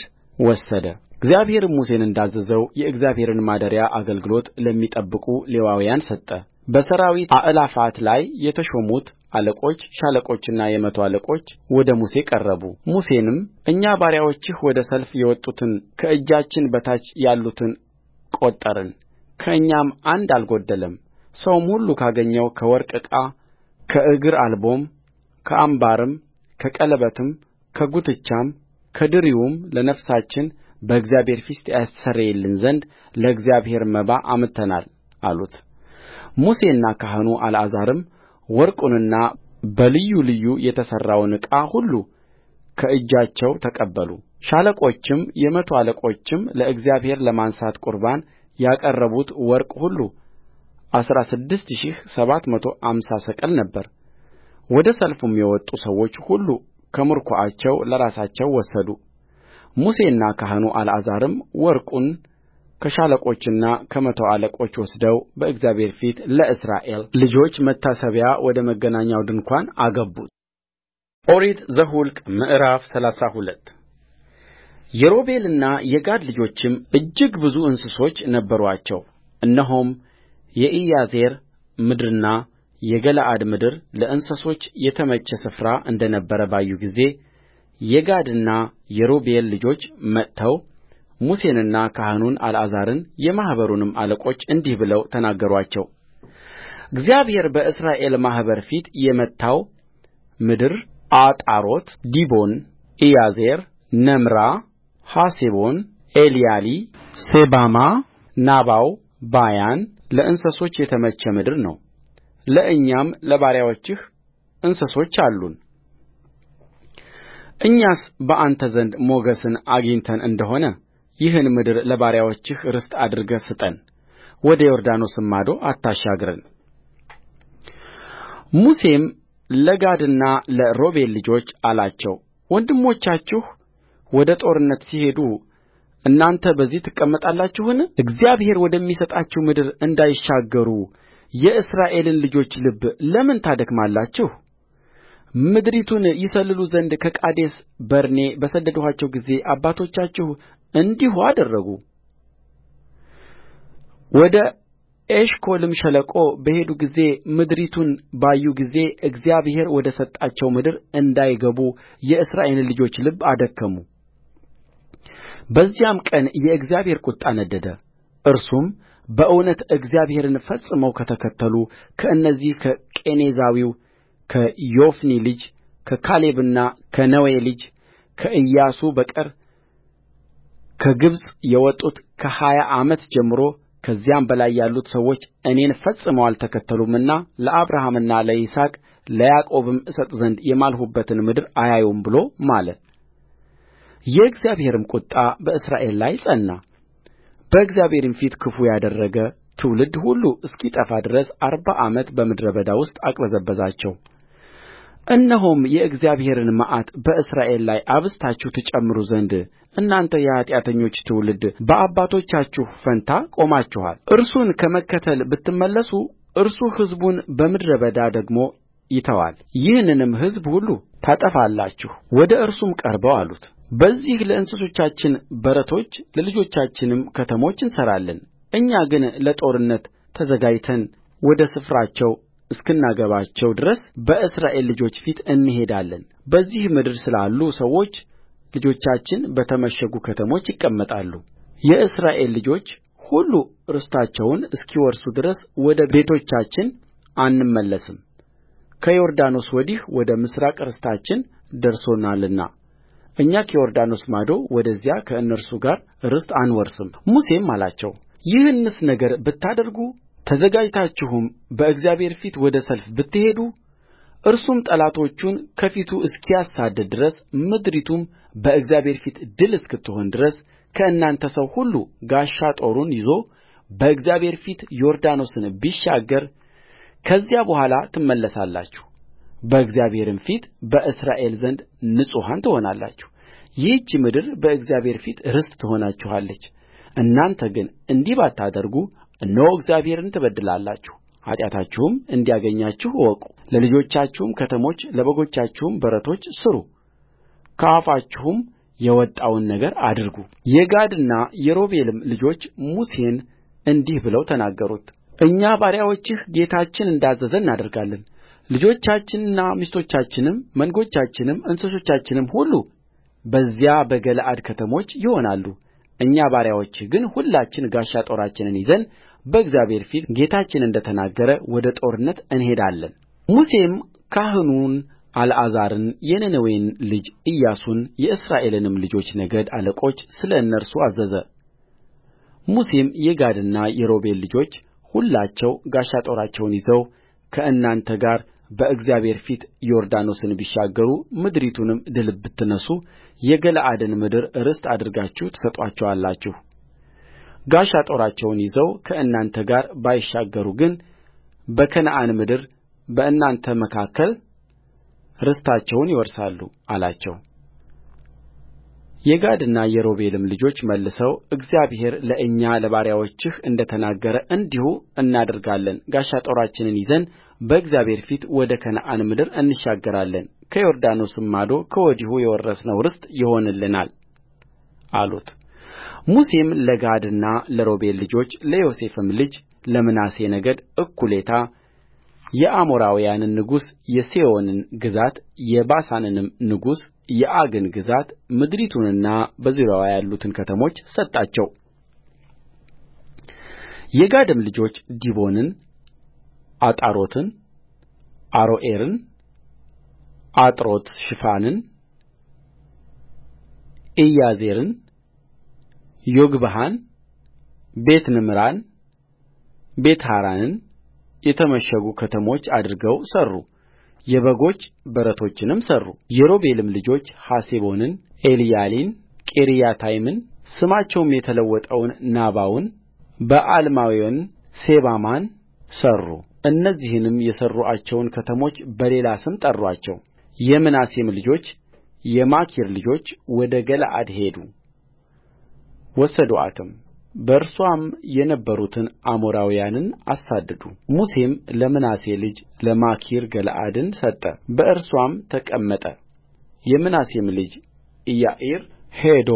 እግዚአብሔርም ሙሴን እንዳዘዘው የእግዚአብሔርን ማደሪያ አገልግሎት ለሚጠብቁ ሌዋውያን ሰጠበሠራዊት አእላፋት ላይ የተሾሙት አለቆች ሻለቆችና የመቶ አለቆች ወደ ሙሴ ቀረቡ ሙሴንም እኛ ባሪያዎችህ ወደ ሰልፍ የወጡትን ከእጃችን በታች ያሉትን ቈጠርን ከእኛም አንድ አልጐደለም ሰውም ሁሉ ካገኘው ከወርቅ ዕቃ ከእግር አልቦም ከአምባርም ከቀለበትም ከጕትቻም ከድሪውም ለነፍሳችን በእግዚአብሔር ፊት ያስተሰርይልን ዘንድ ለእግዚአብሔር መባ አምጥተናል ሙሴና ካህኑ አልዓዛርም ወርቁንና በልዩ ልዩ የተሠራውን ዕቃ ሁሉ ከእጃቸው ተቀበሉ። ሻለቆችም የመቶ አለቆችም ለእግዚአብሔር ለማንሣት ቁርባን ያቀረቡት ወርቅ ሁሉ አሥራ ስድስት ሺህ ሰባት መቶ አምሳ ሰቅል ነበረወደ ሰልፍም የወጡ ሰዎች ሁሉ ከምርኮአቸው ለራሳቸው ወሰዱሙሴና ካህኑ አልዓዛርም ወርቁን ከሻለቆችና ከመቶ አለቆች ወስደው በእግዚአብሔር ፊት ለእስራኤል ልጆች መታሰቢያ ወደ መገናኛው ድንኳን አገቡት። ኦሪት ዘኍልቍ ምዕራፍ ሰላሳ ሁለት የሮቤልና የጋድ ልጆችም እጅግ ብዙ እንስሶች ነበሩአቸው። እነሆም የኢያዜር ምድርና የገለዓድ ምድር ለእንስሶች የተመቸ ስፍራ እንደ ነበረ ባዩ ጊዜ የጋድና የሮቤል ልጆች መጥተው ሙሴንና ካህኑን አልዓዛርን የማኅበሩንም አለቆች እንዲህ ብለው ተናገሩአቸው እግዚአብሔር በእስራኤል ማኅበር ፊት የመታው ምድር አጣሮት ዲቦን ኢያዜር ነምራ ሐሴቦን ኤልያሊ ሴባማ ናባው ባያን ለእንስሶች የተመቸ ምድር ነው ለእኛም ለባሪያዎችህ እንስሶች አሉን። እኛስ በአንተ ዘንድ ሞገስን አግኝተን እንደ ሆነ ይህን ምድር ለባሪያዎችህ ርስት አድርገህ ስጠን ወደ ዮርዳኖስም ማዶ አታሻግረን።ሙሴም ለጋድና ለሮቤል ልጆች አላቸው ወንድሞቻችሁ ወደ ጦርነት ሲሄዱ እናንተ በዚህ ትቀመጣላችሁን እግዚአብሔር ወደሚሰጣችሁ ምድር እንዳይሻገሩ የእስራኤልን ልጆች ልብ ለምን ታደክማላችሁ ምድሪቱን ይሰልሉ ዘንድ ከቃዴስ በርኔ በሰደድኋቸው ጊዜ አባቶቻችሁ እንዲሁ አደረጉ ወደ ኤሽኮልም ሸለቆ በሄዱ ጊዜ ምድሪቱን ባዩ ጊዜ እግዚአብሔር ወደ ሰጣቸው ምድር እንዳይገቡ የእስራኤልን ልጆች ልብ አደከሙ በዚያም ቀን የእግዚአብሔር ቍጣ ነደደ እርሱም በእውነት እግዚአብሔርን ፈጽመው ከተከተሉ ከእነዚህ ከቄኔዛዊው ከዮፎኒ ልጅ ከካሌብና ከነዌ ልጅ ከኢያሱ በቀር ከግብፅ የወጡት ከሀያ ዓመት ጀምሮ ከዚያም በላይ ያሉት ሰዎች እኔን ፈጽመው አልተከተሉምና ለአብርሃምና ለይስሐቅ ለያዕቆብም እሰጥ ዘንድ የማልሁበትን ምድር አያዩም ብሎ ማለ የእግዚአብሔርም ቍጣ በእስራኤል ላይ ጸና! በእግዚአብሔርም ፊት ክፉ ያደረገ ትውልድ ሁሉ እስኪጠፋ ድረስ አርባ ዓመት በምድረ በዳ ውስጥ አቅበዘበዛቸው እነሆም የእግዚአብሔርን መዓት በእስራኤል ላይ አብዝታችሁ ትጨምሩ ዘንድ እናንተ የኃጢአተኞች ትውልድ በአባቶቻችሁ ፈንታ ቆማችኋል እርሱን ከመከተል ብትመለሱ እርሱ ሕዝቡን በምድረ በዳ ደግሞ ይተዋል ይህንንም ሕዝብ ሁሉ ታጠፋላችሁ ወደ እርሱም ቀርበው አሉት በዚህ ለእንስሶቻችን በረቶች ለልጆቻችንም ከተሞች እንሠራለን እኛ ግን ለጦርነት ተዘጋጅተን ወደ ስፍራቸው እስክናገባቸው ድረስ በእስራኤል ልጆች ፊት እንሄዳለን በዚህ ምድር ስላሉ ሰዎች ልጆቻችን በተመሸጉ ከተሞች ይቀመጣሉ የእስራኤል ልጆች ሁሉ ርስታቸውን እስኪወርሱ ድረስ ወደ ቤቶቻችን አንመለስም ከዮርዳኖስ ወዲህ ወደ ምሥራቅ ርስታችን ደርሶናልና እኛ ከዮርዳኖስ ማዶ ወደዚያ ከእነርሱ ጋር ርስት አንወርስምሙሴም አላቸው ይህንስ ነገር ብታደርጉ ተዘጋጅታችሁም በእግዚአብሔር ፊት ወደ ሰልፍ ብትሄዱ እርሱም ጠላቶቹን ከፊቱ እስኪያሳድድ ድረስ ምድሪቱም በእግዚአብሔር ፊት ድል እስክትሆን ድረስ ከእናንተ ሰው ሁሉ ጋሻ ጦሩን ይዞ በእግዚአብሔር ፊት ዮርዳኖስን ቢሻገር ከዚያ በኋላ ትመለሳላችሁ በእግዚአብሔርም ፊት በእስራኤል ዘንድ ንጹሐን ትሆናላችሁይህች ምድር በእግዚአብሔር ፊት ርስት ትሆናችኋለች እናንተ ግን እንዲህ ባታደርጉ እነሆ እግዚአብሔርን ትበድላላችሁ ኃጢአታችሁም እንዲያገኛችሁ ለልጆቻችሁም ከተሞች ለበጎቻችሁም በረቶች ሥሩ ከአፋችሁም የወጣውን ነገር አድርጉ የጋድና የሮቤልም ልጆች ሙሴን እንዲህ ብለው ተናገሩት እኛ ባሪያዎችህ ጌታችን እንዳዘዘ እናደርጋለን ልጆቻችንና ሚስቶቻችንም መንጎቻችንም እንስሶቻችንም ሁሉ በዚያ በገለዓድ ከተሞች ይሆናሉ እኛ ባሪያዎችህ ግን ሁላችን ጋሻ ጦራችንን ይዘን በእግዚአብሔር ፊት ጌታችን እንደ ተናገረ ወደ ጦርነት እንሄዳለን። ሙሴም ካህኑን አልዓዛርን የነነዌን ልጅ ኢያሱን የእስራኤልንም ልጆች ነገድ አለቆች ስለ እነርሱ አዘዘ ሙሴም የጋድና የሮቤል ልጆች ሁላቸው ጋሻ ጦራቸውን ይዘው ከእናንተ ጋር በእግዚአብሔር ፊት ዮርዳኖስን ቢሻገሩ ምድሪቱንም ድል ብትነሡ የገለዓድን ምድር ርስት አድርጋችሁ ጋሻ ጦራቸውን ይዘው ከእናንተ ጋር ባይሻገሩ ግን በከነዓን ምድር በእናንተ መካከል ርስታቸውን ይወርሳሉ አላቸው የጋድና የሮቤልም ልጆች መልሰው እግዚአብሔር ለእኛ ለባሪያዎችህ እንደ ተናገረ እንዲሁ እናደርጋለን ጋሻ ጦራችንን ይዘን በእግዚአብሔር ፊት ወደ ከነዓን ምድር እንሻገራለን ከዮርዳኖስም ማዶ ከወዲሁ የወረስነው ርስት ይሆንልናል አሉት። ሙሴም ለጋድና ለሮቤል ልጆች ለዮሴፍም ልጅ ለምናሴ ነገድ እኩሌታ የአሞራውያንን ንጉሥ የሴዎንን ግዛት የባሳንንም ንጉሥ የዐግን ግዛት ምድሪቱንና በዙሪያዋ ያሉትን ከተሞች ሰጣቸውየጋድም ልጆች ዲቦንን አጣሮትን አሮዔርን አጥሮትሽፋንን ኢያዜርን ዮግብሃን ቤትነምራን ቤትሃራንን የተመሸጉ ከተሞች አድርገው ሠሩ የበጎች በረቶችንም ሠሩ የሮቤልም ልጆች ሐሴቦንን ኤልያሊን ቂርያታይምን ስማቸውም የተለወጠውን ናባውን በኣልሜዎንን ሴባማን ሠሩ እነዚህንም የሠሩአቸውን ከተሞች በሌላ ስም የምናሴም ልጆች የማኪር ልጆች ወደ ገለዓድ ሄዱ ወሰዱአትም በእርስዋም የነበሩትን አሞራውያንን አሳደዱሙሴም ለምናሴ ልጅ ለማኪር ገለዓድን ሰጠ በእርስዋም የምናሴም ልጅ ኢያዕር ሄዶ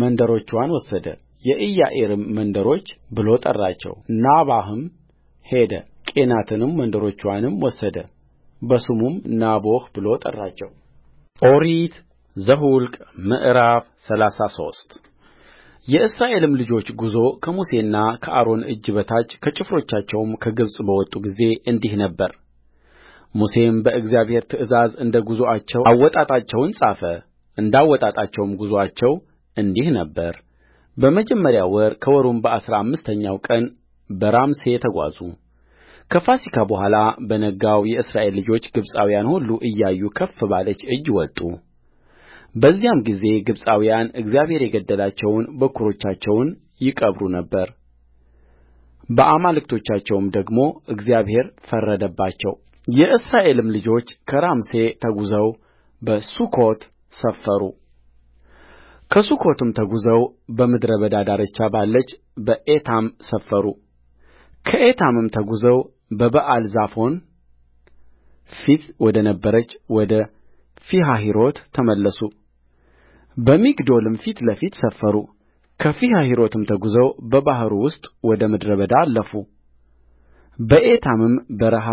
መንደሮችዋን ወሰደ የኢያዕርም መንደሮች ብሎ ጠራቸው ናባህም ሄደ ቄናትንም መንደሮችዋንም ወሰደ በስሙም ናቦህ ብሎ ጠራቸው ኦሪት ዘኍልቍ ምዕራፍ ሰላሳ ሶስት የእስራኤልም ልጆች ጉዞ ከሙሴና ከአሮን እጅ በታች ከጭፍሮቻቸውም ከግብፅ በወጡ ጊዜ እንዲህ ነበረሙሴም በእግዚአብሔር ትእዛዝ እንደ ጕዞአቸው አወጣጣቸውን ጻፈ እንደ አወጣጣቸውም ጕዞአቸው እንዲህ ነበረ በመጀመሪያው ወር ከወሩም በአሥራ አምስተኛው ቀን በራምሴ ተጓዙ ከፋሲካ በኋላ በነጋው የእስራኤል ልጆች ግብፃውያን ሁሉ እያዩ ከፍ ባለች እጅ ወጡ በዚያም ጊዜ ግብፃውያን እግዚአብሔር የገደላቸውን በኵሮቻቸውን ይቀብሩ ነበር በአማልክቶቻቸውም ደግሞ እግዚአብሔር ፈረደባቸው። የእስራኤልም ልጆች ከራምሴ ተጕዘው በሱኮት ሰፈሩ ከሱኮትም ተጕዘው በምድረ በዳ ዳርቻ ባለች በኤታም ሰፈሩ ከኤታምም ተጕዘው በበዓል ዛፎን ፊት ወደ ነበረች ወደ ፊሀሒሮት ተመለሱ በሚግዶልም ፊት ለፊት ሰፈሩከፊሀሒሮትም ተጕዘው በባሕሩ ውስጥ ወደ ምድረ በዳ አለፉ በኤታምም በረሃ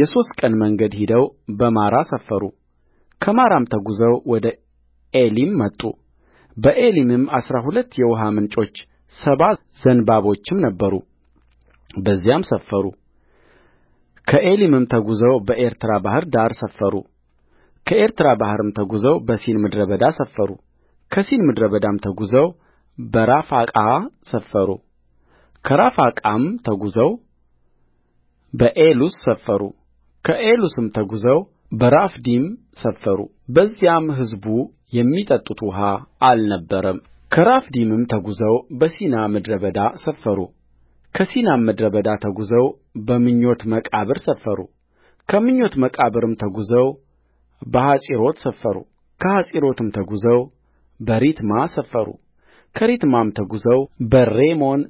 የሦስት ቀን መንገድ ሄደው በማራ ሰፈሩከማራም ተጕዘው ወደ ኤሊም መጡ በኤሊምም አሥራ ሁለት የውኃ ምንጮች ሰባ ዘንባቦችም ነበሩ በዚያም ሰፈሩከኤሊምም ተጕዘው በኤርትራ ባሕር ዳር ሰፈሩ ከኤርትራ ባሕርም ተጕዘው በሲን ምድረ በዳ ሰፈሩከሲን ምድረ በዳም ተጕዘው በራፋቃ ሰፈሩከራፋቃም ተጕዘው በኤሉስ ሰፈሩከኤሉስም ተጕዘው በራፊዲም ሰፈሩበዚያም ሕዝቡ የሚጠጡት ውኃ ከራፍዲምም ተጕዘው በሲና ምድረ በዳ ሰፈሩከሲናም ምድረ በዳ ተጕዘው በምኞት መቃብር ሰፈሩከምኞት መቃብርም ተጕዘው በሐጼሮት ሰፈሩከሐጼሮትም ተጕዘው በሪትማ ሰፈሩከሪትማም ተጕዘው በሬሞን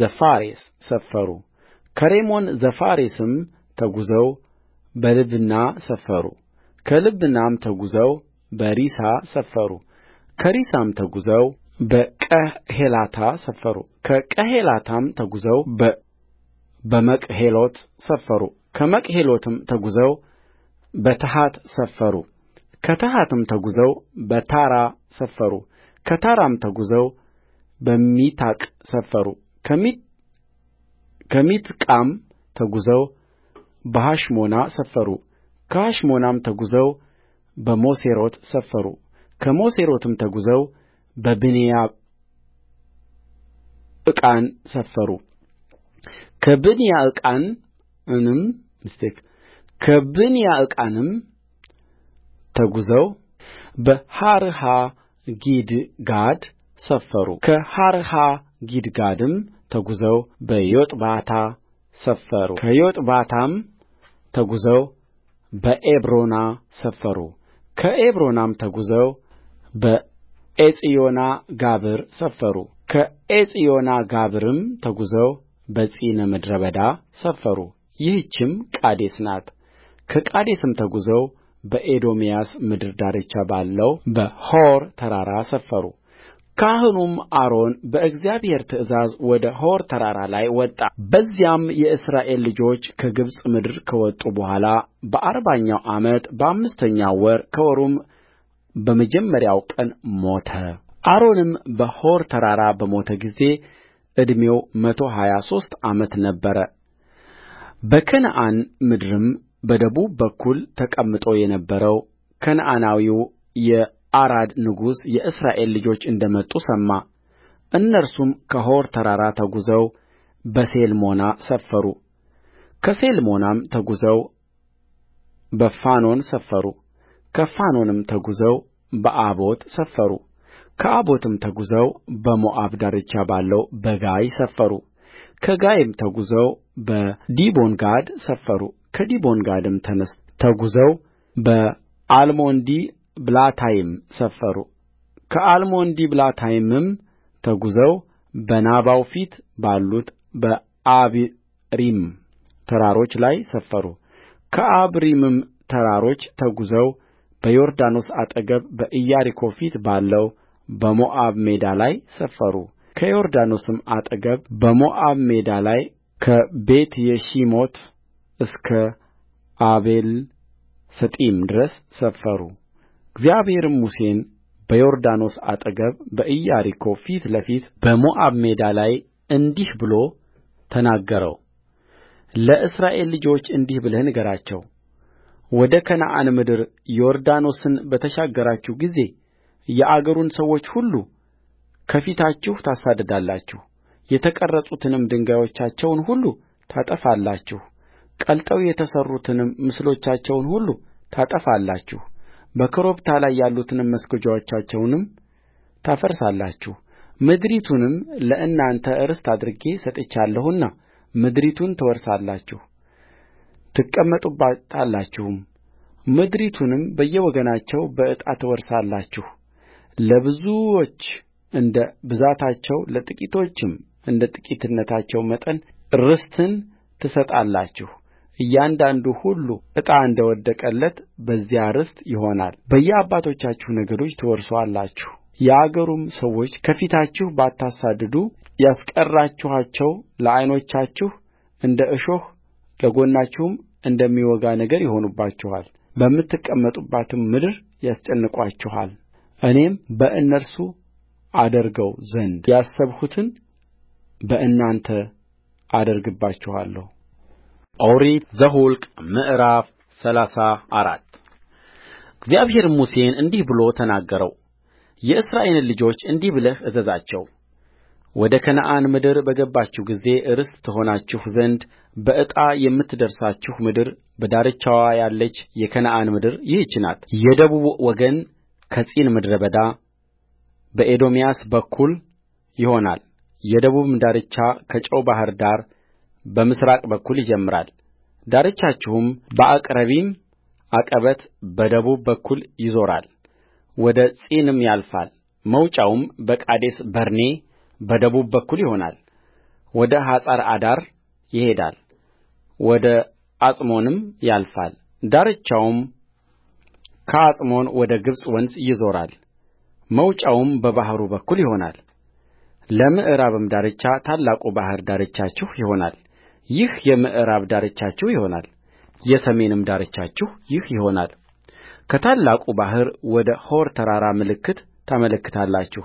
ዘፋሬስ ሰፈሩከሬሞን ዘፋሬስም ተጕዘው በልብና ሰፈሩከልብናም ተጕዘው በሪሳ ሰፈሩከሪሳም ተጕዘው በቀሄላታ ከቀሄላታም ተጕዘው በመቅሄሎት ከመቅሄሎትም ተጕዘው በታሐት ሰፈሩ ከታሐትም ተጕዘው በታራ ሰፈሩ ከታራም ተጕዘው በሚታቅ ሰፈሩ ከሚትቃም ተጕዘው በሐሽሞና ሰፈሩ ከሐሽሞናም ተጕዘው በሞሴሮት ሰፈሩ ከሞሴሮትም ተጕዘው በብኔያዕቃን ሰፈሩ ከብኔያዕቃንም ከብኔያዕቃንም ተጕዘው በሖርሃጊድጋድ ሰፈሩከሖርሃጊድጋድም ተጕዘው በዮጥባታ ሰፈሩከዮጥባታም ተጕዘው በዔብሮና ሰፈሩከዔብሮናም ተጕዘው በዔጽዮንጋብር ሰፈሩከዔጽዮንጋብርም ተጕዘው በጺነ ምድረ በዳ ሰፈሩ ይህችም ቃዴስ ናት ከቃዴስም ተጕዘው በኤዶምያስ ምድር ዳርቻ ባለው በሖር ተራራ ሰፈሩካህኑም አሮን በእግዚአብሔር ትእዛዝ ወደ ሖር ተራራ ላይ ወጣ በዚያም የእስራኤል ልጆች ከግብፅ ምድር ከወጡ በኋላ በአርባኛው ዓመት በአምስተኛው ወር ከወሩም በመጀመሪያው ቀን ሞተአሮንም በሖር ተራራ በሞተ ጊዜ ዕድሜው መቶ ሀያ ሦስት ዓመት ነበረ በከነዓን ምድርም በደቡብ በኩል ተቀምጦ የነበረው ከነዓናዊው የአራድ ንጉሥ የእስራኤል ልጆች እንደ መጡ ሰማ እነርሱም ከሖር ተራራ ተጕዘው በሴልሞና ሰፈሩ ከሴልሞናም ተጕዘው በፋኖን ሰፈሩ ከፋኖንም ተጕዘው በኦቦት ሰፈሩ ከአቦትም ተጕዘው በሞዓብ ዳርቻ ባለው በጋይ ሰፈሩ ከጋይም ተጕዘው በዲቦንጋድ ሰፈሩ ከዲቦንጋድም ተጕዘው በአልሞንዲብላታይም ሰፈሩከአልሞንዲብላታይምም ተጕዘው በናባው ፊት ባሉት በአብሪም ተራሮች ላይ ሰፈሩከአብሪምም ተራሮች ተጕዘው በዮርዳኖስ አጠገብ በኢያሪኮ ፊት ባለው በሞዓብ ሜዳ ላይ ሰፈሩከዮርዳኖስም አጠገብ በሞዓብ ሜዳ ላይ እስከ አቤል ሰጢም ድረስ ሰፈሩእግዚአብሔርም ሙሴን በዮርዳኖስ አጠገብ በኢያሪኮ ፊት ለፊት በሞዓብ ሜዳ ላይ እንዲህ ብሎ ተናገረው ለእስራኤል ልጆች እንዲህ ብለህ ንገራቸው ወደ ከነዓን ምድር ዮርዳኖስን በተሻገራችሁ ጊዜ የአገሩን ሰዎች ሁሉ ከፊታችሁ ታሳድዳላችሁ የተቀረጹትንም ድንጋዮቻቸውን ሁሉ ታጠፋላችሁ ቀልጠው የተሠሩትንም ምስሎቻቸውን ሁሉ ታጠፋላችሁ በኮረብታ ላይ ያሉትን መስገጃዎቻቸውንም ምድሪቱንም ለእናንተ ርስት አድርጌ ሰጥቼአችኋለሁና ምድሪቱን ትወርሳላችሁ ትቀመጡባታላችሁም ምድሪቱንም በየወገናቸው በዕጣ ትወርሳላችሁ ለብዙዎች እንደ ብዛታቸው ለጥቂቶችም እንደ ጥቂትነታቸው መጠን ርስትን ትሰጣላችሁ እያንዳንዱ ሁሉ ዕጣ እንደ ወደቀለት በዚያ ርስት በየአባቶቻችሁ ነገዶች የአገሩም ሰዎች ከፊታችሁ ባታሳድዱ ያስቀራችኋቸው ለዓይኖቻችሁ እንደ እሾህ ለጎናችሁም እንደሚወጋ ነገር ይሆኑባችኋል በምትቀመጡባትም ምድር እኔም በእነርሱ አደርገው ዘንድ ያሰብሁትን በእናንተ አደርግባችኋለሁ ኦሪት ዘኍልቍ ምዕራፍ ሰላሳ አራት እግዚአብሔርም ሙሴን እንዲህ ብሎ ተናገረው የእስራኤልን ልጆች እንዲህ ብለህ እዘዛቸው ወደ ከነዓን ምድር በገባችሁ ጊዜ ርስት ትሆናችሁ ዘንድ በዕጣ የምትደርሳችሁ ምድር በዳርቻዋ ያለች የከነዓን ምድር ይህች ናት። የደቡብ ወገን ከጺን ምድረ በዳ በኤዶምያስ በኩል ይሆናል የደቡብም ዳርቻ ከጨው ባሕር ዳር በምሥራቅ በኩል ይጀምራል ዳርቻችሁም በአቅረቢም ዐቀበት በደቡብ በኩል ይዞራል ወደ ጺንም ያልፋል መውጫውም በቃዴስ በርኔ በደቡብ በኩል ይሆናል ወደ ሐጸር አዳር ይሄዳል ወደ አጽሞንም ያልፋል ዳርቻውም ከአጽሞን ወደ ግብፅ ወንዝ ይዞራል መውጫውም በባሕሩ በኩል ይሆናል ለምዕራብም ዳርቻ ታላቁ ባሕር ዳርቻችሁ ይሆናል ይህ የምዕራብ ዳርቻችሁ ይሆናል የሰሜንም ዳርቻችሁ ይህ ይሆናል ከታላቁ ባሕር ወደ ሖር ተራራ ምልክት ታመለክታላችሁ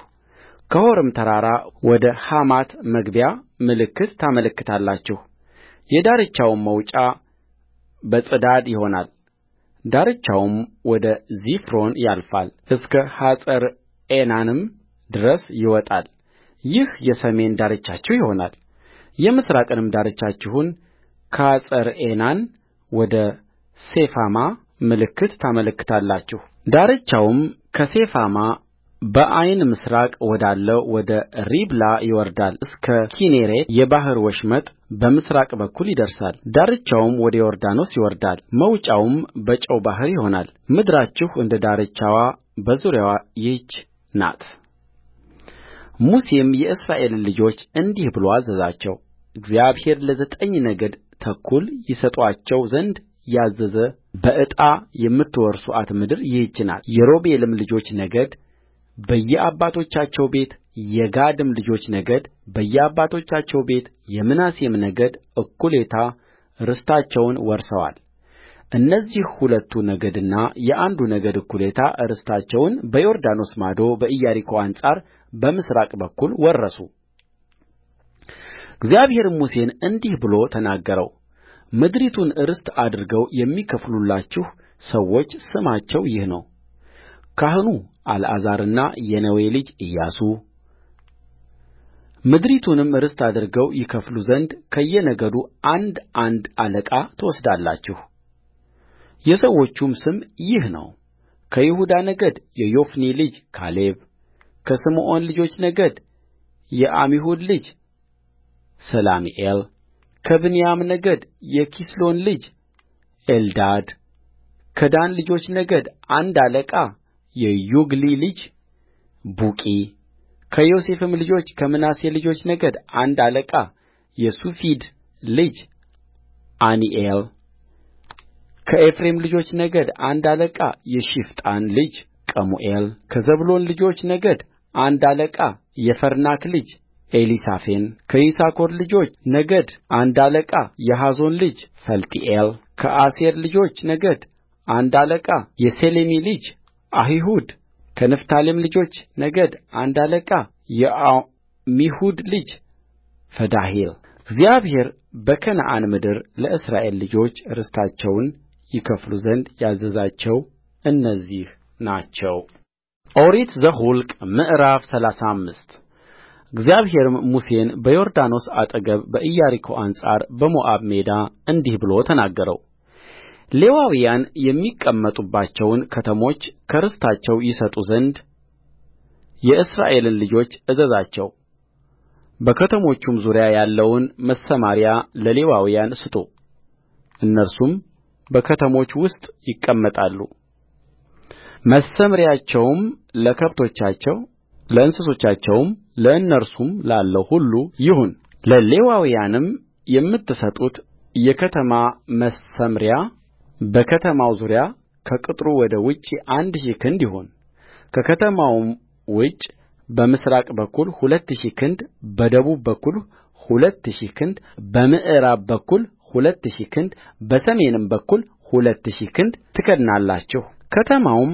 ከሖርም ተራራ ወደ ሐማት መግቢያ ምልክት ታመለክታላችሁ የዳርቻውም መውጫ በጽዳድ ይሆናል ዳርቻውም ወደ ዚፍሮን ያልፋል እስከ ሐጸር ኤናንም ድረስ ይወጣል ይህ የሰሜን ዳርቻችሁ ይሆናል የምሥራቅንም ዳርቻችሁን ከሐጸርዔናን ወደ ሴፋማ ምልክት ታመለክታላችሁዳርቻውም ከሴፋማ በዓይን ምሥራቅ ወዳለው ወደ ሪብላ ይወርዳል እስከ ኪኔሬት የባሕር ወሽመጥ በምሥራቅ በኩል ይደርሳል ዳርቻውም ወደ ዮርዳኖስ ይወርዳል መውጫውም በጨው ባሕር ይሆናል ምድራችሁ እንደ ዳርቻዋ በዙሪያዋ ይህች ናት ሙሴም የእስራኤልን ልጆች እንዲህ ብሎ አዘዛቸው እግዚአብሔር ለዘጠኝ ነገድ ተኩል ይሰጡአቸው ዘንድ ያዘዘ በዕጣ የምትወርሱአት ምድር ይህች የሮቤልም ልጆች ነገድ በየአባቶቻቸው ቤት የጋድም ልጆች ነገድ በየአባቶቻቸው ቤት የምናሴም ነገድ እኩሌታ ርስታቸውን ወርሰዋል እነዚህ ሁለቱ ነገድና የአንዱ ነገድ እኩሌታ ርስታቸውን በዮርዳኖስ ማዶ በኢያሪኮ አንጻር በምሥራቅ በኩል ወረሱ እግዚአብሔርም ሙሴን እንዲህ ብሎ ተናገረውምድሪቱን ርስት አድርገው የሚከፍሉላችሁ ሰዎች ስማቸው ይህ ነው ካህኑ አልዓዛርና የነዌ ልጅ ኢያሱ ምድሪቱንም ርስት አድርገው ይከፍሉ ዘንድ ከየነገዱ አንድ አንድ አለቃ ትወስዳላችሁ። የሰዎቹም ስም ይህ ነው። ከይሁዳ ነገድ የዮፎኒ ልጅ ካሌብ፣ ከስምዖን ልጆች ነገድ የዓሚሁድ ልጅ ሰላሚኤል ከብንያም ነገድ የኪስሎን ልጅ ኤልዳድ ከዳን ልጆች ነገድ አንድ አለቃ የዮግሊ ልጅ ቡቂ ከዮሴፍም ልጆች ከምናሴ ልጆች ነገድ አንድ አለቃ የሱፊድ ልጅ ከኤፍሬም ልጆች ነገድ አንድ አለቃ የሺፍጣን ልጅ ቀሙኤልከዛብሎን ልጆች ነገድ አንድ አለቃ የፈርናክ ልጅ ኤሊሳፈንከይሳኮር ልጆች ነገድ አንድ አለቃ የሖዞን ልጅ ፈልጢኤልከአሴር ልጆች ነገድ አንድ አለቃ የሴሌሚ ልጅ አሒሁድከንፍታሌም ልጆች ነገድ አንድ አለቃ የዓሚሁድ ልጅ ፈዳሄልእግዚአብሔር በከነዓን ምድር ለእስራኤል ልጆች ርስታቸውን ይከፍሉ ዘንድ ያዘዛቸው እነዚህ ናቸው ኦሪት ዘኍልቍ ምዕራፍ ሰላሳ አምስት እግዚአብሔርም ሙሴን በዮርዳኖስ አጠገብ በኢያሪኮ አንጻር በሞዓብ ሜዳ እንዲህ ብሎ ተናገረው ሌዋውያን የሚቀመጡባቸውን ከተሞች ከርስታቸው ይሰጡ ዘንድ የእስራኤልን ልጆች እዘዛቸው በከተሞቹም ዙሪያ ያለውን መሰማሪያ ለሌዋውያን ስጡ እነርሱም በከተሞች ውስጥ ይቀመጣሉ መሰምርያቸውም ለከብቶቻቸው ለእንስሶቻቸውም ለእነርሱም ላለው ሁሉ ይሁንለሌዋውያንም የምትሰጡት የከተማ መሰምርያ በከተማው ዙሪያ ከቅጥሩ ወደ ውጭ አንድ ሺህ ክንድ ይሁን ከከተማውም ውጭ በምሥራቅ በኩል ሁለት ሺህ ክንድ በደቡብ በኩል ሁለት ሺህ ክንድ በምዕራብ በኩል ሁለት ሺህ ክንድ በሰሜንም በኩል ሁለት ሺህ ክንድ ትከድናላችሁ ከተማውም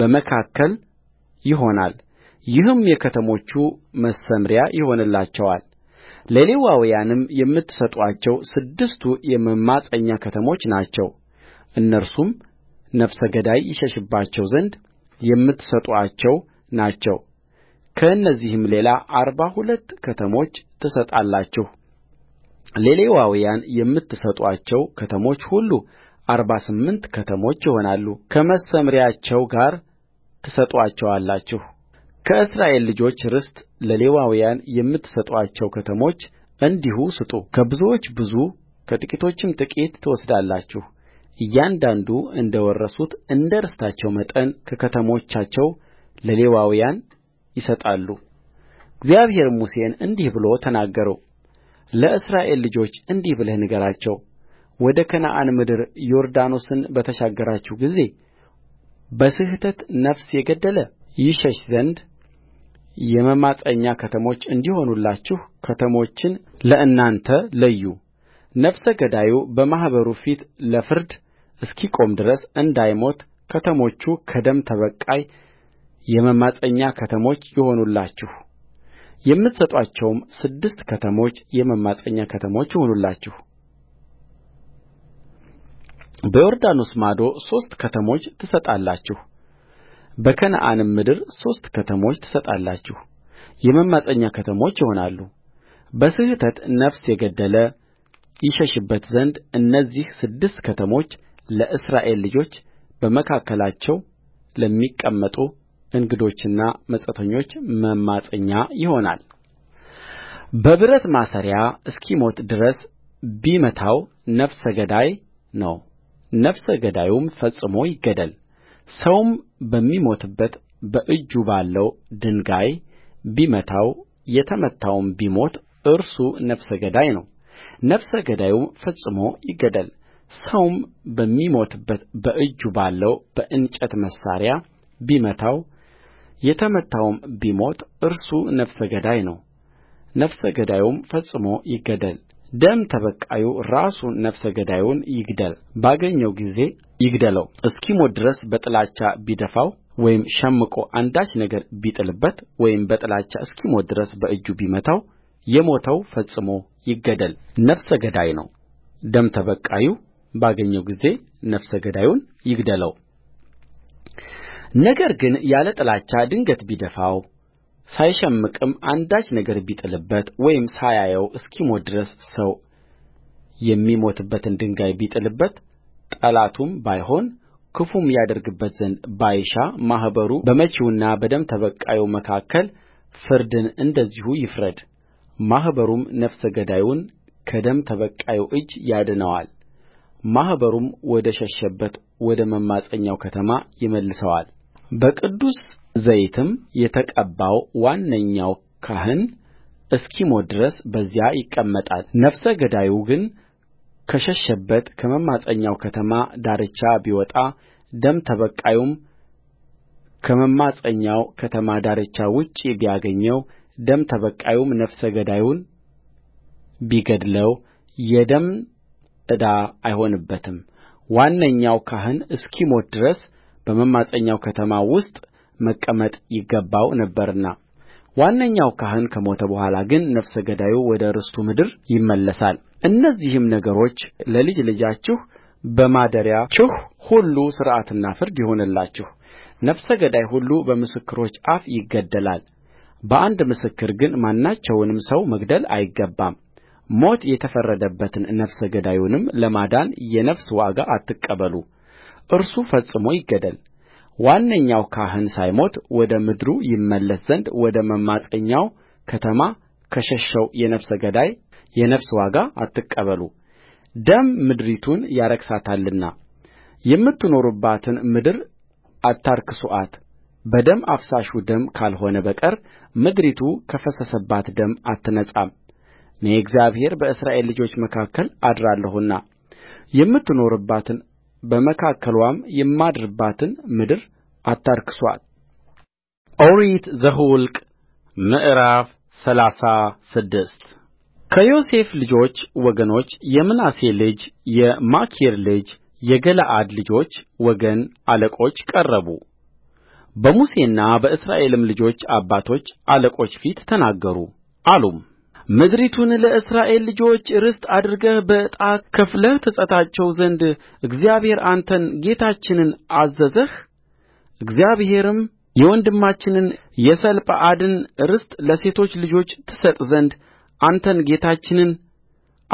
በመካከል ይሆናል ይህም የከተሞቹ መሰምርያ ለሌዋውያንም የምትሰጡአቸው ስድስቱ የመማፀኛ ከተሞች ናቸው እነርሱም ነፍሰ ገዳይ ይሸሽባቸው ዘንድ የምትሰጡአቸው ናቸው ከእነዚህም ሌላ አርባ ሁለት ከተሞች ትሰጣላችሁ ለሌዋውያን የምትሰጡአቸው ከተሞች ሁሉ አርባ ስምንት ከተሞች ይሆናሉ ከመሰምርያቸው ጋር ትሰጡአቸዋላችሁ ከእስራኤል ልጆች ርስት ለሌዋውያን የምትሰጡአቸው ከተሞች እንዲሁ ስጡ ከብዙዎች ብዙ ከጥቂቶችም ጥቂት ትወስዳላችሁ እያንዳንዱ እንደ ወረሱት እንደ ርስታቸው መጠን ከከተሞቻቸው ለሌዋውያን ይሰጣሉ። እግዚአብሔር ሙሴን እንዲህ ብሎ ተናገረውለእስራኤል ልጆች እንዲህ ብለህ ንገራቸው ወደ ከነዓን ምድር ዮርዳኖስን በተሻገራችሁ ጊዜ በስሕተት ነፍስ የገደለ ይሸሽ ዘንድ የመማፀኛ ከተሞች እንዲሆኑላችሁ ከተሞችን ለእናንተ ለዩ ነፍሰ ገዳዩ በማኅበሩ ፊት ለፍርድ እስኪቆም ድረስ እንዳይሞት ከተሞቹ ከደም ተበቃይ የመማፀኛ ከተሞች ይሆኑላችሁ የምትሰጡአቸውም ስድስት ከተሞች የመማፀኛ ከተሞች ይሁኑላችሁ በዮርዳኖስ ማዶ ሦስት ከተሞች ትሰጣላችሁ በከነዓንም ምድር ሦስት ከተሞች ትሰጣላችሁ የመማፀኛ ከተሞች ይሆናሉ! በስሕተት ነፍስ የገደለ ይሸሽበት ዘንድ እነዚህ ስድስት ከተሞች ለእስራኤል ልጆች በመካከላቸው ለሚቀመጡ እንግዶችና መጻተኞች መማፀኛ በብረት ማሰሪያ እስኪሞት ድረስ ቢመታው ነፍሰ ገዳይ ነው ነፍሰ ገዳዩም ፈጽሞ ይገደል ሰውም በሚሞትበት በእጁ ባለው ድንጋይ ቢመታው የተመታውም ቢሞት እርሱ ነፍሰ ገዳይ ነው ነፍሰ ገዳዩም ፈጽሞ ይገደል ሰውም በሚሞትበት በእጁ ባለው በእንጨት መሣሪያ ቢመታው የተመታውም ቢሞት እርሱ ነፍሰ ገዳይ ነው ነፍሰ ገዳዩም ፈጽሞ ይገደል ደም ተበቃዩ ራሱ ነፍሰ ገዳዩን ይግደል ባገኘው ጊዜ ይግደለው እስኪሞት ድረስ በጥላቻ ቢደፋው ወይም ሸምቆ አንዳች ነገር ቢጥልበት ወይም በጥላቻ እስኪሞት ድረስ በእጁ ቢመታው የሞተው ፈጽሞ ይገደል ነፍሰ ገዳይ ነው ደም ተበቃዩ ባገኘው ጊዜ ነፍሰ ገዳዩን ይግደለው። ነገር ግን ያለ ጥላቻ ድንገት ቢደፋው ሳይሸምቅም አንዳች ነገር ቢጥልበት ወይም ሳያየው እስኪሞት ድረስ ሰው የሚሞትበትን ድንጋይ ቢጥልበት ጠላቱም ባይሆን ክፉም ያደርግበት ዘንድ ባይሻ ማኅበሩ በመቺውና በደም ተበቃዩ መካከል ፍርድን እንደዚሁ ይፍረድ ማኅበሩም ነፍሰ ገዳዩን ከደም ተበቃዩ እጅ ያድነዋል ማኅበሩም ወደ ሸሸበት ወደ መማፀኛው ከተማ ይመልሰዋል በቅዱስ ዘይትም የተቀባው ዋነኛው ካህን እስኪሞት ድረስ በዚያ ነፍሰ ገዳዩ ግን ከሸሸበት ከመማፀኛው ከተማ ዳርቻ ቢወጣ ደም ተበቃዩም ከመማፀኛው ከተማ ዳርቻ ውጭ ቢያገኘው ደም ተበቃዩም ነፍሰ ገዳዩን ቢገድለው የደም ዕዳ አይሆንበትምዋነኛው ካህን እስኪሞት ድረስ በመማፀኛው ከተማ ውስጥ መቀመጥ ይገባው ነበርና ዋነኛው ካህን ከሞተ በኋላ ግን ነፍሰ ገዳዩ ወደ ርስቱ ምድር ይመለሳልእነዚህም ነገሮች ለልጅ ልጃችሁ በማደሪያችሁ ሁሉ ሥርዓትና ፍርድ ይሁኑላችሁ ነፍሰ ገዳይ ሁሉ በምስክሮች አፍ ይገደላል በአንድ ምስክር ግን ማናቸውንም ሰው መግደል አይገባም ሞት የተፈረደበትን ነፍሰ ገዳዩንም ለማዳን የነፍስ ዋጋ አትቀበሉ እርሱ ፈጽሞ ይገደል ዋነኛው ካህን ሳይሞት ወደ ምድሩ ይመለስ ዘንድ ወደ መማፀኛው ከተማ ከሸሸው የነፍሰ ገዳይ የነፍስ ዋጋ አትቀበሉ ደም ምድሪቱን ያረክሳታልና የምትኖሩባትን ምድር አታርክሱአት በደም አፍሳሹ ደም ካልሆነ በቀር ምድሪቱ ከፈሰሰባት ደም አትነጻም እኔ እግዚአብሔር በእስራኤል ልጆች መካከል አድራለሁና የምትኖሩባትን በመካከልዋም የማድርባትን ምድር አታርክሱአትኦሪት ዘኍልቍ ምዕራፍ ሰላሳ ስድስት ከዮሴፍ ልጆች ወገኖች የምናሴ ልጅ የማኪር ልጅ የገለዓድ ልጆች ወገን አለቆች ቀረቡ በሙሴና በእስራኤልም ልጆች አባቶች አለቆች ፊት ተናገሩ አሉም ምድሪቱን ለእስራኤል ልጆች ርስት አድርገህ በዕጣ ከፍለህ ትሰጣቸው ዘንድ እግዚአብሔር አንተን ጌታችንን አዘዘህ እግዚአብሔርም የወንድማችንን የሰለጰዓድን ርስት ለሴቶች ልጆች ትሰጥ ዘንድ አንተን ጌታችንን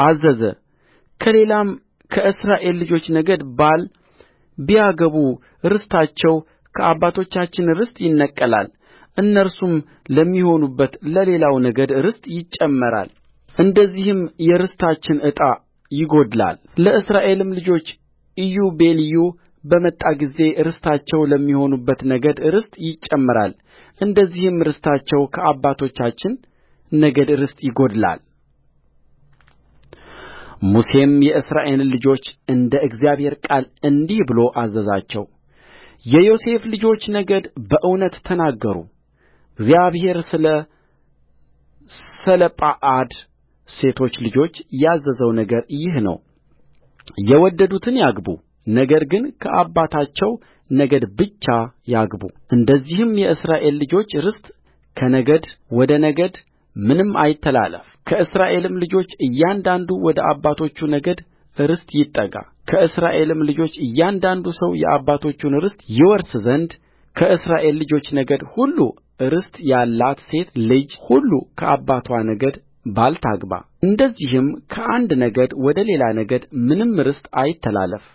አዘዘ። ከሌላም ከእስራኤል ልጆች ነገድ ባል ቢያገቡ ርስታቸው ከአባቶቻችን ርስት ይነቀላል እነርሱም ለሚሆኑበት ለሌላው ነገድ ርስት ይጨመራል እንደዚህም የርስታችን ዕጣ ለእስራኤልም ልጆች ኢዮቤልዩ በመጣ ጊዜ ርስታቸው ለሚሆኑበት ነገድ ርስት ይጨመራል እንደዚህም ርስታቸው ከአባቶቻችን ነገድ ርስት ይጐድላል ሙሴም የእስራኤልን ልጆች እንደ እግዚአብሔር ቃል እንዲህ ብሎ አዘዛቸው የዮሴፍ ልጆች ነገድ በእውነት ተናገሩ እግዚአብሔር ስለ ሰለጰዓድ ሴቶች ልጆች ያዘዘው ነገር ይህ ነው የወደዱትን ያግቡ ነገር ግን ከአባታቸው ነገድ ብቻ ያግቡ እንደዚህም የእስራኤል ልጆች ርስት ከነገድ ወደ ነገድ ምንም አይተላለፍ ከእስራኤልም ልጆች እያንዳንዱ ወደ አባቶቹ ነገድ ርስት ይጠጋ ከእስራኤልም ልጆች እያንዳንዱ ሰው የአባቶቹን ርስት ይወርስ ዘንድ ከእስራኤል ልጆች ነገድ ሁሉ ርስት ያላት ሴት ልጅ ሁሉ ከአባትዋ ነገድ ባል ታግባ እንደዚህም ከአንድ ነገድ ወደ ሌላ ነገድ ምንም ርስት አይተላለፍ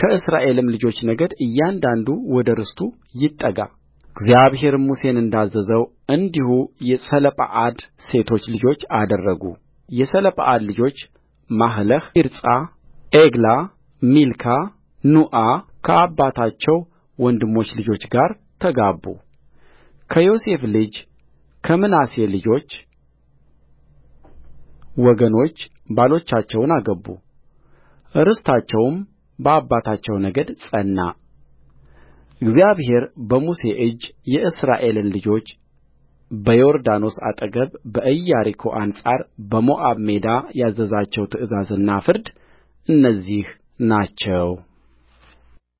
ከእስራኤልም ልጆች ነገድ እያንዳንዱ ወደ ርስቱ ይጠጋእግዚአብሔርም ሙሴን እንዳዘዘው እንዲሁ የሰለጰዓድ ሴቶች ልጆች አደረጉ የሰለጰዓድ ልጆች ማህለህ ቲርጻ ዔግላ ሚልካ ኑዓ ከአባታቸው ወንድሞች ልጆች ጋር ተጋቡ ከዮሴፍ ልጅ ከምናሴ ልጆች ወገኖች ባሎቻቸውን አገቡ ርስታቸውም በአባታቸው ነገድ ጸና እግዚአብሔር በሙሴ እጅ የእስራኤልን ልጆች በዮርዳኖስ አጠገብ በኢያሪኮ አንጻር በሞዓብ ሜዳ ያዘዛቸው ትእዛዝና ፍርድ እነዚህ ናቸው